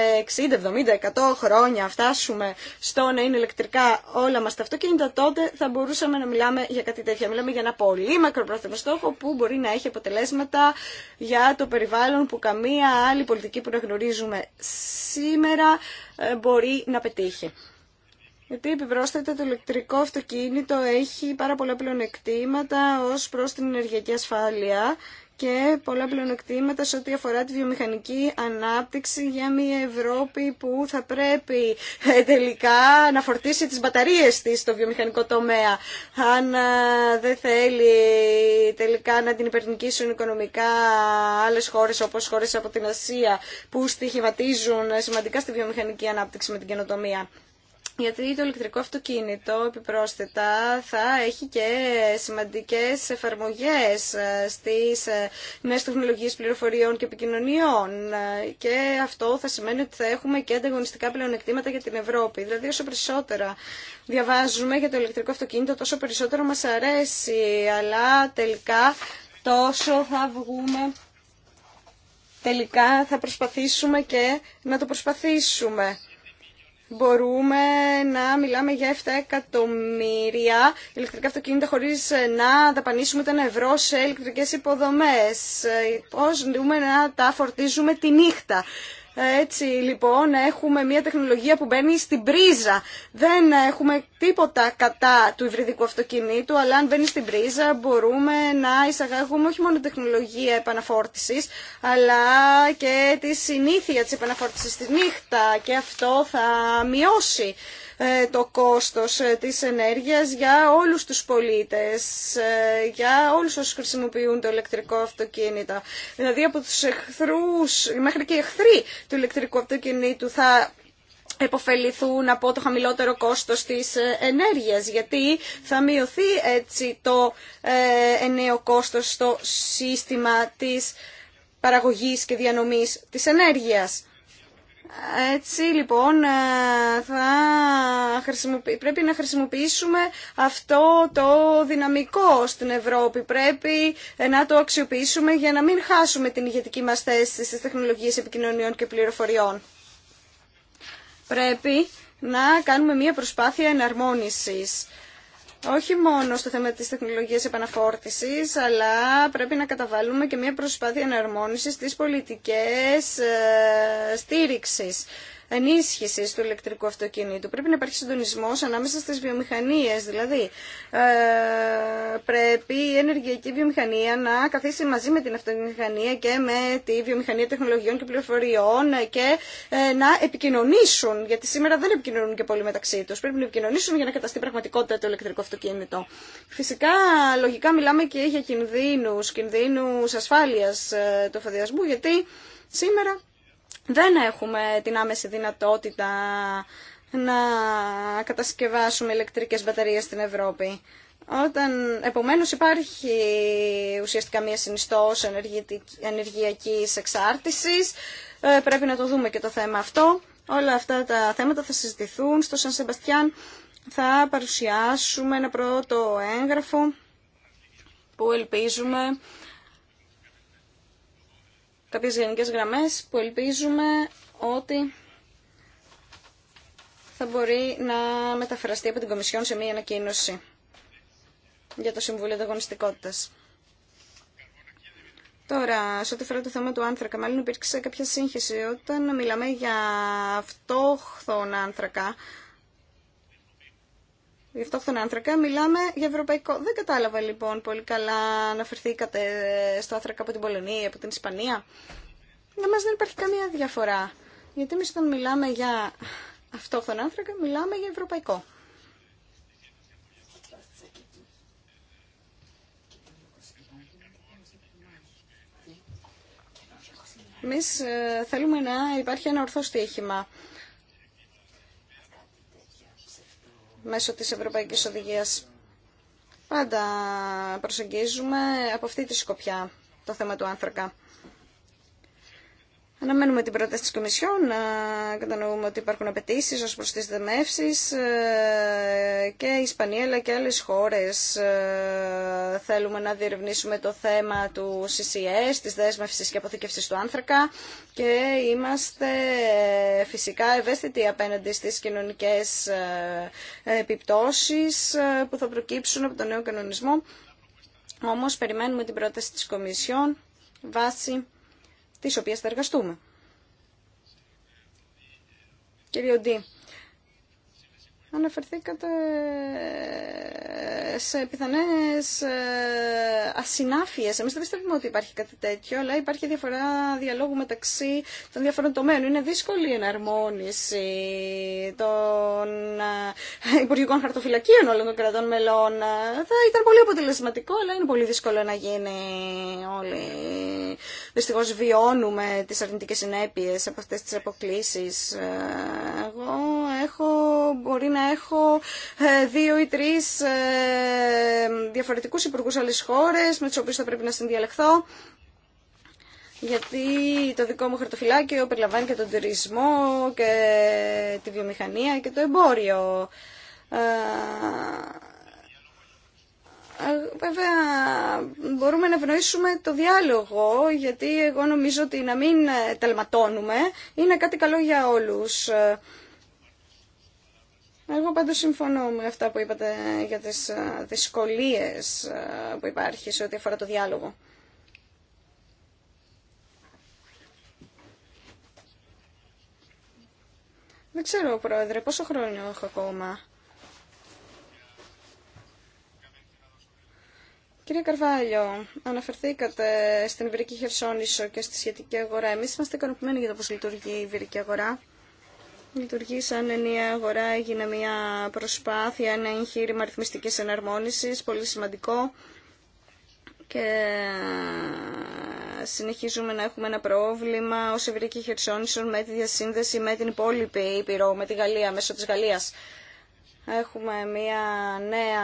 60, 70, 100 χρόνια φτάσουμε στο να είναι ηλεκτρικά όλα μας τα αυτοκίνητα, τότε θα μπορούσαμε να μιλάμε για κάτι τέτοιο. Μιλάμε για ένα πολύ μακροπρόθεσμο στόχο που μπορεί να έχει αποτελέσματα για το περιβάλλον που καμία άλλη πολιτική που να γνωρίζουμε σήμερα ε, μπορεί να πετύχει. Γιατί επιπρόσθετα το ηλεκτρικό αυτοκίνητο έχει πάρα πολλά πλεονεκτήματα ως προς την ενεργειακή ασφάλεια και πολλά πλεονεκτήματα σε ό,τι αφορά τη βιομηχανική ανάπτυξη για μια Ευρώπη που θα πρέπει ε, τελικά να φορτίσει τις μπαταρίες της στο βιομηχανικό τομέα. Αν ε, δεν θέλει τελικά να την υπερνικήσουν οικονομικά άλλες χώρες όπως χώρες από την Ασία που στοιχηματίζουν σημαντικά στη βιομηχανική ανάπτυξη με την καινοτομία γιατί το ηλεκτρικό αυτοκίνητο επιπρόσθετα θα έχει και σημαντικές εφαρμογές ε, στις ε, νέες τεχνολογίες πληροφοριών και επικοινωνιών ε, και αυτό θα σημαίνει ότι θα έχουμε και ανταγωνιστικά πλεονεκτήματα για την Ευρώπη. Δηλαδή όσο περισσότερα διαβάζουμε για το ηλεκτρικό αυτοκίνητο τόσο περισσότερο μας αρέσει, αλλά τελικά τόσο θα βγούμε... Τελικά θα προσπαθήσουμε και να το προσπαθήσουμε μπορούμε να μιλάμε για 7 εκατομμύρια ηλεκτρικά αυτοκίνητα χωρίς να δαπανίσουμε τον ευρώ σε ηλεκτρικές υποδομές. Πώς δούμε να τα φορτίζουμε τη νύχτα. Έτσι λοιπόν έχουμε μια τεχνολογία που μπαίνει στην πρίζα. Δεν έχουμε τίποτα κατά του υβριδικού αυτοκινήτου, αλλά αν μπαίνει στην πρίζα μπορούμε να εισαγάγουμε όχι μόνο τεχνολογία επαναφόρτησης, αλλά και τη συνήθεια της επαναφόρτησης τη νύχτα και αυτό θα μειώσει ε, το κόστος ε, της ενέργειας για όλους τους πολίτες, ε, για όλους όσους χρησιμοποιούν το ηλεκτρικό αυτοκίνητο. Δηλαδή από τους εχθρούς, μέχρι και οι εχθροί του ηλεκτρικού αυτοκινήτου θα επωφεληθούν από το χαμηλότερο κόστος της ενέργειας, γιατί θα μειωθεί έτσι το ενέο κόστος στο σύστημα της παραγωγής και διανομής της ενέργειας. Έτσι λοιπόν ε, θα πρέπει να χρησιμοποιήσουμε αυτό το δυναμικό στην Ευρώπη. Πρέπει ε, να το αξιοποιήσουμε για να μην χάσουμε την ηγετική μας θέση στις τεχνολογίες επικοινωνιών και πληροφοριών. Πρέπει να κάνουμε μια προσπάθεια εναρμόνισης όχι μόνο στο θέμα της τεχνολογίας επαναφόρτισης, αλλά πρέπει να καταβάλουμε και μια προσπάθεια εναρμόνισης της πολιτικές ε, στήριξης ενίσχυση του ηλεκτρικού αυτοκινήτου. Πρέπει να υπάρχει συντονισμό ανάμεσα στι βιομηχανίε. δηλαδή ε, πρέπει η ενεργειακή βιομηχανία να καθίσει μαζί με την αυτομηχανία και με τη βιομηχανία τεχνολογιών και πληροφοριών και ε, να επικοινωνήσουν, γιατί σήμερα δεν επικοινωνούν και πολύ μεταξύ του. Πρέπει να επικοινωνήσουν για να καταστεί πραγματικότητα το ηλεκτρικό αυτοκίνητο. Φυσικά, λογικά μιλάμε και για κινδύνου, ασφάλεια ε, του εφοδιασμού, γιατί σήμερα δεν έχουμε την άμεση δυνατότητα να κατασκευάσουμε ηλεκτρικές μπαταρίες στην Ευρώπη. Όταν, επομένως υπάρχει ουσιαστικά μια συνιστός ενεργειακής εξάρτησης, ε, πρέπει να το δούμε και το θέμα αυτό. Όλα αυτά τα θέματα θα συζητηθούν στο Σαν Σεμπαστιάν. Θα παρουσιάσουμε ένα πρώτο έγγραφο που ελπίζουμε κάποιες γενικές γραμμές που ελπίζουμε ότι θα μπορεί να μεταφραστεί από την Κομισιόν σε μία ανακοίνωση για το Συμβούλιο Ανταγωνιστικότητα. Τώρα, σε ό,τι αφορά το θέμα του άνθρακα, μάλλον υπήρξε κάποια σύγχυση όταν μιλάμε για αυτόχθον άνθρακα για αυτόχθονα άνθρακα, μιλάμε για ευρωπαϊκό. Δεν κατάλαβα λοιπόν πολύ καλά να αναφερθήκατε στο άνθρακα από την Πολωνία, από την Ισπανία. Για μας δεν υπάρχει καμία διαφορά. Γιατί εμεί όταν μιλάμε για αυτόχθονα άνθρακα, μιλάμε για ευρωπαϊκό. Εμεί ε, θέλουμε να υπάρχει ένα ορθό στοίχημα. μέσω της Ευρωπαϊκής Οδηγίας. Πάντα προσεγγίζουμε από αυτή τη σκοπιά το θέμα του άνθρακα. Αναμένουμε την πρόταση της Κομισιόν, να κατανοούμε ότι υπάρχουν απαιτήσει ως προς τις δεμεύσεις ε, και η Ισπανία αλλά και άλλες χώρες ε, θέλουμε να διερευνήσουμε το θέμα του CCS, της δέσμευσης και αποθηκεύσης του άνθρακα και είμαστε ε, φυσικά ευαίσθητοι απέναντι στις κοινωνικές επιπτώσεις που θα προκύψουν από τον νέο κανονισμό. Όμως περιμένουμε την πρόταση της Κομισιόν βάσει τις οποίες θα εργαστούμε. Κύριε Οντή, αναφερθήκατε σε πιθανές ε, ασυνάφειες. Εμείς δεν πιστεύουμε ότι υπάρχει κάτι τέτοιο, αλλά υπάρχει διαφορά διαλόγου μεταξύ των διαφορών τομέων. Είναι δύσκολη η εναρμόνιση των ε, Υπουργικών Χαρτοφυλακίων όλων των κρατών μελών. Θα ήταν πολύ αποτελεσματικό, αλλά είναι πολύ δύσκολο να γίνει όλοι. Δυστυχώς βιώνουμε τις αρνητικές συνέπειες από αυτές τις αποκλήσεις. Ε, εγώ έχω, μπορεί να έχω ε, δύο ή τρεις ε, διαφορετικούς υπουργού άλλε χώρε με του οποίου θα πρέπει να συνδιαλεχθώ γιατί το δικό μου χαρτοφυλάκιο περιλαμβάνει και τον τουρισμό και τη βιομηχανία και το εμπόριο. Ε, βέβαια, μπορούμε να ευνοήσουμε το διάλογο, γιατί εγώ νομίζω ότι να μην τελματώνουμε είναι κάτι καλό για όλους. Εγώ πάντως συμφωνώ με αυτά που είπατε για τις ε, δυσκολίες ε, που υπάρχει σε ό,τι αφορά το διάλογο. Δεν ξέρω, Πρόεδρε, πόσο χρόνο έχω ακόμα. Κύριε Καρβάλιο, αναφερθήκατε στην Ιβυρική Χερσόνησο και στη σχετική αγορά. Εμείς είμαστε ικανοποιημένοι για το πώς λειτουργεί η Ιβυρική αγορά λειτουργεί σαν ενιαία αγορά. Έγινε μια προσπάθεια, ένα εγχείρημα αριθμιστικής εναρμόνισης, πολύ σημαντικό. Και συνεχίζουμε να έχουμε ένα πρόβλημα ως Ευρική Χερσόνησον με τη διασύνδεση με την υπόλοιπη Ήπειρο, με τη Γαλλία, μέσω της Γαλλίας. Έχουμε μια νέα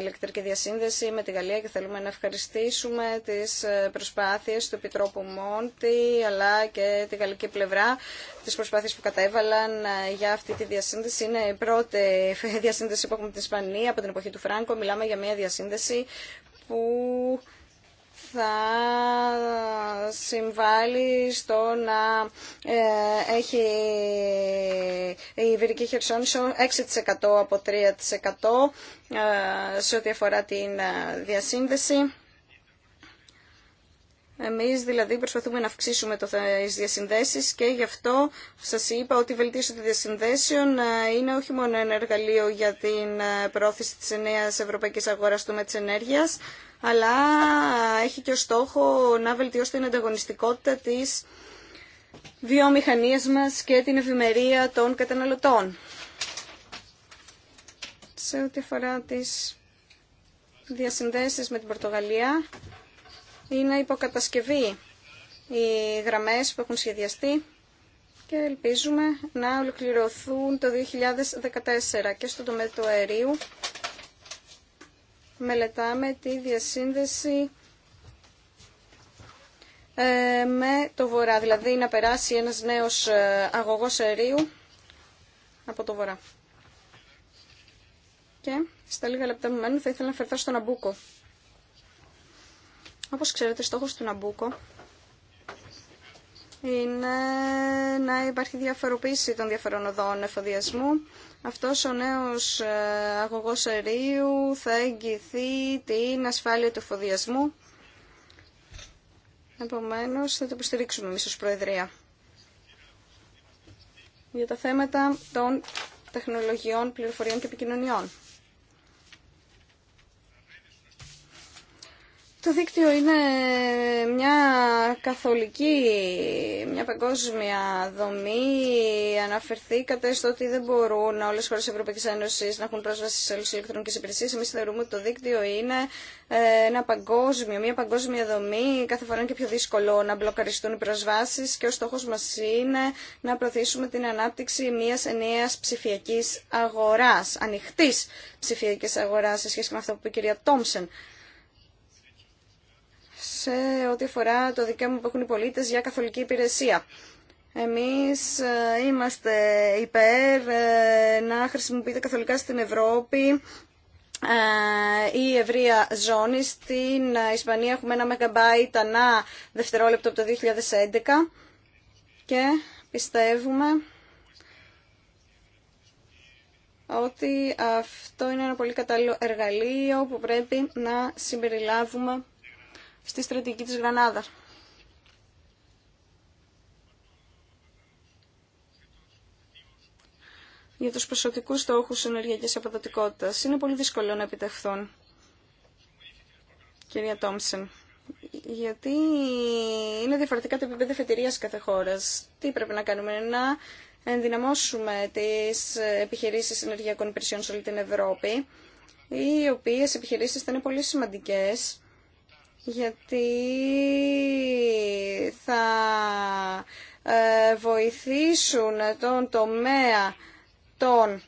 ηλεκτρική διασύνδεση με τη Γαλλία και θέλουμε να ευχαριστήσουμε τις προσπάθειες του Επιτρόπου Μόντι αλλά και τη γαλλική πλευρά, τις προσπάθειες που κατέβαλαν για αυτή τη διασύνδεση. Είναι η πρώτη διασύνδεση που έχουμε την Ισπανία από την εποχή του Φράνκο. Μιλάμε για μια διασύνδεση που θα συμβάλλει στο να ε, έχει η Βυρική Χερσόνησο 6% από 3% ε, σε ό,τι αφορά την ε, διασύνδεση. Εμείς δηλαδή προσπαθούμε να αυξήσουμε το, διασυνδέσει. και γι' αυτό σας είπα ότι η βελτίωση των διασυνδέσεων ε, είναι όχι μόνο ένα εργαλείο για την ε, πρόθεση της νέα ευρωπαϊκής αγοράς του με αλλά ε, έχει και ως στόχο να βελτιώσει την ανταγωνιστικότητα της βιομηχανίας μας και την ευημερία των καταναλωτών. Σε ό,τι αφορά τις διασυνδέσεις με την Πορτογαλία, είναι υποκατασκευή οι γραμμές που έχουν σχεδιαστεί και ελπίζουμε να ολοκληρωθούν το 2014 και στο τομέα του αερίου μελετάμε τη διασύνδεση ε, με το βορρά, δηλαδή να περάσει ένας νέος ε, αγωγός αερίου από το βορρά. Και στα λίγα λεπτά μου μένουν θα ήθελα να φερθώ στον Αμπούκο. Όπως ξέρετε, στόχος του Ναμπούκο είναι να υπάρχει διαφοροποίηση των διαφορών οδών εφοδιασμού. Αυτός ο νέος ε, αγωγός αερίου θα εγγυηθεί την ασφάλεια του εφοδιασμού. Επομένως, θα το υποστηρίξουμε εμείς ως Προεδρία. Για τα θέματα των τεχνολογιών, πληροφοριών και επικοινωνιών. Το δίκτυο είναι μια καθολική, μια παγκόσμια δομή. Αναφερθήκατε στο ότι δεν μπορούν όλες οι χώρες της Ευρωπαϊκής Ένωσης να έχουν πρόσβαση σε όλες τις ηλεκτρονικές υπηρεσίες. Εμείς θεωρούμε ότι το δίκτυο είναι ε, ένα παγκόσμιο, μια παγκόσμια δομή. Κάθε φορά είναι και πιο δύσκολο να μπλοκαριστούν οι προσβάσεις και ο στόχος μας είναι να προωθήσουμε την ανάπτυξη μιας ενιαίας ψηφιακής αγοράς, ανοιχτής ψηφιακής αγοράς σε σχέση με αυτό που είπε η κυρία Τόμσεν σε ό,τι αφορά το δικαίωμα που έχουν οι πολίτες για καθολική υπηρεσία. Εμείς ε, είμαστε υπέρ ε, να χρησιμοποιείται καθολικά στην Ευρώπη ε, η ευρεία ζώνη. Στην Ισπανία έχουμε ένα μεγαμπάιτ ανά δευτερόλεπτο από το 2011 και πιστεύουμε ότι αυτό είναι ένα πολύ κατάλληλο εργαλείο που πρέπει να συμπεριλάβουμε στη στρατηγική της Γρανάδας. για τους προσωπικούς στόχους ενεργειακής αποδοτικότητας. Είναι πολύ δύσκολο να επιτευχθούν, κυρία Τόμψεν. Γιατί είναι διαφορετικά τα επίπεδα εφετηρίας κάθε χώρας. Τι πρέπει να κάνουμε, να ενδυναμώσουμε τις επιχειρήσεις ενεργειακών υπηρεσιών σε όλη την Ευρώπη, οι οποίες επιχειρήσεις θα είναι πολύ σημαντικές γιατί θα ε, βοηθήσουν τον τομέα των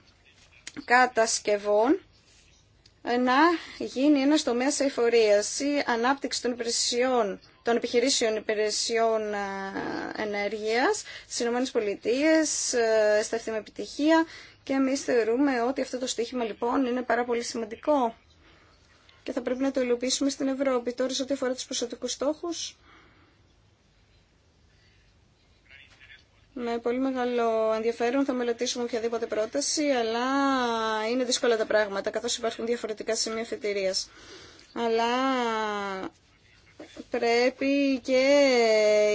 κατασκευών να γίνει ένας τομέας εφορίας ή ανάπτυξη των υπηρεσιών των επιχειρήσεων υπηρεσιών ε, ενέργειας στις ΗΠΑ, ε, στα με επιτυχία και εμείς θεωρούμε ότι αυτό το στοίχημα λοιπόν είναι πάρα πολύ σημαντικό και θα πρέπει να το υλοποιήσουμε στην Ευρώπη. Τώρα σε ό,τι αφορά τους προσωπικούς στόχους, με πολύ μεγάλο ενδιαφέρον θα μελετήσουμε οποιαδήποτε πρόταση, αλλά είναι δύσκολα τα πράγματα, καθώς υπάρχουν διαφορετικά σημεία φετηρίας. Αλλά πρέπει και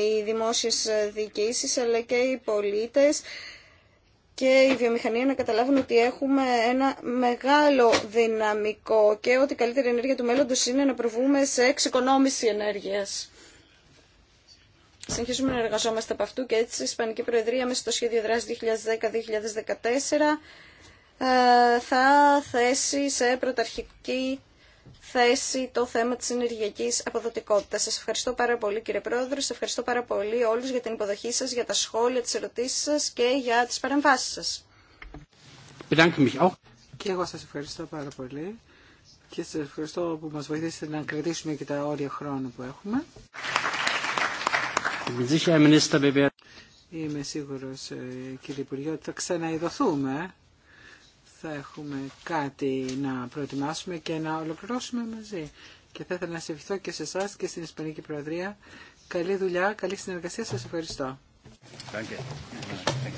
οι δημόσιες διοικήσεις αλλά και οι πολίτες και οι βιομηχανία να καταλάβουν ότι έχουμε ένα μεγάλο δυναμικό και ότι η καλύτερη ενέργεια του μέλλοντος είναι να προβούμε σε εξοικονόμηση ενέργειας. Συνεχίζουμε να εργαζόμαστε από αυτού και έτσι η Ισπανική Προεδρία μέσα στο σχέδιο δράση 2010-2014 ε, θα θέσει σε πρωταρχική θέσει το θέμα της ενεργειακής αποδοτικότητας. Σας ευχαριστώ πάρα πολύ κύριε Πρόεδρε, σας ευχαριστώ πάρα πολύ όλους για την υποδοχή σας, για τα σχόλια, τις ερωτήσεις σας και για τις παρεμβάσεις σας. Και εγώ σας ευχαριστώ πάρα πολύ και σας ευχαριστώ που μας βοηθήσετε να κρατήσουμε και τα όρια χρόνου που έχουμε. Είμαι σίγουρος ε, κύριε Υπουργέ ότι θα ξαναειδωθούμε θα έχουμε κάτι να προετοιμάσουμε και να ολοκληρώσουμε μαζί. Και θα ήθελα να σε ευχηθώ και σε εσά και στην Ισπανική Προεδρία. Καλή δουλειά, καλή συνεργασία. Σας ευχαριστώ.